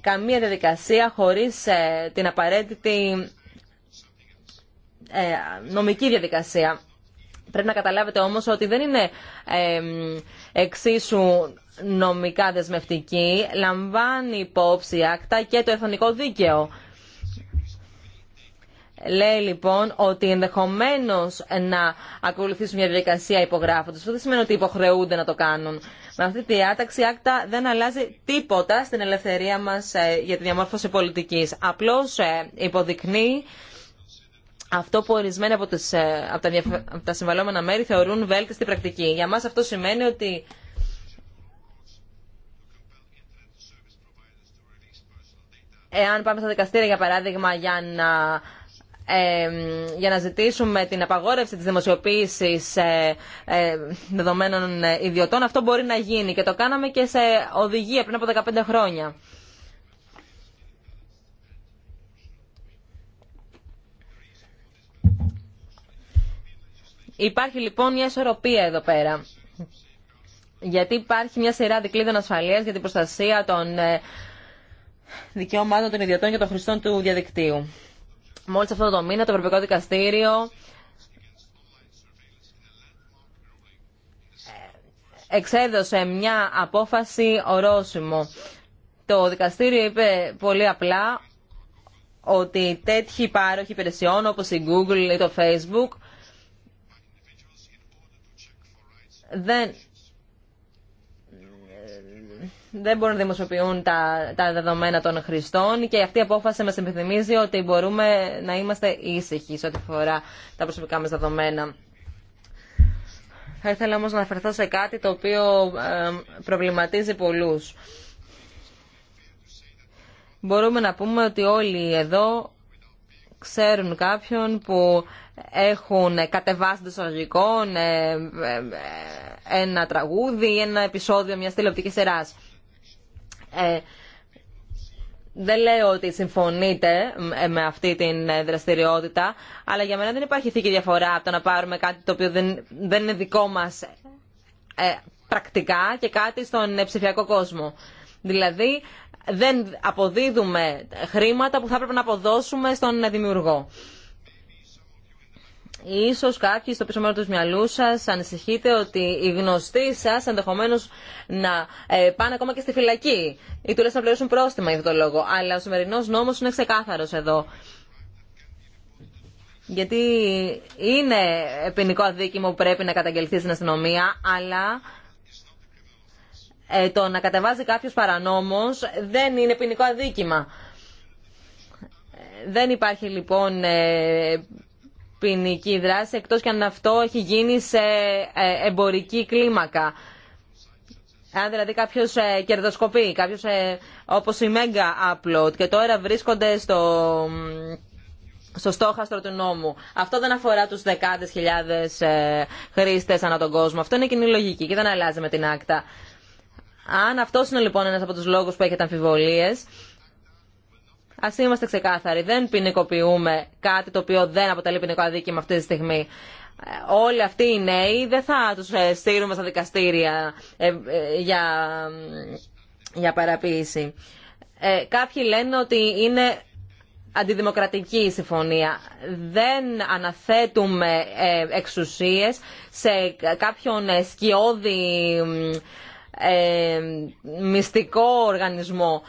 καμία διαδικασία χωρί ε, την απαραίτητη ε, νομική διαδικασία. Πρέπει να καταλάβετε όμως ότι δεν είναι εξίσου νομικά δεσμευτική. Λαμβάνει υπόψη άκτα και το εθνικό δίκαιο. Λέει λοιπόν ότι ενδεχομένω να ακολουθήσουν μια διαδικασία υπογράφοντα. Αυτό δεν σημαίνει ότι υποχρεούνται να το κάνουν. Με αυτή τη διάταξη, η άκτα δεν αλλάζει τίποτα στην ελευθερία μα ε, για τη διαμόρφωση πολιτική. Απλώ ε, υποδεικνύει αυτό που ορισμένοι από, τις, ε, από, τα, από συμβαλόμενα μέρη θεωρούν βέλτιστη πρακτική. Για μα αυτό σημαίνει ότι εάν πάμε στα δικαστήρια για παράδειγμα για να για να ζητήσουμε την απαγόρευση της δημοσιοποίησης ε, ε, δεδομένων ε, ιδιωτών, αυτό μπορεί να γίνει και το κάναμε και σε οδηγία πριν από 15 χρόνια. Υπάρχει λοιπόν μια ισορροπία εδώ πέρα. Γιατί υπάρχει μια σειρά δικλείδων ασφαλείας για την προστασία των δικαιωμάτων των ιδιωτών και των χρηστών του διαδικτύου. Μόλις αυτό το μήνα το Ευρωπαϊκό Δικαστήριο ε, εξέδωσε μια απόφαση ορόσημο. Το δικαστήριο είπε πολύ απλά ότι τέτοιοι πάροχοι υπηρεσιών όπως η Google ή το Facebook δεν δεν μπορούν να δημοσιοποιούν τα, τα δεδομένα των χρηστών και αυτή η απόφαση μας επιθυμίζει ότι μπορούμε να είμαστε ήσυχοι σε ό,τι φορά τα προσωπικά μας δεδομένα. Θα ήθελα όμως να αναφερθώ σε κάτι το οποίο προβληματίζει πολλούς. Μπορούμε να πούμε ότι όλοι εδώ ξέρουν κάποιον που έχουν κατεβάσει το ε, ε, ε, ένα τραγούδι ή ένα επεισόδιο μιας τηλεοπτικής σειράς. Ε, δεν λέω ότι συμφωνείτε με αυτή την δραστηριότητα, αλλά για μένα δεν υπάρχει θήκη διαφορά από το να πάρουμε κάτι το οποίο δεν, δεν είναι δικό μας ε, πρακτικά και κάτι στον ψηφιακό κόσμο. Δηλαδή, δεν αποδίδουμε χρήματα που θα έπρεπε να αποδώσουμε στον δημιουργό. Ίσως κάποιοι στο πίσω μέρος του μυαλού σα ανησυχείτε ότι οι γνωστοί σας ενδεχομένω να ε, πάνε ακόμα και στη φυλακή ή τουλάχιστον να πληρώσουν πρόστιμα για αυτόν τον λόγο. Αλλά ο σημερινό νόμος είναι ξεκάθαρος εδώ. Γιατί είναι ποινικό αδίκημα που πρέπει να καταγγελθεί στην αστυνομία, αλλά ε, το να κατεβάζει κάποιο παρανόμος δεν είναι ποινικό αδίκημα. Ε, δεν υπάρχει λοιπόν ποινική δράση εκτός και αν αυτό έχει γίνει σε ε, εμπορική κλίμακα. Αν δηλαδή κάποιο ε, κερδοσκοπεί, κάποιο ε, όπω η Mega Upload και τώρα βρίσκονται στο, στο στόχαστρο του νόμου. Αυτό δεν αφορά του δεκάδε χιλιάδε ε, χρήστε ανά τον κόσμο. Αυτό είναι κοινή λογική και δεν αλλάζει με την άκτα. Αν αυτό είναι λοιπόν ένα από του λόγου που έχετε αμφιβολίε, Α είμαστε ξεκάθαροι. Δεν ποινικοποιούμε κάτι το οποίο δεν αποτελεί ποινικό αδίκημα αυτή τη στιγμή. Ε, όλοι αυτοί οι νέοι δεν θα τους ε, στείλουμε στα δικαστήρια ε, για, για παραποίηση. Κάποιοι λένε ότι είναι αντιδημοκρατική η συμφωνία. Δεν αναθέτουμε εξουσίες σε κάποιον σκιώδη ε, μυστικό οργανισμό.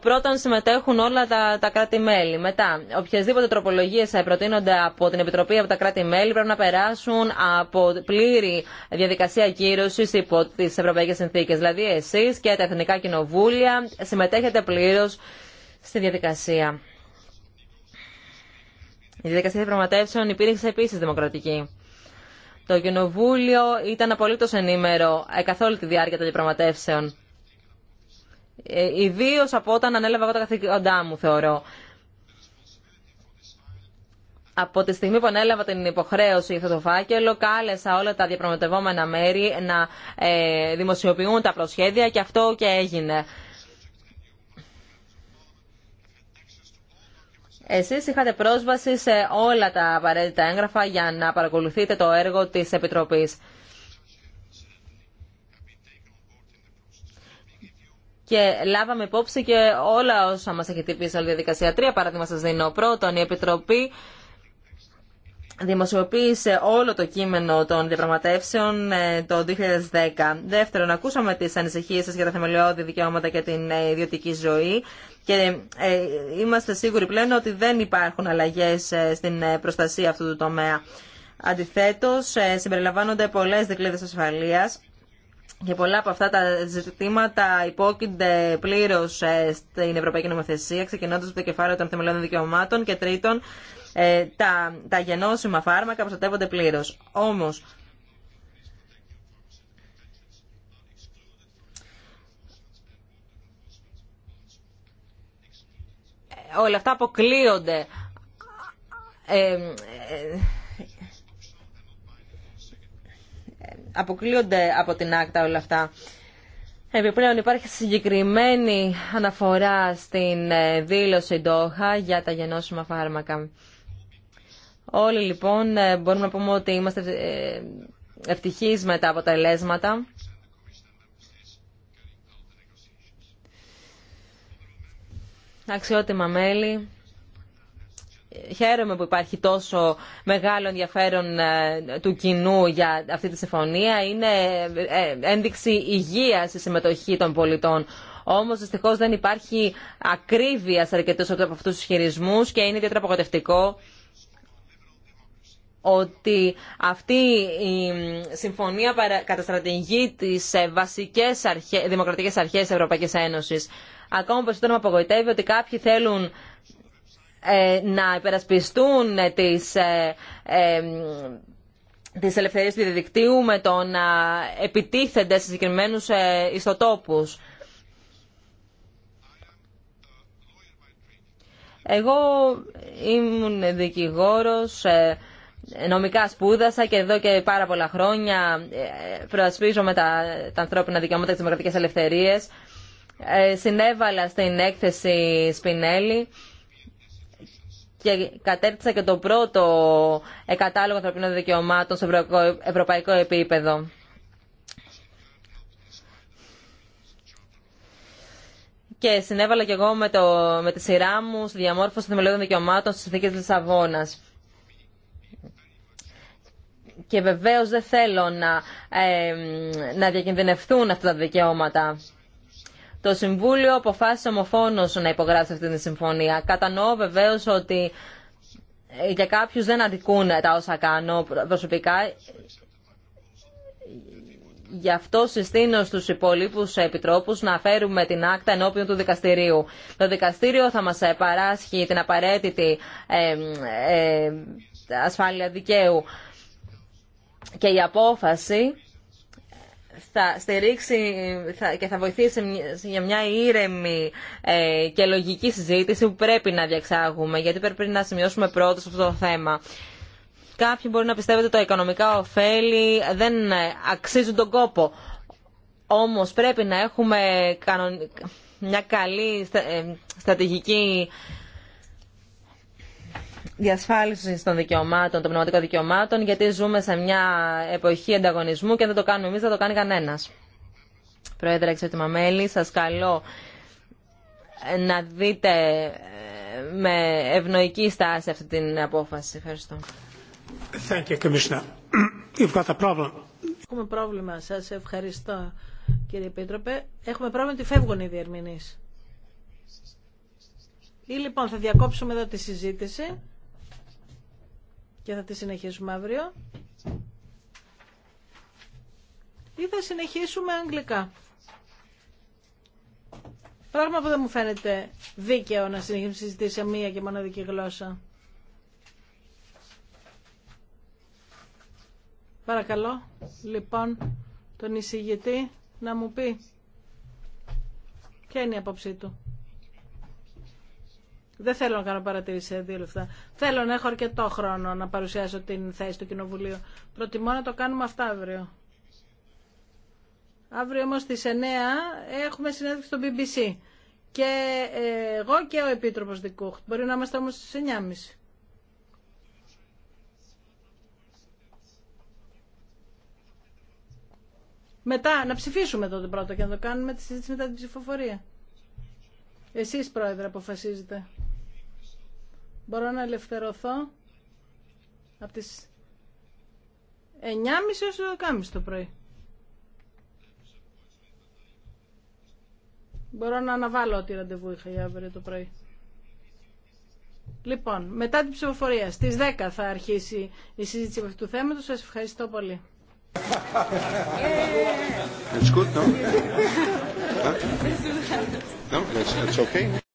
Πρώτον συμμετέχουν όλα τα, τα κράτη-μέλη. Μετά, οποιασδήποτε τροπολογίε προτείνονται από την Επιτροπή, από τα κράτη-μέλη, πρέπει να περάσουν από πλήρη διαδικασία κύρωση υπό τι Ευρωπαϊκέ Συνθήκε. Δηλαδή, εσεί και τα Εθνικά Κοινοβούλια συμμετέχετε πλήρω στη διαδικασία. Η διαδικασία διαπραγματεύσεων υπήρξε επίση δημοκρατική. Το Κοινοβούλιο ήταν απολύτω ενήμερο ε, καθ' όλη τη διάρκεια των διαπραγματεύσεων. Ε, Ιδίω από όταν ανέλαβα εγώ τα καθήκοντά μου, θεωρώ. Από τη στιγμή που ανέλαβα την υποχρέωση για αυτό το φάκελο, κάλεσα όλα τα διαπραγματευόμενα μέρη να ε, δημοσιοποιούν τα προσχέδια και αυτό και έγινε. Εσείς είχατε πρόσβαση σε όλα τα απαραίτητα έγγραφα για να παρακολουθείτε το έργο της Επιτροπής. Και λάβαμε υπόψη και όλα όσα μας έχει τυπήσει σε όλη τη διαδικασία. Τρία παράδειγμα σας δίνω. Πρώτον, η Επιτροπή δημοσιοποίησε όλο το κείμενο των διαπραγματεύσεων ε, το 2010. Δεύτερον, ακούσαμε τις ανησυχίες σας για τα θεμελιώδη δικαιώματα και την ε, ιδιωτική ζωή. Και ε, είμαστε σίγουροι πλέον ότι δεν υπάρχουν αλλαγές ε, στην ε, προστασία αυτού του τομέα. Αντιθέτως, συμπεριλαμβάνονται πολλές δικλείδε ασφαλεία και πολλά από αυτά τα ζητήματα υπόκεινται πλήρω στην Ευρωπαϊκή Νομοθεσία, ξεκινώντα από το κεφάλαιο των θεμελιώδων δικαιωμάτων και τρίτον, τα, τα γενώσιμα φάρμακα προστατεύονται πλήρω. Όμω, όλα αυτά αποκλείονται. Ε, ε, αποκλείονται από την άκτα όλα αυτά. Επιπλέον υπάρχει συγκεκριμένη αναφορά στην ε, δήλωση Ντόχα για τα γενώσιμα φάρμακα. Όλοι λοιπόν ε, μπορούμε να πούμε ότι είμαστε ευτυχείς με τα αποτελέσματα αξιότιμα μέλη. Χαίρομαι που υπάρχει τόσο μεγάλο ενδιαφέρον ε, του κοινού για αυτή τη συμφωνία. Είναι ε, ε, ένδειξη υγεία η συμμετοχή των πολιτών. Όμω δυστυχώ δεν υπάρχει ακρίβεια σε αρκετού από αυτού του χειρισμού και είναι ιδιαίτερα απογοητευτικό ότι αυτή η συμφωνία καταστρατηγεί τις βασικές αρχές, δημοκρατικές αρχές της Ευρωπαϊκής Ένωσης. Ακόμα περισσότερο με απογοητεύει ότι κάποιοι θέλουν ε, να υπερασπιστούν τις, ε, ε, τις ελευθερίες του διαδικτύου με το να επιτίθενται σε συγκεκριμένους ε, ιστοτόπους. Εγώ ήμουν δικηγόρος, ε, νομικά σπούδασα και εδώ και πάρα πολλά χρόνια προασπίζομαι τα, τα ανθρώπινα δικαιώματα και τις δημοκρατικές ελευθερίες. Ε, συνέβαλα στην έκθεση Σπινέλη και κατέρτισα και το πρώτο εκατάλογο ανθρωπίνων δικαιωμάτων σε ευρωπαϊκό επίπεδο. Και συνέβαλα και εγώ με, το, με τη σειρά μου στη διαμόρφωση θεμελιώδων δικαιωμάτων στις συνθήκες Λισαβόνας. Και βεβαίως δεν θέλω να, ε, να διακινδυνευτούν αυτά τα δικαιώματα. Το Συμβούλιο αποφάσισε ομοφόνο να υπογράψει αυτή τη συμφωνία. Κατανοώ βεβαίω ότι ε, για κάποιους δεν αντικούν τα όσα κάνω προσωπικά. Γι' αυτό συστήνω στους υπολείπους επιτρόπους να φέρουμε την άκτα ενώπιον του δικαστηρίου. Το δικαστήριο θα μας παράσχει την απαραίτητη ε, ασφάλεια δικαίου και η απόφαση θα στηρίξει και θα βοηθήσει για μια ήρεμη ε, και λογική συζήτηση που πρέπει να διαξάγουμε. γιατί πρέπει να σημειώσουμε πρώτος αυτό το θέμα. Κάποιοι μπορεί να πιστεύετε ότι τα οικονομικά ωφέλη δεν ε, αξίζουν τον κόπο. Όμως πρέπει να έχουμε μια καλή ε, στρατηγική διασφάλιση των δικαιωμάτων, των πνευματικών δικαιωμάτων, γιατί ζούμε σε μια εποχή ανταγωνισμού και δεν το κάνουμε εμεί, δεν το κάνει κανένα. Πρόεδρε, εξαιρετικά μέλη, σας καλώ να δείτε ε, με ευνοϊκή στάση αυτή την απόφαση. Ευχαριστώ. Thank you, You've got a Έχουμε πρόβλημα. σα ευχαριστώ, κύριε Επίτροπε. Έχουμε πρόβλημα ότι φεύγουν οι διερμηνεί. Ή λοιπόν θα διακόψουμε εδώ τη συζήτηση και θα τη συνεχίσουμε αύριο ή θα συνεχίσουμε αγγλικά. Πράγμα που δεν μου φαίνεται δίκαιο να συνεχίσουμε συζητήσει σε μία και μοναδική γλώσσα. Παρακαλώ, λοιπόν, τον εισηγητή να μου πει ποια είναι η απόψη του. Δεν θέλω να κάνω παρατήρηση σε δύο λεφτά. Θέλω να έχω αρκετό χρόνο να παρουσιάσω την θέση του Κοινοβουλίου. Προτιμώ να το κάνουμε αυτά αύριο. Αύριο όμως στις 9 έχουμε συνέντευξη στο BBC. Και ε, εγώ και ο Επίτροπος δικού. Μπορεί να είμαστε όμως στις 9.30. Μετά να ψηφίσουμε τότε πρώτα και να το κάνουμε τη συζήτηση μετά την ψηφοφορία. Εσείς πρόεδρε αποφασίζετε μπορώ να ελευθερωθώ από τις 9.30 έως 12.30 το πρωί. Μπορώ να αναβάλω ό,τι ραντεβού είχα για αύριο το πρωί. Λοιπόν, μετά την ψηφοφορία, στις 10 θα αρχίσει η συζήτηση με αυτού του θέματος. Σας ευχαριστώ πολύ. It's good,